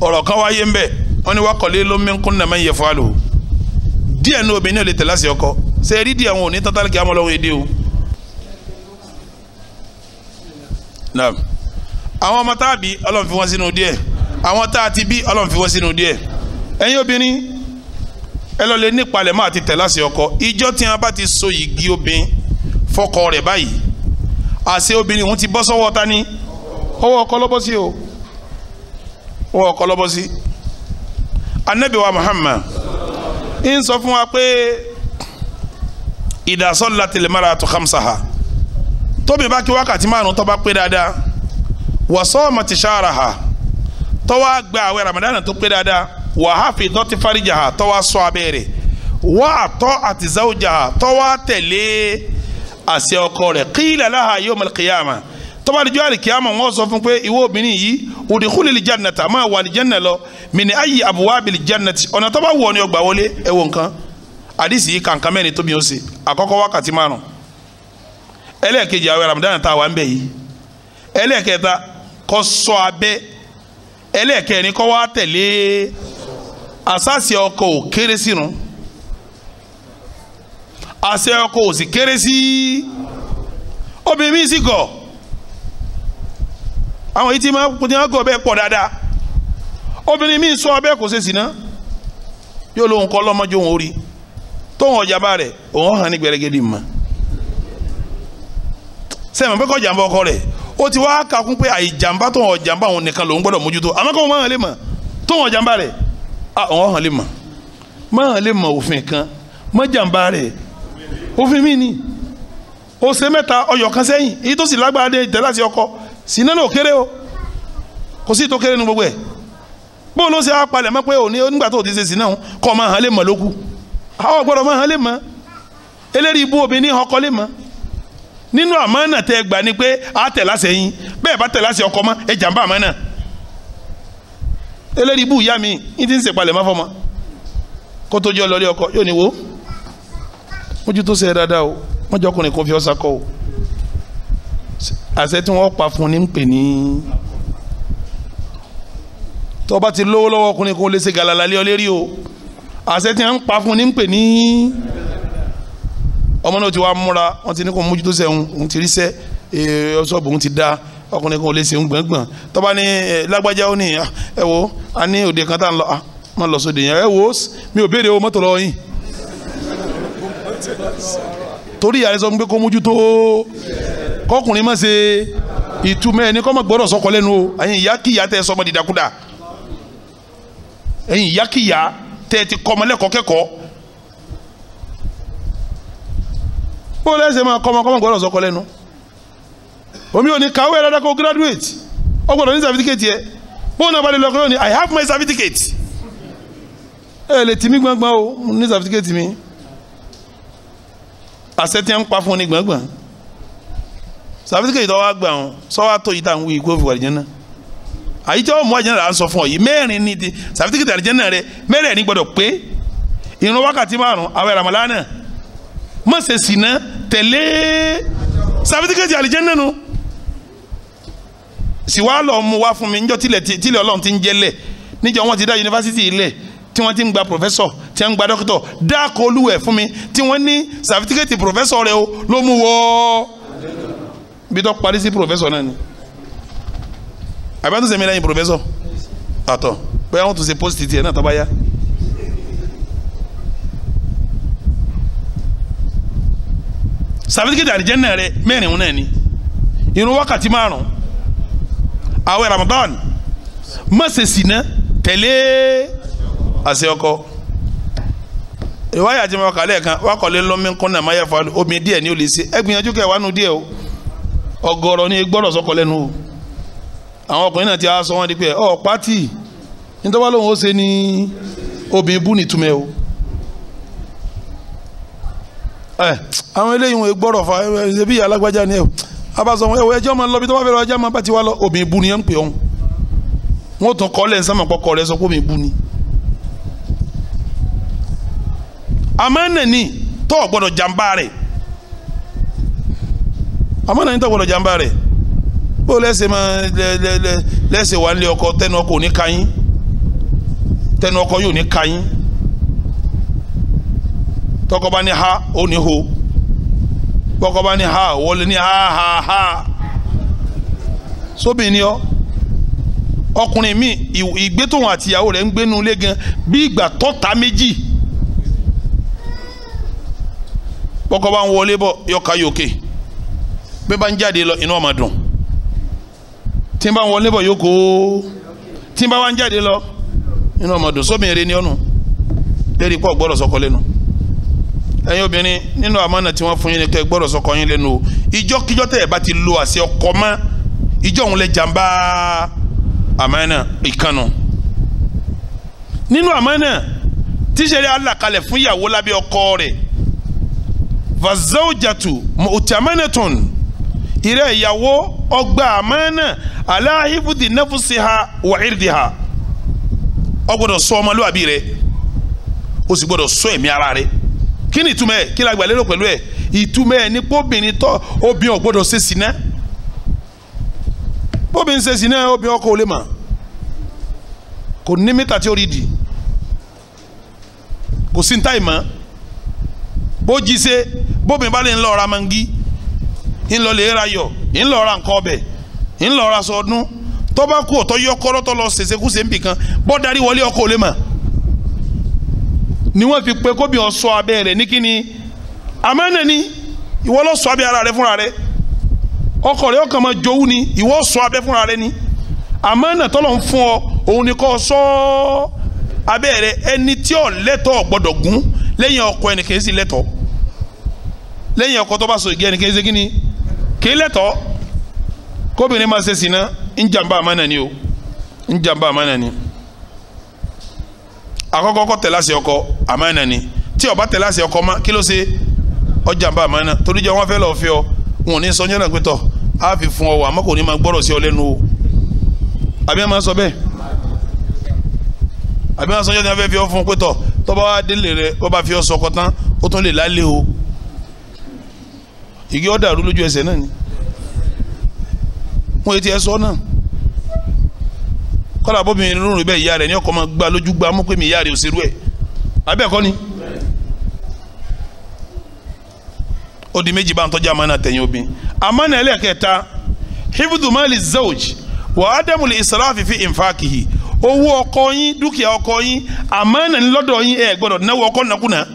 ọ̀rọ̀ kan wáyé ń bẹ̀ wọ́n ní wá kọ́lé lómi kún nàmá yẹ fọ́ àlò díẹ̀ ní obìnrin ò lè tẹ̀lé àṣẹ ọkọ ṣe rí díẹ̀ wọn ò ní tọ́tàlì kí amọ̀lọ́wọ́ èdè o. àwọn ọmọ tá a bí ọlọ́run fi wọ́n sínú díẹ̀ àwọn tá a ti bí ọlọ́run fi wọ́n sínú díẹ̀ ẹ̀yin obìnrin ẹ lọ lè nípalẹ̀ máa ti tẹ̀lé àṣẹ ọkọ ìjọ tí wọn bá ti so yìgì obìnrin fọkọ rẹ̀ báyìí àṣẹ obìnrin òun ti bọ́ sọ́wọ́ ta ni ọwọ́ ọkọ lọ́bọ́ o wọn ọkọ lọ́bọ́ sí anabi wa muhammad ń sọ fún wa pé ìdásọ́lá tẹlẹmára tó khamsaha tóbi bá kí wákàtí márùn tó bá pé dáadáa wà sọ́ọ̀mù ti ṣáàrà ha tọ́wọ́ gba àwẹ̀ ramadan tó pé dáadáa wà hafi farijà ha tọ́wọ́ sọ abẹ́rẹ́ wà àtọ́ àti ha tọ́wọ́ tẹ̀lé àṣẹ ọkọ rẹ̀ kílẹ̀ láha yawmal qiyamah tọ́ba àdìjọ́ àlìkíyàmọ̀ wọ́n sọ fún pé ìwọ obìnrin yìí udkhulil jannata máa wà àlìjẹ́nà lọ min ayyi abwabil jannati ọ̀nà tọ́ba wọ̀ ni ọgbà wọlé ẹ wo nǹkan àdìsí yìí kàǹkà mẹ́rin tóbi ó ṣe àkọ́kọ́ wákàtí márùn ẹlẹ́ẹ̀kejì àwẹ̀ Ramadan tá a wà ń bẹ̀ yìí ẹlẹ́ẹ̀kẹta kó ṣọ́ abẹ́ ẹlẹ́ẹ̀kẹrin kó wá àwọn yìí tí máa kú tí wọ́n gọ̀ bẹ́ẹ̀ pọ̀ dáadáa obìnrin míì sọ bẹ́ẹ̀ kò ṣe sì ná yóò lóun kọ́ lọ́mọdé òun orí tóun ọjà bá rẹ̀ òun hàn ní gbẹrẹgẹdì mọ́ sẹ́mi pé kọ́ jàǹbá ọkọ rẹ̀ ó ti wá kakún pé àìjàǹbá tóun ọ̀jàǹbá òun nìkan lòun gbọ́dọ̀ mójútó àmọ́ kóun máa hàn lè mọ̀ tóun ọ̀jàǹbá rẹ̀ àwọn hàn lè mọ̀ máa hàn lè mọ̀ òfin kan mọ́ jàǹbá rẹ̀ òfin mi ni ó ṣe mẹ́ta ọyọ̀ kan sẹ́yìn èyí tó sì lágbára dé ìtẹ́lá sí ọkọ sì náà ò kéré o kò sí tó kéré nu gbogbo ẹ̀ bóun ló ṣe á palẹ̀ mọ́ pé òní nígbà tó ti ṣe sí náà kọ́ ọ máa hàn lè ma lókù àwọn gbọ́dọ̀ máa hàn lè mọ̀ eléyìí ibú obìnrin ọkọ le ma nínú tẹ gbà ni pé a tẹ̀ yín bẹ́ẹ̀ bá tẹ̀ ọkọ mọ́ ẹ eléyìí mi ti ń mọ́ fọmọ kó tó ọkọ yóò ní wo mójútó ṣe dáadáa o mọ́jọ́kùnrin kò fi sakọ o. àṣẹ tí wọ́n pa fún ni ń pè ní tó bá ti lówó lọ́wọ́ ọkùnrin kò lè ṣe gàlàlà lé ọ o àṣẹ tí wọ́n pa fún ni ń pè ní ọmọ náà ti wá múra wọ́n ti ní kó mójútó sẹ́hun òun ti rí sẹ́ ọ̀ṣọ́ọ̀bù eh, òun ti dá ọkùnrin kò lè ṣe ń gbọ̀ngbọ̀n tó bá eh, lágbájá ó ní ah, ẹ wo a ní òde kan tá à ń lọ ah, máa lọ sóde yẹn ẹ wo mi ò béèrè owó mọ́tò lọ́wọ́ yìí torí ìyá rẹ sọ pé kó mójútó kọkùnrin ma ṣe ìtumọ̀ ẹni kọ́ ma gbọ́dọ̀ sọkọ o ẹ̀yin ìyá kíyà sọmọ dìdàkudà ẹ̀yin ìyá kíyà tẹ́ ti kọ́mọ lẹ́kọ̀ọ́ kẹ́kọ̀ọ́ bó lẹ́sẹ̀ ma kọ́mọ gbọ́dọ̀ sọkọ lẹ́nu omi ò ní o rárá kó graduate ó gbọ́dọ̀ ní certificate yẹ bó lè ní I have my certificate ẹ lè o ní certificate mi àṣẹ tí wọ́n pa fún ọ ní sàfisikẹ́ ìtọ́ wa gbà wọn sọ́wọ́ tó yìí tá à ń wí kó fi wà lìjẹ́ náà àyí tí wọ́n mú àjẹ́ náà sọ fún ọ yìí mẹ́rin ní ti sàfisikẹ́ àlìjẹ́ náà rẹ mẹ́rin ẹ̀ ní pé ìrun wákàtí márùn àwẹ̀ ramadana má ṣe sìnà tẹ̀lé sàfisikẹ́ àlìjẹ́ náà nu sì wá lọ mú wá fún mi níjọ́ tílẹ̀ ọlọ́run ti ń jẹ́lẹ̀ níjọ́ wọn ti dá yunifásitì ilẹ̀ tí wọ́n ti ń gba pòfẹ́sọ̀ tí wọ́n ń gba dókítọ̀ dáàkọ́ olúwẹ̀ fún mi tí wọ́n ní sàfitikẹ́tì pòfẹ́sọ̀ rẹ o ló mú wọ́ọ́ bí tó parí sí professor náà ni àbí wọn tún ṣe mí lẹ́yìn professor àtọ̀ bóyá wọn tún ṣe post tiẹ̀ náà tó bá yá. sàbítíkì dàríjẹ́ náà rẹ mẹ́rin wọn náà ni irun wákàtí márùn àwẹ̀ Ramadan má ṣe sìnà tẹ̀lé àṣẹ ọkọ ìwáyà jẹ́ mi wákàlẹ́ kan wákọ̀lẹ́ lọ́mí kọ́nà máyà fàlù omi díẹ̀ ni ó lè ṣe ẹ gbìyànjú kẹ́ wánú díẹ̀ o ọ̀gọ̀rọ̀ ni gbọ́dọ̀ sọkọ lẹ́nu o àwọn ọkùnrin náà ti á sọ wọn di pé ọ pátì nítorí wọn ó ṣe ní obìnrin bú nìtumẹ o ẹ àwọn eléyìí wọn gbọ́dọ̀ fa ẹ bí alágbájá ni ẹ o abazọ wọn ẹ wọ ẹjọ máa ń lọ bí tó bá fẹ́ lọ ẹjọ máa bá ti wá lọ obìnrin bú ni ẹ ń pè ọ́n wọn tún kọ́ lẹ́yìn sọ́mọ̀ pọ́kọ rẹ sọ pé obìnrin bú ni àmọ́ ẹ̀ nẹ̀ ni tọ́ ọ̀ gbọ́dọ̀ jàǹbá rẹ̀ àmọ́ náà nítorí gbọ́dọ̀ jàǹbá rẹ̀ bó lẹ́sẹ̀ máa lẹ́sẹ̀ wà nílé ọkọ tẹnu ọkọ ò ní ka yín tẹnu ọkọ yóò ní ka tọkọ bá ní ha ó ní ho bọkọ bá ní ha wọlé ní ha ha ha sóbì ni ọ ọkùnrin mi ìgbé tóun àtìyàwó rẹ̀ ń gbénu lé gan bí ìgbà tọ́ta méjì bọkọ bá ń wọlé bọ̀ yọka Okay bẹ́ẹ̀ bá ń jáde lọ inú ọmọ dùn tí n bá ń wọlé bọ̀ yóò kó tí n bá wá ń jáde lọ inú ọmọ dùn sóbìnrin ni ọ̀nù lérí pọ̀ gbọ́dọ̀ sọkọ lẹ́nu ẹ̀yin obìnrin nínú àmọ́nà tí wọ́n fún yín ni kẹ́ gbọ́dọ̀ sọkọ yín lẹ́nu o ìjọ́kíjọ́ tẹ̀ bá ti lo àṣẹ ọkọ mọ́ ìjọ òun lẹ jàǹbá àmọ́nà ìkànnù nínú àmọ́nà tíṣẹ̀rẹ́ alákalẹ̀ fún ìyàwó lábẹ́ ọkọ rẹ̀ vazawjatu mu'tamanatun ìrẹ́ ìyàwó ọgbà ọ gbọ́dọ̀ ṣọ́ ọmọlúwàbí rẹ o sì gbọ́dọ̀ ṣọ́ ẹ̀mí ara rẹ kí ni ìtumọ̀ kí la gbà lérò pẹ̀lú ẹ̀ ìtumọ̀ ẹ̀ ní tọ́ obìnrin ò gbọ́dọ̀ ṣe sìná ṣe ọkọ ò lè mà kò ní mítà tí ó rí di kò sí ní mọ́ bó jí ṣe bóbìnrin bá lè ń ńlọ lè ra yọ ńlọ ra nǹkan ọbẹ̀ ńlọ ra sọ ọdún tó kú ọ̀tọ́ yọ kọ́rọ́ tó lọ ṣèṣekúṣe ń bì kan bọ́ darí wọlé ọkọ̀ ò lè ni wọ́n fi pe kóbi ọsọ abẹ́ rẹ̀ ní kíni amẹ́nẹ̀ ni ìwọ lọ sọ abẹ́ ara rẹ fúnra rẹ ọkọ̀ rẹ ọkàn máa jowú ni ìwọ sọ abẹ́ fúnra rẹ ni amẹ́nẹ̀ tọlọ ń fún ọ òun ni kọ́ sọ abẹ́ rẹ ẹni tí ò lẹ́tọ̀ọ́ gbọ́dọ̀ gún lẹ́yìn ọkọ ẹnì kìí sí lẹ́tọ̀ọ́ ọkọ tọba sọ so ìgé ẹnì kìí kíni kìí lẹ́tọ̀ kóbìnrin máa ṣe sìnà ń jàǹbá ni o ń jàǹbá ni àkọ́kọ́ kó ọkọ àmánà ni tí ọba bá ọkọ má kí ló ṣe ó jàǹbá àmánà torí jẹ́ wọ́n fẹ́ lọ́ọ́ fi ọ wọn ò ní sọ á fi fún ọ wà kò ní fi ọ fún tọ́ba wa délé igi ó dàrú lójú ẹsẹ̀ náà ni wọ́n ti ẹ sọ náà kọ́lá bóbìnrin rúnrún bẹ́ẹ̀ ìyá rẹ̀ ní ọkọ̀ máa gba lójú gba mú pé mi ìyá rẹ̀ ò serú ẹ̀ abẹ́ẹ̀kọ́ ni ó di méjì bá ń tọ́jú amánà tẹ̀yìn obìnrin amánà ẹlẹ́kẹta hifudhu mali zawj wa adamu li israfi fi infakihi owó ọkọ yín dúkìá ọkọ yín amánà ńlọ́dọ̀ yín ẹ̀ gbọ́dọ̀ náwó ọkọ nàkúnà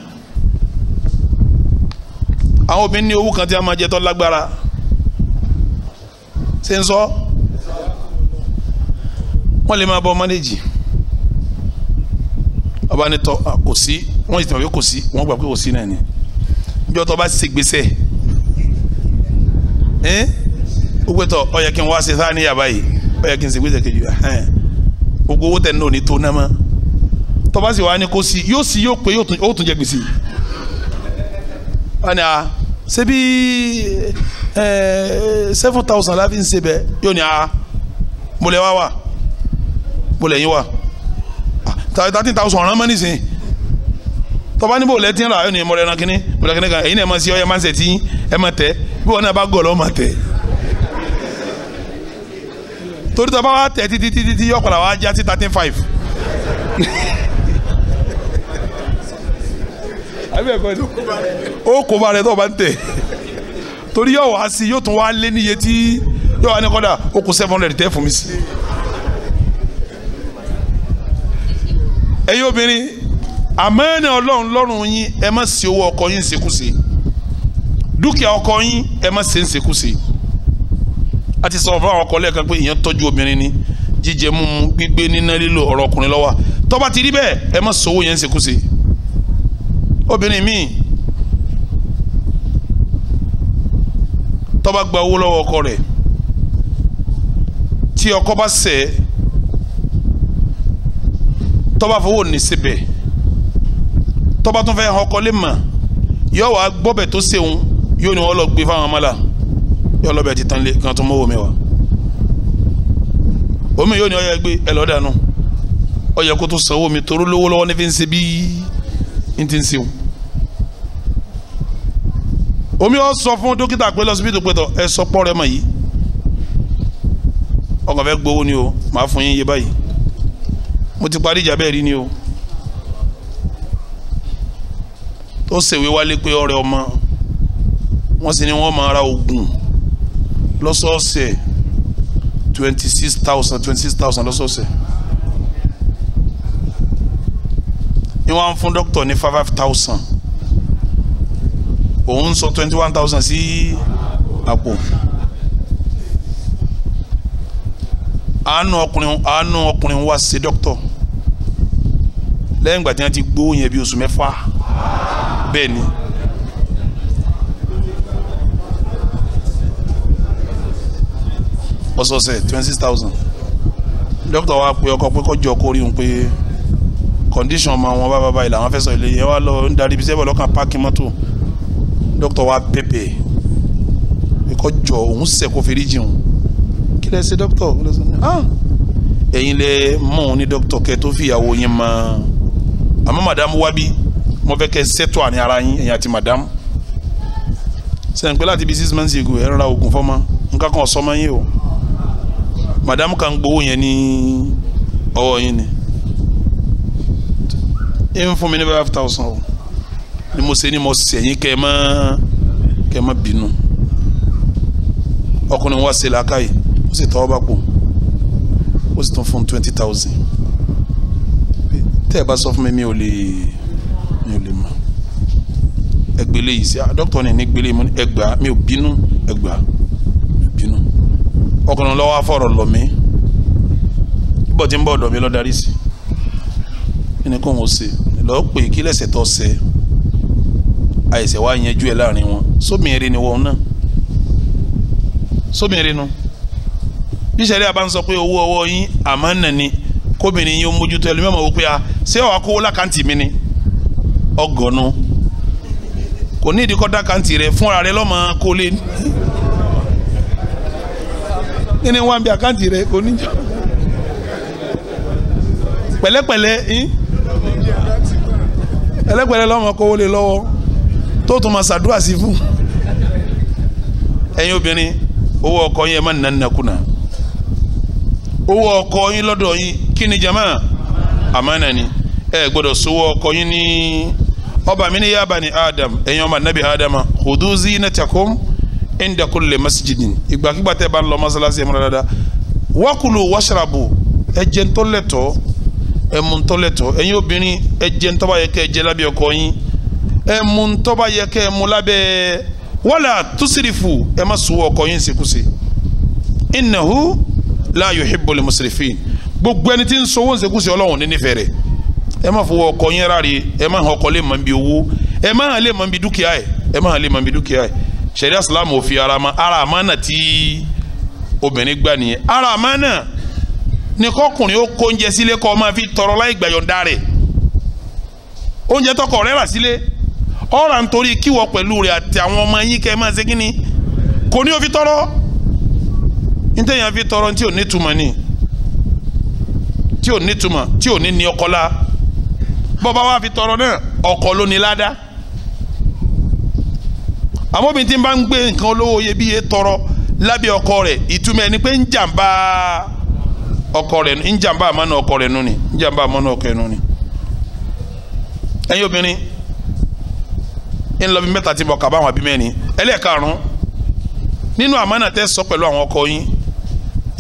àwọn obìnrin ní owó kan tí a máa jẹ tó lágbára ṣe ń sọ wọ́n lè máa bọ́ mánéjì ọba ní tọ́ kò sí wọ́n ìtàn pé kò sí wọ́n gbà pé kò sí náà ni níjọ́ tó bá ṣe gbèsè ẹ́n gbogbo tọ ó yẹ kí n wá ṣe sáà níyàbá yìí ó yẹ kí n ṣe gbèsè kejì ẹ́n gbogbo owó tẹ̀ ní òní tó náà mọ́ tó bá sì wá ní kò sí yóò sí yóò pé yóò tún jẹ gbèsè wọ́n ní a ṣebí ẹẹ seven thousand la fi ń ṣe bẹ́ẹ̀ yóò ní a ah, mọlẹ wa wa mọlẹ yín wa ah, thirteen thousand ọ̀ràn mọ́ni sìn tọ́ba ni bo tí ń ra yóò ní mọlẹ ẹran kínní mọlẹ kan èyí ni ẹ máa ṣe ọ ẹ máa ṣe tí ẹ máa tẹ bí wọn náà bá gọ̀ lọ́ máa tẹ torí tọ́ba wa tẹ títí títí yọ̀kọ̀lá wa já sí thirteen five. ó kó ba rẹ tó o bá ń tẹ̀ torí yóò wá sí yóò tún wá lé níye tí yóò wá ní kọ́dà ó kó seven hundred tẹ́ fún mi sí. ẹ̀yin obìnrin àmọ́ni ọlọ́run lọ́rùn yín ẹ má ṣe owó ọkọ yín ṣekúṣe dúkìá ọkọ yín ẹ má ṣe ń ṣekúṣe a ti sọ fún àwọn ọkọ lẹ́ẹ̀kan pé ìyẹn tọ́jú obìnrin ni jíjẹ mímu gbígbé níná lílo ọ̀rọ̀ ọkùnrin ló wà ti rí bẹ́ẹ̀ ẹ má ṣòwò yẹn ṣekúṣe obìnrin míì tó bá gba owó lọ́wọ́ ọkọ rẹ̀ tí ọkọ bá ṣẹ̀ tó bá fowó ní síbẹ̀ tó bá tún fẹ́ hàn ọkọ lè mọ̀ yóò wá gbọ́bẹ̀ tó ṣeun yóò ní wọ́n lọ gbé fáwọn ọmọlá yóò lọ́bẹ̀ ti tán lé kan tó mọ́wọ́ mi wá omi yóò ní ọyẹ gbé ẹ lọ́ọ́ kó tó sanwó mi toró lọ́wọ́ ní fi ń ṣe bí n ti ń ṣeun omi ọ sọ fún dókítà pé lọ́sibítù pẹ̀tọ̀ ẹ sọ pọ́ rẹ mọ̀ yìí ọkàn fẹ́ gbowó ni o màá fún yín iye báyìí mo ti parí ìjà bẹ́ẹ̀ rí ni o tó ṣèwé wálé pé ọ̀rẹ́ ọmọ wọ́n sì ní wọ́n máa ra oògùn lọ́sọ̀ọ̀sẹ̀ twenty six thousand twenty six thousand lọ́sọ̀ọ̀sẹ̀ ni wọ́n á fún dókítà ní five five thousand òun sọ twenty one thousand sí àpò àánú ọkùnrin àánú ọkùnrin wa ṣe dókítọ̀ lẹ́yìn ìgbà tí wọ́n ti gbó yẹn bí oṣù mẹ́fà bẹ́ẹ̀ ni. ọ̀sọ̀ọ̀sẹ̀ twenty six thousand dókítà wa pe ọkọ pé kọjọ kó rí òun pé condition ọmọ wọn bá bá báyìí làwọn fẹ́ sọ ilé yẹn wá lọ ń darí ibi sẹ́bọ̀ lọ́kàn páàkì mọ́tò dókítà wa pépè kọ́ jọ òun sẹ̀ kó fèrè jìn kí lẹ ṣe dókítà ah! ẹ̀yin lẹ mọ̀ ní dókítà kẹ tó fìyàwó yín mọ́ àmọ́ madam wabi mo fẹ́ kẹ́ sẹ́tọ̀ àní ara yín ẹ̀yin àti madam sẹ́yìn pé láti bí six months ago ẹ̀ ń ra oògùn fọ́mọ nǹkan kan ọ̀sọ́mọ yín o madam kan gbowó yẹn ní ọwọ́ yín ni ẹ ń fún mi ní five thousand o ni mo ṣe ni mo sẹ̀yìn kẹ́ ẹ má kẹ́ ẹ má ọkùnrin wa ṣe làákàyè ó sì tọ́wọ́ bá pò ó sì tún fún twenty thousand tẹ́ ẹ bá sọ fún mi mi ò lè mi ò lè mọ̀ ẹgbẹ́lẹ́ yìí sí ah, dókítà ní ẹgbẹ́lẹ́ mi ẹgbà mi ò bínú ẹgbà mi ọkùnrin lọ́wọ́ afọ̀rọ̀ lọ mí bọ́ọ̀ ń bọ̀ ọ̀dọ̀ mi lọ́darí sí ẹni kò ń wọ́n ṣe lọ́ọ́ pè kí lẹ́sẹ̀ tó ṣe àìsẹ̀ wá yanjú ẹ̀ láàrin wọn sómi ni wọn náà sómi eré nu bí sẹ́rí àbá ń sọ pé owó ọwọ́ yín àmọ́ nà ni kóbìnrin yín ó mójútó ẹ lómi ọmọ wò pé a ṣé ọ̀ akówó lákàntì mi ni ọgọ́nu kò ní ìdíkọ́ dákàntì rẹ fúnra rẹ lọ́mọ kólé nínú wọn bí àkàntì rẹ kò ní jọ pẹ̀lẹ́pẹ̀lẹ́ yín pẹ̀lẹ́pẹ̀lẹ́ lọ́mọ kówó lé tó tún máa ṣàdúrà sí fún ẹ̀yin obìnrin owó ọkọ yín ẹ má nà nàkúnà owó ọkọ yín lọ́dọ̀ yín kí ni jama àmánà ni ẹ gbọ́dọ̀ sowó ọkọ yín ní ọba mi ni yá bani adam ẹ̀yin ọmọ anabi adam hudu zinatakum inda kulli masjidin ìgbàkigbà tẹ́ bá ń lọ masalasi ẹ̀mú dáadáa wakulu washrabu ẹ jẹ ntọ́lẹ̀tọ̀ ẹ mu ntọ́lẹ̀tọ̀ ẹ̀yin obìnrin ẹ jẹ ntọ́ba yẹ lábẹ́ ọkọ yín ẹ mú ntọ́ba yẹ kẹ́ ẹ mú lábẹ́ wala tusirifu ẹ má sùn ọkọ yín ṣekúṣe innahu la yuhibbul musrifin gbogbo ẹni tí ń sọ owó ṣekúṣe ọlọ́run ní nífẹ̀ẹ́ rẹ̀ ẹ má fọwọ́ ọkọ yín rárẹ̀ ẹ má hàn ọkọ lè mọ̀ níbi owó ẹ má hàn lè mọ̀ níbi dúkìá ẹ ẹ má hàn lè mọ̀ níbi dúkìá ẹ sẹ̀ríà sàlámù ò ara ma ara àmánà tí obìnrin gbà nìyẹn ara àmánà ni kọkùnrin ó kó oúnjẹ sílé kọ́ ọ máa fi tọrọ láì gbàyọ̀ǹda rẹ̀ oúnjẹ tọkọ rẹ̀ rà sílé ọ̀rà nítorí kíwọ pẹ̀lú rẹ̀ àti àwọn ọmọ yín kẹ́ ẹ máa ṣe kí ni kò ní o fi tọrọ ntẹ̀yàn fi tọrọ tí ní ni tí ò ní tí ò ní ní ọkọ la bọ́ba wa fi tọrọ náà ọkọ ló ní ládàá obìnrin tí ń bá ń gbé nǹkan olówó iyebíye tọrọ lábẹ́ ọkọ rẹ̀ ìtumọ̀ ẹni ọkọ rẹ̀ ń jàǹbá àmọ́nà ọkọ rẹ̀ nù ni ńlọ bí mẹ́ta ti bọ̀ kaba àwọn àbí mẹ́rin ẹlẹ́ẹ̀karùn nínú àmánà tẹ́ sọ pẹ̀lú àwọn ọkọ yín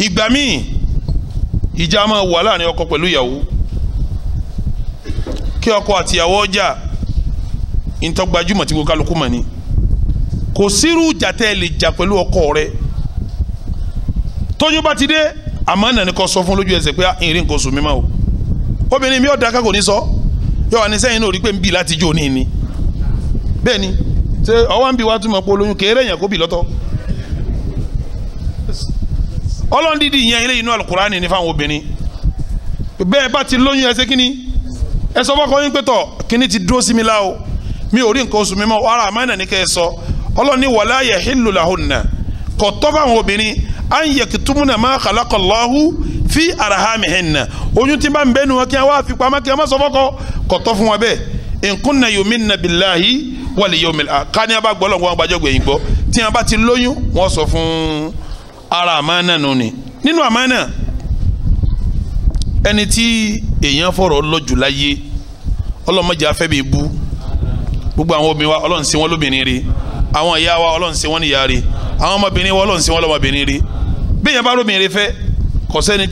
ìgbà míì ìjà máa wà láàrin ọkọ pẹ̀lú ìyàwó kí ọkọ àti ìyàwó ọjà ìtọ́gbajúmọ̀ tí gbogbo kálukú mọ̀ ni kò sírú ìjà tẹ́ ẹ lè jà pẹ̀lú ọkọ rẹ tóyún bá ti dé àmánà ni kò sọ fún lójú ẹsẹ̀ pé ah, ìrìn kò sùn mímọ́ o obìnrin mi ò dáká ní sọ yóò wá ní sẹ́yìn náà rí pé ń bì láti jó ní ni bẹ́ẹ̀ ni ṣé ọwọ́ ń bi wá túmọ̀ pé olóyún kéré yẹn kó bì lọ́tọ̀ ọlọ́run dídì yẹn ilé inú alukurani ní fáwọn obìnrin bẹ́ẹ̀ bá ti lóyún ẹ ṣe kínní ẹ sọ fọkọ yín pé tọ kínní ti dúró sí mi lá mi ò rí nǹkan oṣù mi mọ́ ara àmàlà ní kẹ́ ẹ sọ ọlọ́run ní wala yahillu lahunna kò tọ́ fáwọn obìnrin an yaktumna ma khalaqa Allahu fi arhamihinna oyún tí bá ń bẹ́ẹ̀ nu wọn kí wọn wá fi pamọ́ kí wọn má sọ fọkọ kò tọ́ fún wọn bẹ́ẹ̀ in kunna billahi wọ́n lè yẹ omi la ká ní abá gbọ́ lọ́wọ́ wọn gbàjọ́ gbẹ̀yìn gbọ́ tí wọn bá ti lóyún wọ́n sọ fún ara àmánà nù ni nínú àmánà ẹni tí èèyàn fọ̀rọ̀ lọ́jù láyé ọlọ́mọdé afẹ́ mi bú gbogbo àwọn obìnrin wa ọlọ́run ṣe wọ́n lóbìnrin rere àwọn ìyá wa ọlọ́run ṣe wọ́n àwọn ọmọbìnrin wa ọlọ́run ṣe lọ́mọbìnrin rere bí èèyàn bá lóbìnrin fẹ́ kọ̀sẹ́ni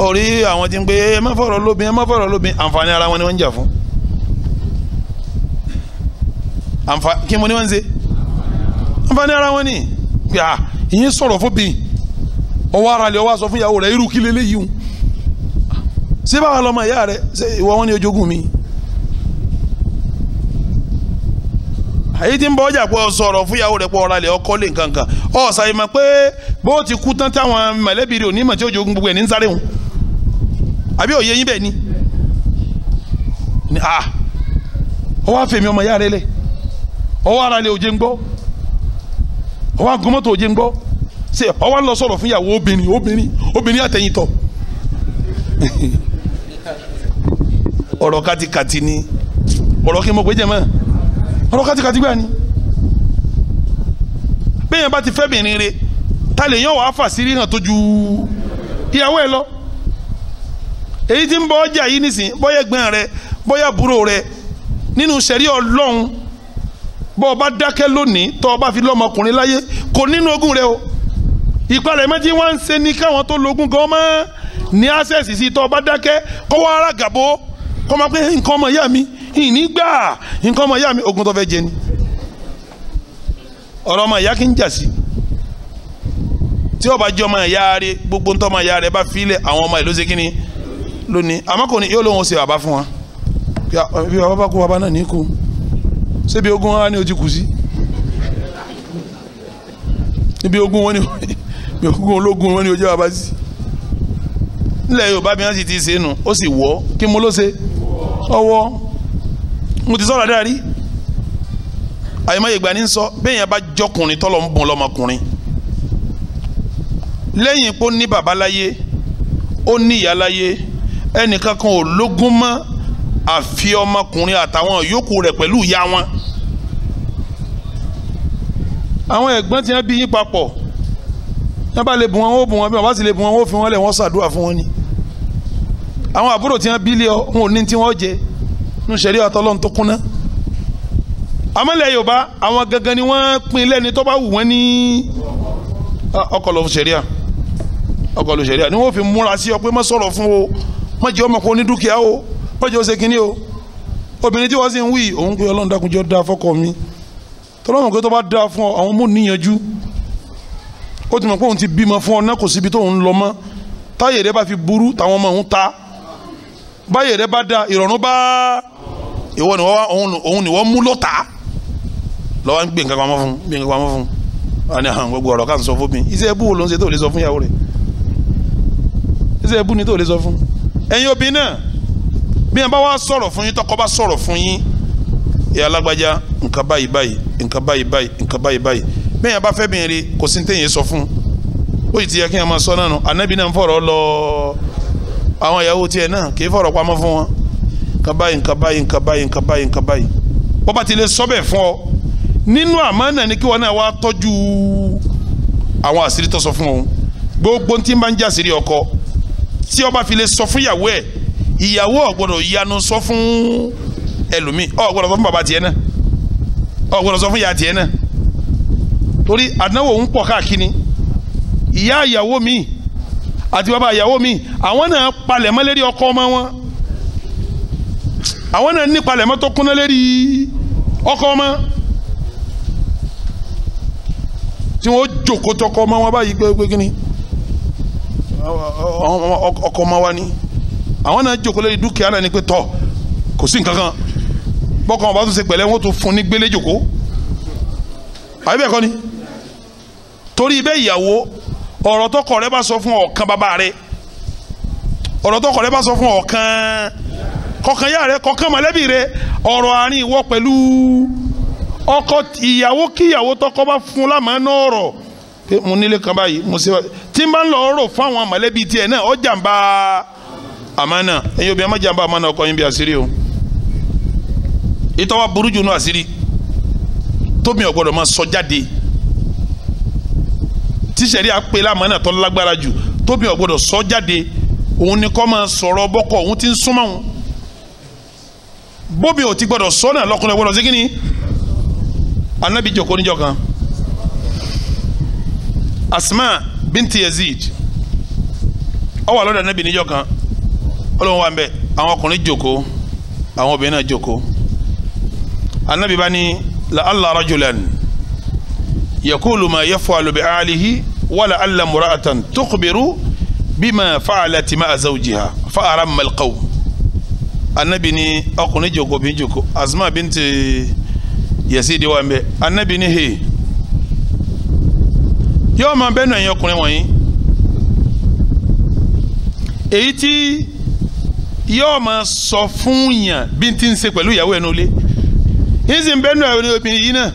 orí àwọn ti ń pé ẹ má fọ̀rọ̀ ẹ má fọ̀rọ̀ àǹfààní ara wọn ni wọ́n jà fún kí mo ní wọ́n ń ṣe àǹfààní ara wọn ni pé à ah, ìyín sọ̀rọ̀ fún ọwọ́ ara lè ọwọ́ sọ fún ìyàwó rẹ irú kí lélẹ́yìí o ṣé báwa lọ́mọ ìyá rẹ ṣe wọn ni ojogun mi. ọ fún ìyàwó pé ọkọ lè pé bó ti kú tán táwọn tí ó jogún àbí òye yín bẹ́ẹ̀ ni ni ah ọwọ́ àfẹ̀mí ọmọ yára ẹlẹ̀ ọwọ́ ara lè òjé ń gbọ́ ọwọ́ àgọ́mọ́tò òjé ń gbọ́ ṣe ọwọ́ ń lọ sọ̀rọ̀ fún ìyàwó obìnrin obìnrin obìnrin àtẹ̀yìntọ̀ ọ̀rọ̀ kátikàti ni ọ̀rọ̀ kí n mọ̀ pé jẹ́ mọ́ ọ̀rọ̀ kátikàti gbà ni bẹ́ẹ̀ yẹn bá ti fẹ́ bìnrin re ta lè yàn wàá fà sí ríhàn tó ju ìyàwó ẹ lọ. èyí tí ń bọ́ ọjà yìí nísìn bóyá ẹ̀gbọ́n rẹ bóyá rẹ nínú sẹ̀rí ọlọ́run bọ́ ọba dákẹ́ lónìí tọ́ ọba fi lọ́mọkùnrin láyé kò nínú ogún rẹ o ìpalẹ̀ méjì wá ń se ni káwọn tó lógún gan mọ́ ní access sí tọ́ ọba dákẹ́ kọ́wọ́ ara gàbó kọ́ máa pé mi ìní gbà nǹkan ọmọ mi ogun tó fẹ́ lónìí amakoni kò ní yóò lóun ṣe bàbá fún wa bí bàbá bá kú bàbá náà ní kú ṣébi ogún wa ni o ti kù sí ibi ogún wọn ni ibi ogún ológun wọn ni o jẹ́ bàbá sí nílẹ̀ Yorùbá mi náà sì ti ṣe é nu ó sì wọ́ kí mo ló ṣe ọwọ́ mo ti sọ̀rọ̀ dáa rí àyèmáyè gbà ní sọ bẹ́ẹ̀ yẹn bá jọkùnrin tọ́lọ̀ ń bùn lọ́mọkùnrin lẹ́yìn pé ní bàbá ó ní ìyá ẹnìkan kan ò lógún mọ́ àfi ọmọkùnrin àtàwọn yòókù rẹ̀ pẹ̀lú ìyá wọn àwọn ẹ̀gbọ́n tí wọ́n bí yín papọ̀ wọ́n bá lè bùn wọn ó bùn wọn bí wọ́n bá sì lè bùn wọn ó fi wọn lẹ̀ wọ́n ṣàdúrà fún wọn ni àwọn àbúrò tí wọ́n bí lé ọ wọn ò ní tí wọ́n jẹ ní sẹ́rí ọ̀tọ́lọ́n tó kúnná àmọ́lẹ̀ Yorùbá àwọn gangan ni wọ́n pín lẹ́ni tó bá wù wọ́n ní ọkọ̀ lọ́fù sẹ́ríà ọkọ̀ lọ́fù sẹ́ríà ni wọ́n fi múra sí ọ pé má sọ̀rọ̀ fún o mọ̀jẹ̀ ọmọ kò ní dúkìá o mọ̀jẹ̀ ó ṣe kínní o obìnrin tí wọ́n sì ń wí òun pé ọlọ́run dákun jọ da fọkọ mi tọ́lọ́mọ̀ pé tó bá da fún ọ àwọn mò níyanjú ó ti mọ̀ pé òun ti bímọ fún ọ náà kò síbi tó ń lọ mọ́ táyé rẹ bá fi burú táwọn ọmọ òun ta báyé rẹ bá da ìrọ̀rùn bá ìwọ ni wọ́n òun ni wọ́n mú lọ́ta lọ́wọ́ ń gbé nǹkan pamọ́ fún gbé nǹkan pamọ́ fún wọn ni àwọn gbogbo ọ̀rọ̀ ká ń sọ fún mi iṣẹ́ ẹbú wo ló ń ṣe tó lè sọ fún ìyàwó rẹ̀ iṣẹ́ ẹbú ni tó lè sọ fún ẹ̀yin obìnrin náà bí wọn bá wá sọ̀rọ̀ fún yín tọkọ bá sọ̀rọ̀ fún yín ìyá alágbájá nǹkan báyìí báyìí nǹkan báyìí báyìí nǹkan báyìí báyìí bẹ́ẹ̀ yẹn bá fẹ́ bìnrin rí kò sí téèyàn ti yẹ kí wọn máa sọ náà nù ànábì náà ń fọ̀rọ̀ lọ àwọn ìyàwó tiẹ̀ náà kì í fọ̀rọ̀ pamọ́ fún wọn nǹkan báyìí nǹkan báyìí nǹkan báyìí nǹkan báyìí nǹkan báyìí wọ́n bá ti lè sọ bẹ́ẹ̀ fún ọ nínú ni kí wọn tí ọba fi lè sọ fún ìyàwó ẹ̀ ìyàwó ò gbọ́dọ̀ yanu sọ fún ẹlòmíì ò gbọ́dọ̀ sọ fún bàbá tiẹ̀ náà ò gbọ́dọ̀ sọ fún ìyá tiẹ̀ náà torí àdánwò ń pọ̀ káàkiri ìyá ìyàwó mi àti bàbá ìyàwó mi àwọn náà palẹ̀ mọ́ lérí ọkọ ọmọ wọn àwọn náà ní palẹ̀ mọ́ tó kúnná lérí ọkọ ọmọ tí wọ́n jókòó tọkọ ọmọ wọn báyìí gbégbé kínní ọkọ ọmọ wa ni àwọn náà jókòó lórí dúkìá náà ni pé tọ kò sí nǹkan kan bọ́kàn ọba tó ṣe pẹ̀lẹ́ wọn tó fún ní gbélé jókòó àbí bẹ́ẹ̀ kọ́ ni torí bẹ́ẹ̀ ìyàwó ọ̀rọ̀ tọkọ rẹ bá sọ fún ọ̀kan bàbá rẹ ọ̀rọ̀ tọkọ rẹ bá sọ fún ọ̀kan kọkàn yá rẹ kọkàn mọ̀lẹ́bí rẹ ọ̀rọ̀ àárín ìwọ pẹ̀lú ọkọ ìyàwó kíyàwó tọkọ bá fún lámàánú ọ̀rọ̀ pé mo nílé kan báyìí mo ṣe tí n bá ń lọ rò fáwọn mọ̀lẹ́bí tiẹ̀ náà ó jàǹbá àmánà ẹ̀yin obìnrin má jàǹbá àmánà ọkọ yín bí àṣírí o ìtọ́wá burú jù nù àṣírí tómi ò gbọ́dọ̀ máa sọ jáde tíṣẹ̀rí àpè lámánà tó lágbára jù tómi ò sọ jáde òun ni kọ́ máa sọ̀rọ̀ bọ́kọ̀ òun ti ń súnmọ́ òun bóbi ò ti gbọ́dọ̀ sọ lọ́kùnrin gbọ́dọ̀ sí kí asma binti yazid ó wà lọ́dọ̀ anabi níjọ́ kan Ọlọ́run wà ń bẹ àwọn ọkùnrin jókòó àwọn obìnrin náà jókòó anabi bá ní la allah rajulan yakulu ma yafalu bi alihi wala allah mura'atan tuqbiru bima fa'alati ma azawjiha fa aramma alqawm anabi ní ọkùnrin jókòó obìnrin jókòó asma binti yazid wà ń anabi ní hee yóò máa bẹ́nu ẹ̀yin ọkùnrin wọ̀nyí èyí tí yóò máa sọ fún yàn bí n ti ń ṣe pẹ̀lú ìyàwó ẹnu ilé yìí sì ń bẹ́nu ẹ̀yin obìnrin yìí náà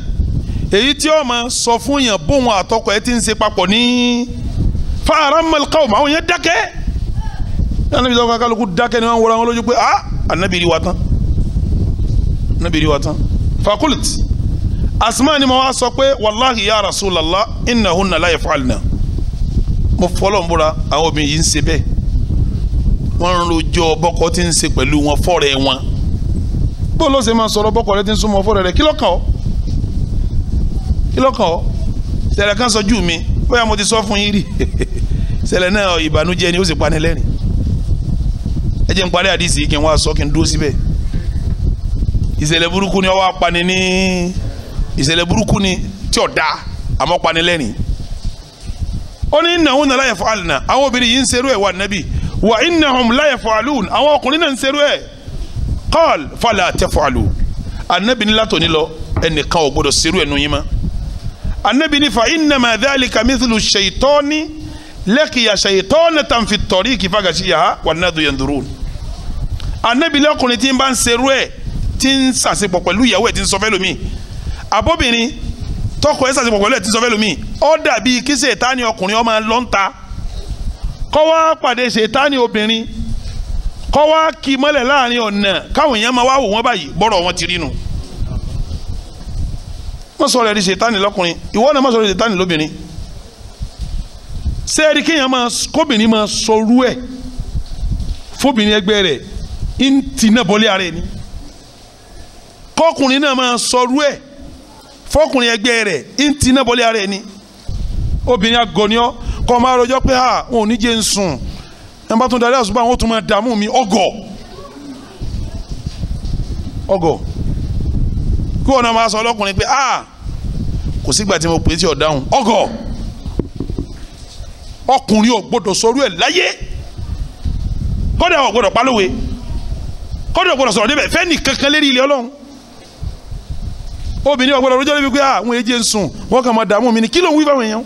èyí tí yóò máa sọ fún yàn bóun àtọkọ ẹ ti ń ṣe papọ̀ ní fàárà mọ̀lẹ́kà ọ̀mọ̀ àwọn yẹn dákẹ́ anabi sọ kakaluku dákẹ́ ni wọ́n wọra wọn lójú pé ah anabi ri wa tán anabi ri wa tán fakulti. asuma ni mo wá sọ pé ya rasulallah inna hunna la yafalna mo fọlọ́ n bóra àwọn obìnrin yìí ń ṣe bẹ́ẹ̀ wọ́n ń rojọ́ bọ́kọ tí ń ṣe wọn fọ́rẹ̀ wọn bó ló ṣe máa sọ̀rọ̀ bọ́kọ rẹ tí ń súnmọ́ fọ́rẹ̀ rẹ kí ló kàn ọ́ mi bóyá mo ti sọ fún yiri rí náà ni o sì pani ni. ẹ nkwari n parí àdìsí kí n wá sọ kí n dúró ìṣẹ̀lẹ̀ burúkú ni tí ò dáa àmọ́ panilẹ́rìn ó ní ìnáwó náà láyẹ̀fọ́ àlùnà àwọn obìnrin yìí ń serú ẹ̀ wà nábì wà ìnáhùn láyẹ̀fọ́ àlùn àwọn ọkùnrin náà ń serú ẹ̀ kọ́ọ̀l fàlà àtẹ̀fọ́ àlù ànábì ní látòní lọ ẹnìkan ò gbọdọ̀ serú ẹ̀ nù yín mọ́ ànábì ní fa ìnàmà dáàlì kàmíṣìlù ṣèyítọ́ni lẹ́kìyà ṣèyítọ́ni tàǹfì tọ̀rí ìkìfàgàṣìyà wà nádùn yẹn dúró ànábì lọ́kùnrin tí ń bá ń serú ẹ̀ tí ń sàṣepọ̀ pẹ̀lú ìyàwó ẹ̀ tí ń sọ fẹ́ lómi abóbìnrin tọkọ ẹ sàṣepọ̀ pẹ̀lú ẹ̀ tí sọ fẹ́ lómi ó dàbí kí ṣètáni ọkùnrin ọmọ lọ́ńta kọ́ wá pàdé ṣètáni obìnrin kọ́ wá kí mọ́lẹ̀ láàrin ọ̀nà káwọn èèyàn máa wá wò wọ́n báyìí bọ́rọ̀ wọn ti rí nu wọ́n sọ̀rọ̀ ẹ̀rí ṣètáni lọ́kùnrin ìwọ náà má sọ̀rọ̀ ṣètáni lóbìnrin ṣé ẹ̀rí kéèyàn máa kóbìnrin máa sọrú ẹ̀ fóbìnrin ẹgbẹ́ rẹ̀ ń tì náà bọ́lé ara ẹ̀ ni kọ́kùnrin náà máa sọrú ẹ̀ fọkùnrin ẹgbẹ́ rẹ̀ ń ti iná bọ́lé ara ẹ̀ ni obìnrin agọ̀niọ́ kọ́ máa rọjọ́ pé à ah, wọn ò ní jẹ́ ń sùn ẹ̀ bá tún darí àṣùbà wọn tún máa dààmú mi ọgọ̀ ọgọ̀ kí wọn náà máa sọ ọlọ́kùnrin pé à ah, kò sígbà tí mo pè é tí ò dáhùn ọgọ̀ ọkùnrin ò gbọdọ̀ sọrú ẹ̀ láyé kọ́dà ò gbọdọ̀ pálówe kọ́dà ò gbọdọ̀ sọ̀rọ̀ débẹ̀ fẹ́ẹ́ nì kankan lérí ilé ọlọ́run obìnrin ọ̀gbọ́dọ̀ rojọ́ lóbi pé ah, àwọn èjì ń sùn wọ́n kàn máa dààmú mi ni kí ló ń wí fáwọn èèyàn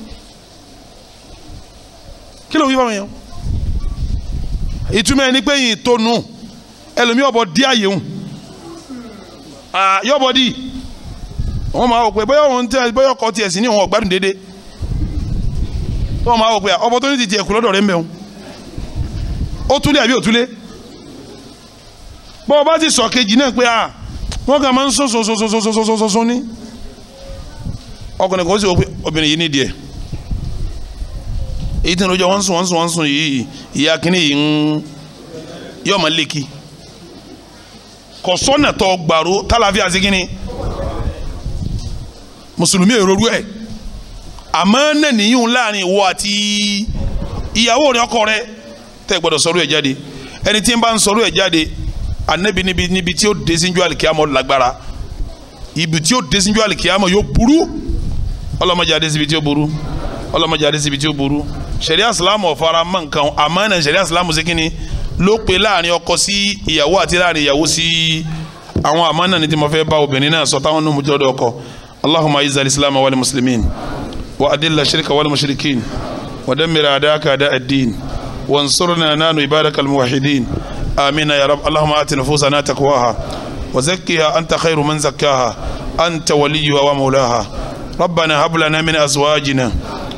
kí ló ń wí fáwọn èèyàn ìtumọ̀ ẹni pé yìí tó nù ẹlòmí ọ̀bọ̀ dí àyè hùn yọ̀bọ̀ dì wọ́n máa wò pé bóyá òun tẹ́ bóyá ọkọ̀ tiẹ̀ sí ní òun ọ̀gbádùn déédéé wọ́n máa wò pé ọbọ̀ tó ní ti tiẹ̀ kù lọ́dọ̀ rẹ̀ ń bẹ̀ hùn ó túlé àbí òtúlé bọ́ ọ bá ti sọ kejì náà pé ah wọ́n kà máa ń sọ́sọ́sọ́sọ́sọ́sọ́sọ́ ní ọkùnrin kò sí obìnrin yìí nídìí ẹ̀ èyí tí lójó wọ́n sùn wọ́n sùn wọ́n sùn yìí ìyá kínní yìí ń yọ̀ máa lékì kò sọ́nà tó gbàrú tálàfíà sí kínní mùsùlùmí èrorú ẹ̀ àmọ́ náà nìyíùn láàrin ìwọ àti ìyàwó rẹ ọkọ rẹ tẹ́ gbọ́dọ̀ sọ̀rọ̀ ẹ̀ jáde ẹni tí ń bá ń sọ̀rọ̀ ẹ̀ jáde anabi níbi níbi tí ó desinjú alikiyama lágbára ibi tí ó desinjú alikiyama yóò burú ọlọmọdé adesibi tí ó burú ọlọmọdé adesibi tí ó buru sariya silamu ọ̀fara mọ̀ nǹkan àmánà sariya silamu ṣe kíni ló pe láàrin ọkọ sí ìyàwó àti láàrin ìyàwó sí àwọn àmánà ni tí mo fẹ́ bá obìnrin náà sọ táwọn nínú jọ́dọ̀ ọkọ allahumma ayiza alislam wal muslimin wa adilla shirika wal mushrikin wa dammir adaka da ad-din wansurna nanu ibadakal muwahhidin آمين يا رب اللهم آت نفوسنا تقواها وزكها أنت خير من زكاها أنت وليها ومولاها ربنا هب لنا من أزواجنا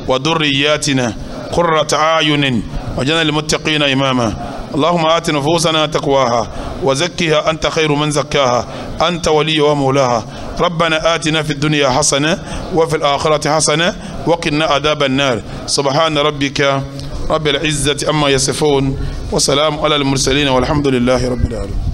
وذرياتنا قرة أعين وجعلنا للمتقين إماما اللهم آت نفوسنا تقواها وزكها أنت خير من زكاها أنت ولي ومولاها ربنا آتنا في الدنيا حسنة وفي الآخرة حسنة وقنا عذاب النار سبحان ربك رب العزة أما يصفون وسلام على المرسلين والحمد لله رب العالمين